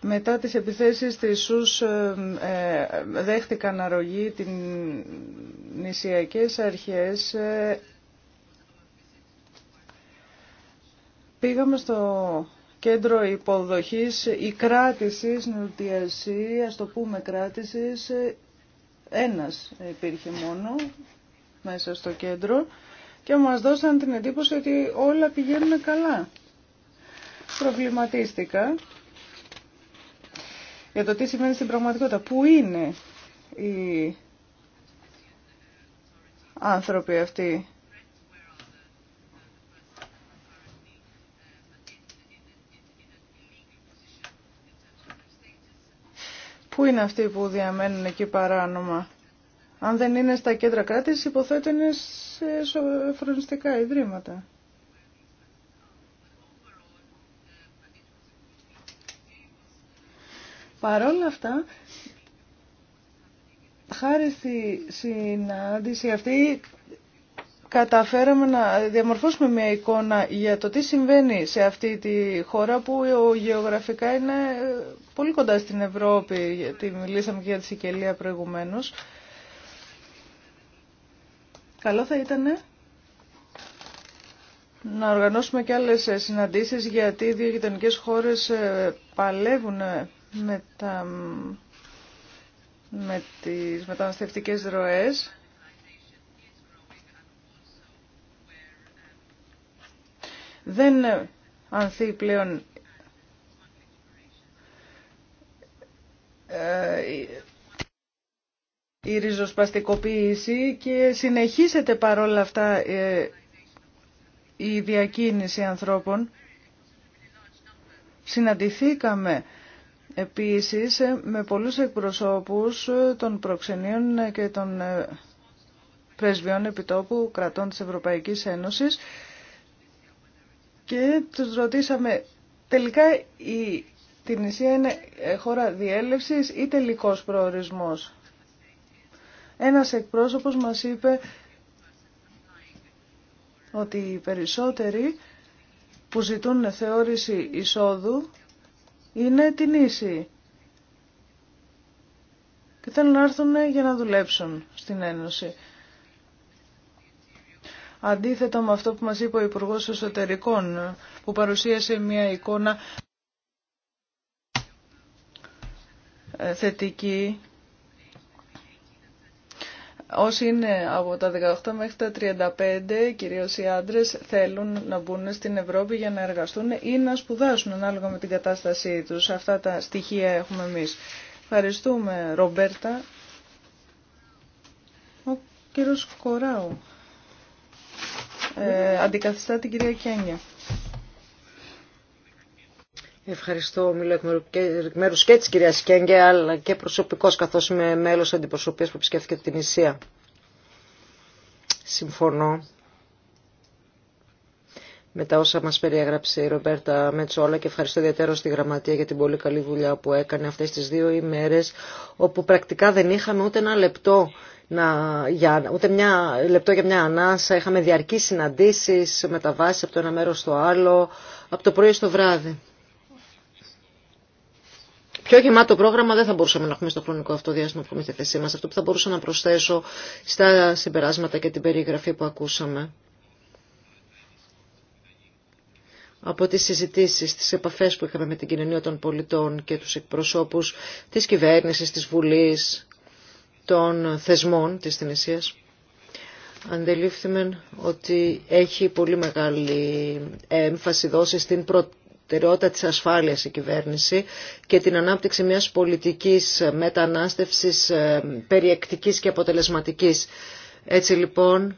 μετά τις επιθέσεις της ΣΟΥΣ δέχτηκαν αρρωγή την νησιακές αρχές Πήγαμε στο κέντρο υποδοχής ή κράτησης, νοτιασί, ας το πούμε κράτησης, ένας υπήρχε μόνο μέσα στο κέντρο και μας δώσαν την εντύπωση ότι όλα πηγαίνουν καλά. Προβληματίστηκα για το τι σημαίνει στην πραγματικότητα. Πού είναι οι άνθρωποι αυτοί Πού είναι αυτοί που διαμένουν εκεί παράνομα. Αν δεν είναι στα κέντρα κράτησης υποθέτω είναι σε φρονιστικά ιδρύματα. Παρόλα αυτά, χάρη στη συνάντηση αυτή καταφέραμε να διαμορφώσουμε μια εικόνα για το τι συμβαίνει σε αυτή τη χώρα που γεωγραφικά είναι ε, πολύ κοντά στην Ευρώπη, γιατί μιλήσαμε και για τη Σικελία προηγουμένως. Καλό θα ήταν να οργανώσουμε και άλλες συναντήσεις γιατί οι δύο γειτονικέ χώρες ε, παλεύουν ε, με, τα, με τις μεταναστευτικές ροές δεν ανθεί πλέον ε, η ριζοσπαστικοποίηση και συνεχίσετε παρόλα αυτά ε, η διακίνηση ανθρώπων. Συναντηθήκαμε επίσης με πολλούς εκπροσώπους των προξενείων και των ε, πρεσβειών επιτόπου κρατών της Ευρωπαϊκής Ένωσης και τους ρωτήσαμε τελικά η την Ισία είναι χώρα διέλευσης ή τελικός προορισμός. Ένας εκπρόσωπος μας είπε ότι οι περισσότεροι που ζητούν θεώρηση εισόδου είναι την ίση και θέλουν να έρθουν για να δουλέψουν στην Ένωση αντίθετα με αυτό που μας είπε ο υπουργό Εσωτερικών, που παρουσίασε μια εικόνα ε, θετική. Όσοι είναι από τα 18 μέχρι τα 35, κυρίως οι άντρες, θέλουν να μπουν στην Ευρώπη για να εργαστούν ή να σπουδάσουν ανάλογα με την κατάστασή τους. Αυτά τα στοιχεία έχουμε εμείς. Ευχαριστούμε, Ρομπέρτα. Ο κύριος Κοράου ε, αντικαθιστά την κυρία Κένια. Ευχαριστώ. Μιλώ εκ μέρου και τη κυρία Κένγκε, αλλά και προσωπικώ, καθώ είμαι μέλο αντιπροσωπεία που επισκέφθηκε την Ισία. Συμφωνώ με τα όσα μα περιέγραψε η Ρομπέρτα Μετσόλα και ευχαριστώ ιδιαίτερα στη Γραμματεία για την πολύ καλή δουλειά που έκανε αυτές τις δύο ημέρες όπου πρακτικά δεν είχαμε ούτε ένα λεπτό να, για, ούτε μια λεπτό για μια ανάσα. Είχαμε διαρκείς συναντήσεις, μεταβάσεις από το ένα μέρος στο άλλο, από το πρωί στο βράδυ. Πιο γεμάτο πρόγραμμα δεν θα μπορούσαμε να έχουμε στο χρονικό αυτό διάστημα που έχουμε θέση μας. Αυτό που θα μπορούσα να προσθέσω στα συμπεράσματα και την περιγραφή που ακούσαμε. από τις συζητήσεις, τις επαφές που είχαμε με την κοινωνία των πολιτών και τους εκπροσώπους της κυβέρνησης, της Βουλής, των θεσμών της Τινησίας αντελήφθημεν ότι έχει πολύ μεγάλη έμφαση δώσει στην προτεραιότητα της ασφάλειας η κυβέρνηση και την ανάπτυξη μιας πολιτικής μετανάστευσης ε, περιεκτικής και αποτελεσματικής. Έτσι λοιπόν,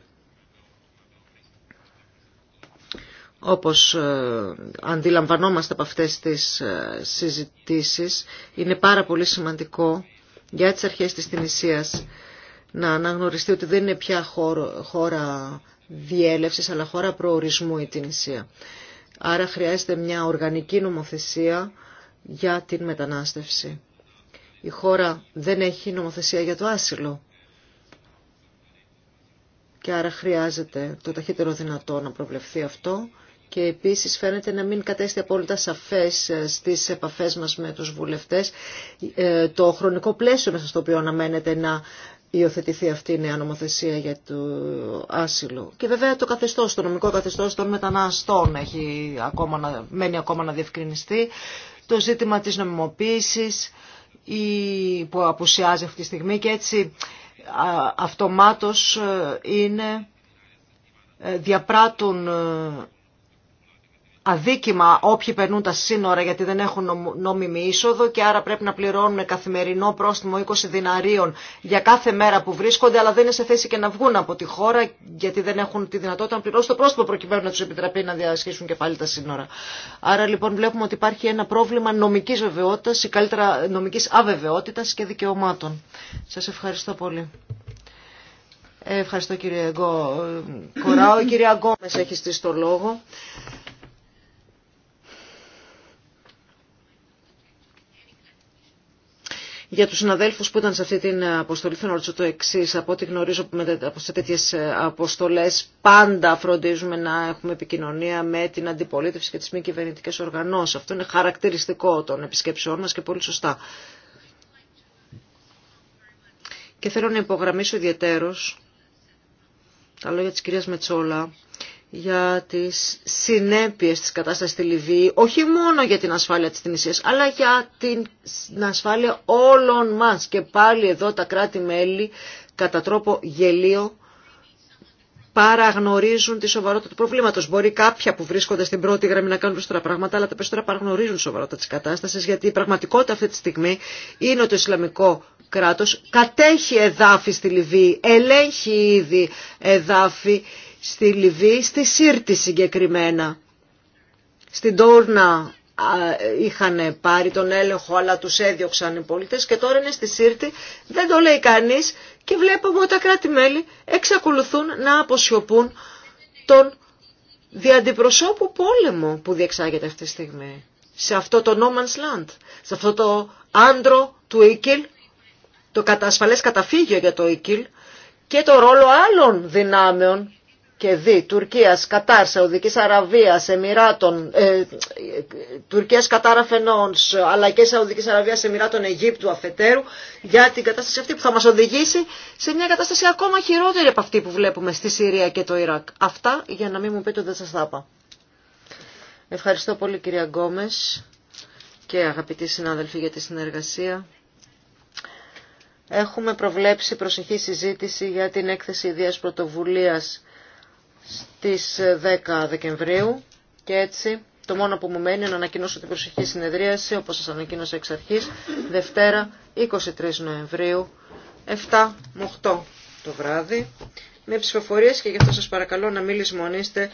όπως ε, αντιλαμβανόμαστε από αυτές τις ε, συζητήσεις, είναι πάρα πολύ σημαντικό για τις αρχές της Τινησίας να αναγνωριστεί ότι δεν είναι πια χώρα διέλευσης αλλά χώρα προορισμού η Τινησία. Άρα χρειάζεται μια οργανική νομοθεσία για την μετανάστευση. Η χώρα δεν έχει νομοθεσία για το άσυλο και άρα χρειάζεται το ταχύτερο δυνατό να προβλεφθεί αυτό και επίσης φαίνεται να μην κατέστη απόλυτα σαφές ε, στις επαφές μας με τους βουλευτές ε, το χρονικό πλαίσιο μέσα στο οποίο αναμένεται να υιοθετηθεί αυτή η νέα νομοθεσία για το άσυλο. Και βέβαια το καθεστώς, το νομικό καθεστώς των μεταναστών έχει ακόμα, μένει ακόμα να διευκρινιστεί. Το ζήτημα της νομιμοποίησης που απουσιάζει αυτή τη στιγμή και έτσι αυτομάτως ε, είναι διαπράττουν αδίκημα όποιοι περνούν τα σύνορα γιατί δεν έχουν νόμιμη είσοδο και άρα πρέπει να πληρώνουν καθημερινό πρόστιμο 20 διναρίων για κάθε μέρα που βρίσκονται αλλά δεν είναι σε θέση και να βγουν από τη χώρα γιατί δεν έχουν τη δυνατότητα να πληρώσουν το πρόστιμο προκειμένου να τους επιτραπεί να διασχίσουν και πάλι τα σύνορα. Άρα λοιπόν βλέπουμε ότι υπάρχει ένα πρόβλημα νομικής βεβαιότητας ή καλύτερα νομικής αβεβαιότητας και δικαιωμάτων. Σας ευχαριστώ πολύ. Ε, ευχαριστώ κύριε Κοράο. Κυρία Γκόμες έχει στήσει το λόγο. Για τους συναδέλφους που ήταν σε αυτή την αποστολή θέλω να ρωτήσω το εξή. Από ό,τι γνωρίζω σε τέτοιες ε, αποστολές πάντα φροντίζουμε να έχουμε επικοινωνία με την αντιπολίτευση και τις μη κυβερνητικέ οργανώσεις. Αυτό είναι χαρακτηριστικό των επισκέψεών μας και πολύ σωστά. Και θέλω να υπογραμμίσω ιδιαίτερως τα λόγια της κυρίας Μετσόλα για τις συνέπειες της κατάστασης στη Λιβύη, όχι μόνο για την ασφάλεια της Τινησίας, αλλά για την ασφάλεια όλων μας. Και πάλι εδώ τα κράτη-μέλη, κατά τρόπο γελίο, παραγνωρίζουν τη σοβαρότητα του προβλήματο. Μπορεί κάποια που βρίσκονται στην πρώτη γραμμή να κάνουν περισσότερα πράγματα, αλλά τα περισσότερα παραγνωρίζουν τη σοβαρότητα τη κατάσταση, γιατί η πραγματικότητα αυτή τη στιγμή είναι ότι το Ισλαμικό κράτο κατέχει εδάφη στη Λιβύη, ελέγχει ήδη εδάφη στη Λιβύη, στη Σύρτη συγκεκριμένα. Στην Τόρνα είχαν πάρει τον έλεγχο αλλά τους έδιωξαν οι πολίτες και τώρα είναι στη Σύρτη, δεν το λέει κανείς και βλέπουμε ότι τα κράτη-μέλη εξακολουθούν να αποσιωπούν τον διαντιπροσώπου πόλεμο που διεξάγεται αυτή τη στιγμή. Σε αυτό το No Man's Land, σε αυτό το άντρο του Ίκυλ, το κατασφαλές καταφύγιο για το Ίκυλ και το ρόλο άλλων δυνάμεων και δι Τουρκίας, Κατάρ, Σαουδικής Αραβίας, Εμμυράτων, ε, Τουρκίας, Κατάρ αφενός, αλλά και Σαουδικής Αραβίας, Εμμυράτων, Αιγύπτου, Αφετέρου, για την κατάσταση αυτή που θα μας οδηγήσει σε μια κατάσταση ακόμα χειρότερη από αυτή που βλέπουμε στη Συρία και το Ιράκ. Αυτά για να μην μου πείτε ότι δεν σας θα είπα. Ευχαριστώ πολύ κυρία Γκόμες και αγαπητοί συνάδελφοι για τη συνεργασία. Έχουμε προβλέψει προσεχή συζήτηση για την έκθεση ιδέας πρωτοβουλίας στις 10 Δεκεμβρίου και έτσι το μόνο που μου μένει είναι να ανακοινώσω την προσεχή συνεδρίαση όπως σας ανακοίνωσα εξ αρχής Δευτέρα 23 Νοεμβρίου 7 με 8 το βράδυ με ψηφοφορίες και γι' αυτό σας παρακαλώ να μην λησμονήσετε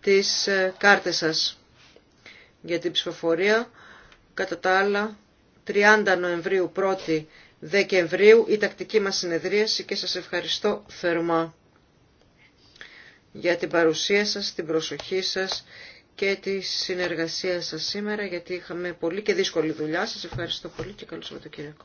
τις ε, κάρτες σας για την ψηφοφορία. Κατά τα άλλα, 30 Νοεμβρίου, 1η Δεκεμβρίου, τακτική μας συνεδρίαση και σας ευχαριστώ θερμά για την παρουσία σας, την προσοχή σας και τη συνεργασία σας σήμερα, γιατί είχαμε πολύ και δύσκολη δουλειά. Σας ευχαριστώ πολύ και το Σαββατοκύριακο.